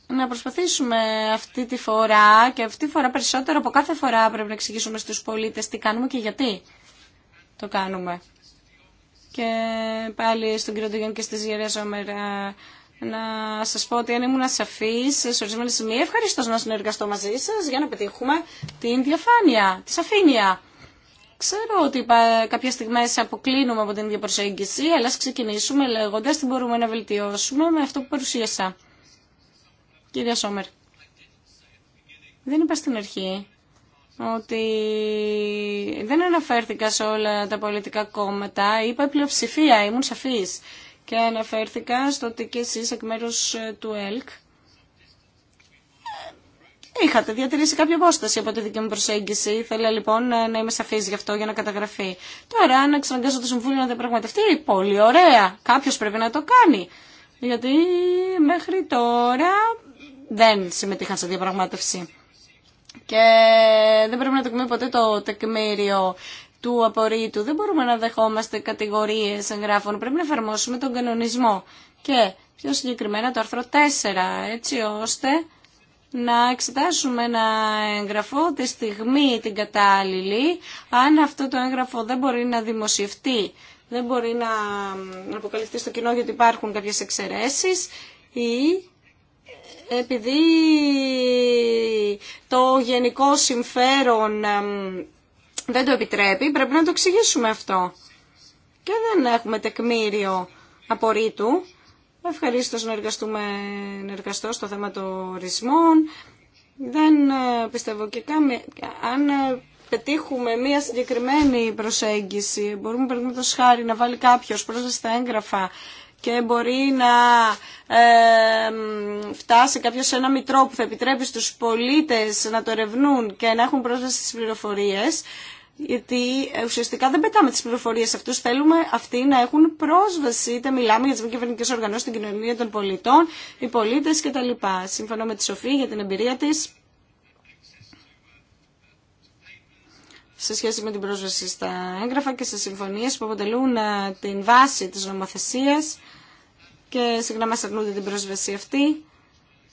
Speaker 1: να προσπαθήσουμε αυτή τη φορά και αυτή τη φορά περισσότερο από κάθε φορά πρέπει να εξηγήσουμε στους πολίτες τι κάνουμε και γιατί το κάνουμε. Και πάλι στον κύριο Ντογιόν και στις Γερές να σας πω ότι αν ήμουν σαφή σε ορισμένα σημεία ευχαριστώ να συνεργαστώ μαζί σας για να πετύχουμε την διαφάνεια, τη σαφήνεια. Ξέρω ότι κάποια στιγμέ αποκλίνουμε από την ίδια προσέγγιση, αλλά ας ξεκινήσουμε λέγοντας τι μπορούμε να βελτιώσουμε με αυτό που παρουσίασα. Κυρία Σόμερ, δεν είπα στην αρχή ότι δεν αναφέρθηκα σε όλα τα πολιτικά κόμματα, είπα πλειοψηφία, ήμουν σαφής. Και αναφέρθηκα στο ότι και εσείς εκ μέρους ε, του ΕΛΚ ε, είχατε διατηρήσει κάποια απόσταση από τη δική μου προσέγγιση. Ήθελα λοιπόν ε, να είμαι σαφής γι' αυτό για να καταγραφεί. Τώρα, αν εξαναγκάζω το Συμβούλιο να διαπραγματευτεί, πολύ ωραία. Κάποιος πρέπει να το κάνει. Γιατί μέχρι τώρα δεν συμμετείχαν σε διαπραγμάτευση. Και δεν πρέπει να το ποτέ το τεκμήριο του απορρίτου. Δεν μπορούμε να δεχόμαστε κατηγορίες εγγράφων. Πρέπει να εφαρμόσουμε τον κανονισμό. Και πιο συγκεκριμένα το άρθρο 4, έτσι ώστε να εξετάσουμε ένα εγγραφό τη στιγμή την κατάλληλη, αν αυτό το έγγραφο δεν μπορεί να δημοσιευτεί, δεν μπορεί να αποκαλυφθεί στο κοινό γιατί υπάρχουν κάποιες εξαιρέσεις ή επειδή το γενικό συμφέρον δεν το επιτρέπει, πρέπει να το εξηγήσουμε αυτό. Και δεν έχουμε τεκμήριο απορρίτου. Ευχαρίστως να, εργαστούμε, να εργαστώ στο θέμα των ορισμών. Δεν ε, πιστεύω και κάμε, αν ε, πετύχουμε μία συγκεκριμένη προσέγγιση, μπορούμε το χάρη να βάλει κάποιος πρόσβαση στα έγγραφα και μπορεί να ε, φτάσει κάποιος σε ένα μητρό που θα επιτρέπει στους πολίτες να το ερευνούν και να έχουν πρόσβαση στις πληροφορίες γιατί ε, ουσιαστικά δεν πετάμε τις πληροφορίες αυτού. Θέλουμε αυτοί να έχουν πρόσβαση, είτε μιλάμε για τις μη κυβερνητικέ την κοινωνία των πολιτών, οι πολίτες κτλ. Σύμφωνα με τη Σοφία για την εμπειρία της... σε σχέση με την πρόσβαση στα έγγραφα και σε συμφωνίες που αποτελούν ε, την βάση της νομοθεσίας και συχνά μας αρνούνται την πρόσβαση αυτή.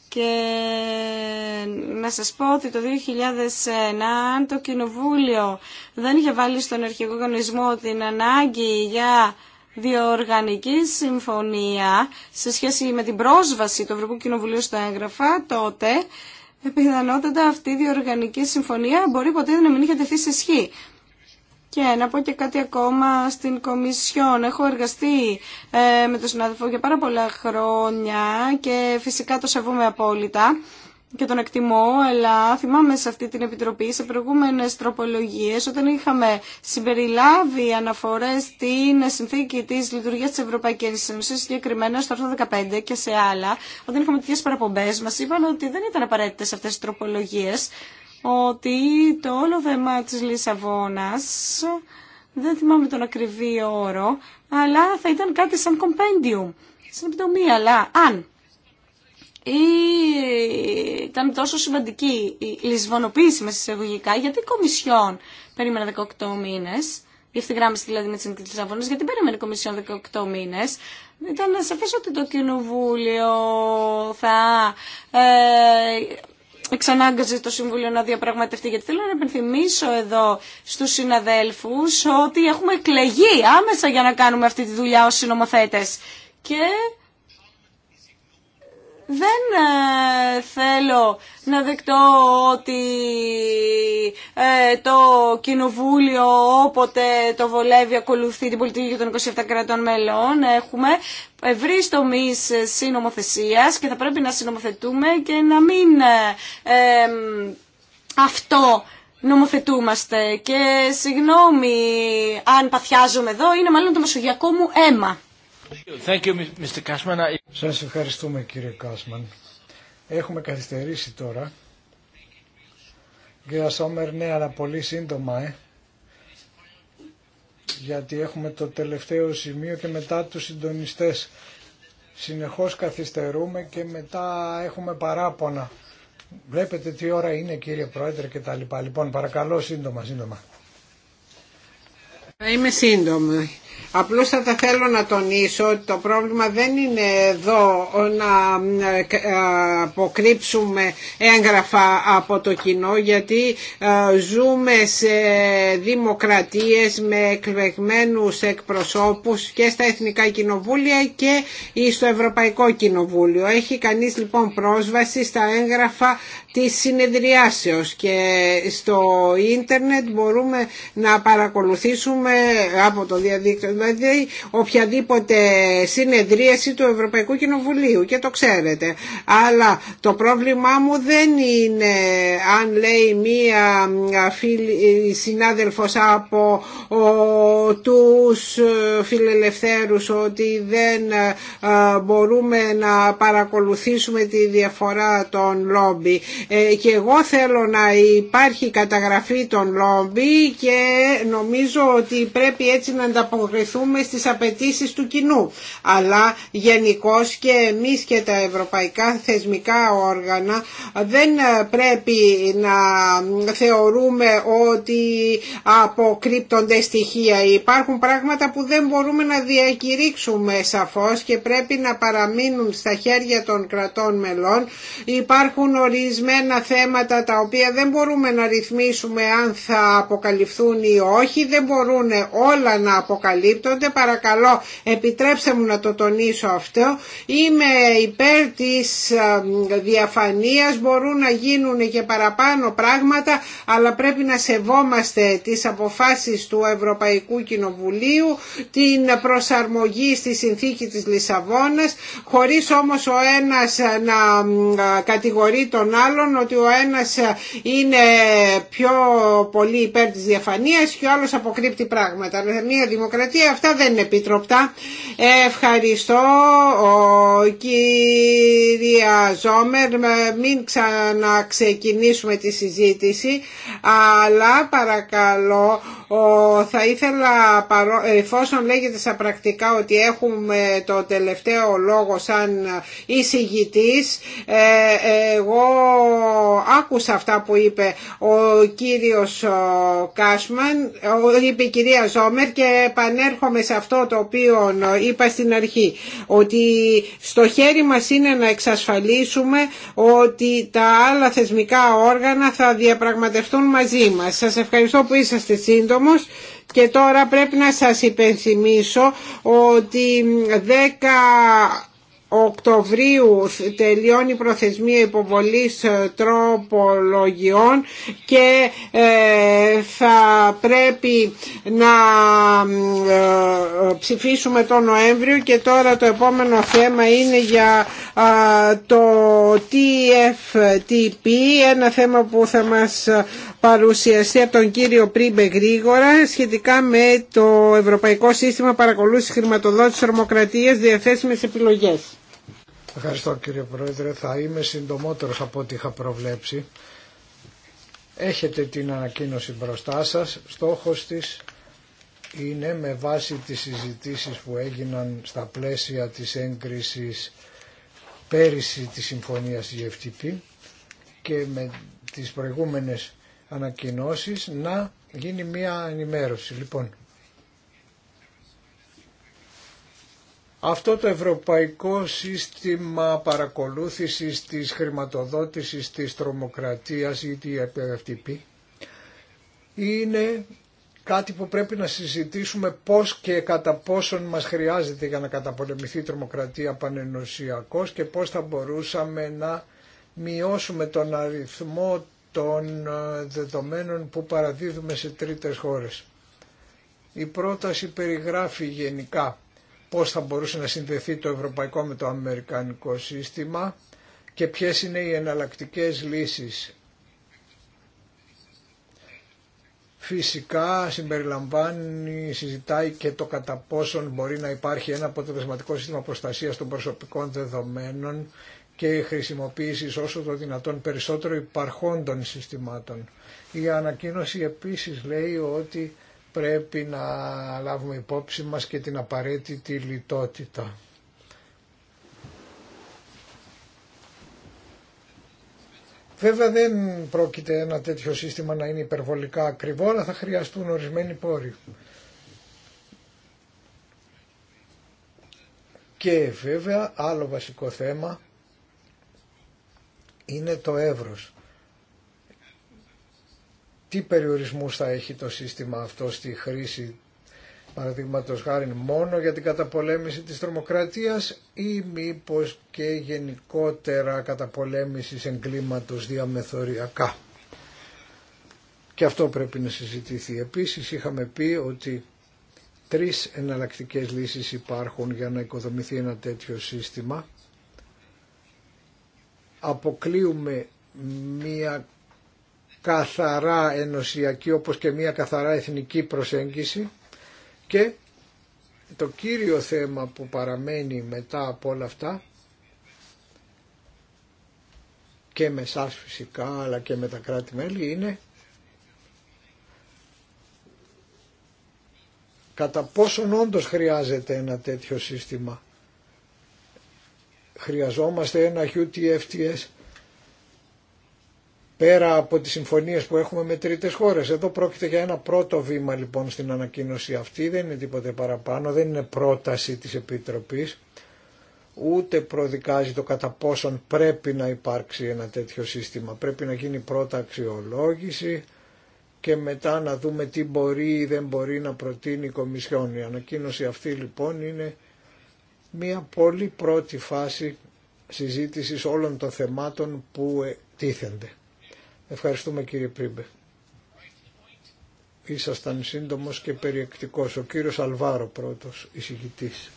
Speaker 1: Και να σας πω ότι το 2001 αν το Κοινοβούλιο δεν είχε βάλει στον αρχικό κανονισμό την ανάγκη για διοργανική συμφωνία σε σχέση με την πρόσβαση του Ευρωπαϊκού Κοινοβουλίου στα έγγραφα, τότε πιθανότατα αυτή η διοργανική συμφωνία μπορεί ποτέ να μην είχε τεθεί σε ισχύ. Και να πω και κάτι ακόμα στην Κομισιόν. Έχω εργαστεί ε, με τον συνάδελφο για πάρα πολλά χρόνια και φυσικά το σεβούμε απόλυτα και τον εκτιμώ, αλλά θυμάμαι σε αυτή την επιτροπή, σε προηγούμενες τροπολογίες, όταν είχαμε συμπεριλάβει αναφορέ στην συνθήκη τη λειτουργίας τη Ευρωπαϊκής Ένωση, συγκεκριμένα στο άρθρο 15 και σε άλλα, όταν είχαμε τέτοιε παραπομπέ, μα είπαν ότι δεν ήταν απαραίτητες αυτές οι τροπολογίες, ότι το όλο θέμα τη Λισαβόνα. δεν θυμάμαι τον ακριβή όρο, αλλά θα ήταν κάτι σαν κομπέντιουμ. σαν επιτομή, αλλά αν ή ήταν τόσο σημαντική η λησβονοποίηση μέσα εισαγωγικά, γιατί η Κομισιόν περίμενε 18 μήνες, η ευθυγράμμιση δηλαδή με τη συνθήκη τη γιατί περίμενε η Κομισιόν 18 μήνε. Ήταν σαφέ ότι το Κοινοβούλιο θα ε, εξανάγκαζε το Συμβούλιο να διαπραγματευτεί. Γιατί θέλω να επενθυμίσω εδώ στους συναδέλφους ότι έχουμε εκλεγεί άμεσα για να κάνουμε αυτή τη δουλειά ως συνομοθέτες. Και δεν ε, θέλω να δεκτώ ότι ε, το κοινοβούλιο όποτε το βολεύει ακολουθεί την πολιτική των 27 κρατών μελών. Έχουμε ευρύ τομεί συνομοθεσία και θα πρέπει να συνομοθετούμε και να μην ε, αυτό νομοθετούμαστε. Και συγγνώμη αν παθιάζομαι εδώ, είναι μάλλον το μεσογειακό μου αίμα.
Speaker 2: Thank
Speaker 3: Σας ευχαριστούμε κύριε Κάσμαν. Έχουμε καθυστερήσει τώρα. Κύριε Σόμερ, ναι, αλλά πολύ σύντομα, ε. Γιατί έχουμε το τελευταίο σημείο και μετά τους συντονιστές. Συνεχώς καθυστερούμε και μετά έχουμε παράπονα. Βλέπετε τι ώρα είναι κύριε Πρόεδρε και τα λοιπά. Λοιπόν, παρακαλώ σύντομα, σύντομα.
Speaker 4: Είμαι σύντομα. Απλώς θα τα θέλω να τονίσω ότι το πρόβλημα δεν είναι εδώ να ε, ε, αποκρύψουμε έγγραφα από το κοινό γιατί ε, ζούμε σε δημοκρατίες με εκλεγμένους εκπροσώπους και στα Εθνικά Κοινοβούλια και στο Ευρωπαϊκό Κοινοβούλιο. Έχει κανείς λοιπόν πρόσβαση στα έγγραφα της συνεδριάσεως και στο ίντερνετ μπορούμε να παρακολουθήσουμε από το διαδίκτυο δηλαδή οποιαδήποτε συνεδρίαση του Ευρωπαϊκού Κοινοβουλίου και το ξέρετε. Αλλά το πρόβλημά μου δεν είναι αν λέει μία συνάδελφο συνάδελφος από ο, τους φιλελευθέρους ότι δεν μπορούμε να παρακολουθήσουμε τη διαφορά των λόμπι ε, και εγώ θέλω να υπάρχει καταγραφή των λόμπι και νομίζω ότι πρέπει έτσι να ανταποκριθούμε ανταποκριθούμε στις απαιτήσεις του κοινού. Αλλά γενικώ και εμείς και τα ευρωπαϊκά θεσμικά όργανα δεν πρέπει να θεωρούμε ότι αποκρύπτονται στοιχεία. Υπάρχουν πράγματα που δεν μπορούμε να διακηρύξουμε σαφώς και πρέπει να παραμείνουν στα χέρια των κρατών μελών. Υπάρχουν ορισμένα θέματα τα οποία δεν μπορούμε να ρυθμίσουμε αν θα αποκαλυφθούν ή όχι. Δεν μπορούν όλα να αποκαλυφθούν καλύπτονται. Παρακαλώ επιτρέψτε μου να το τονίσω αυτό. Είμαι υπέρ της ε, διαφανείας, μπορούν να γίνουν και παραπάνω πράγματα, αλλά πρέπει να σεβόμαστε τις αποφάσεις του Ευρωπαϊκού Κοινοβουλίου, την προσαρμογή στη συνθήκη της Λισαβόνας, χωρίς όμως ο ένας να κατηγορεί τον άλλον ότι ο ένας ε, είναι πιο πολύ υπέρ της διαφανείας και ο άλλος αποκρύπτει πράγματα. μια δημοκρατία γιατί αυτά δεν είναι επιτροπτά. Ευχαριστώ κυρία Ζόμερ. Μην ξαναξεκινήσουμε τη συζήτηση αλλά παρακαλώ θα ήθελα, εφόσον λέγεται στα πρακτικά ότι έχουμε το τελευταίο λόγο σαν εισηγητής, ε, εγώ άκουσα αυτά που είπε ο κύριος Κάσμαν, είπε η κυρία Ζόμερ και επανέρχομαι σε αυτό το οποίο είπα στην αρχή, ότι στο χέρι μας είναι να εξασφαλίσουμε ότι τα άλλα θεσμικά όργανα θα διαπραγματευτούν μαζί μας. Σας ευχαριστώ που είσαστε σύντομα και τώρα πρέπει να σας υπενθυμίσω ότι 10 Οκτωβρίου τελειώνει η προθεσμία υποβολής ε, τροπολογιών και ε, θα πρέπει να ε, ψηφίσουμε τον Νοέμβριο και τώρα το επόμενο θέμα είναι για το TFTP ένα θέμα που θα μας παρουσιαστεί από τον κύριο Πρίμπε γρήγορα σχετικά με το Ευρωπαϊκό Σύστημα Παρακολούθησης Χρηματοδότησης Ορμοκρατίας Διαθέσιμες Επιλογές.
Speaker 3: Ευχαριστώ κύριε Πρόεδρε. Θα είμαι συντομότερος από ό,τι είχα προβλέψει. Έχετε την ανακοίνωση μπροστά σας. Στόχος της είναι με βάση τις συζητήσεις που έγιναν στα πλαίσια της έγκρισης πέρυσι της συμφωνίας FTP και με τις προηγούμενες ανακοινώσεις να γίνει μια ενημέρωση. Λοιπόν, Αυτό το ευρωπαϊκό σύστημα παρακολούθησης της χρηματοδότησης της τρομοκρατίας ή τη FTP είναι κάτι που πρέπει να συζητήσουμε πώς και κατά πόσον μας χρειάζεται για να καταπολεμηθεί η τρομοκρατία πανενωσιακός και πώς θα μπορούσαμε να μειώσουμε τον αριθμό των ε, δεδομένων που παραδίδουμε σε τρίτες χώρες. Η πρόταση περιγράφει γενικά πώς θα μπορούσε να συνδεθεί το ευρωπαϊκό με το αμερικανικό σύστημα και ποιες είναι οι εναλλακτικές λύσεις. Φυσικά συμπεριλαμβάνει, συζητάει και το κατά πόσον μπορεί να υπάρχει ένα αποτελεσματικό σύστημα προστασίας των προσωπικών δεδομένων και χρησιμοποίηση όσο το δυνατόν περισσότερο υπαρχόντων συστημάτων. Η ανακοίνωση επίσης λέει ότι πρέπει να λάβουμε υπόψη μας και την απαραίτητη λιτότητα. Βέβαια δεν πρόκειται ένα τέτοιο σύστημα να είναι υπερβολικά ακριβό, αλλά θα χρειαστούν ορισμένοι πόροι. Και βέβαια άλλο βασικό θέμα είναι το εύρος τι περιορισμούς θα έχει το σύστημα αυτό στη χρήση παραδείγματος χάρη μόνο για την καταπολέμηση της τρομοκρατίας ή μήπως και γενικότερα καταπολέμησης εγκλήματος διαμεθοριακά. Και αυτό πρέπει να συζητηθεί. Επίσης είχαμε πει ότι τρεις εναλλακτικέ λύσεις υπάρχουν για να οικοδομηθεί ένα τέτοιο σύστημα. Αποκλείουμε μία καθαρά ενωσιακή όπως και μια καθαρά εθνική προσέγγιση και το κύριο θέμα που παραμένει μετά από όλα αυτά και με εσά φυσικά αλλά και με τα κράτη-μέλη είναι κατά πόσον όντως χρειάζεται ένα τέτοιο σύστημα. Χρειαζόμαστε ένα UTFTS πέρα από τις συμφωνίες που έχουμε με τρίτες χώρες. Εδώ πρόκειται για ένα πρώτο βήμα λοιπόν στην ανακοίνωση αυτή, δεν είναι τίποτε παραπάνω, δεν είναι πρόταση της Επιτροπής, ούτε προδικάζει το κατά πόσον πρέπει να υπάρξει ένα τέτοιο σύστημα. Πρέπει να γίνει πρώτα αξιολόγηση και μετά να δούμε τι μπορεί ή δεν μπορεί να προτείνει η Κομισιόν. Η ανακοίνωση αυτή λοιπόν είναι μια πολύ πρώτη φάση συζήτησης όλων των θεμάτων που ε, τίθενται. Ευχαριστούμε κύριε Πρίμπε. Ήσασταν σύντομος και περιεκτικός. Ο κύριος Αλβάρο πρώτος, εισηγητής.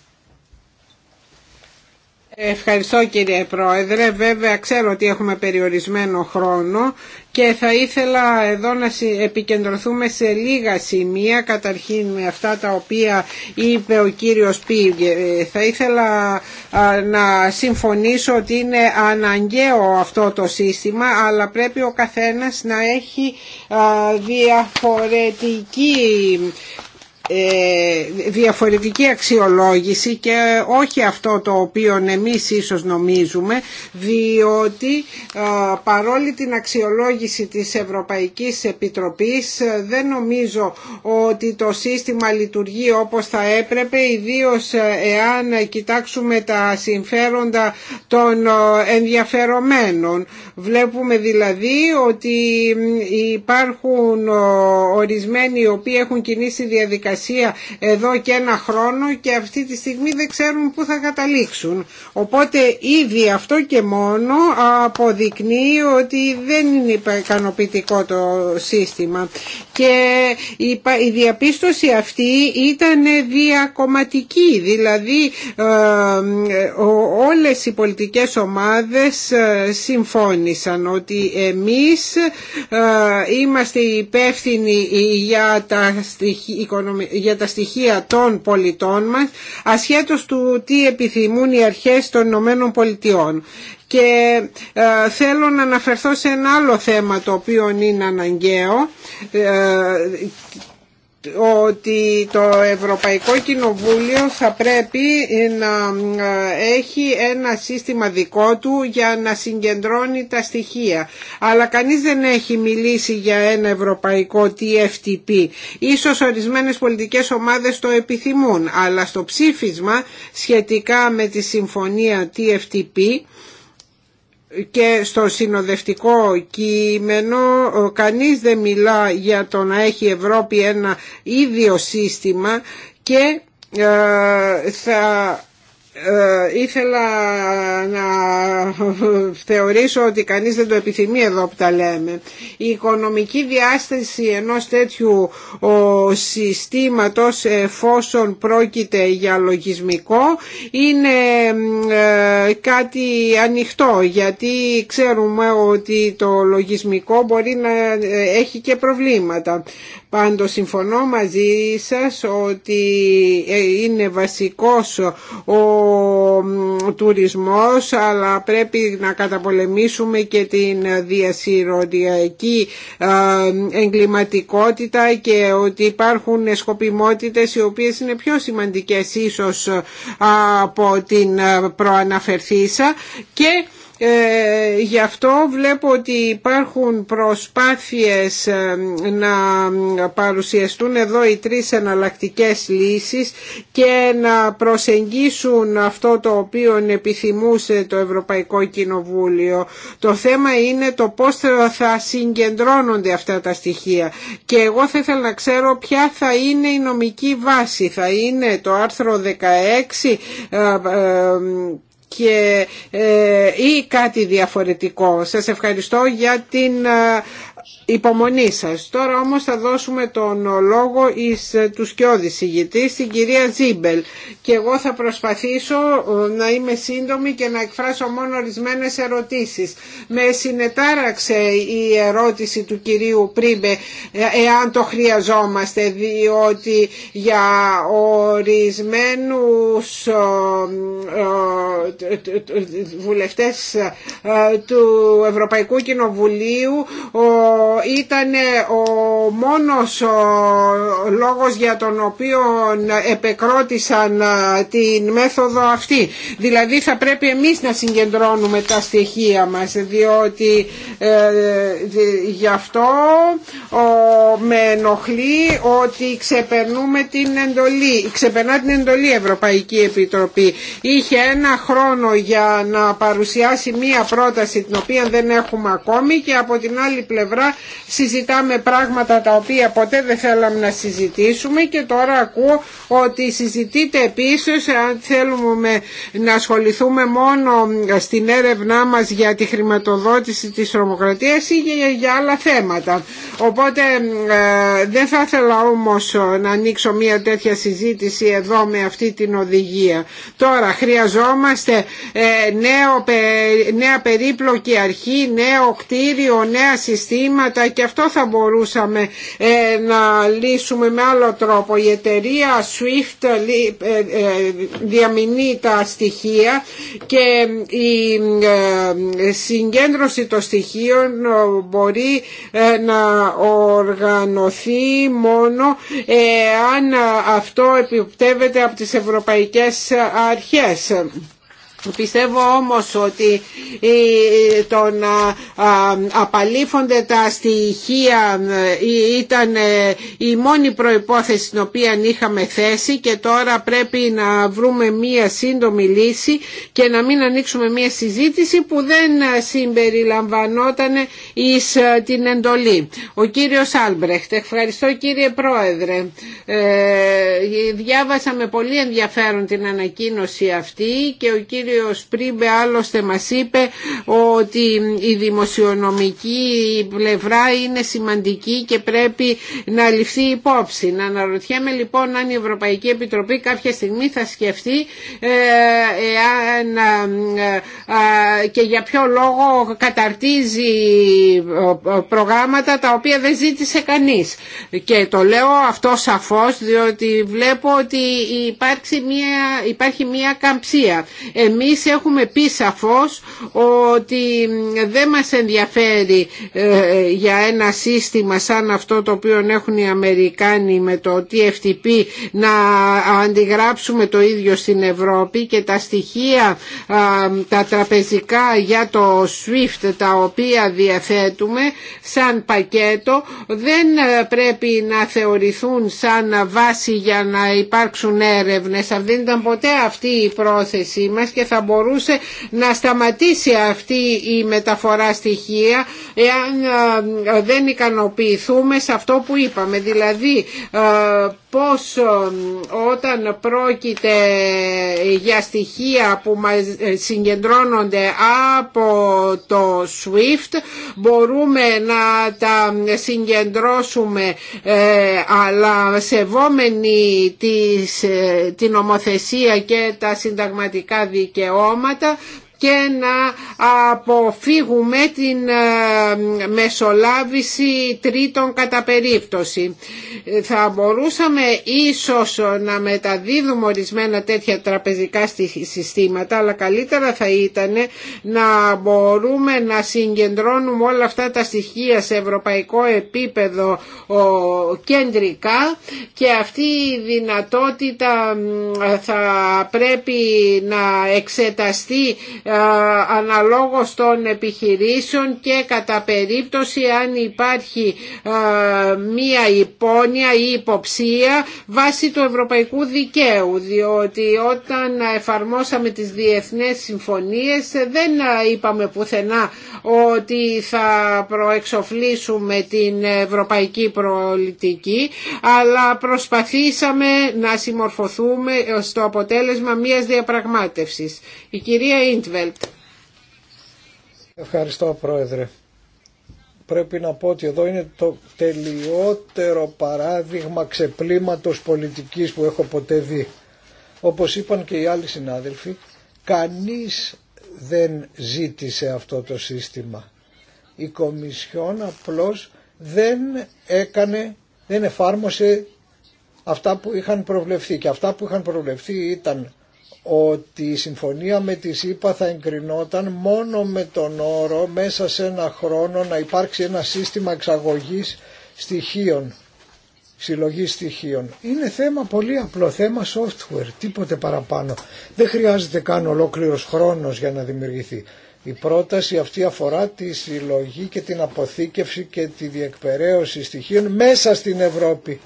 Speaker 4: Ευχαριστώ κύριε Πρόεδρε. Βέβαια ξέρω ότι έχουμε περιορισμένο χρόνο και θα ήθελα εδώ να επικεντρωθούμε σε λίγα σημεία καταρχήν με αυτά τα οποία είπε ο κύριος Πήγε. Θα ήθελα να συμφωνήσω ότι είναι αναγκαίο αυτό το σύστημα αλλά πρέπει ο καθένας να έχει διαφορετική ε, διαφορετική αξιολόγηση και όχι αυτό το οποίο εμείς ίσως νομίζουμε διότι ε, παρόλη την αξιολόγηση της Ευρωπαϊκής Επιτροπής ε, δεν νομίζω ότι το σύστημα λειτουργεί όπως θα έπρεπε ιδίως εάν κοιτάξουμε τα συμφέροντα των ενδιαφερομένων. Βλέπουμε δηλαδή ότι υπάρχουν ορισμένοι οι οποίοι έχουν κινήσει διαδικασία εδώ και ένα χρόνο και αυτή τη στιγμή δεν ξέρουμε πού θα καταλήξουν. Οπότε ήδη αυτό και μόνο αποδεικνύει ότι δεν είναι ικανοποιητικό το σύστημα. Και η διαπίστωση αυτή ήταν διακομματική, δηλαδή ε, όλες οι πολιτικές ομάδες ε, συμφώνησαν ότι εμείς ε, είμαστε υπεύθυνοι για τα για τα στοιχεία των πολιτών μας ασχέτως του τι επιθυμούν οι αρχές των Ηνωμένων Πολιτειών. Και ε, θέλω να αναφερθώ σε ένα άλλο θέμα το οποίο είναι αναγκαίο ε, ότι το Ευρωπαϊκό Κοινοβούλιο θα πρέπει να ε, έχει ένα σύστημα δικό του για να συγκεντρώνει τα στοιχεία. Αλλά κανείς δεν έχει μιλήσει για ένα ευρωπαϊκό TFTP. Ίσως ορισμένες πολιτικές ομάδες το επιθυμούν, αλλά στο ψήφισμα σχετικά με τη συμφωνία TFTP και στο συνοδευτικό κείμενο κανείς δεν μιλά για το να έχει η Ευρώπη ένα ίδιο σύστημα και ε, θα ε, ήθελα να θεωρήσω ότι κανείς δεν το επιθυμεί εδώ που τα λέμε. Η οικονομική διάσταση ενός τέτοιου ο, συστήματος εφόσον πρόκειται για λογισμικό είναι ε, κάτι ανοιχτό γιατί ξέρουμε ότι το λογισμικό μπορεί να ε, έχει και προβλήματα. Πάντο συμφωνώ μαζί σας ότι ε, είναι βασικός ο τουρισμός αλλά πρέπει να καταπολεμήσουμε και την διασυροδιακή ε, εγκληματικότητα και ότι υπάρχουν σκοπιμότητες οι οποίες είναι πιο σημαντικές ίσως ε, από την προαναφερθήσα και ε, γι' αυτό βλέπω ότι υπάρχουν προσπάθειες ε, να παρουσιαστούν εδώ οι τρεις εναλλακτικές λύσεις και να προσεγγίσουν αυτό το οποίο επιθυμούσε το Ευρωπαϊκό Κοινοβούλιο. Το θέμα είναι το πώς θα συγκεντρώνονται αυτά τα στοιχεία και εγώ θα ήθελα να ξέρω ποια θα είναι η νομική βάση. Θα είναι το άρθρο 16 και, ε, ή κάτι διαφορετικό. Σας ευχαριστώ για την ε, υπομονή σας. Τώρα όμως θα δώσουμε τον λόγο εις ε, του σκιώδη συγητή, στην κυρία Ζίμπελ και εγώ θα προσπαθήσω ε, να είμαι σύντομη και να εκφράσω μόνο ορισμένες ερωτήσεις. Με συνετάραξε η ερώτηση του κυρίου Πρίμπε ε, εάν το χρειαζόμαστε διότι για ορισμένου βουλευτές του Ευρωπαϊκού Κοινοβουλίου ο ήταν ο μόνος λόγος για τον οποίο επεκρότησαν την μέθοδο αυτή. Δηλαδή θα πρέπει εμείς να συγκεντρώνουμε τα στοιχεία μας διότι ε, γι' αυτό με ενοχλεί ότι ξεπερνούμε την εντολή. Ξεπερνά την εντολή Ευρωπαϊκή Επιτροπή. Είχε ένα χρόνο για να παρουσιάσει μία πρόταση την οποία δεν έχουμε ακόμη και από την άλλη πλευρά συζητάμε πράγματα τα οποία ποτέ δεν θέλαμε να συζητήσουμε και τώρα ακούω ότι συζητείται επίσης αν θέλουμε να ασχοληθούμε μόνο στην έρευνά μας για τη χρηματοδότηση της τρομοκρατίας ή για άλλα θέματα. Οπότε ε, δεν θα ήθελα όμως να ανοίξω μια τέτοια συζήτηση εδώ με αυτή την οδηγία. Τώρα χρειαζόμαστε ε, νέο, νέα περίπλοκη αρχή, νέο κτίριο, νέα συστήματα και αυτό θα μπορούσαμε ε, να λύσουμε με άλλο τρόπο. Η εταιρεία SWIFT ε, ε, διαμηνεί τα στοιχεία και η συγκέντρωση των στοιχείων μπορεί να οργανωθεί μόνο αν αυτό επιπτεύεται από τις ευρωπαϊκές αρχές. Πιστεύω όμως ότι το να απαλήφονται τα στοιχεία ε, ήταν ε, η μόνη προϋπόθεση την οποία είχαμε θέσει και τώρα πρέπει να βρούμε μία σύντομη λύση και να μην ανοίξουμε μία συζήτηση που δεν συμπεριλαμβανόταν εις ε, την εντολή. Ο κύριος Άλμπρεχτ, ευχαριστώ κύριε Πρόεδρε. Ε, διάβασα με πολύ ενδιαφέρον την ανακοίνωση αυτή και ο κύριος ο Πρίμπε άλλωστε μας είπε ότι η δημοσιονομική πλευρά είναι σημαντική και πρέπει να ληφθεί υπόψη. Να αναρωτιέμαι λοιπόν αν η Ευρωπαϊκή Επιτροπή κάποια στιγμή θα σκεφτεί ε, ε, ε, και για ποιο λόγο καταρτίζει προγράμματα τα οποία δεν ζήτησε κανείς. Και το λέω αυτό σαφώς διότι βλέπω ότι υπάρχει μια, υπάρχει μια καμψία. Εμείς έχουμε πει σαφώς ότι δεν μας ενδιαφέρει ε, για ένα σύστημα σαν αυτό το οποίο έχουν οι Αμερικάνοι με το TFTP να αντιγράψουμε το ίδιο στην Ευρώπη και τα στοιχεία τα τραπεζικά για το SWIFT τα οποία διαθέτουμε σαν πακέτο δεν ε, πρέπει να θεωρηθούν σαν βάση για να υπάρξουν έρευνες. Δεν ήταν ποτέ αυτή η πρόθεσή μας θα μπορούσε να σταματήσει αυτή η μεταφορά στοιχεία εάν ε, δεν ικανοποιηθούμε σε αυτό που είπαμε. Δηλαδή ε, πως ε, όταν πρόκειται για στοιχεία που συγκεντρώνονται από το SWIFT μπορούμε να τα συγκεντρώσουμε αλλά σεβόμενοι την ομοθεσία και τα συνταγματικά δικαιώματα δικαιώματα και να αποφύγουμε την ε, μεσολάβηση τρίτων κατά περίπτωση. Θα μπορούσαμε ίσως να μεταδίδουμε ορισμένα τέτοια τραπεζικά συστήματα αλλά καλύτερα θα ήταν να μπορούμε να συγκεντρώνουμε όλα αυτά τα στοιχεία σε ευρωπαϊκό επίπεδο κεντρικά και αυτή η δυνατότητα θα πρέπει να εξεταστεί ε, αναλόγως των επιχειρήσεων και κατά περίπτωση αν υπάρχει ε, μία υπόνοια ή υποψία βάσει του ευρωπαϊκού δικαίου διότι όταν εφαρμόσαμε τις διεθνές συμφωνίες δεν είπαμε πουθενά ότι θα προεξοφλήσουμε την ευρωπαϊκή πολιτική αλλά προσπαθήσαμε να συμμορφωθούμε στο αποτέλεσμα μιας διαπραγμάτευσης. Η κυρία προεξοφλησουμε την ευρωπαικη πολιτικη αλλα προσπαθησαμε να συμμορφωθουμε στο αποτελεσμα μιας διαπραγματευσης η κυρια
Speaker 3: Ευχαριστώ Πρόεδρε. Πρέπει να πω ότι εδώ είναι το τελειότερο παράδειγμα ξεπλήματος πολιτικής που έχω ποτέ δει. Όπως είπαν και οι άλλοι συνάδελφοι, κανείς δεν ζήτησε αυτό το σύστημα. Η Κομισιόν απλώς δεν έκανε, δεν εφάρμοσε αυτά που είχαν προβλεφθεί και αυτά που είχαν προβλεφθεί ήταν ότι η συμφωνία με τη ΣΥΠΑ θα εγκρινόταν μόνο με τον όρο μέσα σε ένα χρόνο να υπάρξει ένα σύστημα εξαγωγής στοιχείων, συλλογή στοιχείων. Είναι θέμα πολύ απλό, θέμα software, τίποτε παραπάνω. Δεν χρειάζεται καν ολόκληρος χρόνος για να δημιουργηθεί. Η πρόταση αυτή αφορά τη συλλογή και την αποθήκευση και τη διεκπαιρέωση στοιχείων μέσα στην Ευρώπη.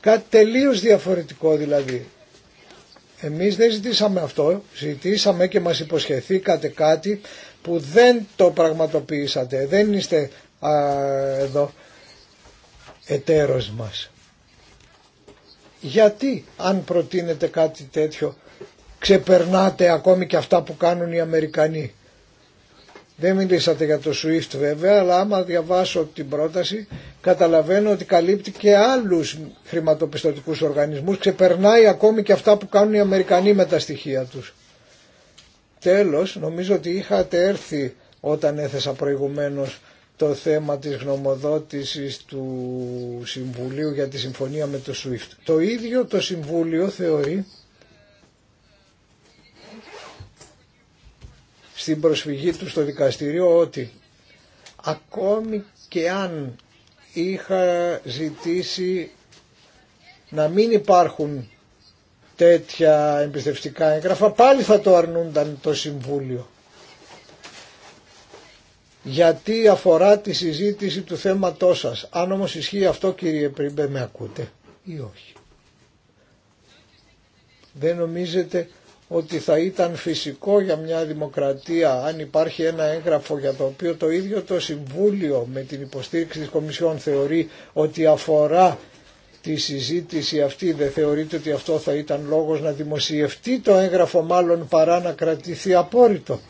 Speaker 3: Κάτι τελείως διαφορετικό δηλαδή. Εμείς δεν ζητήσαμε αυτό, ζητήσαμε και μας υποσχεθήκατε κάτι που δεν το πραγματοποιήσατε, δεν είστε α, εδώ εταίρος μας. Γιατί αν προτείνετε κάτι τέτοιο ξεπερνάτε ακόμη και αυτά που κάνουν οι Αμερικανοί. Δεν μιλήσατε για το SWIFT βέβαια, αλλά άμα διαβάσω την πρόταση καταλαβαίνω ότι καλύπτει και άλλους χρηματοπιστωτικούς οργανισμούς, ξεπερνάει ακόμη και αυτά που κάνουν οι Αμερικανοί με τα στοιχεία τους. Τέλος, νομίζω ότι είχατε έρθει όταν έθεσα προηγουμένως το θέμα της γνωμοδότησης του Συμβουλίου για τη συμφωνία με το SWIFT. Το ίδιο το Συμβούλιο θεωρεί στην προσφυγή του στο δικαστήριο ότι ακόμη και αν είχα ζητήσει να μην υπάρχουν τέτοια εμπιστευτικά έγγραφα πάλι θα το αρνούνταν το Συμβούλιο γιατί αφορά τη συζήτηση του θέματός σας. Αν όμως ισχύει αυτό κύριε Πρίμπε με ακούτε ή όχι. Δεν νομίζετε ότι θα ήταν φυσικό για μια δημοκρατία αν υπάρχει ένα έγγραφο για το οποίο το ίδιο το Συμβούλιο με την υποστήριξη της Κομισιόν θεωρεί ότι αφορά τη συζήτηση αυτή δεν θεωρείται ότι αυτό θα ήταν λόγος να δημοσιευτεί το έγγραφο μάλλον παρά να κρατηθεί απόρριτο.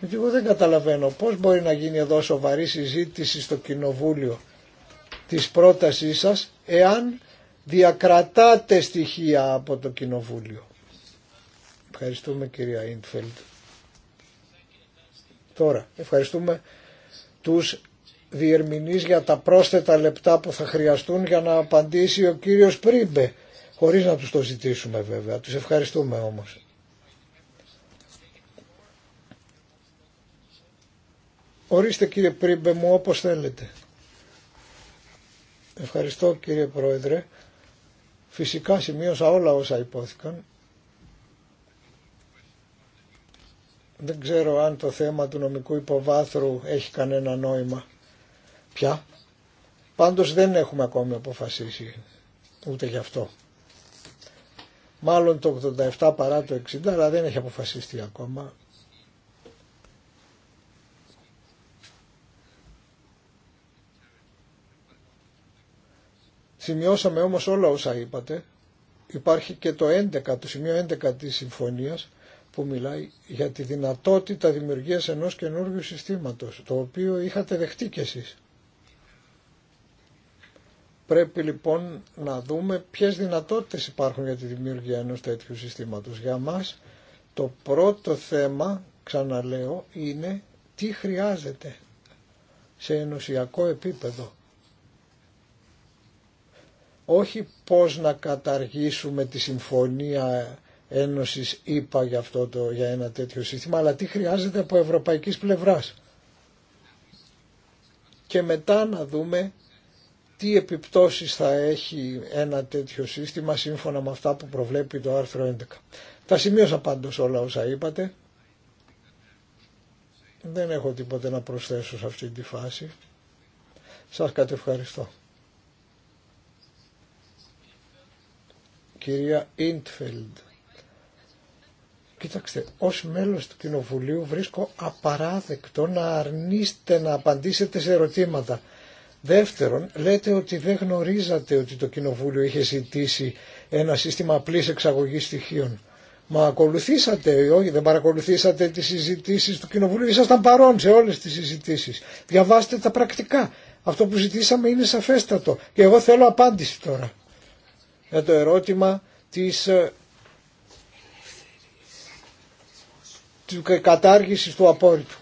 Speaker 3: Γιατί εγώ δεν καταλαβαίνω πώς μπορεί να γίνει εδώ σοβαρή συζήτηση στο Κοινοβούλιο της πρότασής σας εάν διακρατάτε στοιχεία από το Κοινοβούλιο. Ευχαριστούμε κυρία Ιντφελτ. Τώρα, ευχαριστούμε τους διερμηνείς για τα πρόσθετα λεπτά που θα χρειαστούν για να απαντήσει ο κύριος Πρίμπε, χωρίς να τους το ζητήσουμε βέβαια. Τους ευχαριστούμε όμως. Ορίστε κύριε Πρίμπε μου όπως θέλετε. Ευχαριστώ κύριε Πρόεδρε. Φυσικά σημείωσα όλα όσα υπόθηκαν. Δεν ξέρω αν το θέμα του νομικού υποβάθρου έχει κανένα νόημα. Πια. Πάντως δεν έχουμε ακόμη αποφασίσει ούτε γι' αυτό. Μάλλον το 87 παρά το 60, αλλά δεν έχει αποφασιστεί ακόμα. Σημειώσαμε όμως όλα όσα είπατε. Υπάρχει και το 11, το σημείο 11 της συμφωνίας που μιλάει για τη δυνατότητα δημιουργίας ενός καινούργιου συστήματος, το οποίο είχατε δεχτεί κι εσείς. Πρέπει λοιπόν να δούμε ποιες δυνατότητες υπάρχουν για τη δημιουργία ενός τέτοιου συστήματος. Για μας το πρώτο θέμα, ξαναλέω, είναι τι χρειάζεται σε ενωσιακό επίπεδο. Όχι πώς να καταργήσουμε τη συμφωνία Ένωσης είπα για, αυτό το, για ένα τέτοιο σύστημα, αλλά τι χρειάζεται από ευρωπαϊκής πλευράς. Και μετά να δούμε τι επιπτώσεις θα έχει ένα τέτοιο σύστημα σύμφωνα με αυτά που προβλέπει το άρθρο 11. Τα σημείωσα πάντως όλα όσα είπατε. Δεν έχω τίποτε να προσθέσω σε αυτή τη φάση. Σας κατευχαριστώ. Κυρία Ιντφελντ. Κοίταξτε, ως μέλος του Κοινοβουλίου βρίσκω απαράδεκτο να αρνείστε να απαντήσετε σε ερωτήματα. Δεύτερον, λέτε ότι δεν γνωρίζατε ότι το Κοινοβούλιο είχε ζητήσει ένα σύστημα απλής εξαγωγής στοιχείων. Μα ακολουθήσατε ή όχι, δεν παρακολουθήσατε τις συζητήσεις του Κοινοβουλίου, ήσασταν παρόν σε όλες τις συζητήσεις. Διαβάστε τα πρακτικά. Αυτό που ζητήσαμε είναι σαφέστατο και εγώ θέλω απάντηση τώρα για το ερώτημα της ε, και κατάργησης του απόρριτου.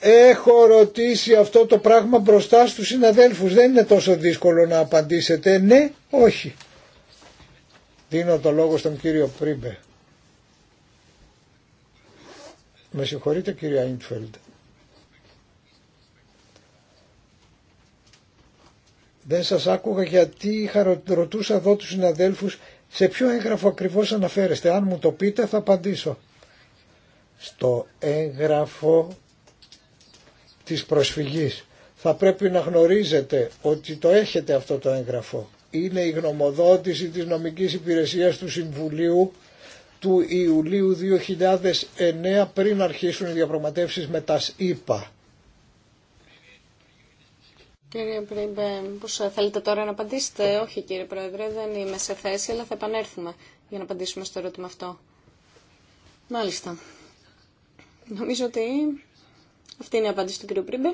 Speaker 3: Έχω ρωτήσει αυτό το πράγμα μπροστά στους συναδέλφους. Δεν είναι τόσο δύσκολο να απαντήσετε ναι, όχι. Δίνω το λόγο στον κύριο Πρίμπε. Με συγχωρείτε κύριε Άιντφελντ. Δεν σας άκουγα γιατί είχα ρωτούσα εδώ τους συναδέλφους σε ποιο έγγραφο ακριβώς αναφέρεστε. Αν μου το πείτε θα απαντήσω στο έγγραφο της προσφυγής. Θα πρέπει να γνωρίζετε ότι το έχετε αυτό το έγγραφο. Είναι η γνωμοδότηση της νομικής υπηρεσίας του Συμβουλίου του Ιουλίου 2009 πριν αρχίσουν οι διαπραγματεύσεις με τα ΣΥΠΑ.
Speaker 1: Κύριε Πρίμπε, πώς θέλετε τώρα να απαντήσετε. Όχι κύριε Πρόεδρε, δεν είμαι σε θέση, αλλά θα επανέλθουμε για να απαντήσουμε στο ερώτημα αυτό. Μάλιστα. Νομίζω ότι αυτή είναι η απάντηση του κύριου Πρίμπε.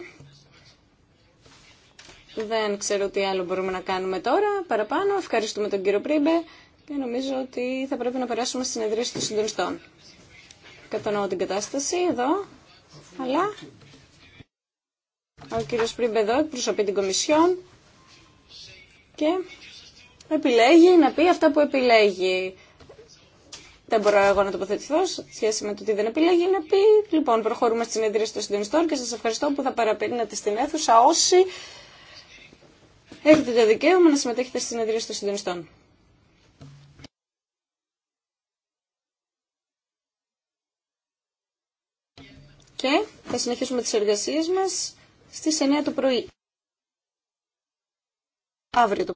Speaker 1: Δεν ξέρω τι άλλο μπορούμε να κάνουμε τώρα παραπάνω. Ευχαριστούμε τον κύριο Πρίμπε και νομίζω ότι θα πρέπει να περάσουμε στι συνεδρίε των συντονιστών. Κατανοώ την κατάσταση εδώ, αλλά ο κύριος Πρίμπε εδώ εκπροσωπεί την Κομισιόν και επιλέγει να πει αυτά που επιλέγει δεν μπορώ εγώ να τοποθετηθώ σε σχέση με το τι δεν επιλέγει να πει. Λοιπόν, προχωρούμε στην συνεδρία των συντονιστών και σας ευχαριστώ που θα παραπέρνατε στην αίθουσα όσοι έχετε το δικαίωμα να συμμετέχετε στη συνεδρία των συντονιστών. Και θα συνεχίσουμε τις εργασίες μας στις 9 το πρωί. Αύριο